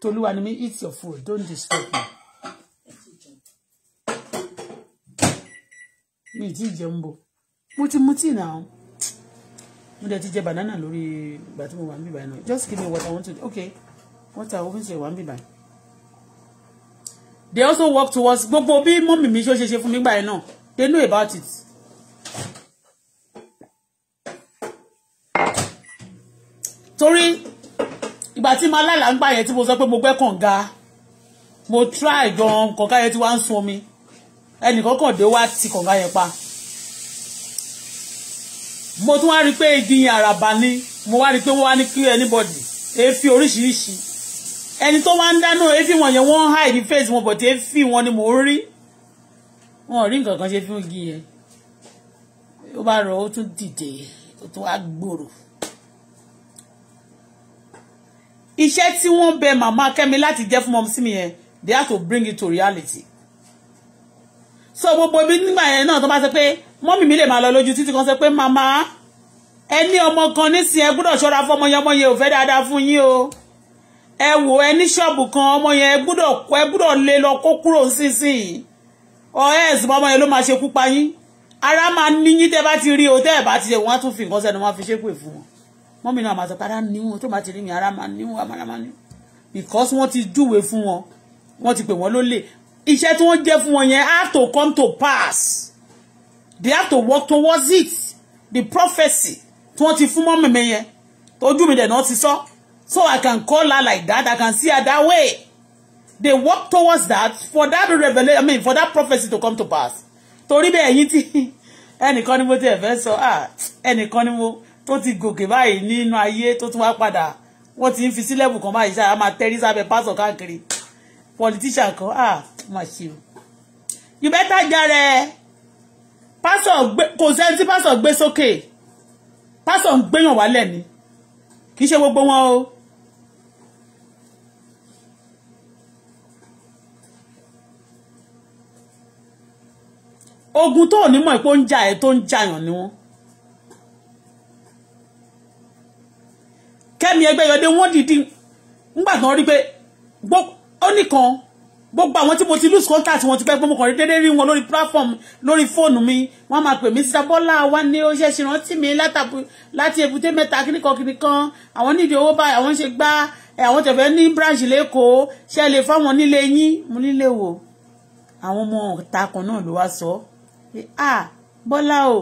kan ni mi eat your food don't disturb me. mi ti jẹun bò mo ti mu tíì náà mo dẹ̀ ti jẹ banana lori ìgbà tí mo wà ń bíbáyìí náà just give me what I want to okay what I want to wà ń bíbáyìí they also work towards gbogbo bí mọ́mì mi ṣó ṣe ṣe fún mi gbà yẹn náà they know about it. torí ìgbà tí mo aláìlá ń gbà yẹn tí mo sọ pé mo gbẹ́ kàn ga mo try gan kọ̀ọ̀ká yẹn tí wàá ń sun omi ẹnìkan kàn dé wá ti kọ̀ọ̀ká yẹn pa mo tún wá rí i pé igi yẹn àràbà ni mo wá rí i pé wọ́n wá ní kí anybody èéfín oríṣiríṣi ẹni tó wá ń dáná efi wọn yẹn wọ́n hide face wọn but efi wọn ni mò ń rí wọn ò rí nǹkan kan ṣe fún igi yẹn ó bá rọ ó tún dìde ó tún wá gbòòrò iṣẹ́ tí wọ́n bẹ màmá Kẹ́mi láti jẹ́ fún mọ́mísí mi yẹn they have to bring it to reality so gbogbo ibi nígbà yẹn náà tó bá sọ pé mọ́mì mi lè máa lọ lójú títí kan sọ pé màmá ẹni ọmọ kan nísìnyẹn gbọ́dọ̀ ṣọ́ra fún ọmọ yẹn ọmọ yẹn ò fẹ́ dáadáa fún yín o ẹ wò ẹ ní ṣọ́ọ̀bù kan ọmọ yẹn ẹ gbúdọ̀ ẹ gbúdọ̀ lé lọ kó kúrò sísìn ọ̀hẹ́ ẹ̀sìn ọmọ yẹn ló máa ṣe kú pa yín ara máa ní yín tẹ́ bá ti rí o tẹ́ bá ti ṣe wọ́n tún fi nǹkan sẹ́nu wọ́n fi ṣépè fún wọn mọ́mí náà àmàtọ́ para ní tó bá ti rí mi ara máa ní àmàlà máa ní because wọ́n ti júwe fún wọn wọ́n ti pè wọ́n lólè iṣẹ́ tí wọ́n jẹ́ fún wọn yẹn have to come to pass they have to work towards it the prophecy tí wọ́n ti fún mọ́mí mi yẹn tójú mi dẹ̀ náà ti sọ. So So I can call her like that. I can see her that way. They work towards that for that revelation, I mean, for that prophecy to come to pass. Torí bẹ́ẹ̀ Any tí ẹnìkan ni mo ti ẹ̀fẹ́ sọ, ah, ẹnìkan ni mo tó ti gòkè báyìí nínú ayé What if wá padà. Wọ́n ti ń fi sílẹ̀bù kan báyìí a pastor. tẹ́rí sábẹ́ Politician kan, ah, mà You better get eh, Pásọ̀ Pastor, kò sẹ́ni tí pásọ̀ gbé sókè. Pásọ̀ ń gbéyàn wálẹ̀ ni. ogun tó ò ní mọ̀ pé ó ń jà ẹ́ tó ń jàyàn ni wọ́n. kẹ́mi ẹgbẹ́yọdé wọ́n dìídì ńgbà kan rí pé ó nìkan gbogbo àwọn tí mo ti lose contact wọn ti pẹ́ pé mo kàn rí déédéé rí wọn lórí platform lórí fóònù mi wọ́n máa pè mí síta bọ́lá wa ní ó ṣe ṣèrántí mi láti èbúté mẹ́ta kíníkan kíníkan àwọn nídìí owó báyìí àwọn ṣe gbá àwọn tẹ̀fẹ́ ní branch lẹ́kọ̀ọ́ ṣe lè fáwọn nílé yín mo nílé wò àwọn ọmọ ọ̀tá kan náà ló wá sọ ọ́ ah bọ́lá o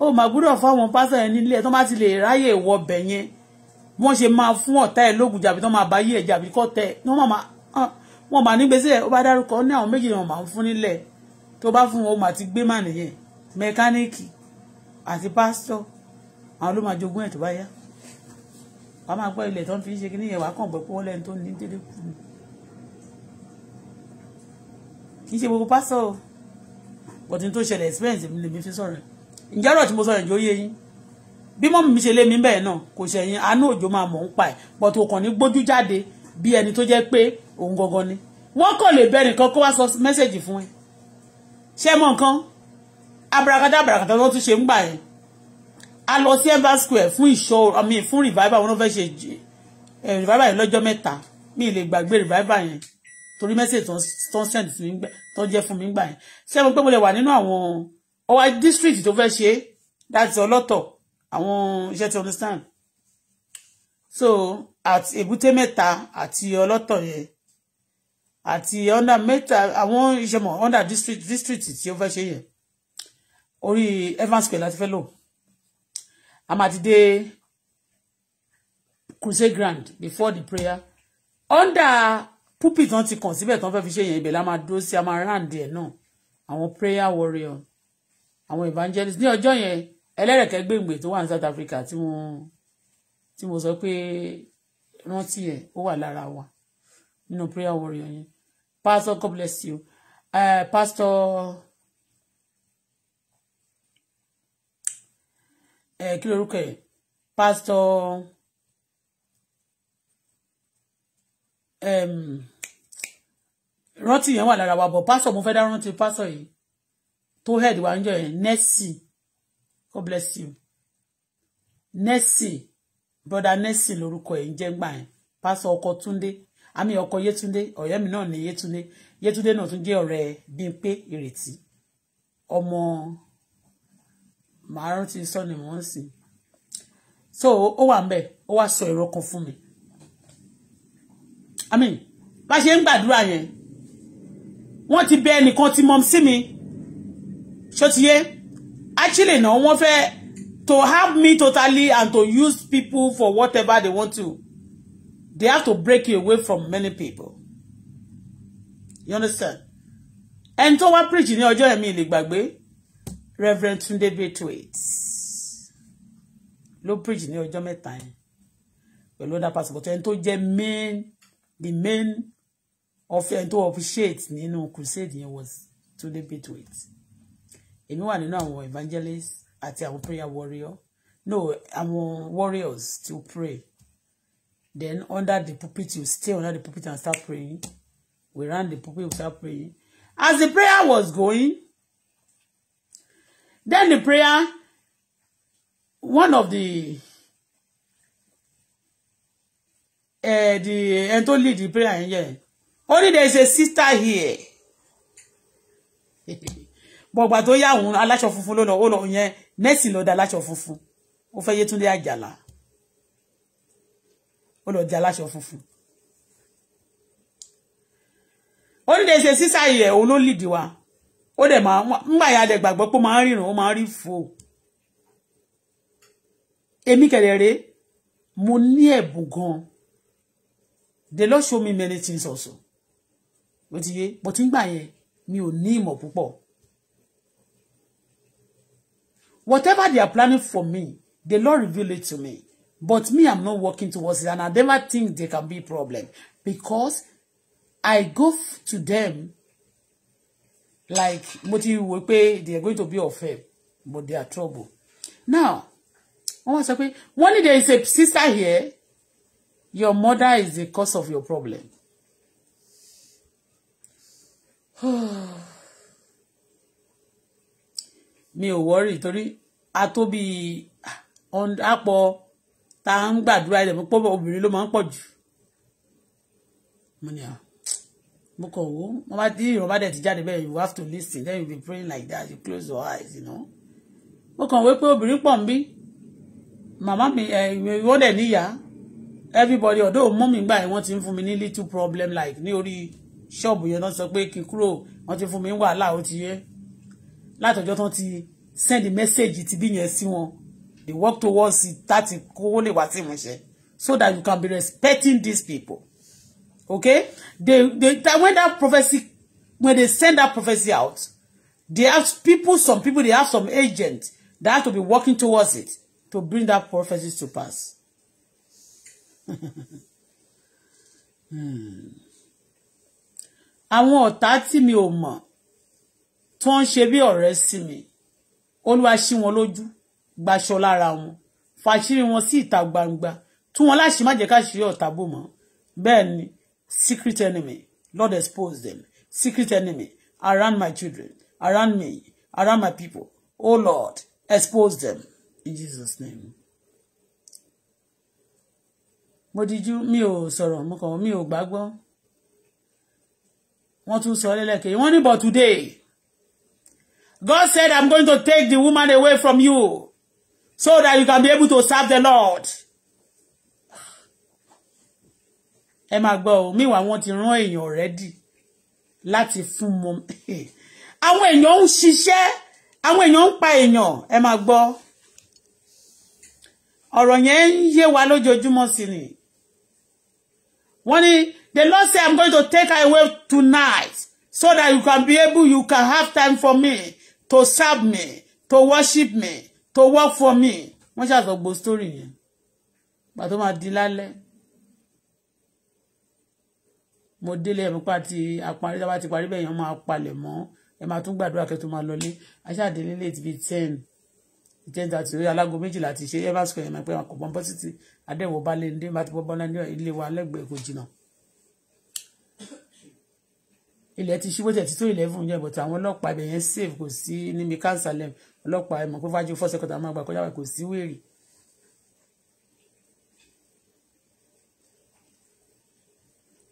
ó mà gbúdọ̀ fáwọn pásítọ̀ yẹn nílé ẹ̀ tó má ti lè ráyè wọ bẹ̀ yẹn wọ́n ṣe máa fún ọ̀tá ẹ̀ lógun jàbí tó máa bá yí ẹ̀ jàbí kọ́ tẹ̀ wọ́n máa ah, wọ́n máa ní gbèsè ó bá dárúkọ ní àwọn méjì wọn máa ń fún nílẹ̀ tó bá fún wọn ó máa ti gbé mà nìyẹn mẹkáníìkì àti pásítọ̀ àwọn ló máa jogún ẹ̀ tó bá yá wàá máa gbọ́ ilẹ̀ tó ń fi ṣe kíní yẹn wàá kàn gbọ́ pé wọ́n lẹ́nu tó ní dédé kù kì í ṣe gbogbo pásítọ̀ o but n tó ṣẹlẹ̀ experience mi lèmi fi sọ̀rọ̀ ǹjẹ́ ọ̀rọ̀ tí mo sọ̀rọ̀ ìjọ yé yín bí mọ́mù mi ṣe lé mi bẹ́ẹ̀ náà kò ṣẹ̀yìn àánú òjò máa mọ̀ ń pa ẹ̀ but òkàn ní gbójú jáde bí ẹni tó jẹ́ pé òun gangan ni wọ́n kò lè bẹ nìkan kó wá sọ mẹ́sẹ̀gì fún ẹ ṣé mọ̀ nǹkan abrakadá abrakadá ló tún ṣe ń gbà yẹn a lọ sí embassy square fún ìṣọ́ àmì fún revival wọn fẹ́ ṣe revival yẹn lọ́jọ́ mẹ́ta mi lè gbàgbé revival yẹn torí mẹ́sẹ̀gì tó ń send sí mi tó jẹ́ fún mi gbà yẹn ṣé mo pé mo lè wà nínú àwọn ọwá district tó fẹ́ ṣe láti ọlọ́tọ̀ àwọn iṣẹ́ tí understand so àti èbúté mẹ́ta àti ọlọ́tọ̀ yẹn àti under mẹ́ta àwọn ìṣẹ̀mọ̀ under district district tí ó fẹ́ ṣe yẹn orí Evans Square láti fẹ́ lò a máa ti dé crusade ground before the prayer under púpì tán ti kàn síbẹ̀ tán fẹ́ fi ṣe yẹn ibẹ̀ la máa dúró sí a máa ràn díẹ̀ náà àwọn prayer warrior àwọn evangelist ní ọjọ́ yẹn ẹlẹ́rẹ̀kẹ́ gbèngbè tó wà ní South Africa tí mo tí mo sọ pé rántí ẹ̀ ó wà lára wa nínú prayer warrior yẹn pastor God bless you uh, pastor uh, kí lorúkọ ẹ̀ pastor. rántí yẹn wà lára wa bọ̀ pásọ̀ mo fẹ́ dá rántí pásọ̀ yìí tó head wa ń jọ yẹn nẹ́sì God bless you nẹ́sì broda nẹ́sì lórúkọ ẹ̀ ń jẹ́ gbà yẹn pásọ̀ ọkọ̀ Túndé àmì ọkọ̀ Yétúndé ọ̀rẹ́ mi náà ní Yétúndé Yétúndé náà tún jẹ́ ọ̀rẹ́ Bímpé Ìrètí ọmọ màá rántí sọ́ni mò ń so ó wà ń bẹ̀ ó wá sọ èrò kan fún mi i mean bá ṣe ń gbàdúrà yẹn wọ́n ti bẹ ẹnìkan ti mọ́ sí mi ṣó ti yé actually náà wọ́n fẹ́ to help me totally and to use people for whatever they want to they have to break you away from many people you understand ẹni tó wá preach ní ọjọ́ ẹ̀mí lè gbàgbé Reverend Tunde Braithwaite ló preach ní ọjọ́ mẹ́ta yẹn pẹ̀lú ọ̀dà pàṣípọ̀tọ̀ ẹni tó jẹ́ main the main offering to appreciate nínú crusade yẹn was to Tunde Braithwaite èmi wà nínú àwọn evangelist àti àwọn prayer warrior no àwọn warriors to pray then under the pulpit you stay under the pulpit and start praying we ran the pulpit we start praying as the prayer was going then the prayer one of the uh, the ẹni tó lead the prayer yẹn yẹn only there is a sister here gbọgbà tó yá òun aláṣọ funfun ló lọ ó lọ yẹn nẹ́ẹ̀sì lọ da aláṣọ funfun ó fẹ́ Yétúndé di aláṣọ funfun only there is a sister here òun lead wa ó dẹ̀ máa mo They Lord show me many things also ó ti but bó ti ń gbà yẹn mi ò ní ìmọ̀ púpọ̀ whatever they are planning for me the Lord reveal it to me but me I'm not working towards it and I never think there can be problem because I go to them like mo ti wò pé they are going to be of but they are trouble now wọ́n wá sọ pé wọ́n ní there is a sister here Your mother is the cause of your problem. Me, ò worry. torí a tó bí àpọ̀ tá à ń gbàdúrà ilẹ̀ púpọ̀ obìnrin ló máa ń pọ̀ jù. mama ní à ah, mo ti jáde bẹ́ẹ̀ you have to listen then you be praying like that you close your eyes you know. mo kàn wé pé obìnrin pọ̀ ń bí màmá mi eh, ìwọ́n dẹ̀ níyàá everybody although mọ́mì gbà yẹn wọ́n ti ń mi ní little problem like ní orí shop yẹn náà sọ pé kí n kúrò wọ́n ti fún mi ní wàhálà ó ti yé látọjọ́ tán ti send message ti bí yẹn sí wọn they work towards it láti kówó lè wá sí ìmúṣẹ so that you can be respecting these people okay they they that when that prophecy when they send that prophecy out they have people some people they have some agents that have to be working towards it to bring that prophecy to pass. Hmm. àwọn ọ̀tá tí mi ò mọ̀ tó ń ṣe bí ọ̀rẹ́ sí mi olúwa ṣí wọn lójú gbaṣọ lára wọn fàṣírí wọn sí ìta gbangba tú wọn láṣì má jẹ́ káṣírí ọ̀tá bò mọ́ bẹ́ẹ̀ ni secret enemy Lord expose them secret enemy around my children around me around my people oh Lord expose them in Jesus' name mo dijú mi ò sọ̀rọ̀ mo kàn mi ò gbàgbọ́ wọ́n tún sọ lẹ́lẹ́kẹ̀ wọ́n ní but today God said I'm going to take the woman away from you so that you can be able to serve the Lord. ẹ máa gbọ́ ọ míwàá wọ́n ti rán èèyàn rẹ́dì láti fún mọ àwọn èèyàn ń ṣiṣẹ́ àwọn èèyàn ń pa èèyàn ẹ máa gbọ́ ọ̀rọ̀ yẹn ń yé wa lójoojúmọ́ sí ni wọ́n ní the Lord say I'm going to take her away tonight so that you can be able you can have time for me to serve me to worship me to work for me wọ́n ṣàtọ̀gbọ́ story yẹn gbà tó máa di lálẹ́ mo délé ẹ̀mí pa ti àparí tá a bá ti parí bẹ́ẹ̀ yẹn máa palẹ̀ mọ́ ẹ máa tún gbàdúrà kẹ́ tó máa lọlé aṣáàdé nílé ti fi ten ten thirty alágo méjìlá ti ṣe ẹ bá sọ yẹn máa pẹ́ àkọ́bọ̀n bọ́sítì adẹ́wọ̀ balẹ̀ndé bá ti bọ́ balẹ̀ndé ilé wa lẹ́gbẹ̀ẹ́ kò jìnnà ilẹ̀ ti ṣíwọ́ tẹ̀ títún eleven yẹn bọ̀tà àwọn ọlọ́pàá ibẹ̀ yẹn save kò sí níbi kansalem ọlọ́pàá ẹ̀mọ́ pé fájú four second àmọ́ àgbà kọjá kò sí wèrè.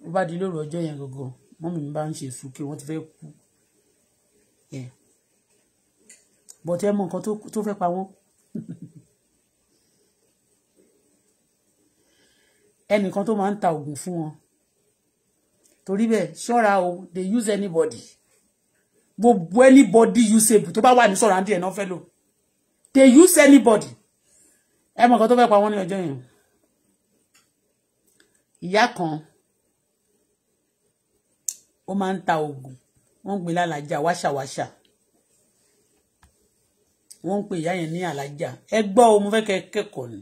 ó bá di lóru ọjọ́ yẹn gọ̀gọ̀ mọ́mì mi bá ń ṣe sùkè wọ́n ti fẹ́ kú bọ̀tà ẹ̀mọ́ nǹkan tó fẹ́ pa wọ́n. ẹnìkan tó máa ń ta oògùn fún wọn torí bẹ́ẹ̀ ṣọ́ra o they use anybody gbogbo anybody usable tó bá wà ní sọ̀rọ̀ àǹdí ẹ̀ náà fẹ́ lò they use anybody ẹ mọ̀ kan tó fẹ́ pa wọ́n ní ọjọ́ yẹn ìyá kan ó máa ń ta oògùn wọ́n ń pè lálàjà wáṣàwáṣà wọ́n ń pè ìyá yẹn ní àlàjà ẹ gbọ́ o mo fẹ́ kẹ́kọ̀ọ́ ni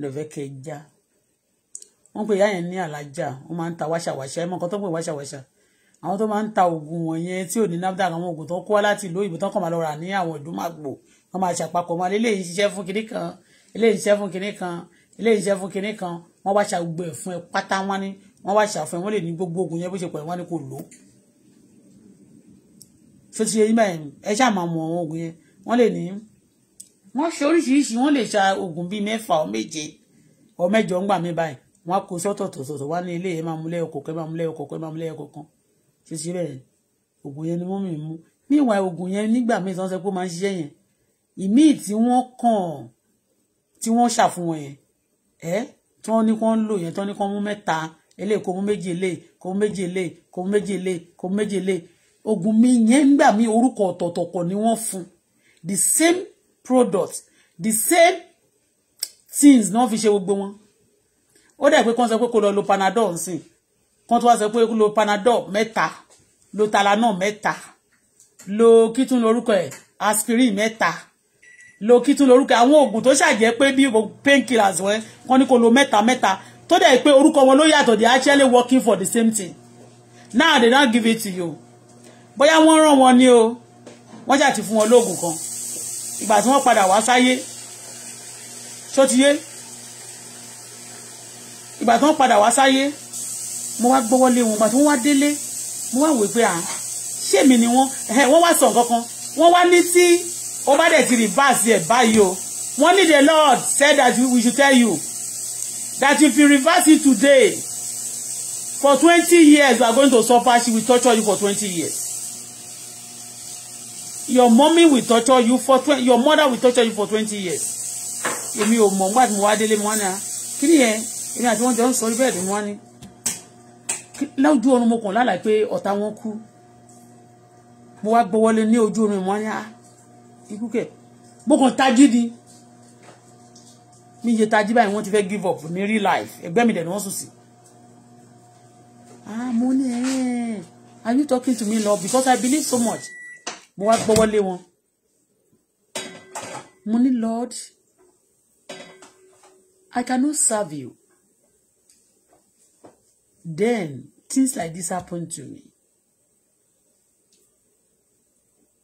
lọ́fẹ́ kẹ́ já wọ́n pe ìyá yẹn ní alájà wọ́n máa ń ta wáṣàwáṣà ẹ mọ nǹkan tó ń pè wáṣàwáṣà àwọn tó máa ń ta oògùn wọ̀nyẹn tí ò ní nafdac àwọn oògùn tó kó wá láti ìlú òyìnbó tó kàn máa lọ rà ní àwọn ìdúmàgbò wọ́n máa ṣàpapọ̀ máa lélẹ́yìn ṣiṣẹ́ fún kinní kan eléyìí ṣiṣẹ́ fún kinní kan eléyìí ṣiṣẹ́ fún kinní kan wọ́n wá ṣàgbẹ̀ fún ẹ pátá wọn ni wọ́n wá ṣàfẹ́ wọ́n lè ní gbogbo oògùn yẹn bó ṣe pọ̀ wọ́n ni kò lò ó ṣó ti yẹ yín báyìí ẹ ṣáà máa mọ àwọn oògùn yẹn wọ́n lè ní wọ́n ṣe oríṣiríṣi wọ́n lè ṣa oògùn bíi mẹ́fà ọ méje ọ mẹ́jọ ń gbà mí báyìí wọn á kó sọ́tọ̀ tọ̀tọ̀tọ̀ wá ní ilé ẹ̀ máa mú lẹ́yọ kọ̀ọ̀kan ẹ̀ máa mú lẹ́yọ kọ̀ọ̀kan ẹ̀ máa mú lẹ́yọ kọ̀ọ̀kan ṣe ṣe bẹ́ẹ̀ oògùn yẹn ni wọ́n mì mú níwà oògùn yẹn nígbà míì sọ́n sọ pé ó máa ń ṣiṣẹ́ yẹn ìmíì tí wọ́n kàn tí wọ́n ṣàfihàn yẹn ẹ́ tí wọ́n ní kó ń lò yẹn tí wọ́n ní kó mú mẹ́ta eléyìí kó mú méjì eléyìí kó mú méjì eléyìí kó mú méjì eléyìí kó mú méjì eléyìí oògùn mi yẹn nígbà míì orúkọ ọ̀tọ̀ọ̀tọ̀ ni wọ́n fún the same product the same things náà fi ṣe gbogbo wọn ó dẹ̀ pé kán sọ pé kó lọ lo panadol nsìn kán tó wá sọ pé kó lo panadol mẹ́ta lo Tylenol mẹ́ta lo kítún lórúkọ ẹ̀ aspirin mẹ́ta lo kítún lórúkọ àwọn oògùn tó ṣàjẹ́ pé bí painkillers wẹ́ kán ní kó lo mẹ́ta mẹ́ta tó dẹ̀ pé orúkọ wọn ló yàtọ̀ they actually working for the same thing now they don't give it to you bóyá wọ́n rán wọn ni o wọ́n jà ti fún wọn lóògùn kan ìgbà tí wọ́n padà wá sáyé ṣó ti yé ìgbà tó ń padà wá sáyé mo wá gbọ́wọ́ lé wọn ìgbà tó ń wá délé mo wá wò pé à ah, ṣé mi ni wọ́n wọ́n wá sọ nǹkan kan wọ́n wá ní tí ó bá dẹ̀ ti reverse ẹ̀ báyìí o wọ́n ní the Lord said that we should tell you that if you reverse it today for twenty years you are going to suffer she will torture you for twenty years your mommy will torture you for twenty your mother will torture you for twenty years èmi ò mọ̀ nígbà tí mo wá délé mo wá ní à ah, kí ni yẹn èmi àti wọn jọ ń sọ orí bẹ́ẹ̀dì wọn ni lójú oorun mo kàn lálàá pé ọ̀tá wọn kú mo wá gbọ́wọ́lé ní ojú oorun wọn ni ah, ikú kẹ̀ mo kàn tají ni mi yẹ tají báyìí wọ́n ti fẹ́ give up ní real life ẹgbẹ́ mi dẹ̀ ni wọ́n sùn sí. ah mo ní ẹ eh, are you talking to me love because I believe so much mo wá gbọ́wọ́lé wọn mo ní lord I cannot serve you Then things like this happened to me.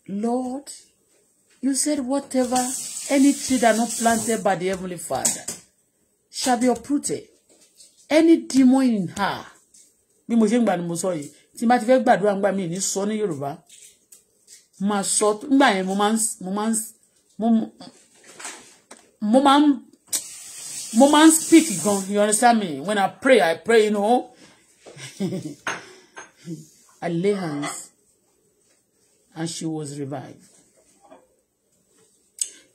Lord, you said whatever, any tree that not planted by the Heavenly Father shall be uprooted. Any demon in her. Bí mo ṣe ń gbà ni mo sọ yìí. Tí ma ti fẹ́ gbàdúrà ńgbà mi ní sọ ní Yorùbá. Máa sọ ńgbà yẹn mo máa ń mo máa ń mo máa ń mo máa ń speak gan. You understand me? When I pray, I pray, you know. I lay hands and she was revived.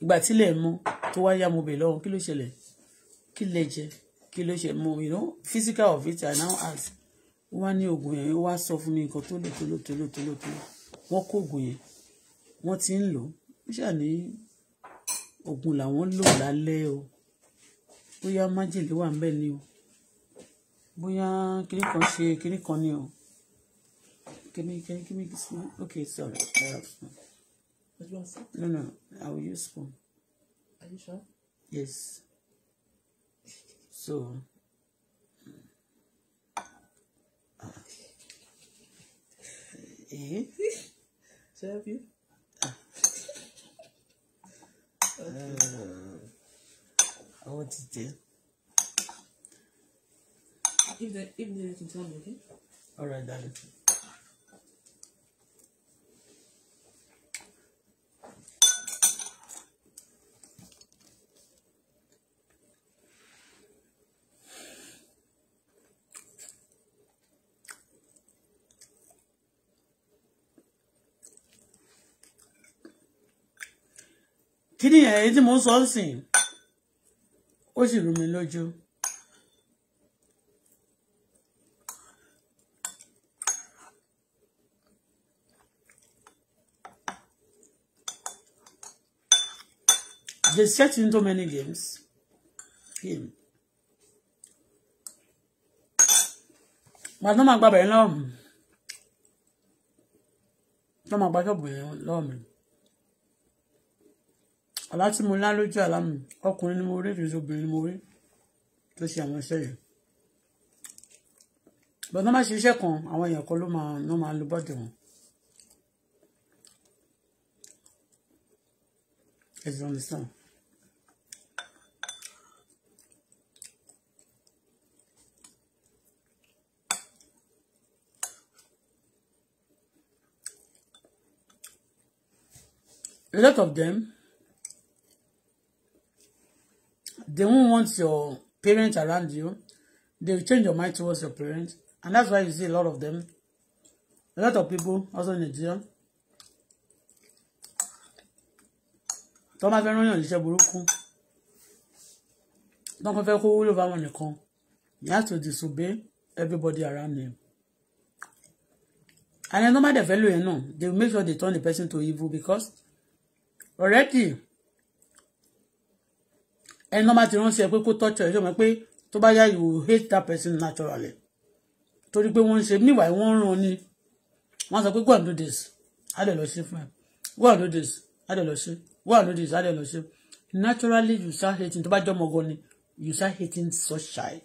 Ìgbà tí ilẹ̀ mú tó wá yá mo bè lọ́wọ́ kí ló ṣẹlẹ̀ kí lè jẹ kí ló ṣe mú you know physical of it I now ask wọ́n ní oògùn yẹn wọ́n á sọ fún mi nǹkan tó lò tó lò tó lò tó lò tó lò wọ́n kó oògùn yẹn wọ́n ti ń lò ó ṣà ní oògùn làwọn lò lálẹ́ o bóyá májèlé wà ń bẹ̀ ni o bóyá kíní kan ṣe kíní kan ni o kíní kíní kíní kíní okay sorry No no I will use spoon. Are you sure? Yes. So. Eh? Should I help ah. Okay. Uh, I want to tell if they, if they can tell me, okay? All right, darling. kí ni ẹ̀yin tí mo ń sọ ń sìn ó sì rú mi lójú. they set too many games. Him. Màdán no, gba bẹ̀rẹ̀ lọ́wọ́ mi. Wọ́n máa gba ṣọ́ọ̀bù yẹn lọ́wọ́ mi. Àlá tí mo lá lójú àlá mi, ọkùnrin ni mo rí, ìrìnsò obìnrin ni mo rí But no, àwọn iṣẹ́ yìí. Bọ̀dán máa ṣe iṣẹ́ kan, àwọn èèyàn kan ló máa lo bọ́ọ̀dì wọn. As you understand. a lot of them they won't want your parents around you they will change your mind towards your parents and that's why you see a lot of them a lot of people also in Nigeria tó máa fẹ́ rán yàn níṣẹ́ burúkú tó máa fẹ́ kó wúlò fáwọn nìkan you have to disobey everybody around you and then no matter if they will make sure they turn the person to evil because already ẹni náà máa ti ránṣẹ́ ẹ pé kó tọ́jú ẹ ṣọmọ pé tó bá yá you hate that person naturally torí pé wọ́n ń ṣe níwàá wọ́n ń ràn ni wọ́n sọ pé go and do this á lè lọ ṣe fún ẹ go and do this á lọ ṣe go and do this á lọ ṣe naturally you start hating tó bá jọ́ ọmọ gan ni you start hating such child.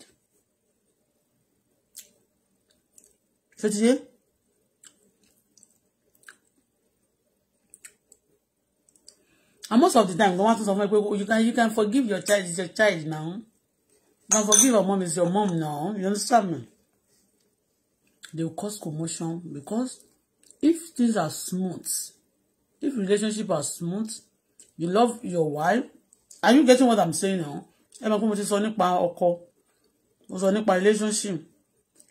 ṣé ti and most of the time wọ́n tún sọ fún mi oh, you can you can forgive your child it's your child now you can forgive your mom it's your mom now you understand me they will cause commotion because if things are smooth if relationship are smooth you love your wife are you getting what i'm saying now ẹ máa kó mo ti sọ nípa ọkọ mo sọ relationship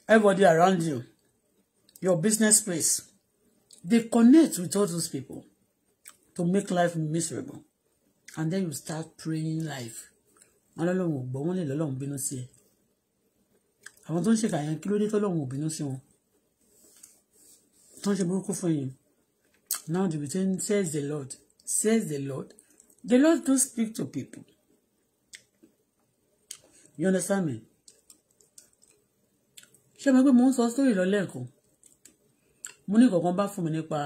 everybody around you your business place They connect with all those people to make life miserable and then you start praying life wọn lọ́lọ́run ò gbọ́ wọ́n lè lọ́lọ́run bínú sí ẹ àwọn tó ń ṣèkà yẹn kí ló dé tọ́lọ́run ò bínú sí wọn tó ń ṣe burúkú fún yín now the return says the Lord says the Lord the Lord do speak to people you understand me ṣé mo gbé mo ń sọ story lọ lẹ́ẹ̀kan mo ní kọ̀ọ̀kan bá fún mi nípa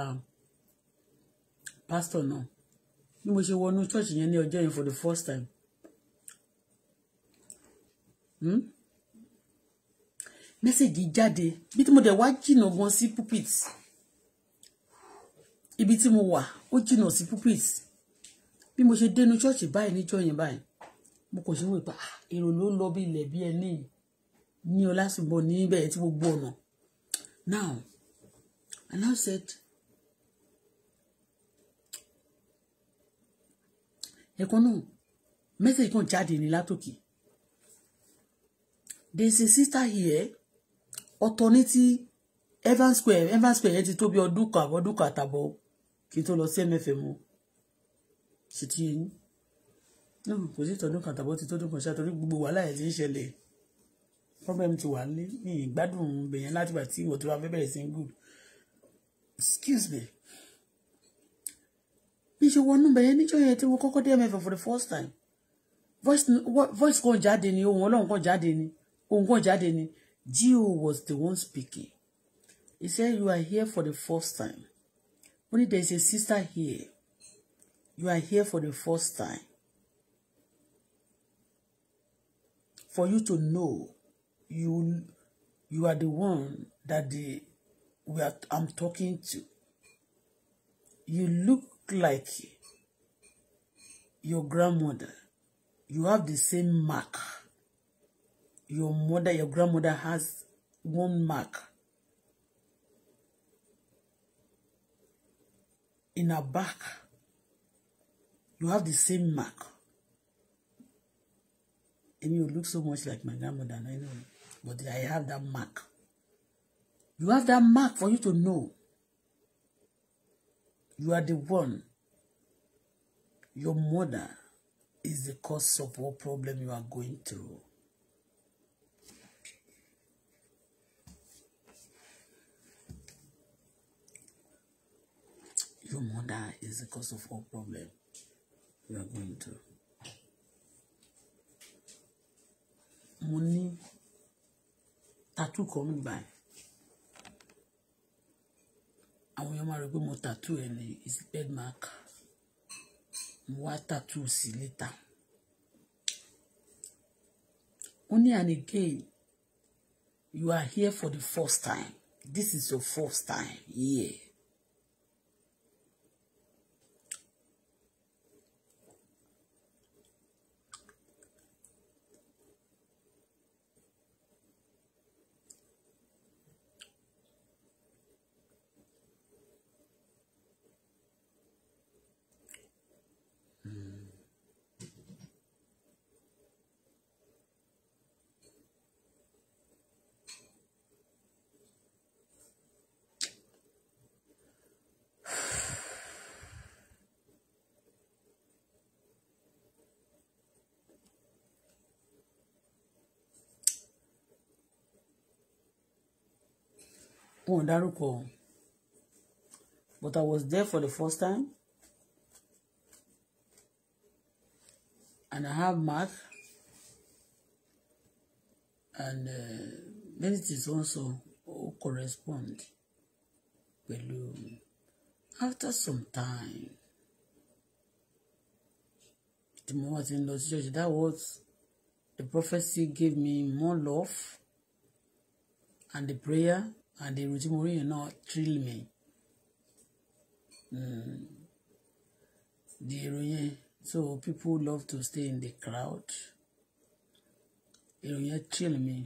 pásítọ̀ náà bí mo ṣe wọnú church yẹn ní ọjọ́ yẹn for the first time hmm? Message jáde bí tí mo dẹ̀ wá jìnnà gan sí pulpit ibi tí mo wà ó jìnnà sí pulpit bí mo ṣe dénú church báyìí níjọ́ yẹn báyìí mo kàn ṣe wò pé ah, èrò ló lọ bí ilẹ̀ bí ẹni ní ọlásùnbọ̀ níbẹ̀ tí gbogbo ọ̀nà now and I said ẹ̀kan náà mẹ́sẹ̀jì kan jáde ní látòkè there is a sister here ọ̀tọ̀ ní ti Evans Square Evans Square yẹn ti tó bí ọdún kan àbọ̀ ọdún kan àtàbọ̀ kí n tó lọ sí MFM o sì ti yẹn náà kò sí ìtọ́dún kan àtàbọ̀ ti tó kan ṣáà torí gbogbo wàhálà ẹ̀ ti ń ṣẹlẹ̀ problem ti wà ní ìgbádùn bẹ̀yẹn láti gbà tí ìwọ̀ tó bá fẹ́ bẹ̀rẹ̀ sí gùn excuse me bí ṣe wọnú bẹ̀yẹn níjọ́ yẹn tí mo kọ́kọ́ dé MFM for the first time voice voice kan jáde ni ohun ọlọ́run kan jáde ni ohun kan jáde ni G.O was the one speaking he said you are here for the first time only there is a sister here you are here for the first time for you to know you you are the one that the we are I'm talking to you look like your grandmother. You have the same mark. Your mother, your grandmother has one mark in her back. You have the same mark. And you look so much like my grandmother, I know, but I have that mark. You have that mark for you to know. You are the one. Your mother is the cause of all problem you are going through. Your mother is the cause of all problem you are going through. Money tattoo coming báyìí àwọn èèyàn máa rò pé mo tàtú ẹ ní is bed mark mo wá tàtú sí létà ó ní and again you are here for the first time this is your first time here. wọn dárúkọ but I was there for the first time and I have mark and uh, many things also correspond pẹ̀lú after some time the moment in lọ sí church that was the prophecy gave me more love and the prayer and èrò tí mo rí yẹn náà thrill me mm. the èrò yẹn so people love to stay in the crowd èrò yẹn thrill me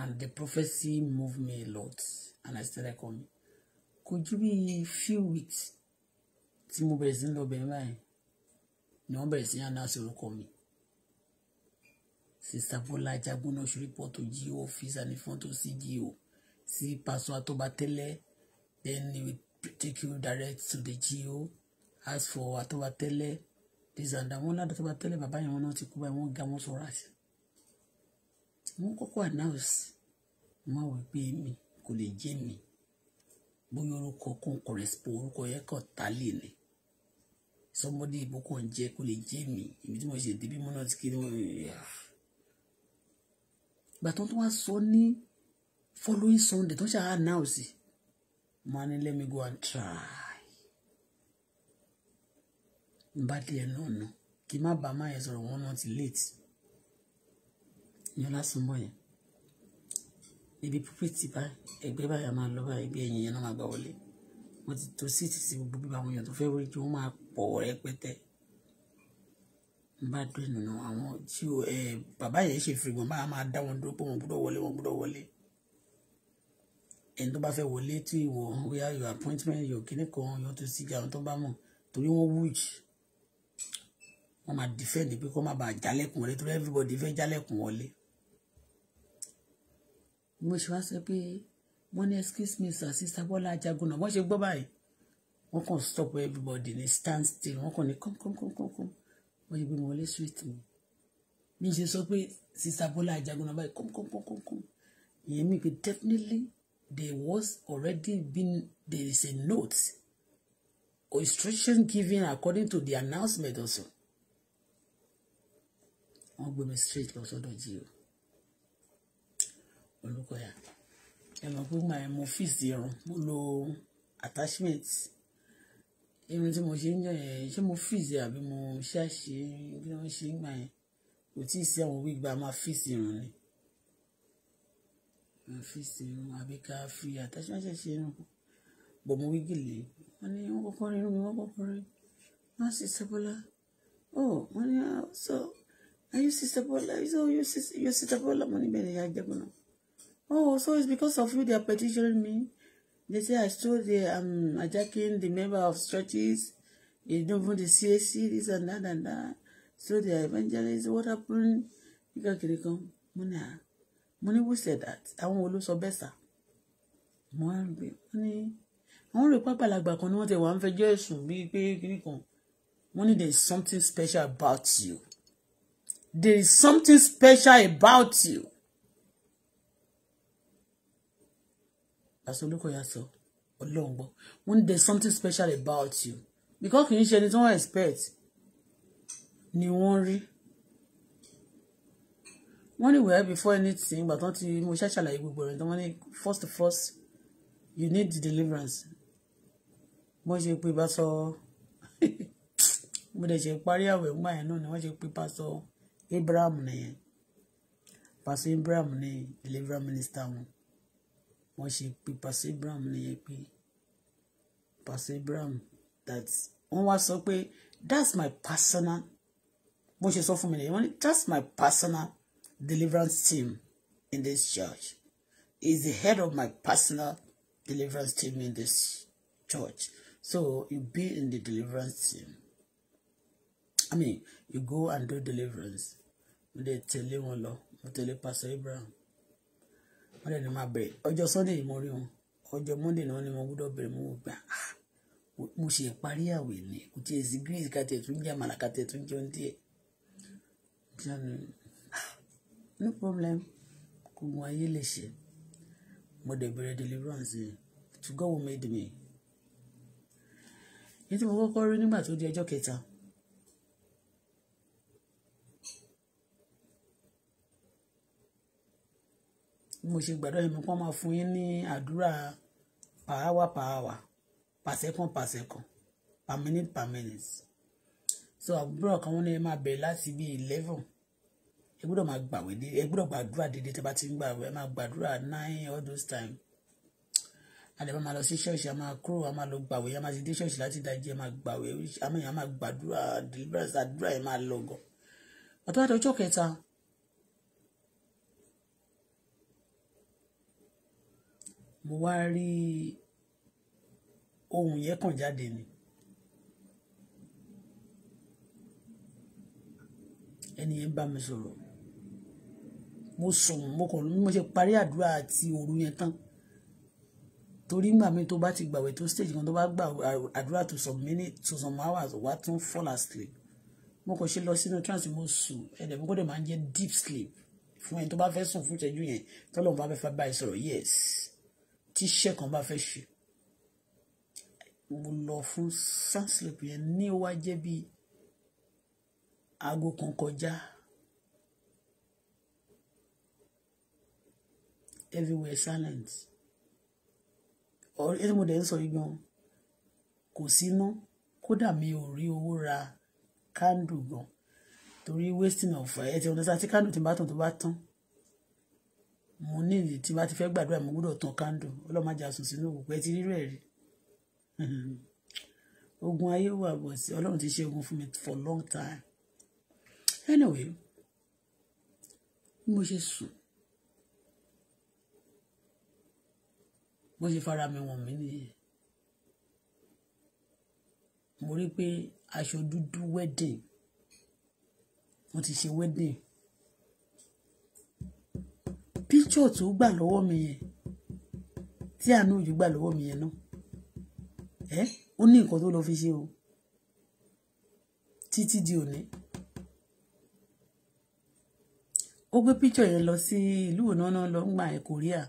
and the prophecy move me a lot and I started coming kò ju bí few weeks tí mo bẹ̀rẹ̀ sí ń lọ bẹ̀rẹ̀ báyìí ni wọ́n bẹ̀rẹ̀ sí ń announce orúkọ mi. Sister Bola Jagunna should report to GO office and in front of CGO. See Pastor Atobatele, then he will take you direct to the GO. As for Atobatele, this and that. Wọ́n ládàá Atobatele bàbá yẹn wọn náà ti kú báyìí wọ́n ga wọ́n sọ̀rọ̀ àti. Wọ́n kọ́kọ́ announce, wọ́n wọ̀ pé mi kò lè jẹ́ mi. Bóyá orúkọ kan correspond orúkọ yẹn kàn tálè ni. Somebody ìbùkún jẹ́ kò lè jẹ́ mi. Ibi tí mo ṣe débí mọ́nà ti kí ni wọ́n ìgbà tó ń tó wá sọ ní following Sunday tó ń ṣàá náà sí máa ní let me go and try n bá dé ẹ náà nù kí má bàa má yẹn sọ̀rọ̀ one month late yọlá súnmọ́ yẹn ibi púpìtì báyìí ẹgbẹ́ báyìí a máa lọ báyìí ibi ẹ̀yìn yẹn náà máa gbà wọlé wọ́n ti tó síìtì sí gbogbo bíbá àwọn èèyàn tó fẹ́ wọlé jù wọ́n máa pọ̀ rẹpẹtẹ bá dé nínú àwọn tí o ẹ bàbá yẹn ṣe fìgbọn máa máa dá wọn dúró pé wọn gbọ́dọ̀ wọlé wọn gbọ́dọ̀ wọlé ẹni tó bá fẹ́ wọlé tí ìwọ wíyá your appointment your kíní kan yọ tó sí àwọn tó bá mọ̀ torí wọn wúj wọn máa defend pé kó má bàa jálẹ̀kùn wọlé torí everybody fẹ́ jálẹ̀kùn wọlé. mo ṣe wá sọ pé wọ́n ní excuse me sir sister Bọ́lá Ajagun náà wọ́n ṣe gbọ́ báyìí wọ́n kàn stop everybody ní stand still wọ́n kàn ní come come come come come wọ́n yẹ gbé mi wọlé street mi mi ṣe sọ pé sista Bọ́lá Ajagunna báyìí kọ́mkọ́mkọ́mkọ́m ìyẹn mi pé definitely there was already been there is a note or instruction given according to the announcement also wọ́n gbé mi straight lọ sọ́dọ̀ jí o Olúkọ̀yà ẹ mọ̀ pé mo fi sí irun mo lo attachment irun tí mo ṣe ń yàn yẹn ṣé mo fìzì àbí mo ṣàṣe bí wọ́n ṣe ń gbà yẹn kò tí ì sí àwọn wíìgbà máa fìsì irun ni máa fìsì irun àbí ká fi attachment ṣe irun bọ̀ mo wí gèlè wọ́n ní wọ́n kọ́kọ́ rí irun mi wọ́n kọ́kọ́ rí wọ́n sì sẹ́bọ́lá oh wọ́n ní ah, so are you sister Bola so you sister, you sister ni ìyá jẹ́ gbọ́nà oh so it's because of you they are petitioning me. They say I stole the um attacking the member of churches, even the CAC, this and that and that. So the evangelist, what happened? You can come. Money, money. who said that? I wo ló sọ bẹ́ẹ̀ sà. Money. I want to ní. Àwọn olè pápá làgbà kan ni wọ́n ti wà ń fẹjọ́ ẹ̀sùn bíi there is something special about you. There is something special about you. Pastor Olukoya sọ ọlọ́run gbọ́ when there's something special about you because kì í ṣe ẹni tí wọ́n expect ni wọ́n rí wọ́n ní wẹ́ẹ́ before anything ìgbà tán ti mo ṣe ṣàlàyé gbogbo rẹ̀ tán wọ́n first first you need the deliverance wọ́n ṣe pé bá sọ mo dẹ̀ ṣe parí àwẹ̀ ńgbà yẹn náà ni wọ́n ṣe pé pásọ Abraham nìyẹn pásọ Abraham ní deliverance minister wọn wọ́n ṣe pé Pastor Abraham nìyẹn pé Pastor Abraham that wọ́n wá sọ pé that's my personal bó ṣe sọ fún mi nìyẹn wọ́n ní that's my personal deliverance team in this church he is the head of my personal deliverance team in this church so you be in the deliverance team I mean you go and do deliverance mo dẹ̀ tẹ̀lé wọn lọ mo tẹ̀lé Pastor Abraham wọ́n dẹ̀ ló máa bẹ̀rẹ̀ ọjọ́ sunday ni mo rí wọn ọjọ́ monday náà ni mo gbọ́dọ̀ bẹ̀rẹ̀ mo gbà ah, mo ṣe parí àwẹ̀ ni kò tiẹ̀ sí greece kàtẹ̀ tún jẹ́ àmàlà kàtẹ̀ tún jẹun díẹ̀ ah, no problem kò mú ayé lè ṣe mo dẹ̀ bẹ̀rẹ̀ deliverance to God will made me. èyí tí mo kọ́kọ́ rí nígbà tó di ọjọ́ kẹta bí mo ṣe gbàdúrà yẹn mo kàn máa fún yín ní àdúrà per hour per hour per second per second per minute per minute so àbúrò kan wọn ní ẹ máa bẹ̀rẹ̀ láti bí eleven ẹ gbọ́dọ̀ máa gbàwé dé ẹ gbọ́dọ̀ gbàdúrà dédé tẹ́ bá ti ń gbàwé ẹ máa gbàdúrà nine all those time àdàbà máa lọ sí ṣọ́ọ̀ṣì a máa kúrò a máa lọ gbàwé a máa ti dé ṣọ́ọ̀ṣì láti dájí a máa gbàwé a máa gbàdúrà deliverance àdúrà ẹ máa lọ gan. pàtó àti ọjọ́ kẹta mo wá rí ohun yẹn kàn jáde ni ẹni yẹn bá mi sọ̀rọ̀ mo sùn mo kàn ní mo ṣe parí àdúrà àti òru yẹn tán torí nígbà míì tó bá ti gbàwẹ̀ tó stage kan tó bá gbà àdúrà to some minutes to some hours wá tún fall asleep mo kàn ṣe lọ sínú trance mo sùn ẹ̀dẹ̀ mi kò dẹ̀ máa ń jẹ́ deep sleep fún ẹni tó bá fẹ́ sùn fún ìṣẹ́jú yẹn tọ́lọ́run bá fẹ́ fẹ́ báyìí sọ̀rọ̀ yes tí iṣẹ́ kan bá fẹ́ ṣe mo lọ fún sanslip yẹn ní ó wá jẹ́ bí aago kan kọjá everywhere silent ọ̀rẹ́ tí mo dẹ̀ ń sọ yìí gan kò síná kódà mi ò rí owó ra kándù gan torí wasting of ẹ ti ọ̀nà tí kándù ti bá tàn tó bá tán mo ní ìrì tí bá ti fẹ́ gbàdúrà mo gbọ́dọ̀ tan kándù ọlọ́mọdé àsùn sínú òkùnkùn ẹ ti rírọ̀ ẹ̀rí ogun ayé wà bọ̀ sí ọlọ́run ti ṣe ogun fún mi for long time anyway bí mo ṣe sùn bó ṣe fara mi wọ̀n mí nìyẹn mo rí pé aṣọ dúdú wedding wọ́n ti ṣe wedding píṣọ̀ tó gbà lọ́wọ́ mi yẹn tí àánú òjò gbà lọ́wọ́ mi yẹn náà ẹ ó ní nǹkan tó lọ fi ṣe o títí di òní ó gbé píṣọ̀ yẹn lọ sí ìlú òná náà lọ ń gbà ẹ̀ Korea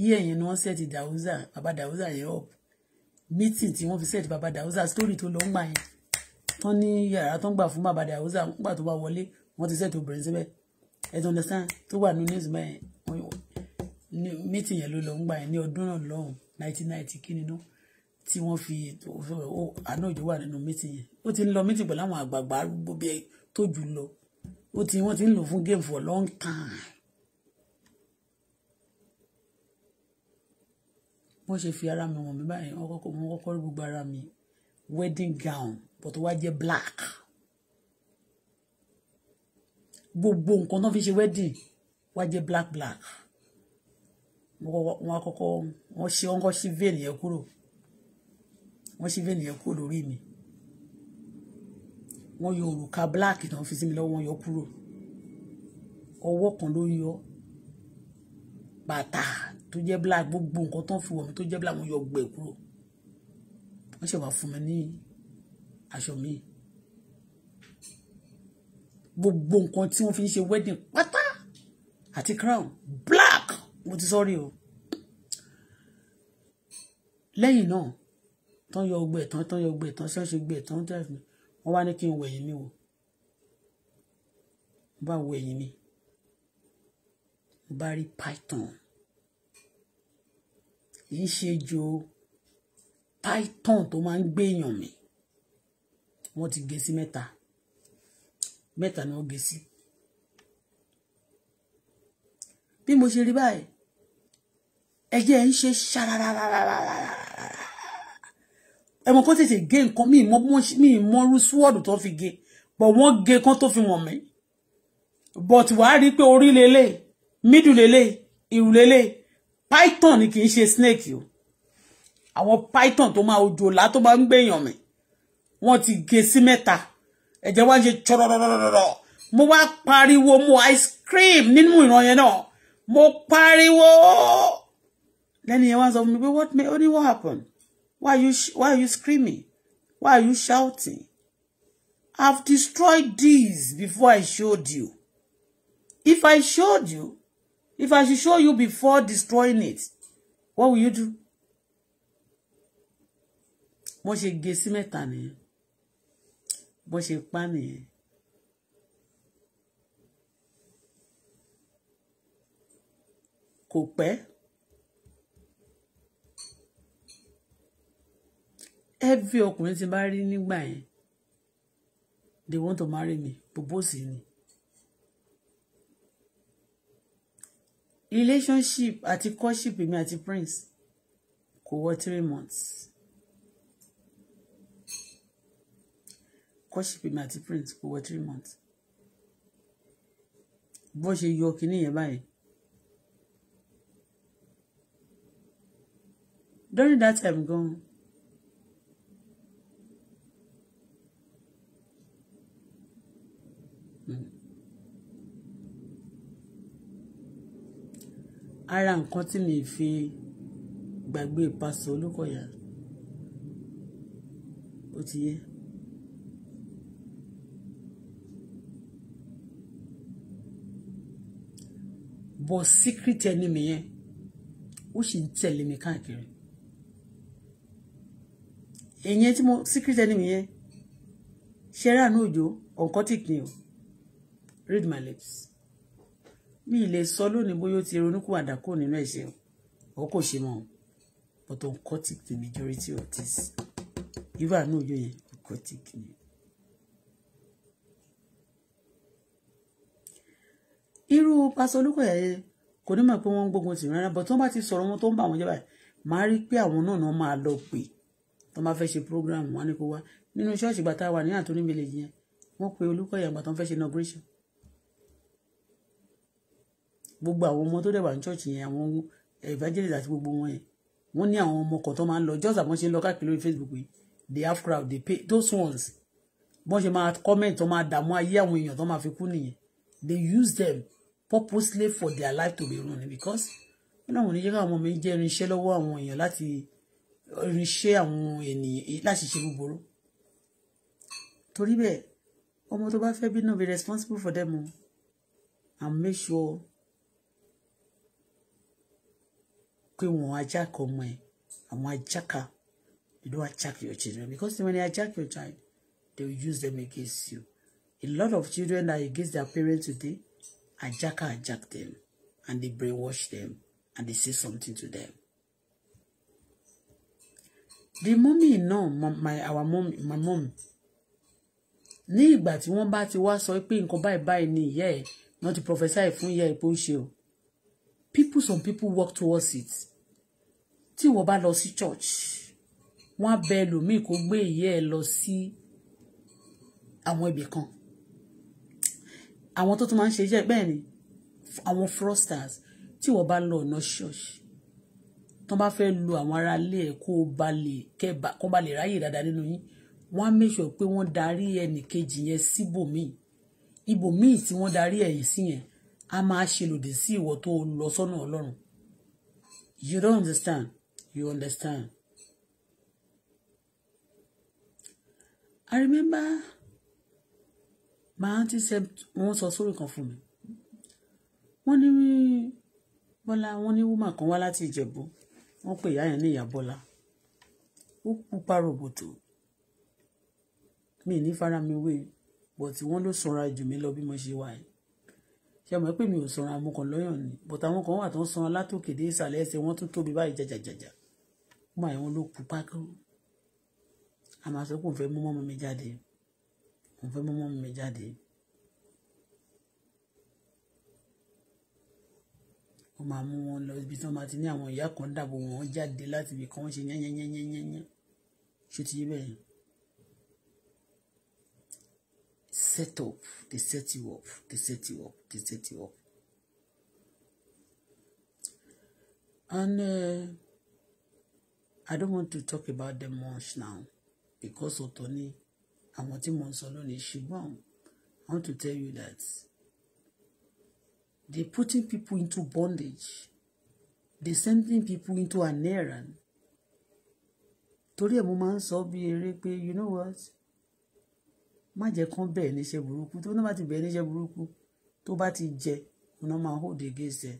yí ẹ̀yìn ni wọ́n sẹ́ẹ̀tì dàúzà bàbá dàúzà yẹn up meeting tí wọ́n fi sẹ́ẹ̀tì bàbá dàúzà story tó lọ ń gbà yẹn tán ní yàrá tó ń gbà fún bàbá dàúzà ń gbà tó bá wọlé wọ́n ti sẹ́ẹ̀tì obìnrin síbẹ̀ ẹ tó understand tó wà nínú news báyẹn meeting yẹn ló lọ ń gbà yẹn ní ọdún náà lọ́hùn nineteen ninety kíni náà tí wọ́n fi àná òjò wà nínú meeting yẹn ó ti ń lọ meeting pẹ̀lú àwọn àgbààgbà arúgbó bí tó jù lọ ó ti wọ́n ti ń lò fún game for long time. wọ́n ṣe fi ara mi wọ̀n mi báyìí wọ́n kọ́kọ́ rí gbogbo ara mi wedding gown but ó wá jẹ́ black gbogbo nǹkan náà fi ṣe wedding wá jẹ́ black black wọ́n kọ́kọ́ wọ́n ṣe wọ́n kọ́ sí vein yẹn kúrò wọ́n ṣí vein yẹn kúrò lórí mi wọ́n yọ òrùka black náà fi sí mi lọ́wọ́ wọ́n yọ kúrò ọwọ́ kan ló yọ bàtà tó jẹ́ black gbogbo nǹkan tó ń fi wọ̀ mí tó jẹ́ black wọ́n yọ gbẹ̀ kúrò wọ́n ṣe wà fún mi ní aṣọ míì gbogbo nǹkan tí wọ́n fi ń ṣe wedding pátá àti crown black mo ti sọ́rí o lẹ́yìn náà tán yọ ọgbẹ́ tán tán yọ ọgbẹ́ tán ṣọ́ọ̀ṣì gbẹ́ tán drive mi wọ́n wá ní kí n wẹ̀yìn mi wò mo bá wẹ̀yìn mi mo bá rí python kì í ṣe jo python tó máa ń gbéyàn mi wọ́n ti gé sí mẹ́ta mẹ́ta ni wọ́n gé sí bí mo ṣe rí báyìí ẹ̀jẹ̀ ń ṣe ṣarararararara ẹmọ kan tètè gé nǹkan mi ìmọ mi ìmọ rú súwọ́ọ̀dù tó fi gé bọ̀ wọ́n gé kan tó fi wọ̀n mí but wàá rí i pé orí lélẹ̀ mídù lélẹ̀ ìrù lélẹ̀ python ni kì í ṣe snake o àwọn python tó máa ojò ọ̀la tó bá ń gbèyàn mi wọ́n ti gé sí mẹ́ta ẹ̀jẹ̀ wá ṣe tsọ̀rọ̀rọ̀rọ̀rọ̀ mo wá pariwo mo ice cream nínú ìran yẹn náà mo pariwo lẹ́nu yẹn wá sọ fún mi pé what may only what happen why are you why are you screaming why are you shouting I've destroyed these before I showed you if I showed you if I should show you before destroying it what will you do mo ṣe gé e sí mẹ́ta nìyẹn bó ṣe pa nìyẹn. kò pẹ́ every ọkùnrin tí bá rí nígbà yẹn they want to marry me propose me. relationship àti courtship mi àti prince kò wọ three months. kọ́ṣìpì mi àti prince kò wọ three months bó ṣe yọ kinní yẹn báyìí during that time gan hmm, ara nǹkan tí mi fi gbàgbé pásítọ̀ Olúkọ̀yà ó ti yé but secret enemy yẹn ó sì ń tẹ̀lé mi káàkiri ìyẹn tí mo secret enemy yẹn ṣẹ́rà ní òjò oncotic ni o read my lips mi ì lè sọ lónìí bóyá ó ti ronúkú àdàkọ nínú ẹ̀ṣẹ̀ o kò ṣe mọ́ but oncotic the majority of this irú àánú òjò yẹn oncotic ni. irú pásọ Olúkọ̀yà yẹn kò ní mọ̀ pé wọ́n ń gbógun tì rárá bọ̀ tó bá ti sọ̀rọ̀ wọn tó ń bà wọ́n jẹ́ báyìí máa rí pé àwọn náà náà máa lọ pè tó máa fẹ́ ṣe program wọn ni kó wá nínú ṣọ́ọ̀ṣì gbàtà wà ní àtúní village yẹn wọ́n pe Olúkọ̀yà gbà tó ń fẹ́ ṣe inauguration gbogbo àwọn ọmọ tó dẹ̀ wà ní ṣọ́ọ̀ṣì yẹn àwọn evangelist àti gbogbo wọn yẹn wọ́n ní àwọn ọmọ kan tó máa ń lọ just àbọ̀n ṣe ń lọ káàkiri lórí Facebook yìí they have crowd they pay those ones bọ́n ṣe máa comment tó máa dààmú ayé àwọn èèyàn tó máa fi kú nìyẹn they use them purposely for their life to be ruined because wọn náà wọn ní jẹ́ káwọn ọmọ mi jẹ́ irinṣẹ́ lọ́wọ́ àwọn èèyàn láti irinṣẹ́ àwọn ènìyàn láti ṣe búburú torí bẹ́ẹ̀ ọmọ tó bá fẹ́ bí náà be responsible for them o and make sure pé wọn ajáka ọmọ ẹ àwọn ajáka you don't attack your children because when you attack your child they will use them against you a lot of children are against their parents today hijacker hijack them and they brainwash them and they say something to them. The mommy náà my our mom my mom ní ìgbà tí wọ́n bá ti wá sọ pé nǹkan báyìí báyìí ni ìyá ẹ̀ wọ́n ti prophesy fún ìyá ẹ̀ pé ó ṣe o people some people work towards it tí wọ́n bá lọ sí church wọ́n á bẹ ẹlòmíì kó gbé ìyá ẹ̀ lọ sí àwọn ibì kan àwọn tó tún máa ń ṣe iṣẹ́ bẹ́ẹ̀ ni àwọn fraudsters tí wọ́n bá lọ ọ̀nà ṣọ́ọ̀ṣì tó bá fẹ́ lu àwọn ará ilé ẹ̀ kó ba lè kẹ́ba kó ba lè ráyè dáadáa nínú yín wọ́n á make sure pé wọ́n darí ẹnìkejì yẹn síbòmíì ibòmíì tí wọ́n darí ẹ̀yìn sí yẹn a máa ṣe lòdì sí ìwọ tó lọ sọ́nà ọlọ́run you don't understand you understand I remember my aunty said wọ́n sọ sórí kan fún mi wọ́n ní bọ́lá wọ́n ní wúmà kan wá láti ìjẹ̀bú wọ́n pè ìyá yẹn ní ìyá bọ́lá ó pupa ròbòtò mi ní fara mi wé but wọ́n ló sanra jù mí lọ bí mo ṣe wà yìí ṣe mọ̀ pé mi ò sanra mo kàn lọ́yàn ni but àwọn kan wà tó ń san alátòkè dé ìsàlẹ̀ ẹsẹ̀ wọ́n tún tóbi báyìí jàjàjàjà wọ́n àyẹ̀wò ló pupa kó àmọ́ àsọkùnfẹ́ mú mọ́mọ́ mi jáde mo fẹ́ mọ́mọ́ mi jáde wọ́n máa mú wọn lọ ibi tí wọ́n máa ti ní àwọn ìyá kan dàbò wọn jáde láti ibi kan wọ́n ṣe yányányányányányá ṣó ti yé bẹ́ẹ̀ set up they set you up they set you up they set you up and uh, I don't want to talk about them much now because ọ̀tọ̀ ni àwọn tí mo ń sọ lónìí ṣùgbọ́n I want to tell you that they putting people into bondage they sending people into an errand torí ẹ̀ mo máa ń sọ bí eré pé you know what má jẹ́ kán bẹ̀ẹ́ níṣẹ́ burúkú tó náà bá ti bẹ̀ẹ́ níṣẹ́ burúkú tó bá ti jẹ ọ̀nà máa hold against ẹ̀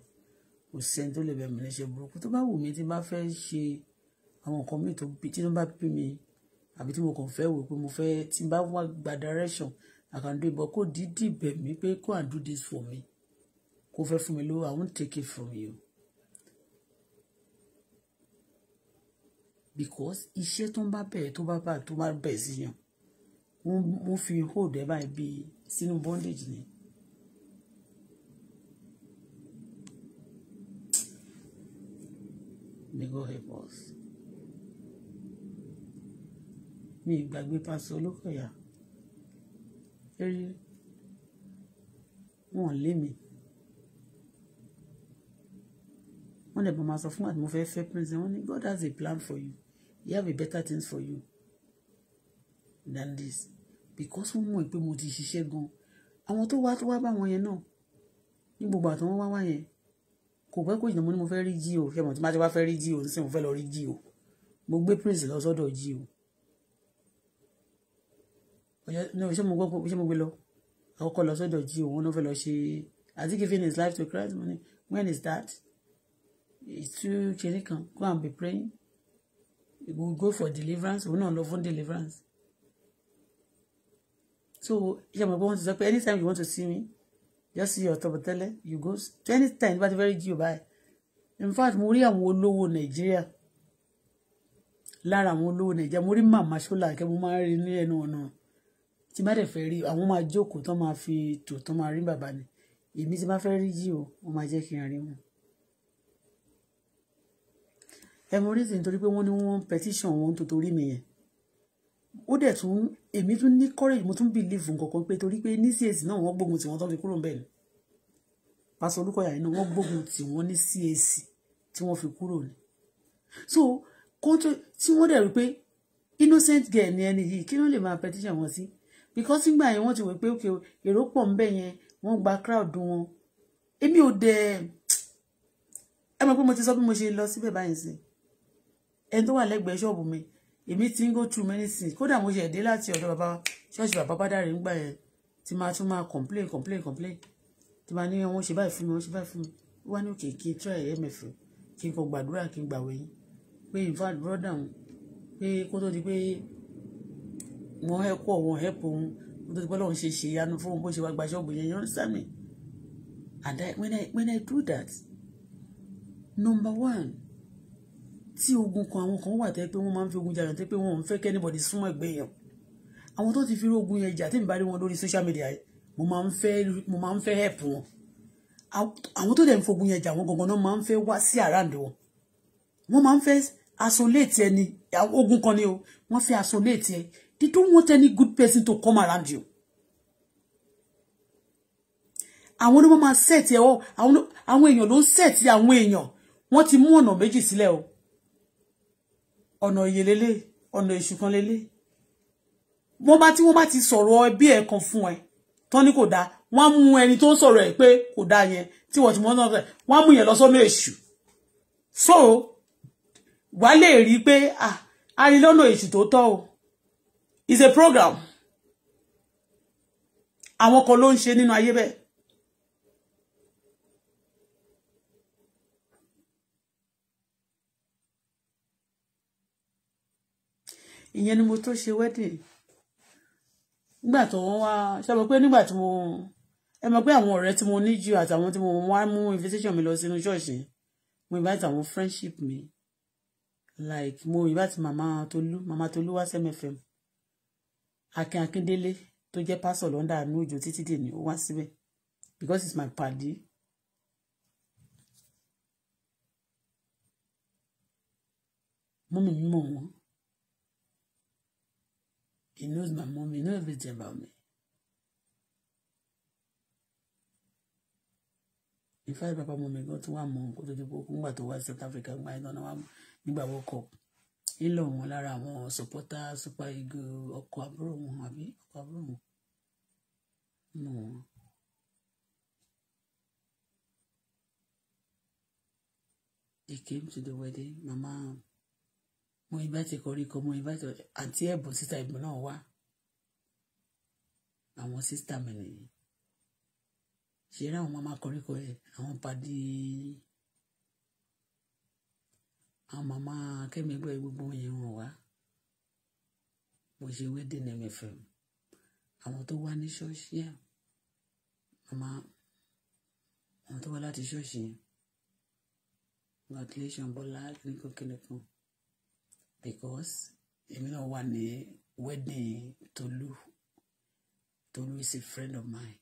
kò sẹ́ni tó lè bẹ̀ẹ́ mi níṣẹ́ burúkú tó bá wù mí tí bá fẹ́ ṣe àwọn nǹkan míì tó bí tí wọ́n bá bí mi àbí tí mo kàn fẹ́ wò pé mo fẹ́ tí n bá wá gba direction I can do it but kò dídì bẹ̀ mí pé go and do this for me kò fẹ́ fún mi lówó I won't take it from you because iṣẹ́ tó ń bá bẹ̀rẹ̀ tó bá bá tó bá bẹ̀ sí yàn wọ́n fi hold ẹ̀ báyìí bíi sínú bondage ni. May God help us mi ì gbàgbé pásọ olókọ̀yà eré wọn lé mi wọn lè bọ máa sọ fún àti mo fẹ́ fẹ́ prince wọn ni God has a plan for you he have a better things for you than this because wọn mọ̀ pé mo ti ṣiṣẹ́ gan àwọn tó wá tó wá bá wọn yẹn náà ní gbogbo àtàwọn wá wá yẹn kò pẹ́ kó jìnnà mo ní mo fẹ́ rí jí o ṣé mo ti máa ti wá fẹ́ rí jí o ṣé mo fẹ́ lọ rí jí o mo gbé prince lọ sọ́dọ̀ jí o ọjọ́ ní oṣù mo gbọ́ oṣù mo gbé lọ àkọ́kọ́ lọ sọ́dọ̀ jí òun náà fẹ́ lọ ṣe has he given his life to Christ money when is that ìtú kiri kan go and be praying we will go for deliverance òun náà lọ fún deliverance so ṣe mo gbọ́ wọn ti sọ pé anytime you want to see me just see your tọ̀bọ̀tẹ́lẹ̀ you go anytime bá ti fẹ́ rí jí o in fact mo rí àwọn olówó Nàìjíríà lára àwọn olówó Nàìjíríà mo rí màmá ṣọlá kẹ mo máa ń rí ní ẹnu ọ̀nà tí bá dẹ̀ fẹ́ rí àwọn máa jókòó tán máa fi tò tán máa rí bàbá ni èmi tí bá fẹ́ rí yìí o wọ́n máa jẹ́ kí n rí wọn. ẹ mọ orí pé wọ́n ní wọ́n petition wọn tó torí mi yẹn ó dẹ̀ tún èmi tún ní courage mo tún believe nǹkankan pé torí pé ní CAC náà wọ́n gbógun tì wọ́n tán fi kúrò ń ni pásọ Olúkọ̀yà yìí náà wọ́n gbógun tì wọ́n ní CAC tí wọ́n fi kúrò ni so kó tó tí wọ́n dẹ̀ rí pé innocent girl ni ẹni yìí kí ló lè máa petition wọn sí. Si because nígbà yẹn wọ́n ti wò pé òkè èrò pọ̀ ń bẹ̀ yẹn wọ́n gba crowd wọn èmi ò dẹ̀ ẹ mọ̀ pé mo ti sọ bí mo ṣe lọ síbẹ̀ báyìí sí ẹni tó wà lẹ́gbẹ̀ẹ́ ṣọ́ọ̀bù mi èmi ti ń go through many things kódà mo ṣe ẹ̀dẹ́ láti ọ̀dọ̀ bàbá ṣọ́ọ̀ṣì bàbá bá dàrí nígbà yẹn ti máa tún máa complain complain complain ti máa ní wọ́n ṣe báyìí fún mi wọ́n ṣe báyìí fún mi wá ní òkè kí n try mf kí n kò gbàdúrà kí n gbàwé yín pé in fact brother pé kó tó di pé wọ́n help ọ̀ wọ́n help òun wọ́n tó ti pẹ́ lọ́wọ́ ṣe ṣe ìyanu fún òun bó ṣe wá gba ṣọ́ọ̀bù yẹn yọ̀ọ́ sami and I, when I when I do that number one tí ogun kan àwọn kan wà tẹ́ pé wọ́n máa ń fi ogun jàdàn tẹ́ pé wọ́n ń fẹ́ kẹ́nìbọ̀dì súnmọ́ ẹgbẹ́ yẹn àwọn tó ti fi ogun yẹn jà tí mi bá rí wọn lórí social media mo máa ń fẹ́ mo máa ń fẹ́ help wọn àwọn tó dẹ̀ ń fogun yẹn jà wọn gangan náà máa ń fẹ́ wá sí àràǹdì wọn wọ́n máa ń fẹ́ isolate ẹni ogun kan ni o wọ́n fẹ́ isolate ẹ They don't want any good person to come around you. Àwọn ọmọ máa set ẹ̀ ọ́, àwọn èèyàn ló ń set àwọn èèyàn. Wọ́n ti mú ọ̀nà méjì sílẹ̀ o. Ọ̀nà ìyè lélẹ̀, ọ̀nà èṣù kan lélẹ̀. Wọ́n bá tí wọ́n bá ti sọ̀rọ̀ ẹbí ẹ̀ kan fún ẹ, tán ní kò dáa, wọ́n á mú ẹni tó ń sọ̀rọ̀ ẹ̀ pé kò dáa yẹn tí wọ́n ti mọ́ náà rẹ̀, wọ́n á mú yẹn lọ sọ́nà èṣù. So, wàá lè rí i pé, ah, a rí lọ́nà èṣù tó tọ́ o it's a program àwọn kan ló ń ṣe nínú ayé bẹ́ẹ̀ ìyẹn ni mo tó ṣe wedding nígbà tó wọ́n wá ṣe mọ̀ pé nígbà tí mo ẹ mọ̀ pé àwọn ọ̀rẹ́ tí mo ní jù àtàwọn tí mo wá mú invitation mi lọ sínú ṣọ́ọ̀ṣì mo invite àwọn friendship mi like mo invite mama Tolu mama Tolu wá sẹ́mẹ̀fẹ̀mù akin akindele tó jẹ́ pásọ̀ lọ́ndà àánú òjò títí dè ní ó wá síbẹ̀ because it's my padi. mọ́mì mi mọ̀ wọ́n he knows my mom he knows everything about me. in fact bàbá mọ́mì gan tún wà mọ́ nǹkan tó ti kó nígbà tó wá South Africa nígbà yẹn náà wà nígbà World Cup ńlọ wọn lára àwọn sọpọtà super ego ọkọ àbúrò wọn àbí ọkọ àbúrò wọn nù wọn. They came to the wedding mama mo ibà ti kọrí kọ mo ibà ti àǹtí ẹ̀bùn síta ìbùn náà wá àwọn sísítà mi nìyí ṣe eré àwọn mama kọrí kọ ẹ àwọn padì àwọn màmá Kẹ́mi ẹgbẹ́ gbogbo wọn yẹn wọ̀n wá mo ṣe wedding MFM àwọn tó wá ní ṣọ́ọ̀ṣì yẹn màmá àwọn tó wá láti ṣọ́ọ̀ṣì yẹn congratulation Bọ́lá kíníkan kíníkan because èmi náà wà ní wedding tolu. Tolu is a friend of mine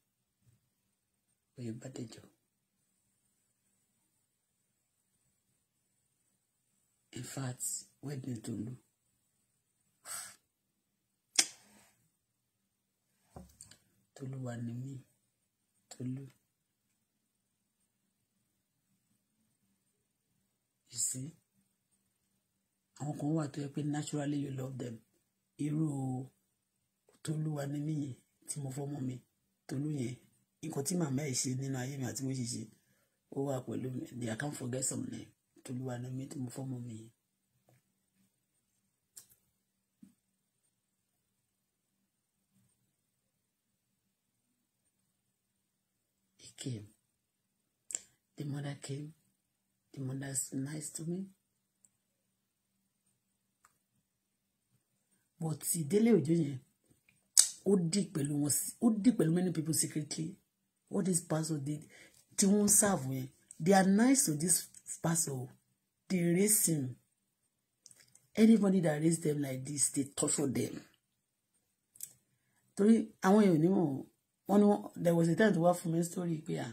oyè bàdéjọ́. in fact when wedding Tolu Tolu wà ní mí Tolu you see àwọn kan wà tó yẹ pé naturally you love them irú Tolu wà ní mí yẹn tí mo fọmọ mi Tolu yẹn nǹkan tí màmá ẹ̀ ṣe nínú ayé mi àti bó ṣe ṣe ó wà pẹ̀lú mi they can forget some name tolúwa náà mi tí mo fọ́mọ mi came. The mother came. The mother's nice to me. But ìdílé òjò yẹn ó dì pẹ̀lú wọn ó dì pẹ̀lú many people secretly what this pastor did tí wọ́n ń serve yẹn they are nice to this pastor o they raise him. Anybody that raise them like this, they torture them. Torí I want you wọn ni there was a time to work for me. story pé à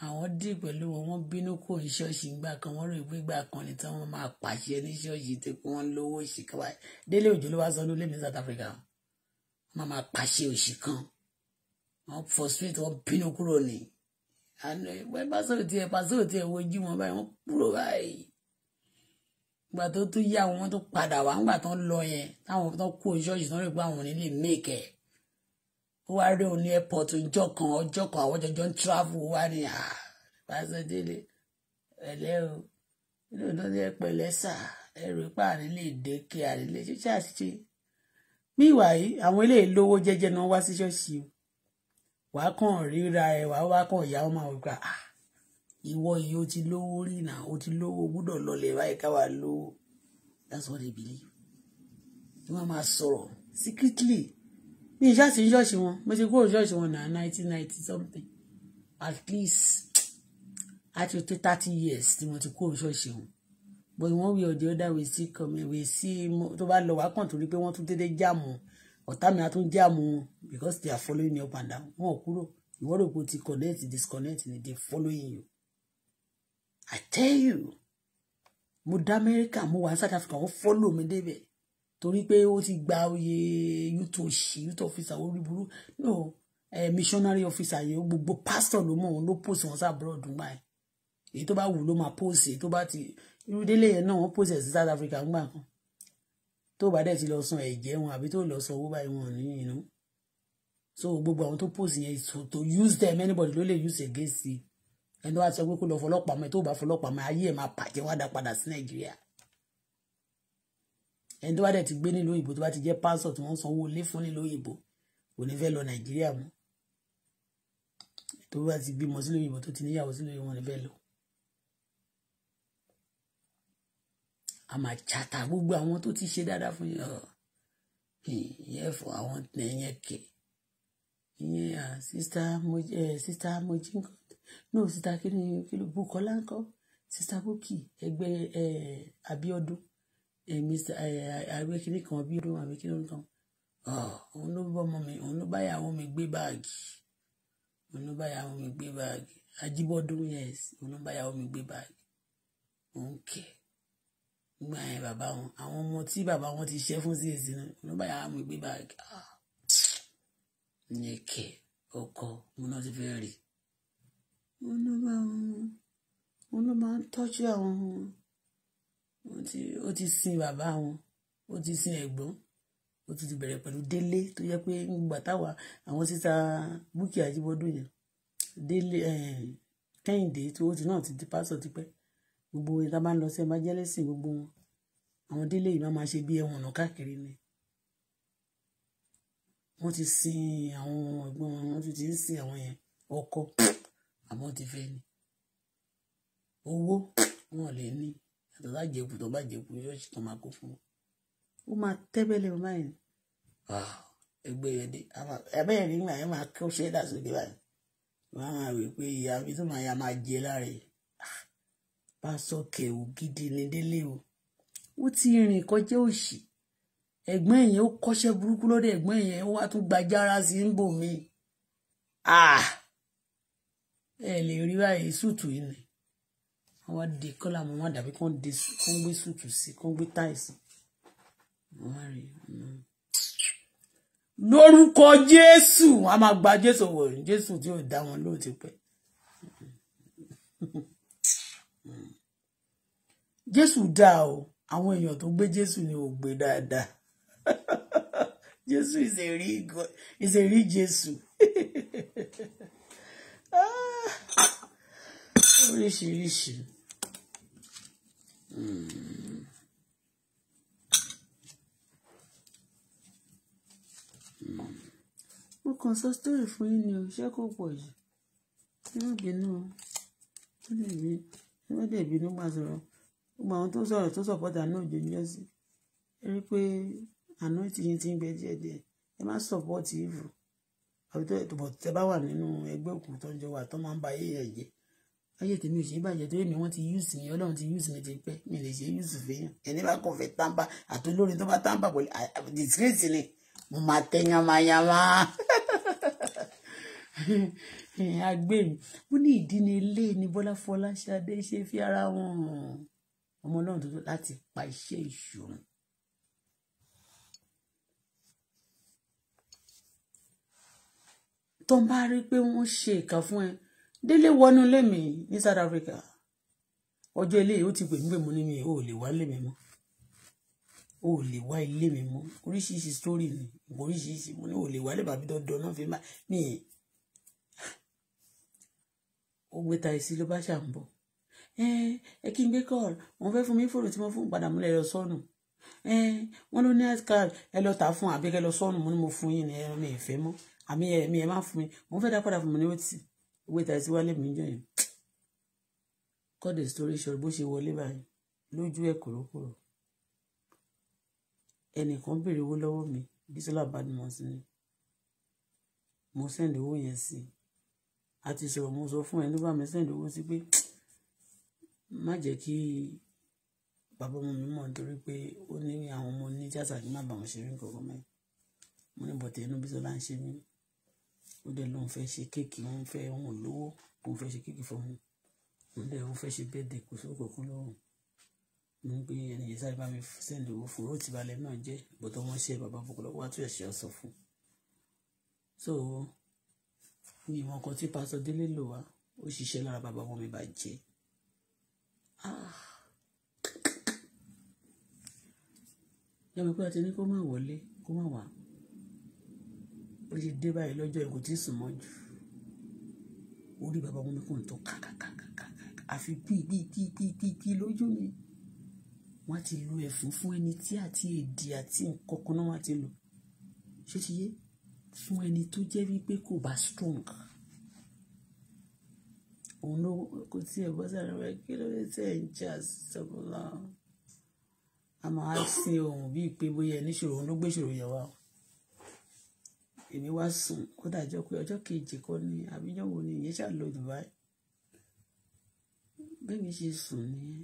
ah, àwọn dì pẹ̀lú wọn wọ́n bínú kò ní ṣọ́ọ̀ṣì ńgbà kan wọ́n rò pé ìgbà kan ní tí wọ́n máa pàṣẹ ní ṣọ́ọ̀ṣì tí wọ́n lówó òṣì kan wáyé délé òjò ló wá sọ ní olé mi South Africa wọ́n máa pàṣẹ òṣì kan wọ́n frustrate wọ́n bínú kúrò nìyí àná ẹ eh, bá sọ̀rọ̀ tiẹ̀ bá wojú wọn báyìí wọ́n kúrò báyìí ìgbà tó tún yá wọn tó padà wá ńgbà tó ń lọ yẹn táwọn tó kó ṣọ́ọ̀ṣì tó ń rí pé àwọn nílé mèkẹ́ ó wá rí òun airport ọjọ́ kan ọjọ́ kan àwọn jọjọ́ ń travel wá ní à pàṣẹ délé ẹ̀lẹ́ o nínú ìdán ní ẹpẹlẹ sà ẹrù ipá nílé ìdẹ́kẹ́ àrílé ṣíṣe àṣìṣe bí ìwà yìí àwọn eléyìí lówó jẹ́jẹ́ náà wá sí ṣọ́ọ̀ṣì o wà á kàn ríra ẹ wà á wá kàn ìyá ọmọ àwọn ìgbà ìwọ yìí ó ti lówó rí nà ó ti lówó gbúdọ̀ lọlẹ̀ báyìí káwa lówó that's what they believe tí wọ́n máa sọ̀rọ̀ secretly mi ìṣá sí ṣọ́ọ̀ṣì wọn mo ti kúrò ṣọ́ọ̀ṣì wọn náà nineteen ninety something at least àti tó thirty years tí mo ti kúrò ṣọ́ọ̀ṣì wọn but wọ́n wí ọ̀dẹ̀ ọ̀dà wẹ̀ sí kọ̀mẹ̀ wẹ̀ sí tó bá lọ wá kàn torí pé wọ́n tún dédé jáàmù ọ̀tá mi á tún jẹ́ àmú wọn because they are following you up and down wọn ò kúrò ìwọ rò pé ti connect disconnect ni they following you I tell you mo dá Amẹ́ríkà mo wà South Africa wọ́n follow mi débẹ̀ torí pé ó ti gba oyè youth òṣì youth officer orí burú no eh, missionary officer yẹn gbogbo pastor ló mọ̀ òun ló post wọn sá abroad gbà ẹ̀ èyí tó bá wù ló máa post èyí tó bá ti irú délé yẹn náà wọ́n post ẹ̀ sí South Africa gbà kan tó bá dẹ̀ ti lọ san ẹ̀jẹ̀ wọn àbí tó lọ san owó báyìí wọn ní inú so gbogbo àwọn tó post yẹn to use them anybody ló lè use against it ẹni wá sọ pé kó lọ fọlọ́pàá mọ́ ẹ tó bá fọlọ́pàá mọ́ ayé ẹ̀ máa bàjẹ́ wá dá padà sí nàìjíríà ẹni tó bá dẹ̀ ti gbé nílùú òyìnbó tó bá ti jẹ́ pásọ̀ tí wọ́n sanwó ilé fún nílùú òyìnbó kò ní fẹ́ lọ nàìjíríà mọ́ tó bá ti bímọ sílùú òyìnbó tó ti níyàwó sílùú òyìnbó ní fẹ́ lọ a máa jata gbogbo àwọn tó ti ṣe dáadáa fún yín ìyẹn fún àwọn ẹ̀yẹn kẹ̀ ìyẹn sista mojí sista mojí ńkọ́ no sista kíni kíni Bùkọ́lá ńkọ́ sista Bukki ẹgbẹ́ Abíọ́dún mr àgbẹ̀ kíní kan Abíọ́dún àbí kíní kan òun ló bọ́ ọmọ mi òun ló bá yàwó mi gbé báàgì òun ló bá yàwó mi gbé báàgì Ajíbọ́dún yes òun ló bá yàwó mi gbé báàgì òun kẹ̀ gbà yẹn bàbá wọn àwọn ọmọ tí bàbá wọn ti ṣe fún CAC náà ló bá yàrá mi gbé báàgì ah, ní kẹ ọkọ mo náà ti fẹ́ rí wọn ló máa ń wọn ló máa ń tọ́jú àwọn wọn ó ti sin bàbá wọn ó ti sin ẹ̀gbọ́n ó ti bẹ̀rẹ̀ pẹ̀lú délé tó yẹ pé gbà táwa àwọn sísá Bukky Ajíbọ́dún yẹn délé eh, kẹ́hìndé tí ó ti náà ti di pásọ̀ tipẹ́ gbogbo ìta bá ń lọ sí evangelism gbogbo wọn àwọn délé yìí máa ma ṣe bí ẹwọn ọ̀nà káàkiri ni wọ́n ti sin àwọn ẹ̀gbọ́n wọn wọ́n ti sin àwọn yẹn ọkọ àmọ́ ti fẹ́ ni owó wọn lè ní àtọ̀ bá jẹ̀kù tó bá jẹ̀kù yóò ṣe tó máa kó fún wọn ó máa tẹ́bẹ̀lẹ̀ ọmọ yẹn ah, ẹgbẹ́ yẹn dé ẹgbẹ́ yẹn nígbà yẹn máa kó ṣẹ́dá sókè báyìí wọ́n á wí pé ìyá mi tó máa ya máa jẹ lára yìí pásọkẹ ò gidi ní délé o ó ti rìn kọjá òṣì ẹ̀gbọ́n yẹn ó kọ́ṣẹ́ burúkú lọ́dọ̀ ẹ̀gbọ́n yẹn ó wá tún gbajára sí ń bò mí ẹ lè rí báyìí sùtù yìí ni àwọn di kọ́là mo wọn dàbí kán de kán gbé sùtù sí kán gbé táì sí wọn á rí lórúkọ Jésù wọn á máa gba Jésù wọ̀rùn Jésù tí ò dá wọn lóòótọ́ pẹ́. jésù dá o àwọn èèyàn tó gbé jésù ni ò gbé dáadáa jésù is a real God is a real jésù ah, oríṣiríṣi. Mm. Mm ó kàn sọ story fún yín ni o ṣé kò pọ̀ yìí ẹ má bínú ó lè bí ó bínú gbà sọ̀rọ̀ gbogbo àwọn tó sọ̀rọ̀ tó sọ̀pọ̀tà náà jò ní lọ́sí ẹ rí i pé àná ti yín ti ń gbẹ díẹ̀ díẹ̀ ẹ má sọ̀pọ̀tì ìvù àbí tó ẹ̀tọ́ tẹ bá wà nínú ẹgbẹ́ òkú tó ń jọ wà tó máa ń ba ayé ẹ̀ jẹ́ ayé tèmi ò ṣe é bàjẹ́ torí mi wọ́n ti yúùsì mi ọlọ́run ti yúùsì mi ti pẹ́ mi lè ṣe yúùsì fẹ́yàn ẹni bá kàn tàǹbà àtolórin tó bá tàǹbà pẹ̀lú disgrace ni mo máa tẹ yamayama agbẹ́mi mo ní ìdí ni ilé ni Bọ́lá Fọláṣadé ṣe fi ara wọn hàn ọmọ ọlọ́run tuntun láti pa iṣẹ́ ìṣòro. tó ń bá rí pé wọ́n ṣe ìkà fún ẹ délé wọnú lémi ní South Africa ọjọ́ eléyìí ó ti pè mí pé mo ní mi ò lè wá lémi mọ́ ò lè wá ilé mi mọ́ oríṣiríṣi sítórì ni oríṣiríṣi mo ní ò lè wá lè bàbí dandan náà fi má mi ó gbé ta ìsí ló bá ṣà Eh, ẹ kí n gbé call wọ́n fẹ́ fún mi fóònù tí wọ́n fún padà múlẹ̀ lọ sọ́nù eh, wọ́n ló ní card ẹ lọ tà fún àbíkẹ́ lọ sọ́nù mo ní mo fún yín ni ẹ mi ì fẹ́ mọ́ àmì ẹ mi ẹ má fún mi wọ́n fẹ́ dá padà fún mi ní òtì owó ìtàrí sí wálé mi ń jọ yẹn cut the story short bó ṣe wọlé báyìí lójú ẹ kòrókòrò ẹnìkan béèrè owó lọ́wọ́ mi Bísọ́lá Badmus ni mo send owó yẹn sí i àti sọ̀rọ̀ mo sọ fún ẹ ló bá mi send owó sí pé má jẹ́ kí bàbá ọmọ mi mọ̀ nítorí pé ó ní àwọn ọmọ oníjàsà ní má bàwọn ṣe rí nǹkan kan mẹ́rin mo ní bọ̀tẹ̀ inú bí sọlá ń ṣe mí ó dẹ̀ lóun fẹ́ ṣe kéèkì òun fẹ́ òun lówó òun fẹ́ ṣe kéèkì fún òun òun dẹ̀ òun fẹ́ ṣe bẹ́ẹ̀dẹ̀ kò sóko kú lóhùn mo ń gbé ẹni yẹn sáré bá mi sẹ́ndì owó fún òun tìbalẹ̀ náà jẹ́ bọ̀tọ̀ wọn ṣe bàbá bọ̀kọ̀lọ́ wá tó ọ̀sọ̀ fún so ìwọ̀n kan tí pásọ délé lò wá ó ṣiṣẹ́ lára bàbá wọn mi bàjẹ́ yà mọ̀ pé a ti ní kó má wọlé kó má wà ó ti dé báyìí lọ́jọ́ ẹ̀kọ́ tí sùn mọ́ jù orí bàbá ọmọ mi kò ń tó kàkàkàkàkà àfi pípípípípí lójú mi wọ́n ti lu ẹ̀fún fún ẹni tí àti èdè àti nǹkan kan náà wọ́n ti lò ṣé ti yé fún ẹni tó jẹ́ wípé kò bá strong òun ló kó tí ẹ bọ́ sára rẹ kí ló dé tẹ̀ ń jà sọ́kùnlá a máa sin òun bíi pé bóyá ẹni ṣòro òun ló gbé ṣòro yẹn wá èmi wá sùn ó dàjọ pé ọjọ́ kejì kọ́ ni àbíjọ́ ni ìyẹn ṣàlò Dubai bẹ́ẹ̀ni ṣe sùn nìyẹn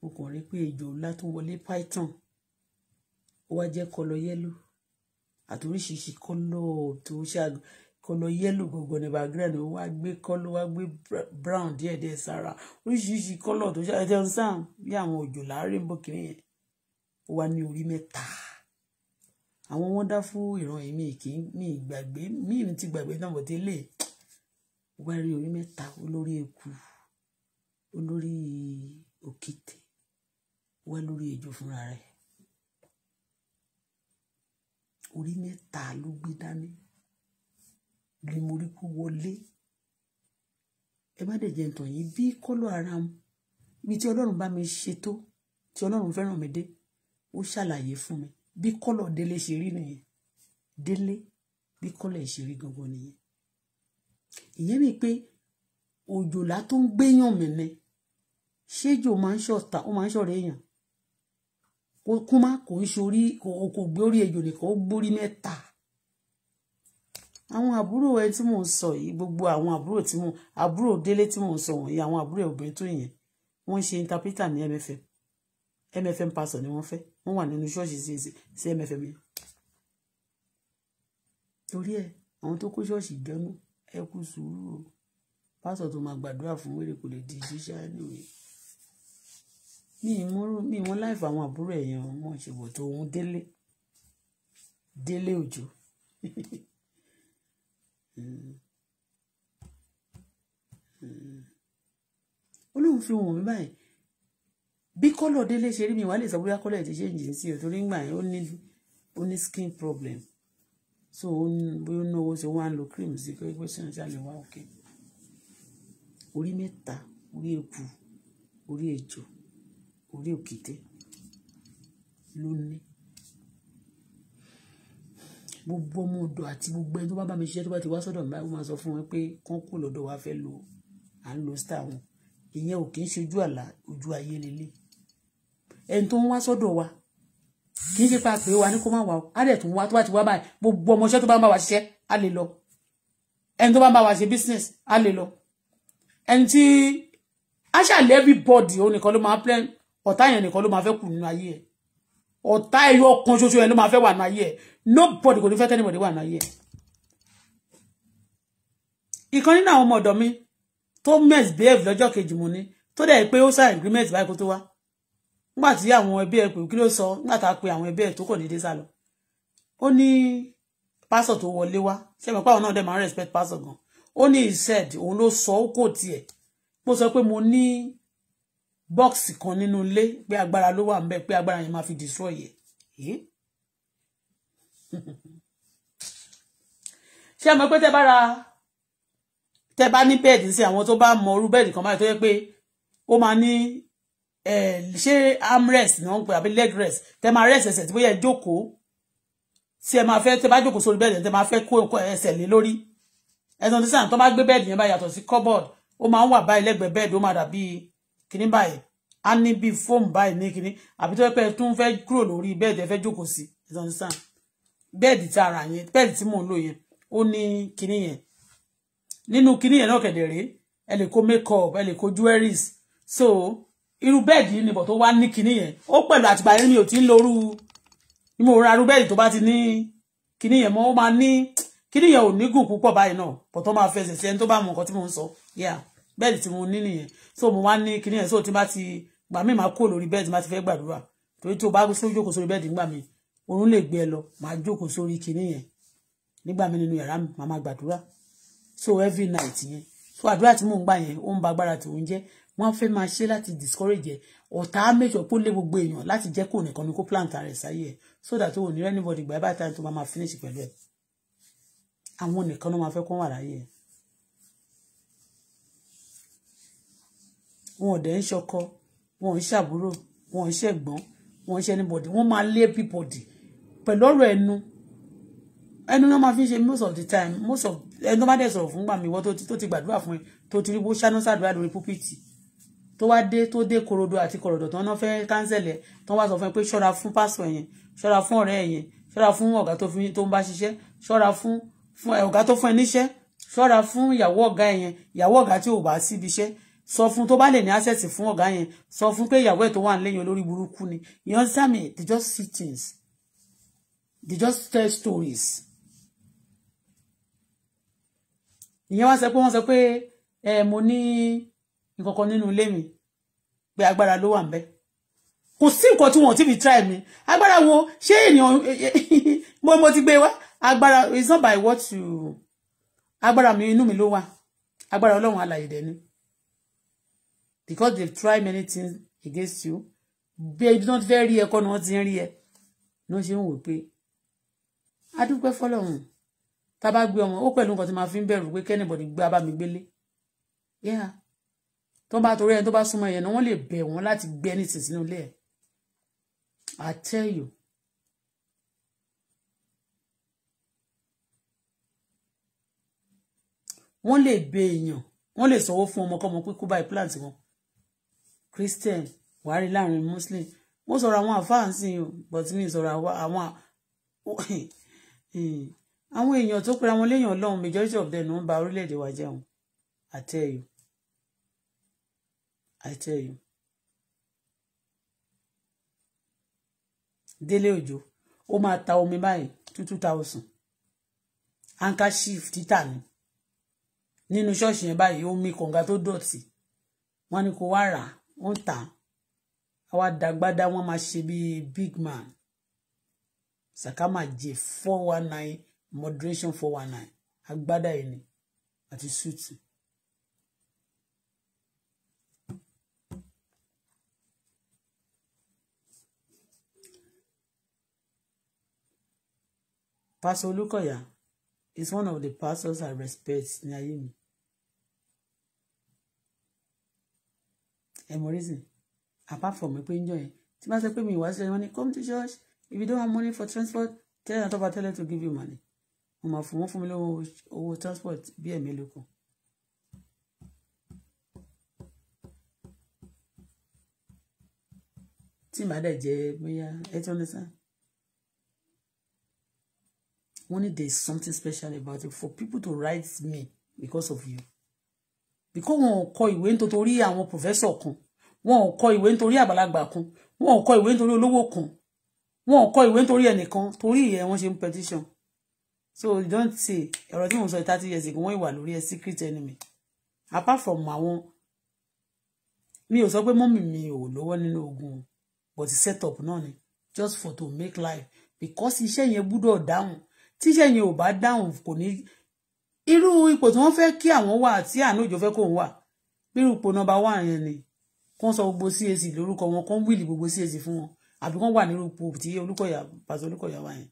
mo pé ejò ńlá tó wọlé python ó wá jẹ́ kọlọ yẹ́lò àti oríṣiríṣi kọlọ tó ṣáàgùn kọ́lọ̀ yẹ́lò gangan ní background ó wá gbé kọ́lọ̀ wá gbé brown díẹ̀díẹ̀ sára oríṣiríṣi kọ́lọ̀ tó ṣáà ẹ̀jẹ̀ sàn bí àwọn òjò láàárín bò kiri yẹn ó wá ní orí mẹ́ta àwọn wonderful ìran èmi kì í mi ìgbàgbé mi ì ti gbàgbé náà bọ̀ délé ó wá rí orí mẹ́ta olórí eku olórí òkété wá lórí ejò fúnra rẹ̀ orí mẹ́ta ló gbé dání ni mo rí kó wọlé ẹ má dẹ̀ jẹ́ ntàn yìí bí kọ́lọ́ ara mu ibi tí ọlọ́run bá mi ṣe tó tí ọlọ́run fẹ́ràn mi dé ó ṣàlàyé fún mi bí kọ́lọ̀ délé ṣe rí nìyẹn délé bí kọ́lọ̀ ṣe rí gangan nìyẹn ìyẹn mi pé òjòlá tó ń gbéyàn mẹ́mẹ́ ṣéjò máa ń ṣọ̀tà ó máa ń ṣọ̀rẹ́ èèyàn kó kúmá kò ń ṣorí kò gbé orí ejò nìkan ó gbórí mẹ́ta àwọn àbúrò ẹ tí mò ń sọ yìí gbogbo àwọn àbúrò tí mò àbúrò délé tí mò ń sọ wọ̀nyí àwọn àbúrò obìnrin tó yẹn wọ́n ṣe interpreter ní MFM MFM pastor ni wọ́n fẹ́ wọ́n wà nínú ṣọ́ọ̀ṣì sí sí MFM yẹn torí ẹ àwọn tó kó ṣọ́ọ̀ṣì gánú ẹ kú sùúrù o pásọ̀ tó máa gbàdúrà fún wèrè kò lè di ìṣíṣà nìyẹn mi ìmúrú mi ìwọ́n láìfọ àwọn àbúrò ẹ̀yàn ọmọ ìṣègùn tó ń délé délé òjò olóhùn fi hàn mí báyìí bí kọ́lọ̀ délé ṣe rí mi wàá lè sọ bóyá kọ́lọ̀ ẹ̀ ti ṣe ń jìn sí ọ torí ńgbà yẹn ó ní ó ní skin problem so bóyá ó náwó ṣe wọ́n á lo cream sí pé pé ṣe ń ṣàlẹ̀ wá òkè orí mẹ́ta orí eku orí ejò orí òkété ló ní gbogbo ọmọ ọ̀dọ̀ àti gbogbo ẹni tó bá bá mi ṣiṣẹ́ tó bá ti wá sọ́dọ̀ mi báyìí wọ́n máa sọ fún wọn pé kán kú lọ́dọ̀ wa fẹ́ lo à ń lo star wọn ìyẹn ò kì í ṣojú àlà ojú ayé lélẹ̀ ẹni tó ń wá sọ́dọ̀ wa kì í ṣe pa pé wa ní kó má wà ó á dẹ̀ tún wá tó bá ti wá báyìí gbogbo ọmọṣẹ́ tó bá ń bá wa ṣiṣẹ́ á lè lọ ẹni tó bá ń bá wa ṣe business á lè lọ ẹni tí á ṣàlẹ́ everybody òun nìkan ló máa plan ọ̀tá yẹn nìkan ló máa fẹ́ kù nínú ayé ẹ̀ ọ̀tá ẹyọ kan ṣoṣo yẹn ló máa fẹ́ wà nínú ayé ẹ̀ nobody kò ní fẹ́ kẹ́nìmọ̀dé wà láyé ẹ̀. ìkan nínú àwọn ọmọ ọ̀dọ́ mi tó mess behave lọ́jọ́ kejì mo ní tó dẹ̀ pé ó sign agreement báyìí kó tó wá nígbà tí àwọn ẹbí ẹ pè kí ló sọ nígbà tá a pe àwọn ẹbí ẹ tó kọ̀ ní dé sálọ ó ní pásọ̀ tó wọlé wá ṣe mọ̀ pé àwọn náà dẹ̀ máa ń respect pásọ̀ gan ó ní he said òun ló sọ ó kò tiẹ̀ mo sọ pé mo ní bọ́ọ̀sì kan nínú ilé pé agbára ló wà ń bẹ pé agbára yẹn máa fi destroy yẹ ṣé ẹ mọ̀ pé tẹ́ bá ra tẹ́ bá ní bẹ́ẹ̀dì sí àwọn tó bá mọ orú bẹ́ẹ̀dì kan báyìí tó yẹ pé ó máa ní ṣé armrest ni wọ́n ń pè àbí leg rest tẹ́ máa rest ẹsẹ̀ tí bóyá ẹ jókòó tí ẹ máa fẹ́ tẹ́ bá jókòó sórí bẹ́ẹ̀dì tẹ́ máa fẹ́ kó ẹsẹ̀ lé lórí ẹ̀sán tí sàn tó bá gbé bẹ́ẹ̀dì yẹn bá yàtọ̀ sí cupboard ó máa ń wà báyìí lẹ́gbẹ̀ẹ́ bẹ́ẹ̀dì ó máa dà bíi kíní báyìí á ní bíi fóòmù báyìí ní kíní àbí tó yẹ pé ẹ tún fẹ́ kúrò lórí bẹ́ẹ̀dì ẹ fẹ́ jókòó sí ẹ̀sán tí sàn bẹ́ẹ̀dì tí ara yẹn bẹ́ẹ̀dì tí mò ń lò yẹn ó ní kinní yẹn nínú kinní yẹn náà kẹ̀dẹ̀ rèé ẹ lè kó makeup ẹ lè kó jewelries so irú bẹ́ẹ̀dì yìí nìbọ̀ tó wá ní kinní yẹn ó pẹ̀lú àtìgbà yẹn mi ò tí ń lorú ni mo ra irú bẹ́ẹ̀dì tó bá ti ní kinní yẹn mọ́ ó máa ní kinní yẹn ò ní gùn púpọ̀ báyìí náà bọ̀ tó máa fẹsẹ̀ sí ẹni tó bá mọ nǹkan tí mò ń sọ yeah bẹ́ẹ̀dì tí mo ní nìyẹn so mo wá ní kinní yẹn so tí bá ti gbà mí máa kó lórí bẹ́ẹ̀dì má ti fẹ́ gbàdúrà torí tí o bá sójókòó sórí bẹ́ẹ̀dì ń gbà mí oorun lè gbé ẹ lọ màá jókòó sórí kinní yẹn nígbà mi nínú yàrá mi màá máa gbàdúrà so every night yẹn so àdúrà tí mò ń gbà yẹn ó ń ba agbára tòun jẹ́ wọ́n fẹ́ máa ṣe láti discourage ẹ̀ ọ̀tá mẹ́jọ pé ó lé gbogbo èèyàn láti jẹ́ kó nìkan ni kó plant rẹ̀ sáyé ẹ̀ so that ó ní anybody gbà bá time tó máa finish pẹ̀lú ẹ̀ àwọn nìkan ló máa fẹ́ kó wà láyé ẹ̀. wọn ò dẹ̀ ń ṣọkọ wọn ò ń ṣàbúrò wọn ò ń ṣẹ̀gbọ́n wọn ò ń ṣe anybody wọ́n máa lé everybody pẹ̀lú ọ̀rọ̀ ẹnu ẹnu náà máa fi ṣe most of the time most of ẹnu bá dẹ̀ sọ̀rọ̀ fún gbà mí wọ́n tó ti gbàdúrà fún ẹ tó ti rí bó ṣáná sàdúrà lórí púpìtì tó wá dé tó dé korodo àti korodo tán náà fẹ́ kánsẹ̀lẹ̀ tán wá sọ fún ẹ pé ṣọ́ra fún pásọ̀ yẹn ṣọ́ra fún ọ̀rẹ́ yẹn ṣọ́ra fún ọ̀gá tó fi tó ń bá ṣiṣẹ́ ṣọ́ra fún fún ọ̀gá tó fún ẹ níṣẹ́ ṣọ́ra fún ìyàwó ọ̀gá yẹn ìyàwó ọ̀gá tí ò bá síbi iṣẹ́ sọ fún tó bá lè ní access fún ọ̀gá yẹn sọ fún pé ìyàwó ẹ̀ tó wà nílé yẹn olórí burúkú ni you understand me they just see things they just tell stories. ìyẹn wá sọ pé wọ́n sọ pé ẹ mo ní nǹkankan nínú ilé mi pé agbára ló wà ńbẹ̀ kò sí nǹkan tí wọ́n ti fi try mi agbára wo ṣé ènìyàn mo mo ti gbé e wá agbára it's not by what you agbára mi inú mi ló wà agbára Ọlọ́run alààyè dẹ̀ ni because they've tried many things against you bí not very wọ́n ti fẹ́ rí ẹ kọ́ ni wọ́n a dúpẹ́ fọlọ́run tá a bá gbé ọmọ ó pẹ̀lú nǹkan tí màá fi ń bẹ̀rù pé kẹ́nìbọ̀dì gbé a gbélé yeah tó bá torí ẹni tó bá súnmọ́ ẹ̀yẹ̀ náà wọ́n lè bẹ̀ wọ́n láti gbé ẹni tì sínú ilé ẹ̀ I tell you. wọ́n lè bẹ èèyàn wọ́n lè sanwó fún ọmọkọ́mọ pé kó bá plant wọn Christian wàá láàrin Muslim mo sọ̀rọ̀ àwọn àfáàǹsì o but mi sọ̀rọ̀ àwọn Hmm. àwọn èèyàn tó pera wọn léèyàn ọlọ́run majority of them ló ń ba orílẹ̀-èdè wa jẹun I tell you I tell you délé òjò ó máa ta omi báyìí two two thousand handkerchief títà ni nínú ṣọ́ọ̀ṣì yẹn báyìí omi kànga tó dọ̀tí wọ́n ní kó wá rà wọ́n tà á wá dàgbádá wọ́n máa ṣe bíi big man sakama j four one nine moderation four one nine agbádá yìí ni àti suutu. Pastor Olukoya is one of the pastors I respect ní ayé mi. Ẹ mọ̀ reason apart from pé ń jọ yẹn tí bá sọ pé mi ìwà sílẹ̀ wọ́n ní come to church if you don't have money for transport tell them about to give you money wọn máa fún wọn fún mi lọ́wọ́ owó transport bí ẹ̀mí ló kù. tí màá dẹ̀ jẹ́ bóyá ẹ tí wọ́n ní sá. wọ́n ní there is something special about it for people to write me because of you. because wọn ò kọ ìwé nítorí àwọn professor kan wọn ò kọ ìwé nítorí àgbàlagbà kan wọn ò kọ ìwé nítorí olówó kan wọn ò kọ ìwé nítorí ẹnìkan torí ìyẹn wọn ṣe ń petition so you don't say ọ̀rọ̀ tí mo sọ thirty years ago wọ́n ìwà lórí ẹ secret enemy apart from àwọn mi ò sọ pé mọ́mì mi ò lówó nínú ogun but set up náà ni just for to make life because iṣẹ́ yẹn gbúdọ̀ dáhùn tíṣẹ́ yẹn ò bá dáhùn kò ní irú ipò tí wọ́n fẹ́ kí àwọn wà tí àánú òjò fẹ́ kó wà bí irú ipò nọ́mbà wà yẹn ni kán sọ gbogbo CAC lórúkọ wọn kán wíìlì gbogbo CAC fún wọn àbí wọ́n wà nínú ipò tí olùkọ̀yà pàṣẹ olùkọ̀yà wà yẹn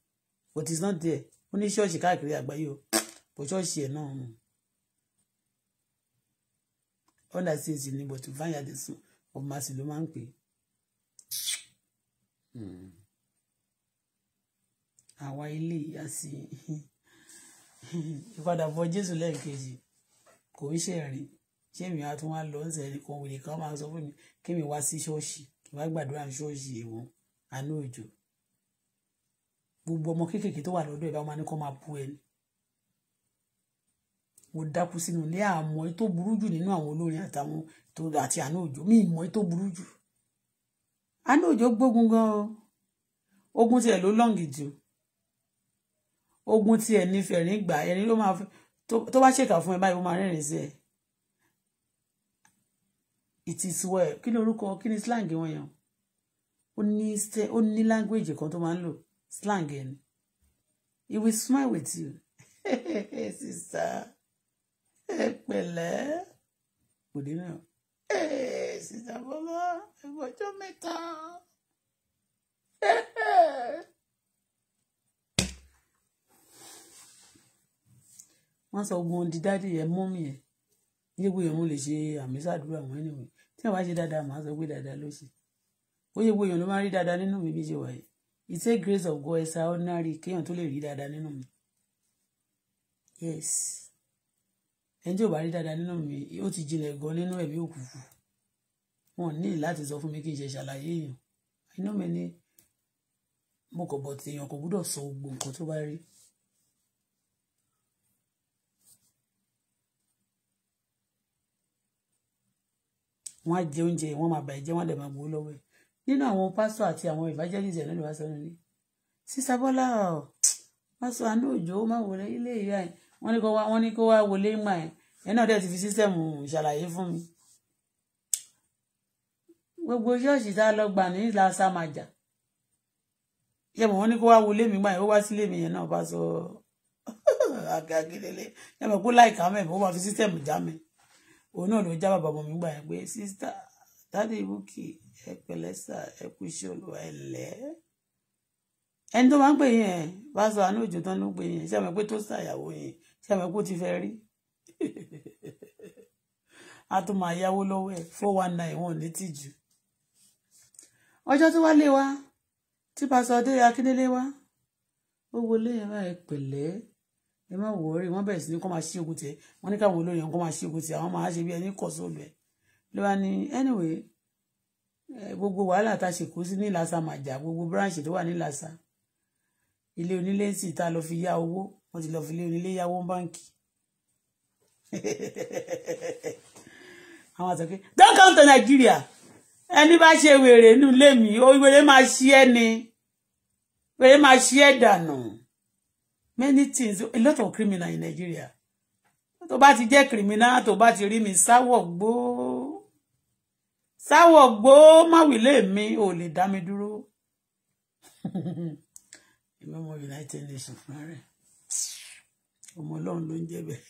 but it's not there ó ní ṣọ́ọ̀ṣì káàkiri àgbáyé o bó ṣọ́ọ̀ṣì ẹ̀ náà mu all i say is ní but vineyard of mercy ló máa ń pè hmm. àwa ilé àti ìpadàbọ̀ jésù lẹ́ẹ̀kejì kò ń ṣe rìn ṣé mi wá tún wá lọ ń sẹ́ni kan wèrè kan máa sọ fún mi kí mi wá sí ṣọ́ọ̀ṣì kí wá gbàdúrà ṣọ́ọ̀ṣì èèwọ̀n àánú òjò gbogbo ọmọ kéékèèké tó wà lọ́dọ̀ ẹ̀ bá máa ní kó máa bú ẹni mo dákú sínú ilé àmọ́ tó burú jù nínú àwọn olórin àtàwọn tó àti àánú òjò mí ìmọ̀ tó burú jù àánú òjò gbógun gan o ogun tiẹ̀ ló lọ́ǹgì jù ogun tiẹ̀ ní fẹ̀rín gbà ẹni ló máa tó bá ṣèkà fún ẹ báyìí ó máa rẹ́rìn sí ẹ it is well kí ni orúkọ kí ni slang wọn yàn ó ní ó ní language kan tó máa ń lò slang ẹ̀ ni he will smile with you sísá ẹ pẹ̀lẹ́ kò dé náà eh, sísá bọ́lá ẹgbọ́jọ́ mẹ́ta wọ́n sọ ogun di dáàdì yẹn mú mi yẹn yégbé yẹn mo lè ṣe àmì sàdúrà wọn ẹni wò tí wọ́n bá ṣe dáadáa màá sọ pé dáadáa ló ṣe Oye, yẹ gbogbo èèyàn ló máa ń rí dáadáa nínú mi bí ṣe wà yìí it grace of God extraordinary kéèyàn tó lè rí dáadáa nínú mi yes ẹni tí ò bá rí dáadáa nínú mi ó ti jinlẹ̀ gan nínú ẹ̀mí òkùnkùn wọn ní láti sọ fún mi kí n ṣe ṣàlàyé èèyàn inú mi ni mo kò bọ̀ tí èèyàn kò gbúdọ̀ sọ gbogbo nǹkan tó bá rí. wọ́n á jẹ oúnjẹ wọ́n máa bàjẹ́ wọ́n á dẹ̀ máa gbowó lọ́wọ́ ẹ̀ nínú àwọn pásọ àti àwọn evangelist ẹ̀ lọ́dọ̀ wá sọ́nà ni sísá bọ́lá ọ̀ pásọ àánú òjò ó má wọlé ilé ìyá ẹ̀ wọ́n ní kó wá wọ́n ní kó wá wọlé mà ẹ̀ ẹ̀ náà dẹ̀ ti fi sísẹ̀mù ìṣàlàyé fún mi gbogbo ṣọ́ọ̀ṣì tá a lọ gbà ní làásàmàjà yẹ́mọ̀ wọ́n ní kó wá wọlé mi mà ẹ̀ ó wá sílé mi yẹn náà pásọ agagilele yẹ́mọ̀ kó láìka mẹ́ẹ̀ ó máa fi sísẹ̀mù já mi òun náà ló já bàbá ọmọ mi gbà yẹn pé sísá dáàdì ìbùkì ẹ pẹ̀lẹ́ sà ẹ kú iṣẹ́ olúwa ẹ lẹ́ ẹni tó máa ń pè yín ẹ bá sọ àánú òjò tán ló ń pè yín ṣé àmọ́ pé tó ṣàyàwó yín ṣé àmọ́ pé ó ti fẹ́ rí a tún máa yáwó lọ́wọ́ ẹ̀ four one nine one ní tìjú ọjọ́ tó wá lé wa tí pásọ dé akíndélé wá ó wọlé ẹ máa pẹ̀lẹ́ ẹ má wọrí wọ́n bẹ̀rẹ̀ sí ní kó máa ṣí ogun tẹ wọ́n ní káwọn olórí yẹn kó máa ṣí ogun tẹ àwọn máa ṣe bí ẹni kọ̀ sóòlù ẹ ló wá ní anyway Eh, gbogbo wàhálà tá a ṣe kó sí ní làṣà màjà gbogbo branch tó wà ní làṣà ilé onílé sì tá a lọ fi yá owó wọn ti lọ fi ilé onílé yáwó báǹkì àwọn àtọkẹ don't come to Nigeria ẹni bá ṣe wèrè nù lémi ó wèrè máa ṣí ẹ ni wèrè máa ṣí ẹ dànù many things a lot of criminal in Nigeria tó bá ti jẹ́ criminal tó bá ti rí mi sáwọ̀ gbóò sáwọ gbó máwìlé mi ò lè dá mi dúró ìmọ̀ ọmọ united nations fúnra rẹ̀ ọmọ ọlọ́run ló ń jẹ́ bẹ́ẹ̀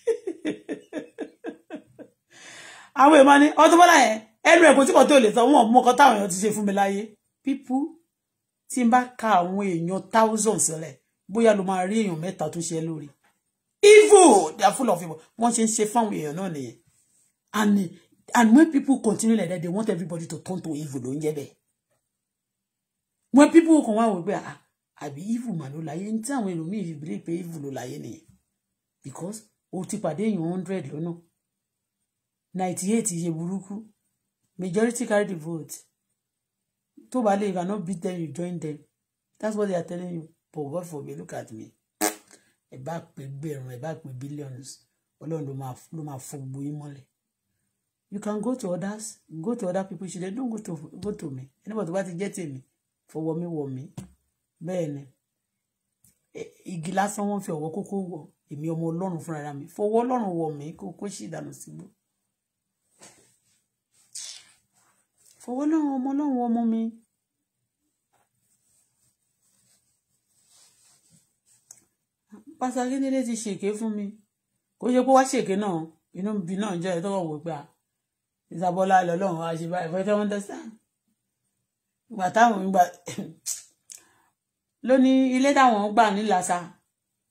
àwọn èèmọ ni Auto Bola yẹn ẹnu ẹ̀kọ́ tí kò tó lè sọ wọn mọ ọkọ táwọn èèyàn ti ṣe fún mi láyé pípú tí n bá ka àwọn èèyàn thousands sílẹ̀ bóyá ló máa rí èèyàn mẹ́ta tó ṣe lórí evil they are full of evil wọ́n ṣe ń ṣe fáwọn èèyàn náà nìyẹn and And when people continue like that, they want everybody to turn to evil, Don't you jẹ́ When people come out with ah, be evil man. ló láyé ní tí àwọn ẹlòmíì fi be evil ló láyé nìyẹn. Because o ti day èèyàn hundred lọ́nà. Ninety eight is iye buruku, Majority carry the vote. Tó bá lè you cannot beat them, you join them. That's what they are telling you. But God forbid, look at me. a back pè gbẹ̀rún, ẹ back with billions. Ọlọ́run ló máa fọ́ gbogbo yín mọ́lẹ̀ you can go to others go to other people she dey don go to go to me anybody bá ti jẹ́ tèmi fọwọ́mí wọ̀mí bẹ́ẹ̀ ni e, igi lásán wọ́n fi ọwọ́ kókó wọ èmi ọmọ ọlọ́run fúnra mi fọwọ́ ọlọ́run wọ̀ mí kó kó sì dànù sígbó fọwọ́ ọlọ́run ọmọ ọlọ́run ọmọ mi. pásá kíndélé ti ṣèké fún mi kó ṣe pé wá ṣèké náà inú bí náà jẹ́ ẹ tọ́wọ́ wò pé a ah, ìsàbọ̀lá lọ́lọ́run wá ṣe báyìí fẹ́fẹ́ wọ́n understand ìgbà táwọn ń gbà lónìí ilé táwọn ń gbà ní làṣà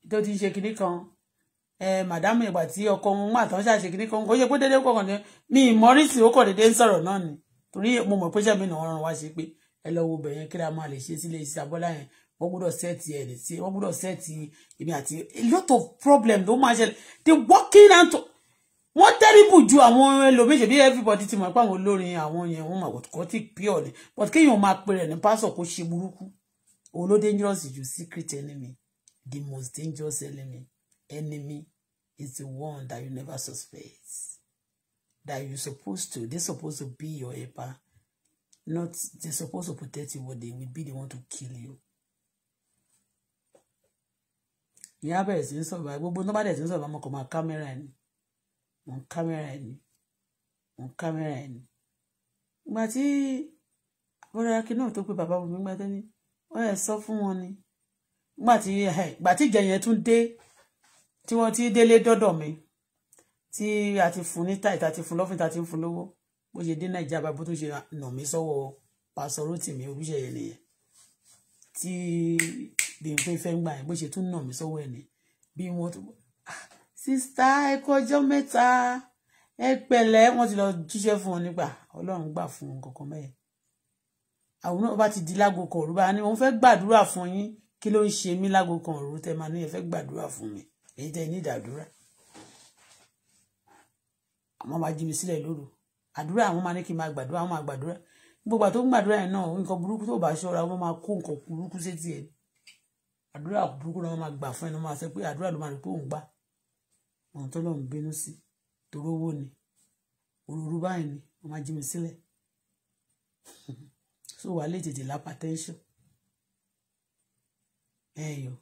tó ti ṣe kinní kan ẹ màdámù ìgbà tí ọkọ wọn mà tán ṣàṣe kinní kan kò ṣe pé déédéé kọkàn ní mi ìmọ̀rísì ó kọ̀ déédéé ń sọ̀rọ̀ náà ni torí mo mọ̀ pé sẹ́mi náà rán wá ṣe pé ẹ lọ wo bẹ̀yẹn kí la máa lè ṣe sílé ìsàbọ̀lá yẹn wọ́n gbọ́dọ̀ sẹ́ẹ̀tì ẹ̀ wọ́n gbọ́dọ̀ sẹ́ẹ̀tì èmi àti a lot of problems. ló máa ṣẹlẹ̀ they working out wọ́n tẹ́rìbù ju àwọn ẹlòmíì ṣe bí everybody ti mọ̀ pé àwọn olórin àwọn yẹn wọ́n mọ̀ kò tí pure ni but kéèyàn máa pe rẹ̀ ní pásọ̀ kó ṣe burúkú òun ló dangerous ju secret enemy the most dangerous enemy enemy is the one that you never suspect that you supposed to they supposed to be your helper not they supposed to protect you but they will be the one to kill you. ìyá bẹ̀rẹ̀ sí ń sọ̀rọ̀ gbogbo tó bá dẹ̀ sí ń sọ̀rọ̀ ọmọkùnrin kámẹ́rà ni mò ń kámẹ́rà ẹ̀ ni mò ń kámẹ́rà ẹ̀ ni. ìgbà tí bọ́dà akin náà tó pé bàbá mi gbà tó ní wọ́n yẹ sọ fún wọn ni ìgbà tí ìgbà tí ìjẹyẹn tún dé tí wọ́n ti délé dọ́dọ̀ mi tí a ti fún ní táì a ti fún lọ́fíìn tá a ti fún lówó bó ṣe dé nàìjíríà bá bó tún ṣe nà mí sọ́wọ́ pàṣọrọ́tì mi olùṣeyẹ nìyẹn tí Bímpé fẹ́ gbà yẹn bó ṣe tún nà mí sọ́wọ́ ẹ̀ ni bí wọ́n sista ẹ kọjọ́ mẹ́ta ẹ pẹ̀lẹ́ wọ́n ti lọ jíṣẹ́ fún wọn nígbà ọlọ́run gbà fún wọn kankan bẹ́ẹ̀ àwọn náà bá ti di lágo kan òru bá ní wọ́n fẹ́ gbàdúrà fún yín kí ló ń ṣe mí lágo kan òru tẹ máa ní ẹ fẹ́ gbàdúrà fún mi èyí tẹ ní ìdàdúrà àwọn máa jí mi sílẹ̀ lóru àdúrà àwọn máa ní kí n máa gbàdúrà àwọn máa gbàdúrà gbogbo àtó ń gbàdúrà yẹn náà nǹkan burúkú tó bá ṣọ́ra wọ́n máa kó nǹkan burúkú sétí ẹ àdúrà burúkú náà wọ́n máa gbà fún ẹ náà wọ́n máa sọ pé àdúrà ló máa rí pé òun gbà àwọn tó lọ́n bínú sí torí owó ni òrùrù báyìí ni wọ́n máa jí mi sílẹ̀ so wà lè tètè lápá tẹ́ńṣọ̀n ẹ̀yọ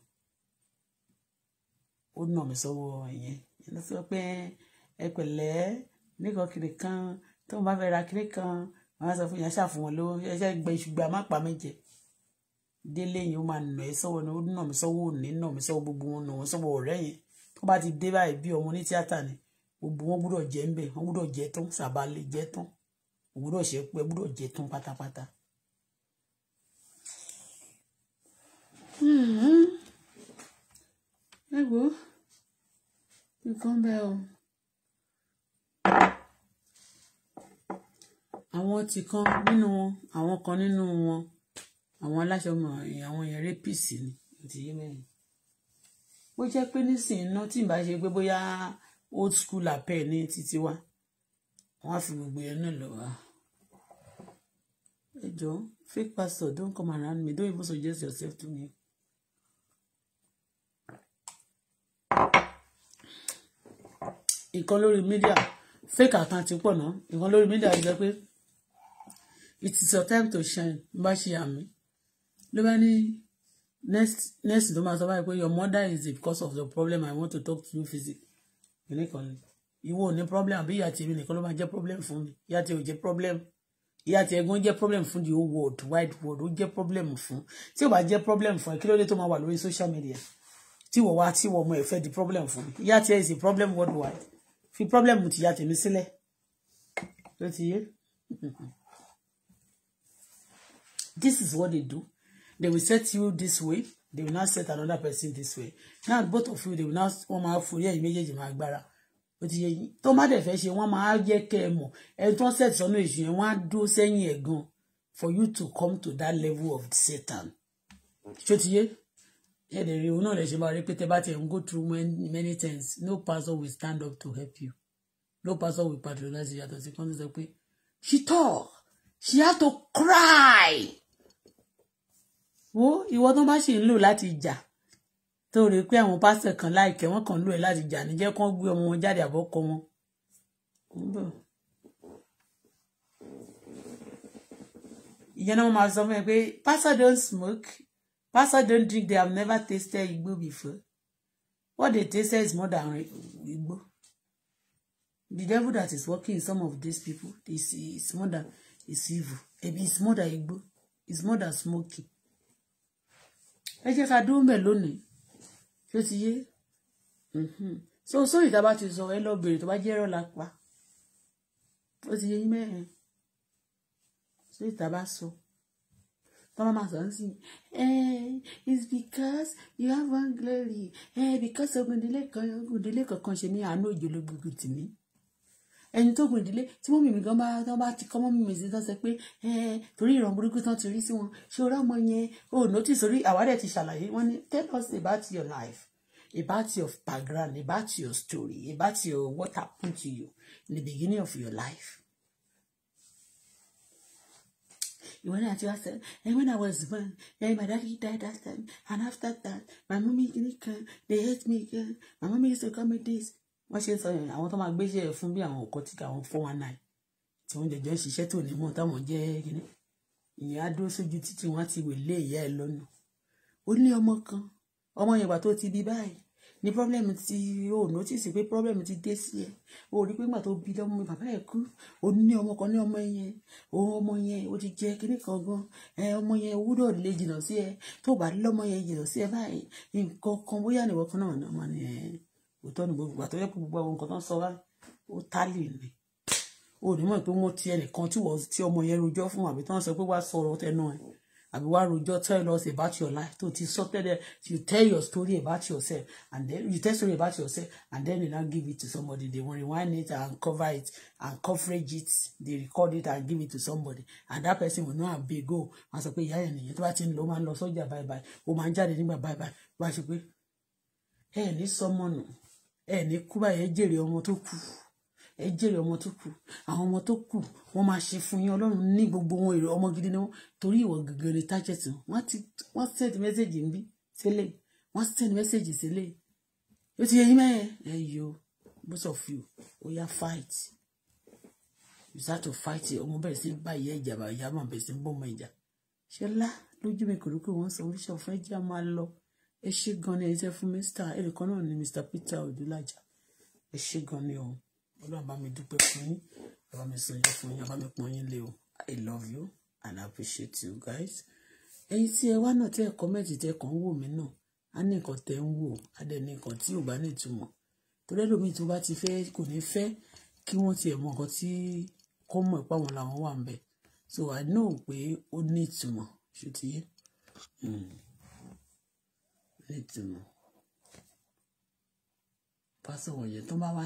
ó nà mí sọ́wọ́ ìyẹn ẹni sọ pé ẹ pẹ̀lẹ́ nìkan kiri kan tó ń bá fẹ́ ra kiri kan wọ́n á sọ fún yẹn ṣàfihàn ló ẹṣẹ́ gbẹ ṣùgbọ́n má pa mí jẹ délé yìí ó máa nà ẹ́ sọ́wọ́ ni ó nà mí sọ́wọ́ òní nà mí sọ́wọ́ gbogbo wọn nà wọ́n sọ́wọ́ ọ̀rẹ́ yẹn tó bá ti dé báyìí bí ọmọ ní tíátà ni gbogbo wọn gbúdọ̀ jẹ́ ńbẹ̀ wọn gbúdọ̀ jẹ́ tán sàbálẹ̀ jẹ́ tán ògbúdọ̀ ṣe pé gbúdọ̀ jẹ́ tán pátápátá. Hmm, hmm. ẹ wo nǹkan bẹ́ẹ̀ o. àwọn ti kan nínú wọn àwọn kan nínú wọn àwọn aláṣọ mọ̀ àwọn yẹn rẹ́pìsì ni ti yé mẹ́rin bó jẹ́ pé nísìnyí náà tí n bá ṣe pé bóyá old school apẹ ní títí wa wọn á fi gbogbo yẹn náà lọ wá. ẹ jọ fake pastor don't come around me don't even suggest yourself to me. ìkan lórí mídíà fake account ti pọ̀ náà ìkan lórí mídíà ti sọ pé it is your time to shine bá ṣe àmì ló bá ní next next ló máa sọ báyìí your mother is the cause of your problem i want to talk to you physically You ni ìwọ ò ní problem àbí ìyá tèmi nìkan ló máa jẹ́ problem fún mi ìyá tèmi ò jẹ́ problem ìyá àti ẹ̀gbọ́n jẹ́ problem fún the whole world wide world ó jẹ́ problem fún tí ò bá jẹ́ problem fún ẹ kí ló dé tó máa wà social media tí wọ́n wá tí wọ́n mọ ẹ̀fẹ́ di problem fún ìyá àti ẹ̀ is a problem worldwide fi problem ti ìyá tèmi sílẹ̀ ló ti yé this is what they do they will set you this way they will now set another person this way now both of you they will now wọ́n máa forí ẹ̀yin méjèèjì máa gbára ó ti yẹ yín tó má dẹ̀ fẹ́ ṣe wọ́n máa yẹ kẹ́ ẹ mọ̀ ẹni tó ń set sọ́nà èṣù yẹn wọ́n á dúró sẹ́yìn ẹ̀ gan for you to come to that level of Satan ṣó ti yé ẹ̀dẹ̀ rí òun náà lè ṣe máa rí pé tẹ́ bá tiẹ̀ ń go through many, many things no pastor will stand up to help you no pastor will patronize you yàtọ̀ sí kan tó sọ pé she talk she had to cry wo ìwọ tó bá sì ń lò láti jà tó rí pé àwọn pásítọ̀ kan láìkẹ́ wọ́n kàn lò ẹ́ láti jà níjẹ́ kán gbé ọmọ wọn jáde àbọ́kọ wọn. ìyẹn náà wọ́n máa sọ fún mi pé pastor don't smoke pastor don't drink they have never tasted igbó before what they taste is more than igbó the devil that is working in some of these people is is more than is evil ebi is more than igbó is more than smoking ẹ jẹ́ ká dúró mbẹ̀ lónìí tó ti yé mhm. so sóyè tá a bá ti sọ ẹ lọ bèrè tó bá jẹ́ ẹ̀rọ la pa ó ti yé yín mẹ́rin sóyè tá a bá sọ tọ́ máa sọ ń sìn it's because you have one glory eh, because ogun ìdílé kan ogun ìdílé kankan ṣe ní àánú òjò ló gbogbo tì mí ẹni tó gùn ìdílé tí mọ́mì mi gan bá tán bá ti kọ́ mọ́mì mi sí tán sọ pé torí ìran burúkú tán ti rí sí wọn ṣé o rámọ yẹn o ò nọ́tì sórí àwárẹ̀ ti ṣàlàyé wọ́n ní tell us about your life about your background about your story about your what happened to you in the beginning of your life. When I just said, and when I was born, and my daddy died that time, and after that, my mommy, they hate me again. My mommy used to call me this, wọ́n ṣe ń sọ yẹn àwọn tó máa gbéṣẹ́ fún bí àwọn ọkọ̀ tí àwọn four one nine tí wọ́n jẹjọ́ ṣiṣẹ́ tó ní mọ̀ táwọn jẹ́ kíní ìyẹn á dúró sójú títí wọ́n ti wè lé ìyá ẹ̀ lọ́nà ó ní ọmọ kan ọmọ yẹn gbà tó ti bí báyìí ni problem ti o notice pé problem ti dé sí ẹ o rí pé gbà tó bí lọ́mọ bàbá ẹ̀ kú o ní ọmọ kan ní ọmọ yẹn o ọmọ yẹn o ti jẹ kíní kan gan ẹ ọmọ yẹn wúdọ̀ lè jìnnà sí ẹ tó bá lọ́mọ yẹn jìnnà sí ẹ báyìí nǹkan kan bóyá nìwọ kan náà ọmọ yẹn òótọ́ ni gbogbo àtọ́jọ́ pé gbogbo àwọn nǹkan tó ń sọ wá ó tálì ni ó ní mọ̀ pé wọ́n ti ẹnìkan tí ọmọ yẹn rojọ́ fún àbí tó ń sọ pé wá sọ̀rọ̀ tẹnu ẹ̀ àbí wá rojọ́ tell us about your life tó ti sọ tẹ́lẹ̀ you tell your story about yourself and then you tell story about yourself and then you now give it to somebody they will rewind it and cover it and coverage it they record it and give it to somebody and that person will know how big go wọn sọ pé ìyá yẹn nìyẹn tó bá ti ń lọ ó máa ń lọ sọ́jà báyìí báyìí ó máa ń jáde nígbà báyìí báyìí wọ́n á sọ pé ẹ̀ ní sọ́mọ́nù ẹ ní kú báyìí ẹ jèrè ọmọ tó kù ẹ jèrè ọmọ tó kù àwọn ọmọ tó kù wọn máa ṣe fún yín Ọlọ́run ní gbogbo wọn èrè ọmọ gidi ni wọn torí ìwọ gẹ́gẹ́ ni tájẹtì wọn ti wọn send message ń bí sílẹ̀ wọn send message sílẹ̀ yóò ti yẹ yín mẹyẹ ẹ yọ most of you ó fight you start to fight ọmọ bẹ̀rẹ̀ sí bá ìyá ìjà bá ìyá máa bẹ̀rẹ̀ sí bọ́ ọmọ ìjà ṣọlá lójú mi kò rí pé wọ́n sọ oríṣi ọ̀fẹ́ jẹ́ máa lọ ẹ ṣé gan ni ẹ̀yin tẹ́ fún mr ẹnìkan náà ni mr peter odúlájà ẹ ṣé gan ni o ọlọ́run bá mi dúpẹ́ fún yín bá mi sọ yín fún yín bá mi pọ́n yín lé o i love you and i appreciate you guys ẹ̀yin tí ẹ wá náà tẹ́ ẹ kọ́mẹ́ǹtì tẹ́ kàn ń wò mí náà á ní nǹkan tẹ́ ń wò á dẹ̀ ní nǹkan tí ò bá ní ìtumọ̀ torí ẹlòmíì tó bá ti fẹ́ kò ní fẹ́ kí wọ́n tiẹ̀ mọ nǹkan tí kò mọ̀ pé àwọn làwọn wà ń bẹ̀ so i know pé ó ní ìtumọ̀ ṣùtìyẹ́. Mm nítumọ̀ pásítọ̀ wọ̀nyẹn bá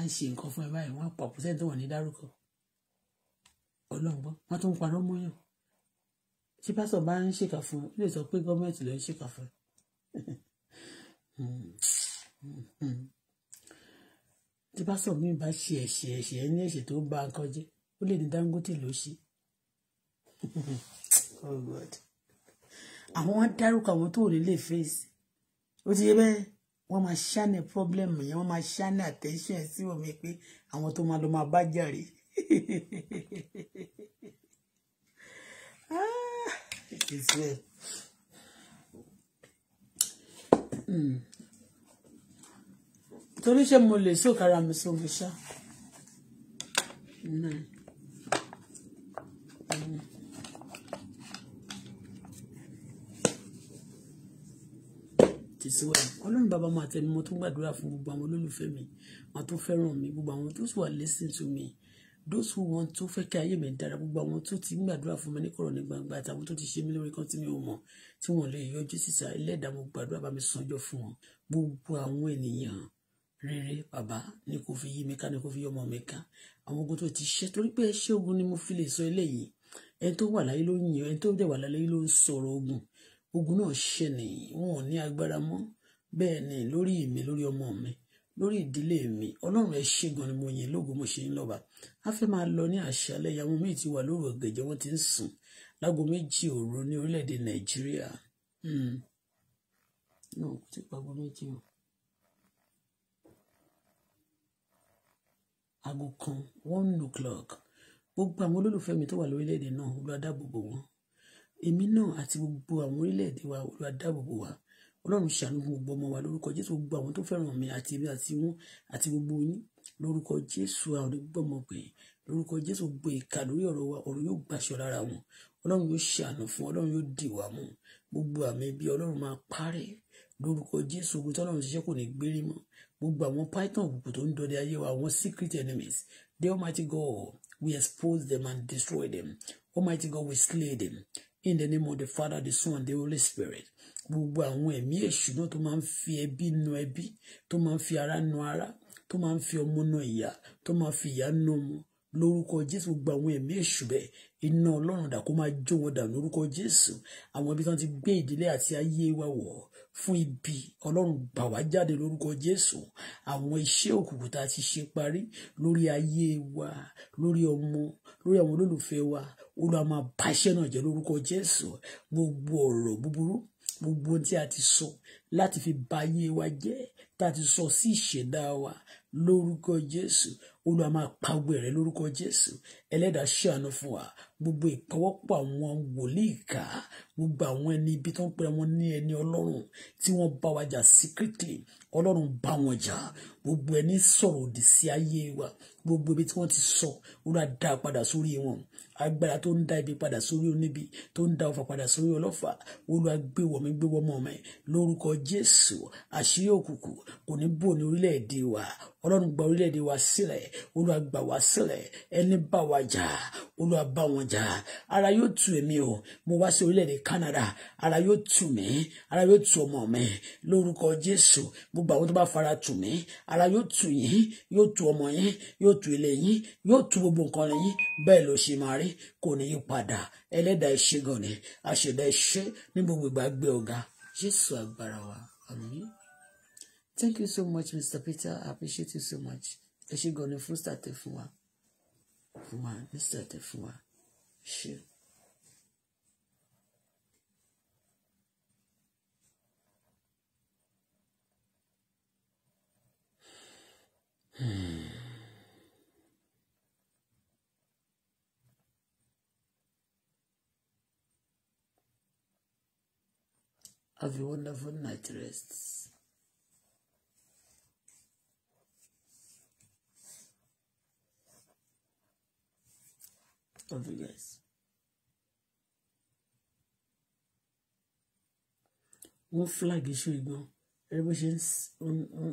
sọ mi bá ṣe ẹ̀ṣẹ̀ ẹ̀ṣẹ̀ ní ẹ̀ṣẹ̀ tó bá a kọjá ó lè ní Dangote ló ṣe oh àwọn dárúkọ àwọn tó ò ní lè fèsì ó ti yé bẹ́ẹ̀ wọ́n máa ṣáná problem yẹn wọ́n máa ṣáná attention ẹ̀ sí omi pé àwọn tó máa lọ máa bá jàre. Ah, hmm. torí ṣé mo lè sókàrà mi sóbi ṣá. Mm-hmm. ṣe síwájú ọlọ́run bàbá máa tẹnu mọ́ tó gbàdúrà fún gbogbo àwọn olólùfẹ́ mi àwọn tó fẹ́ràn mi gbogbo àwọn tó sì wà listen to me those who want tó fẹ́ kí ayé mi dára gbogbo àwọn tó ti gbàdúrà fún mi ní kọ̀rọ̀ ní gbangba àtàwọn tó ti ṣe mí lórí kan tí mi ò mọ̀ tí wọ́n lè yọjú síta ẹlẹ́dàá mo gbàdúrà bá mi sanjọ́ fún wọn gbogbo àwọn ènìyàn rere bàbá ni kò fi yí mi ká ni kò fi yí ọmọ mi ká àwọn ogun tó ti ṣe torí pé ṣé ogun ni mo fi lè sọ eléyìí ẹni tó wà láyé ló ń yàn ẹni tó dẹ̀ wà láyé ló ń sọ̀rọ̀ ogun ogun náà ṣe ni wọn ò ní agbára mọ́ bẹ́ẹ̀ ni lórí mi lórí ọmọ mi lórí ìdílé mi ọlọ́run ẹ ṣé ni mo yìn lógo mo ṣe ń lọ́ba a fẹ́ máa lọ ní àṣálẹ́ ìyàwó míì ti wà lóru ọ̀gẹ̀jẹ̀ wọ́n ti ń sùn láago méjì òru ní orílẹ̀-èdè nàìjíríà hmm. náà kò tí pàgọ́ méjì o aago kan one o'clock gbogbo àwọn olólùfẹ́ mi tó wà lórílẹ̀-èdè náà olú adábòbò wọn èmi náà àti gbogbo àwọn orílẹ̀-èdè wa Olúwa dáàbòbò wa Ọlọ́run ṣàánú gbogbo ọmọ wa lórúkọ Jésù gbogbo àwọn tó fẹ́ràn mi àti ibi àti wọn àti gbogbo yín lórúkọ Jésù àwọn onígbọmọgbìn lórúkọ Jésù gbogbo ìka lórí ọ̀rọ̀ wa ọ̀rọ̀ yóò gbàṣọ lára wọn Ọlọ́run yóò ṣàánú fún Ọlọ́run yóò dì wá mú gbogbo àmì ibi Ọlọ́run máa parẹ́ lórúkọ Jésù ogun tọ́lọ́run ṣiṣẹ́ kò ní gbérí mọ́ gbogbo àwọn python òkùnkùn tó ń dọdẹ ayé wa àwọn secret enemies the Almighty God we expose them and destroy them Almighty God we slay them in the name of the father the son and the holy spirit gbogbo àwọn ẹ̀mí èṣù náà tó máa ń fi ẹbí nu ẹbí tó máa ń fi ara nu ara tó máa ń fi ọmọ nu ìyá tó máa ń fi ìyá nu ọmọ lórúkọ jésù gba àwọn ẹ̀mí èṣù bẹ́ẹ̀ iná ọlọ́run dà kó máa jó wọn dà lórúkọ jésù àwọn ibi tí wọ́n ti gbé ìdílé àti ayé wa wọ̀ fún ibi ọlọ́run gbà wá jáde lórúkọ jésù àwọn iṣẹ́ òkùnkùn tá a ti ṣe parí lórí ayé wa lórí ọmọ lórí àwọn olólùfẹ́ wa olúwa máa bá iṣẹ́ náà jẹ́ lórúkọ jésù gbogbo ọ̀rọ̀ búburú gbogbo tí a ti sọ láti fi ba wa jẹ́ tá a ti sọ sí ìṣẹ̀dá wa lórúkọ jésù olúwa máa pa ogbó rẹ lórúkọ jésù ẹlẹ́dàá ṣàánú fún wa gbogbo ìpawọ́pọ̀ àwọn wòlíì ká gbogbo àwọn ẹni ibi tó ń pera wọn ní ẹni ọlọ́run tí wọ́n bá wa jà secretly ọlọ́run bá wọn jà gbogbo ẹni sọ̀rọ̀ òdì sí ayé wa gbogbo ibi tí wọ́n ti sọ olúwa dá padà sórí wọn agbára tó ń dá ibi padà sórí oníbi tó ń dá ọfà padà sórí ọlọ́fà olúwa gbé wọ̀mí gbé wọ́mọ́ mi lórúkọ jésù àṣírí òkùnkùn kò ní bò ní orílẹ̀ ọlọ́run gba orílẹ̀-èdè wa sílẹ̀ olúwa gbà wá sílẹ̀ ẹni bá wa jà olúwa wọn jà ara yóò tu èmi o mo wá sí orílẹ̀-èdè Canada ara yóò tu mí ara yóò tu ọmọ mi lórúkọ Jésù gbogbo àwọn tó bá fara tu mí ara yóò tu yín yóò tu ọmọ yín yóò tu ilé yín yóò tu gbogbo nǹkan yín bẹ́ẹ̀ ló ṣe máa rí kò ní yí padà ẹlẹ́dàá ẹ̀ṣẹ̀ ni àṣẹ̀dá ẹ̀ṣẹ̀ ní gbogbo ìgbà ọ̀gá Jésù agbára wa àmín. Thank you so much, Mr. Peter. I appreciate you so much. Ẹ ṣé gan ni fún sàtẹ̀ fún wa. Fún wa Mr. sàtẹ̀ fún sure. Have a wonderful night rest. of the years. one flag iṣu igbó ẹgbẹ́ ṣe ń